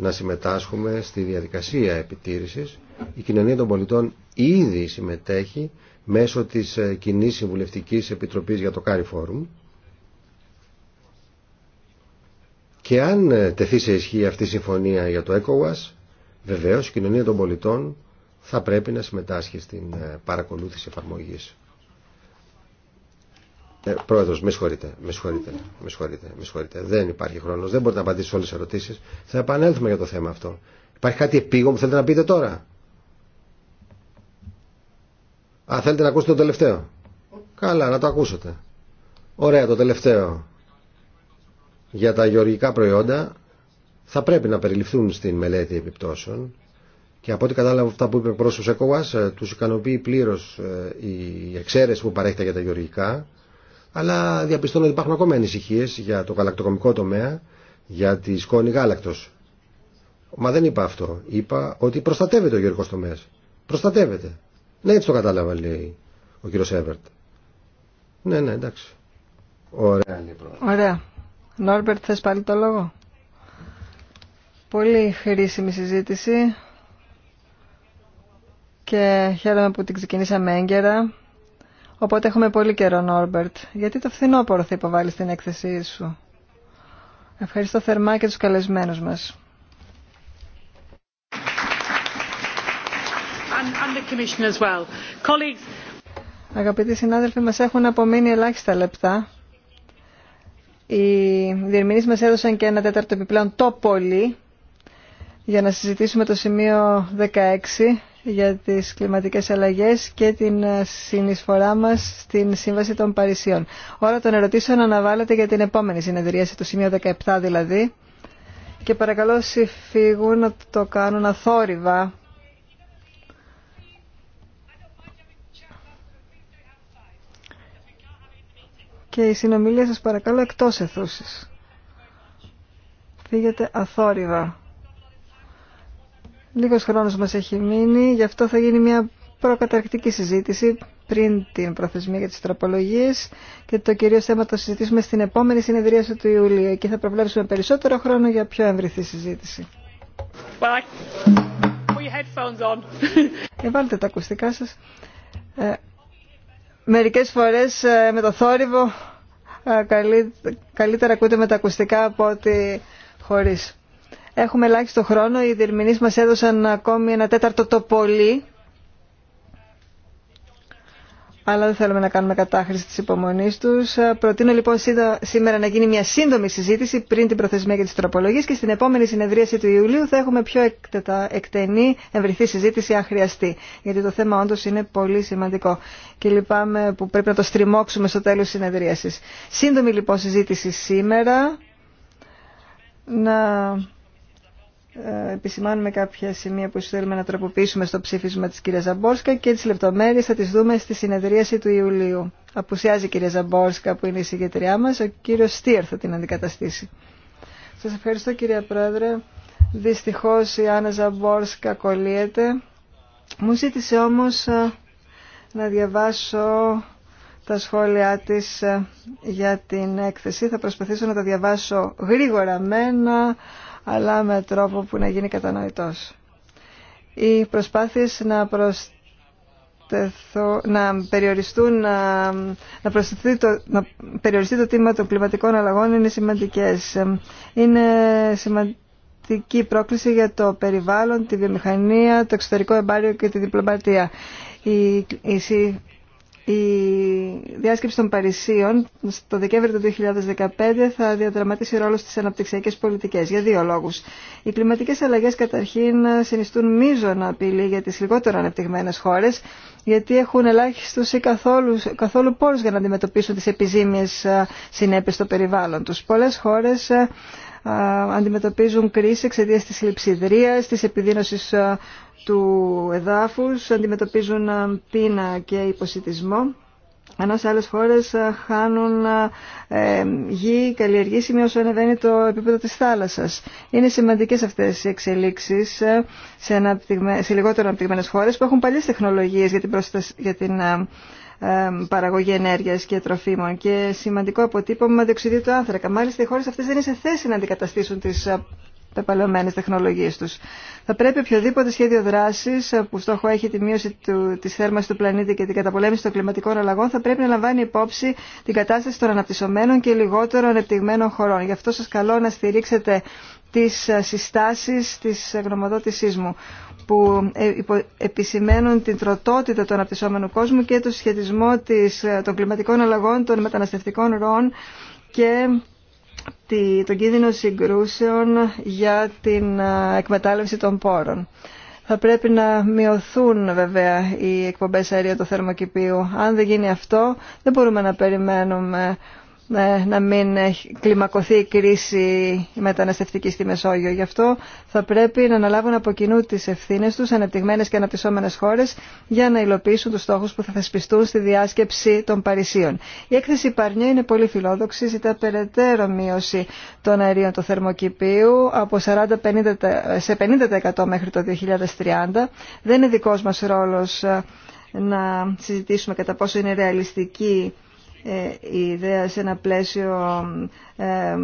να συμμετάσχουμε στη διαδικασία επιτήρησης. Η κοινωνία των πολιτών ήδη συμμετέχει μέσω της ε, κοινή συμβουλευτική Επιτροπής για το Κάρι Φόρουμ και αν ε, τεθεί σε ισχύ αυτή η συμφωνία για το ECOWAS βεβαίως η κοινωνία των πολιτών θα πρέπει να συμμετάσχει στην ε, παρακολούθηση εφαρμογής. Ε, Πρόεδρο, με συγχωρείτε, με συγχωρείτε, με συγχωρείτε, με συγχωρείτε. Δεν υπάρχει χρόνο, δεν μπορείτε να απαντήσετε όλε τι ερωτήσει. Θα επανέλθουμε για το θέμα αυτό. Υπάρχει κάτι επίγον που θέλετε να πείτε τώρα. Α, θέλετε να ακούσετε το τελευταίο. Καλά, να το ακούσετε. Ωραία, το τελευταίο. Για τα γεωργικά προϊόντα θα πρέπει να περιληφθούν στην μελέτη επιπτώσεων και από ό,τι κατάλαβα αυτά που είπε ο πρόσωπο ΕΚΟΒΑΣ, ε, του ικανοποιεί πλήρω ε, η εξαίρεση που παρέχεται για τα γεωργικά αλλά διαπιστώνω ότι υπάρχουν ακόμα ανησυχίε για το γαλακτοκομικό τομέα, για τη σκόνη γάλακτο. Μα δεν είπα αυτό. Είπα ότι προστατεύεται ο γεωργικό τομέα. Προστατεύεται. Ναι, έτσι το κατάλαβα, λέει ο κύριο Έβερτ. Ναι, ναι, εντάξει. Ωραία, λοιπόν. Ωραία. Νόρμπερτ, θε πάλι το λόγο. Πολύ χρήσιμη συζήτηση και χαίρομαι που την ξεκινήσαμε έγκαιρα Οπότε έχουμε πολύ καιρό, Νόρμπερτ. Γιατί το φθινόπωρο θα υποβάλει την έκθεσή σου. Ευχαριστώ θερμά και τους καλεσμένους μας. Αγαπητοί συνάδελφοι, μας έχουν απομείνει ελάχιστα λεπτά. Οι διερμηνείς μας έδωσαν και ένα τέταρτο επιπλέον το πολύ για να συζητήσουμε το σημείο 16 για τις κλιματικές αλλαγές και την συνεισφορά μας στην Σύμβαση των Παρισιών. Ώρα των ερωτήσεων αναβάλλετε για την επόμενη σε το σημείο 17 δηλαδή. Και παρακαλώ όσοι φύγουν να το κάνουν αθόρυβα. Και η συνομιλία σας παρακαλώ εκτός αιθούσης. Φύγετε αθόρυβα. Λίγος χρόνος μας έχει μείνει, γι' αυτό θα γίνει μια προκαταρκτική συζήτηση πριν την προθεσμία για τις τροπολογίες και το κυρίως θέμα το συζητήσουμε στην επόμενη συνεδρίαση του Ιουλίου και θα προβλέψουμε περισσότερο χρόνο για πιο εμβριθή συζήτηση. Ε, βάλτε τα ακουστικά σας. Ε, μερικές φορές ε, με το θόρυβο ε, καλύτερα ακούτε με τα ακουστικά από ότι χωρίς. Έχουμε ελάχιστο χρόνο. Οι διερμηνείς μας έδωσαν ακόμη ένα τέταρτο το πολύ. Αλλά δεν θέλουμε να κάνουμε κατάχρηση της υπομονής τους. Προτείνω λοιπόν σήμερα να γίνει μια σύντομη συζήτηση πριν την προθεσμία για τις τροπολογίες και στην επόμενη συνεδρίαση του Ιουλίου θα έχουμε πιο εκτενή ευρυθή συζήτηση αν χρειαστεί. Γιατί το θέμα όντως είναι πολύ σημαντικό και λυπάμαι που πρέπει να το στριμώξουμε στο τέλος της συνεδρίασης. Σύντομη λοιπόν συζήτηση σήμερα. Να ε, επισημάνουμε κάποια σημεία που θέλουμε να τροποποιήσουμε στο ψήφισμα της κυρίας Ζαμπόρσκα και τις λεπτομέρειες θα τις δούμε στη συνεδρίαση του Ιουλίου. Αποουσιάζει η κυρία Ζαμπόρσκα που είναι η συγγετριά μας, ο κύριος Στίερ θα την αντικαταστήσει. Σας ευχαριστώ κυρία Πρόεδρε. Δυστυχώς η Άννα Ζαμπόρσκα κολλείεται. Μου ζήτησε όμως ε, να διαβάσω τα σχόλιά της ε, για την έκθεση. Θα προσπαθήσω να τα διαβάσω γρήγορα μένα αλλά με τρόπο που να γίνει κατανοητός. Οι προσπάθειες να περιοριστούν, να, να, το, να περιοριστεί το τίμα των κλιματικών αλλαγών είναι σημαντικές. Είναι σημαντική πρόκληση για το περιβάλλον, τη βιομηχανία, το εξωτερικό εμπάριο και τη διπλωματία. η η διάσκεψη των Παρισίων στο Δεκέμβριο του 2015 θα διαδραματίσει ρόλο στις αναπτυξιακές πολιτικές για δύο λόγους. Οι κλιματικές αλλαγές καταρχήν συνιστούν μείζωνα απειλή για τις λιγότερο ανεπτυγμένες χώρες γιατί έχουν ελάχιστους ή καθόλου, καθόλου πόρους για να αντιμετωπίσουν τις επιζήμιες ε, συνέπειες στο περιβάλλον τους. Πολλές χώρες ε, αντιμετωπίζουν κρίση εξαιτία της λειψιδρία, τη επιδείνωση του εδάφους, αντιμετωπίζουν πείνα και υποσυτισμό. Ενώ σε άλλες χώρες χάνουν ε, γη καλλιεργήσιμη όσο ανεβαίνει το επίπεδο της θάλασσας. Είναι σημαντικές αυτές οι εξελίξεις ε, σε, λιγότερο αναπτυγμένες χώρες που έχουν παλιές τεχνολογίες για την, παραγωγή ενέργεια και τροφίμων και σημαντικό αποτύπωμα διοξιδίου του άνθρακα. Μάλιστα οι χώρε αυτέ δεν είναι σε θέση να αντικαταστήσουν τι ε, πεπαλαιωμένε τεχνολογίε του. Θα πρέπει οποιοδήποτε σχέδιο δράση ε, που στόχο έχει τη μείωση τη της του πλανήτη και την καταπολέμηση των κλιματικών αλλαγών θα πρέπει να λαμβάνει υπόψη την κατάσταση των αναπτυσσομένων και λιγότερο ανεπτυγμένων χωρών. Γι' αυτό σα καλώ να στηρίξετε τις ε, συστάσεις της γνωμοδότησής μου που ε, επισημαίνουν την τροτότητα του αναπτυσσόμενου κόσμου και το σχετισμό της, ε, των κλιματικών αλλαγών, των μεταναστευτικών ροών και τον κίνδυνο συγκρούσεων για την ε, εκμετάλλευση των πόρων. Θα πρέπει να μειωθούν βέβαια οι εκπομπές αερίου του θερμοκηπίου. Αν δεν γίνει αυτό, δεν μπορούμε να περιμένουμε ε, να μην κλιμακωθεί η κρίση μεταναστευτική στη Μεσόγειο. Γι' αυτό θα πρέπει να αναλάβουν από κοινού τι ευθύνε του, ανεπτυγμένε και αναπτυσσόμενε χώρε για να υλοποιήσουν του στόχου που θα θεσπιστούν στη διάσκεψη των Παρισίων. Η έκθεση Παρνιέ είναι πολύ φιλόδοξη, ζητά περαιτέρω μείωση των αερίων του θερμοκηπίου από 40 50, σε 50% μέχρι το 2030. Δεν είναι δικό μα ρόλο ε, να συζητήσουμε κατά πόσο είναι ρεαλιστική ε, η ιδέα σε ένα πλαίσιο ε,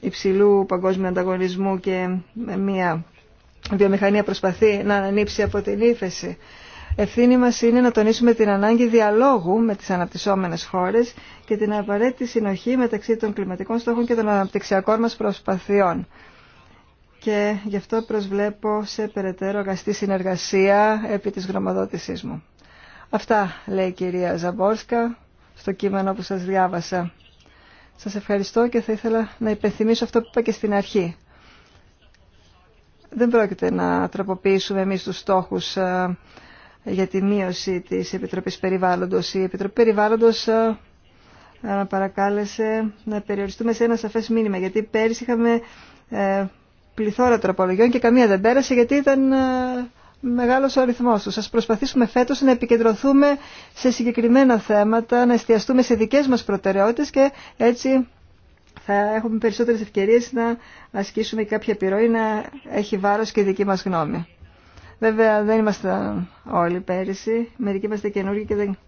υψηλού παγκόσμιου ανταγωνισμού και μια βιομηχανία προσπαθεί να ανανύψει από την ύφεση. Ευθύνη μας είναι να τονίσουμε την ανάγκη διαλόγου με τις αναπτυσσόμενες χώρες και την απαραίτητη συνοχή μεταξύ των κλιματικών στόχων και των αναπτυξιακών μας προσπαθειών. Και γι' αυτό προσβλέπω σε περαιτέρω αγαστή συνεργασία επί της γνωμοδότησής μου. Αυτά λέει η κυρία Ζαμπόρσκα στο κείμενο που σας διάβασα. Σας ευχαριστώ και θα ήθελα να υπενθυμίσω αυτό που είπα και στην αρχή. Δεν πρόκειται να τροποποιήσουμε εμείς τους στόχους ε, για τη μείωση της Επιτροπής Περιβάλλοντος. Η Επιτροπή Περιβάλλοντος ε, ε, παρακάλεσε να περιοριστούμε σε ένα σαφές μήνυμα, γιατί πέρυσι είχαμε πληθώρα τροπολογιών και καμία δεν πέρασε γιατί ήταν μεγάλος ο αριθμός τους. Ας προσπαθήσουμε φέτος να επικεντρωθούμε σε συγκεκριμένα θέματα, να εστιαστούμε σε δικές μας προτεραιότητες και έτσι θα έχουμε περισσότερες ευκαιρίες να ασκήσουμε κάποια επιρροή, να έχει βάρος και η δική μας γνώμη. Βέβαια δεν ήμασταν όλοι πέρυσι, μερικοί είμαστε καινούργοι και δεν...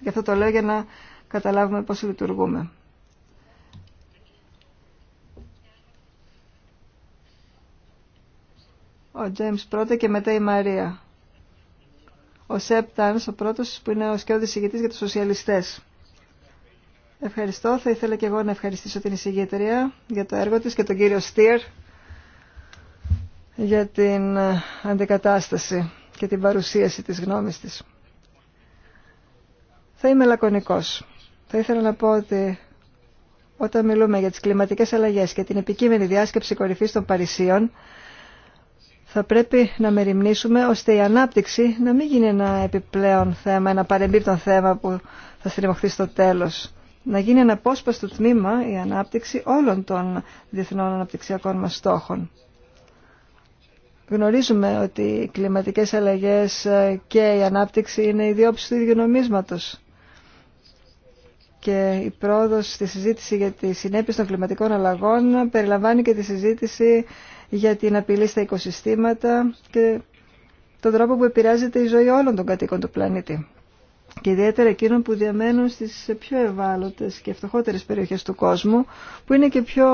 γι' αυτό το λέω για να καταλάβουμε πώς λειτουργούμε. Ο Τζέιμς πρώτα και μετά η Μαρία. Ο Σεπ ο πρώτος που είναι ο σκιώδης ηγητής για τους σοσιαλιστές. Ευχαριστώ. Θα ήθελα και εγώ να ευχαριστήσω την εισηγήτρια για το έργο της και τον κύριο Στίρ για την ε, αντικατάσταση και την παρουσίαση της γνώμης της. Θα είμαι λακωνικός. Θα ήθελα να πω ότι όταν μιλούμε για τις κλιματικές αλλαγές και την επικείμενη διάσκεψη κορυφής των Παρισίων, θα πρέπει να μεριμνήσουμε ώστε η ανάπτυξη να μην γίνει ένα επιπλέον θέμα, ένα παρεμπίπτον θέμα που θα στριμωχθεί στο τέλος. Να γίνει ένα απόσπαστο τμήμα η ανάπτυξη όλων των διεθνών αναπτυξιακών μας στόχων. Γνωρίζουμε ότι οι κλιματικές αλλαγές και η ανάπτυξη είναι η διόψη του ίδιου νομίσματος και η πρόοδος στη συζήτηση για τη συνέπειες των κλιματικών αλλαγών περιλαμβάνει και τη συζήτηση για την απειλή στα οικοσυστήματα και τον τρόπο που επηρεάζεται η ζωή όλων των κατοίκων του πλανήτη και ιδιαίτερα εκείνων που διαμένουν στις πιο ευάλωτες και φτωχότερες περιοχές του κόσμου που είναι και πιο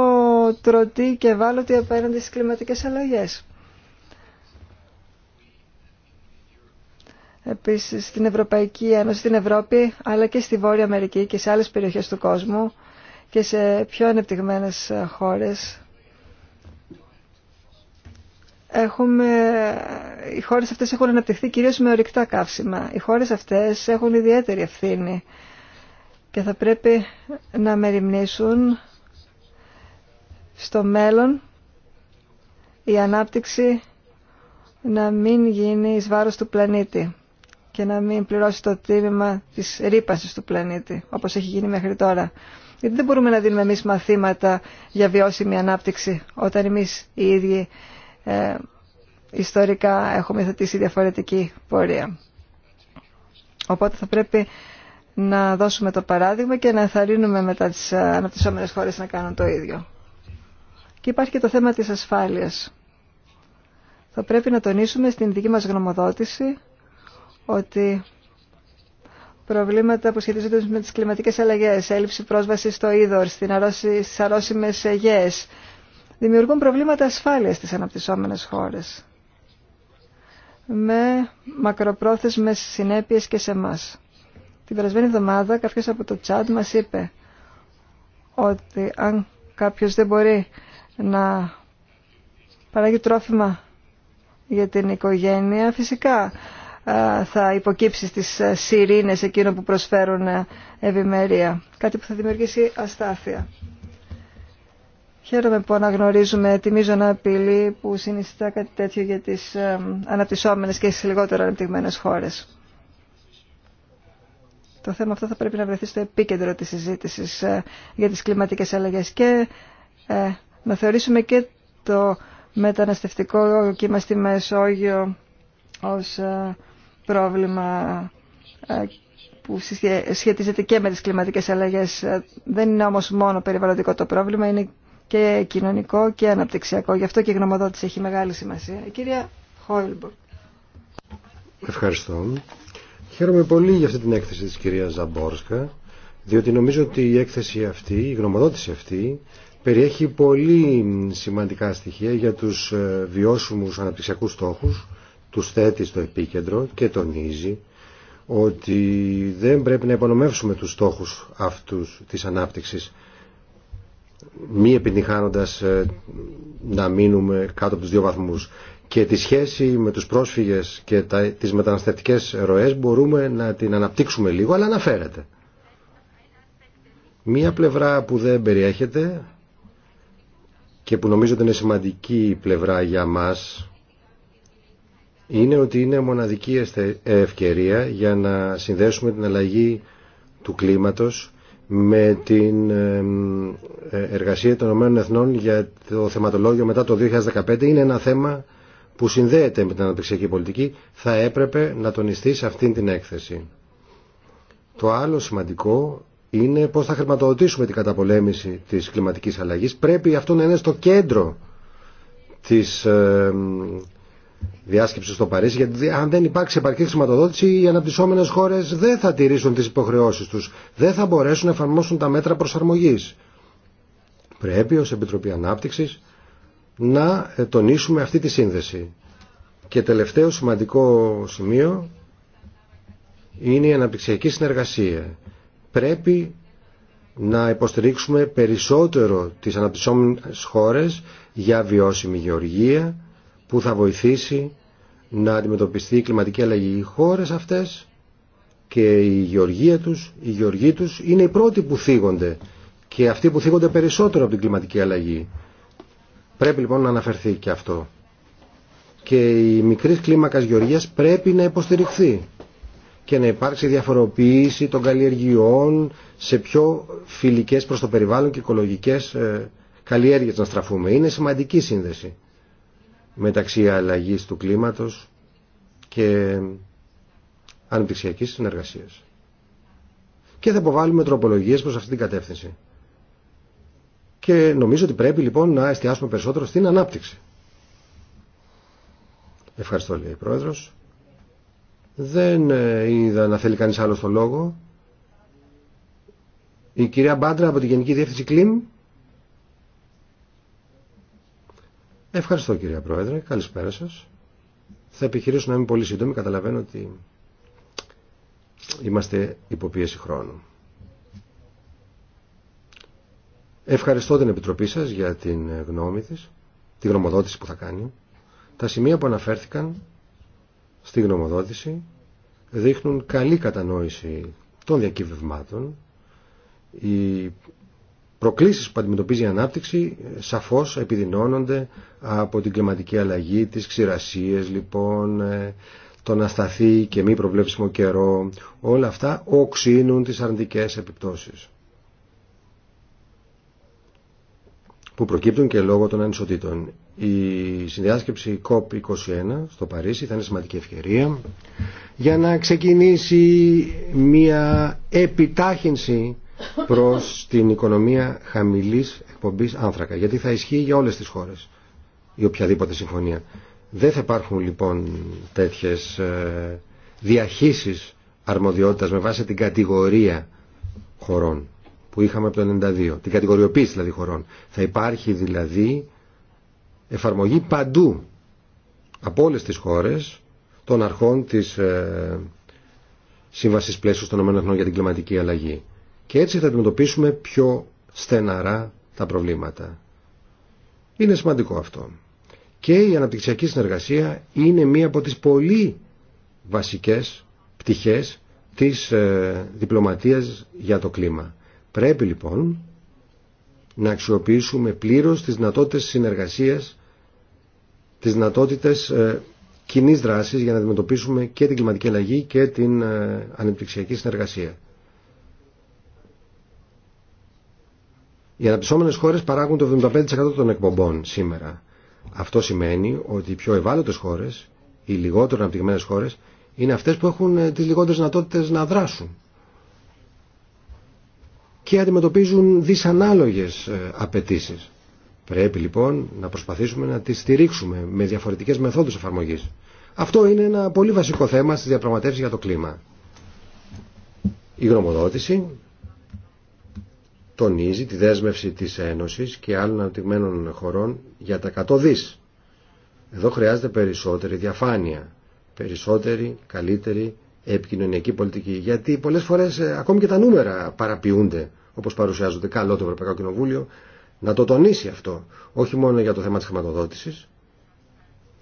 τρωτοί και ευάλωτοι απέναντι στις κλιματικές αλλαγές. επίσης στην Ευρωπαϊκή Ένωση, στην Ευρώπη, αλλά και στη Βόρεια Αμερική και σε άλλες περιοχές του κόσμου και σε πιο ανεπτυγμένες χώρες. Έχουμε, οι χώρες αυτές έχουν αναπτυχθεί κυρίως με ορυκτά καύσιμα. Οι χώρες αυτές έχουν ιδιαίτερη ευθύνη και θα πρέπει να μεριμνήσουν στο μέλλον η ανάπτυξη να μην γίνει εις βάρος του πλανήτη και να μην πληρώσει το τίμημα της ρήπαση του πλανήτη, όπως έχει γίνει μέχρι τώρα. Γιατί δεν μπορούμε να δίνουμε εμεί μαθήματα για βιώσιμη ανάπτυξη, όταν εμεί οι ίδιοι ε, ιστορικά έχουμε θετήσει διαφορετική πορεία. Οπότε θα πρέπει να δώσουμε το παράδειγμα και να ενθαρρύνουμε μετά τις αναπτυσσόμενες χώρες να κάνουν το ίδιο. Και υπάρχει και το θέμα της ασφάλειας. Θα πρέπει να τονίσουμε στην δική μας γνωμοδότηση ότι προβλήματα που σχετίζονται με τις κλιματικές αλλαγές, έλλειψη πρόσβασης στο είδωρ, στις αρρώσιμες αιγαίες, δημιουργούν προβλήματα ασφάλειας στις αναπτυσσόμενες χώρες με μακροπρόθεσμες συνέπειες και σε εμά. Την περασμένη εβδομάδα κάποιος από το τσάντ μας είπε ότι αν κάποιος δεν μπορεί να παράγει τρόφιμα για την οικογένεια, φυσικά ε, θα υποκύψει στις ε, σιρήνες εκείνων που προσφέρουν ε, ευημερία. Κάτι που θα δημιουργήσει αστάθεια. Χαίρομαι που αναγνωρίζουμε τη μείζωνα απειλή που συνιστά κάτι τέτοιο για τις αναπτυσσόμενες και στις λιγότερο αναπτυγμένες χώρες. Το θέμα αυτό θα πρέπει να βρεθεί στο επίκεντρο της συζήτησης για τις κλιματικές αλλαγές και να θεωρήσουμε και το μεταναστευτικό κύμα στη Μεσόγειο ως πρόβλημα ε, που σχετίζεται και με τις κλιματικές αλλαγές. Ε, δεν είναι όμως μόνο περιβαλλοντικό το πρόβλημα, είναι και κοινωνικό και αναπτυξιακό. Γι' αυτό και η γνωμοδότηση έχει μεγάλη σημασία. Η κυρία Χόιλμπορ. Ευχαριστώ. Χαίρομαι πολύ για αυτή την έκθεση της κυρία Ζαμπόρσκα, διότι νομίζω ότι η έκθεση αυτή, η γνωμοδότηση αυτή, περιέχει πολύ σημαντικά στοιχεία για τους ε, βιώσιμους αναπτυξιακούς στόχους τους θέτει στο επίκεντρο και τονίζει ότι δεν πρέπει να υπονομεύσουμε τους στόχους αυτούς της ανάπτυξης μη επιτυχάνοντας ε, να μείνουμε κάτω από τους δύο βαθμούς και τη σχέση με τους πρόσφυγες και τις μεταναστευτικές ροές μπορούμε να την αναπτύξουμε λίγο αλλά αναφέρεται μία πλευρά που δεν περιέχεται και που νομίζω ότι είναι σημαντική πλευρά για μας είναι ότι είναι μοναδική ευκαιρία για να συνδέσουμε την αλλαγή του κλίματος με την εργασία των ΗΕ για το θεματολόγιο μετά το 2015 είναι ένα θέμα που συνδέεται με την αναπτυξιακή πολιτική θα έπρεπε να τονιστεί σε αυτήν την έκθεση. Το άλλο σημαντικό είναι πώς θα χρηματοδοτήσουμε την καταπολέμηση της κλιματικής αλλαγής. Πρέπει αυτό να είναι στο κέντρο της διάσκεψη στο Παρίσι, γιατί αν δεν υπάρξει επαρκή χρηματοδότηση, οι αναπτυσσόμενε χώρε δεν θα τηρήσουν τι υποχρεώσει του. Δεν θα μπορέσουν να εφαρμόσουν τα μέτρα προσαρμογή. Πρέπει ω Επιτροπή Ανάπτυξη να ε, τονίσουμε αυτή τη σύνδεση. Και τελευταίο σημαντικό σημείο είναι η αναπτυξιακή συνεργασία. Πρέπει να υποστηρίξουμε περισσότερο τις αναπτυσσόμενες χώρες για βιώσιμη γεωργία, που θα βοηθήσει να αντιμετωπιστεί η κλιματική αλλαγή. Οι χώρες αυτές και η γεωργία τους, οι γεωργοί τους είναι οι πρώτοι που θίγονται και αυτοί που θίγονται περισσότερο από την κλιματική αλλαγή. Πρέπει λοιπόν να αναφερθεί και αυτό. Και η μικρή κλίμακα γεωργία πρέπει να υποστηριχθεί και να υπάρξει διαφοροποίηση των καλλιεργειών σε πιο φιλικές προς το περιβάλλον και οικολογικές ε, καλλιέργειες να στραφούμε. Είναι σημαντική σύνδεση μεταξύ αλλαγής του κλίματος και ανεπτυξιακής συνεργασίας. Και θα αποβάλουμε τροπολογίες προς αυτή την κατεύθυνση. Και νομίζω ότι πρέπει λοιπόν να εστιάσουμε περισσότερο στην ανάπτυξη. Ευχαριστώ λέει η Πρόεδρος. Δεν ε, είδα να θέλει κανείς άλλο το λόγο. Η κυρία Μπάντρα από τη Γενική Διεύθυνση Κλίν Ευχαριστώ κυρία Πρόεδρε. Καλησπέρα σας. Θα επιχειρήσω να είμαι πολύ σύντομη. Καταλαβαίνω ότι είμαστε υποπίεση χρόνου. Ευχαριστώ την Επιτροπή σας για την γνώμη της, τη γνωμοδότηση που θα κάνει. Τα σημεία που αναφέρθηκαν στη γνωμοδότηση δείχνουν καλή κατανόηση των διακύβευμάτων. Η προκλήσεις που αντιμετωπίζει η ανάπτυξη ε, σαφώς επιδεινώνονται από την κλιματική αλλαγή, τις ξηρασίες λοιπόν, ε, να σταθεί και μη προβλέψιμο καιρό. Όλα αυτά οξύνουν τις αρνητικές επιπτώσεις που προκύπτουν και λόγω των ανισοτήτων. Η συνδιάσκεψη COP21 στο Παρίσι θα είναι σημαντική ευκαιρία για να ξεκινήσει μια επιτάχυνση προς την οικονομία χαμηλής εκπομπής άνθρακα. Γιατί θα ισχύει για όλες τις χώρες ή οποιαδήποτε συμφωνία. Δεν θα υπάρχουν λοιπόν τέτοιες ε, διαχύσεις αρμοδιότητας με βάση την κατηγορία χωρών που είχαμε από το 92, την κατηγοριοποίηση δηλαδή χωρών. Θα υπάρχει δηλαδή εφαρμογή παντού από όλες τις χώρες των αρχών της ε, Σύμβασης των ΗΠΑ για την κλιματική αλλαγή. Και έτσι θα αντιμετωπίσουμε πιο στεναρά τα προβλήματα. Είναι σημαντικό αυτό. Και η αναπτυξιακή συνεργασία είναι μία από τις πολύ βασικές πτυχές της ε, διπλωματίας για το κλίμα. Πρέπει λοιπόν να αξιοποιήσουμε πλήρως τις δυνατότητες συνεργασίας, τις δυνατότητες ε, κοινής δράσης για να αντιμετωπίσουμε και την κλιματική αλλαγή και την ε, ανεπτυξιακή συνεργασία. Οι αναπτυσσόμενες χώρες παράγουν το 75% των εκπομπών σήμερα. Αυτό σημαίνει ότι οι πιο ευάλωτες χώρες, οι λιγότερο αναπτυγμένες χώρες, είναι αυτές που έχουν ε, τις λιγότερες δυνατότητε να δράσουν και αντιμετωπίζουν δυσανάλογες ε, απαιτήσει. Πρέπει λοιπόν να προσπαθήσουμε να τις στηρίξουμε με διαφορετικές μεθόδους εφαρμογής. Αυτό είναι ένα πολύ βασικό θέμα στις διαπραγματεύσεις για το κλίμα. Η γνωμοδότηση τονίζει τη δέσμευση της Ένωσης και άλλων αναπτυγμένων χωρών για τα 100 δις. Εδώ χρειάζεται περισσότερη διαφάνεια, περισσότερη, καλύτερη επικοινωνιακή πολιτική. Γιατί πολλές φορές ε, ακόμη και τα νούμερα παραποιούνται όπως παρουσιάζονται. Καλό το Ευρωπαϊκό Κοινοβούλιο να το τονίσει αυτό. Όχι μόνο για το θέμα της χρηματοδότησης,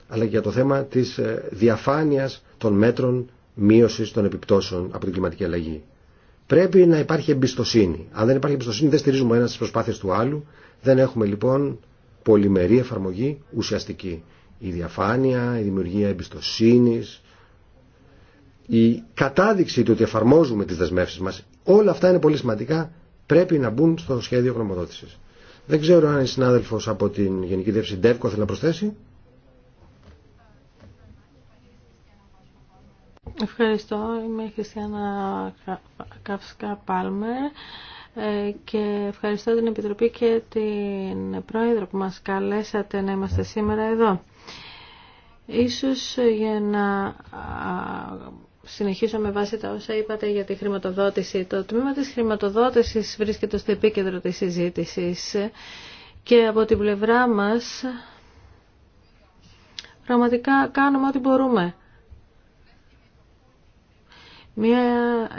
αλλά και για το θέμα της ε, διαφάνειας των μέτρων μείωσης των επιπτώσεων από την κλιματική αλλαγή. Πρέπει να υπάρχει εμπιστοσύνη. Αν δεν υπάρχει εμπιστοσύνη δεν στηρίζουμε ένα στις προσπάθειε του άλλου. Δεν έχουμε λοιπόν πολυμερή εφαρμογή ουσιαστική. Η διαφάνεια, η δημιουργία εμπιστοσύνη, η κατάδειξη του ότι εφαρμόζουμε τι δεσμεύσει μα, όλα αυτά είναι πολύ σημαντικά. Πρέπει να μπουν στο σχέδιο γνωμοδότηση. Δεν ξέρω αν η συνάδελφο από την Γενική Διεύθυνση Ντεύκο, θέλει να προσθέσει. Ευχαριστώ. Είμαι η Χριστιανά Καύσκα Πάλμερ ε, και ευχαριστώ την Επιτροπή και την Πρόεδρο που μας καλέσατε να είμαστε σήμερα εδώ. Ίσως για να συνεχίσω με βάση τα όσα είπατε για τη χρηματοδότηση. Το τμήμα της χρηματοδότησης βρίσκεται στο επίκεντρο της συζήτησης και από την πλευρά μας πραγματικά κάνουμε ό,τι μπορούμε Μία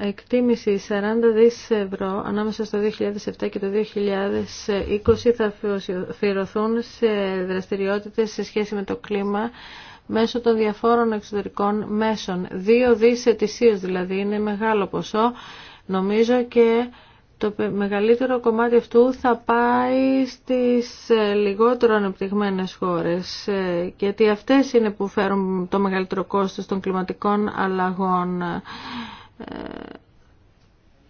εκτίμηση 40 δις ευρώ ανάμεσα στο 2007 και το 2020 θα αφιερωθούν σε δραστηριότητες σε σχέση με το κλίμα μέσω των διαφόρων εξωτερικών μέσων. Δύο δις ετησίως δηλαδή είναι μεγάλο ποσό νομίζω και το μεγαλύτερο κομμάτι αυτού θα πάει στις ε, λιγότερο ανεπτυγμένες χώρες ε, γιατί αυτές είναι που φέρουν το μεγαλύτερο κόστος των κλιματικών αλλαγών ε,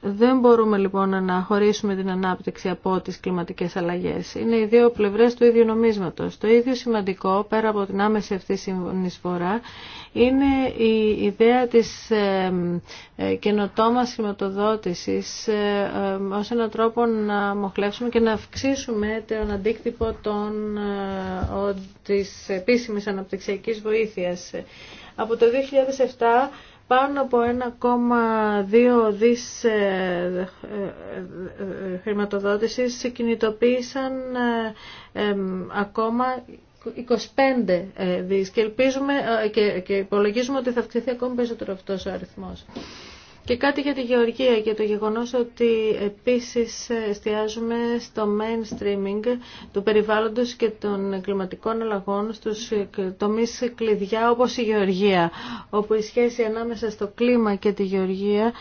δεν μπορούμε λοιπόν να χωρίσουμε την ανάπτυξη από τις κλιματικές αλλαγές. Είναι οι δύο πλευρές του ίδιου νομίσματος. Το ίδιο σημαντικό, πέρα από την άμεση αυτή συνεισφορά, είναι η ιδέα της ε, ε, καινοτόμας χρηματοδότησης ε, ε, ως έναν τρόπο να μοχλεύσουμε και να αυξήσουμε τον αντίκτυπο των, ε, της επίσημης αναπτυξιακής βοήθειας. Από το 2007 πάνω από 1,2 δις ε, ε, ε, χρηματοδότησης κινητοποίησαν ακόμα 25 δις και, ελπίζουμε, και, και υπολογίζουμε ότι θα αυξηθεί ακόμη περισσότερο αυτός ο αριθμός. Και κάτι για τη γεωργία και το γεγονός ότι επίσης εστιάζουμε στο mainstreaming του περιβάλλοντος και των κλιματικών αλλαγών στους τομείς κλειδιά όπως η γεωργία, όπου η σχέση ανάμεσα στο κλίμα και τη γεωργία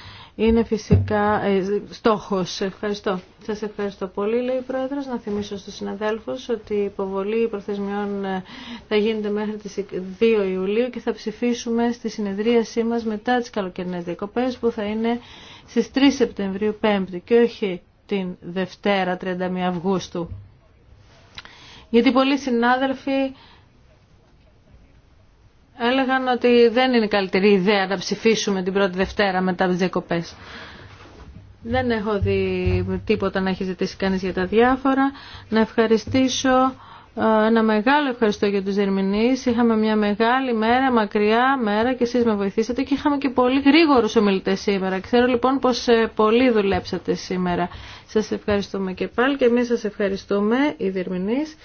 είναι φυσικά ε, στόχος. Ευχαριστώ. Σας ευχαριστώ πολύ, λέει η Πρόεδρος. Να θυμίσω στους συναδέλφους ότι η υποβολή προθεσμιών ε, θα γίνεται μέχρι τις 2 Ιουλίου και θα ψηφίσουμε στη συνεδρίασή μας μετά τις καλοκαιρινές διακοπές που θα είναι στις 3 Σεπτεμβρίου και όχι την Δευτέρα 31 Αυγούστου. Γιατί πολλοί συνάδελφοι έλεγαν ότι δεν είναι καλύτερη ιδέα να ψηφίσουμε την πρώτη Δευτέρα μετά τι διακοπέ. Δεν έχω δει τίποτα να έχει ζητήσει κανείς για τα διάφορα. Να ευχαριστήσω ε, ένα μεγάλο ευχαριστώ για τους Δερμηνείς. Είχαμε μια μεγάλη μέρα, μακριά μέρα και εσείς με βοηθήσατε και είχαμε και πολύ γρήγορους ομιλητές σήμερα. Ξέρω λοιπόν πως ε, πολύ δουλέψατε σήμερα. Σας ευχαριστούμε και πάλι και εμείς σας ευχαριστούμε οι Δερμηνείς.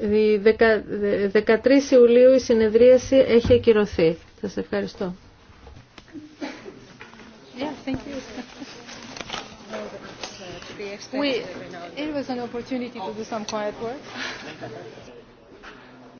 13 Ιουλίου η συνεδρίαση έχει ακυρωθεί. Σας ευχαριστώ. Yeah, thank you. We, it was an opportunity to do some quiet work.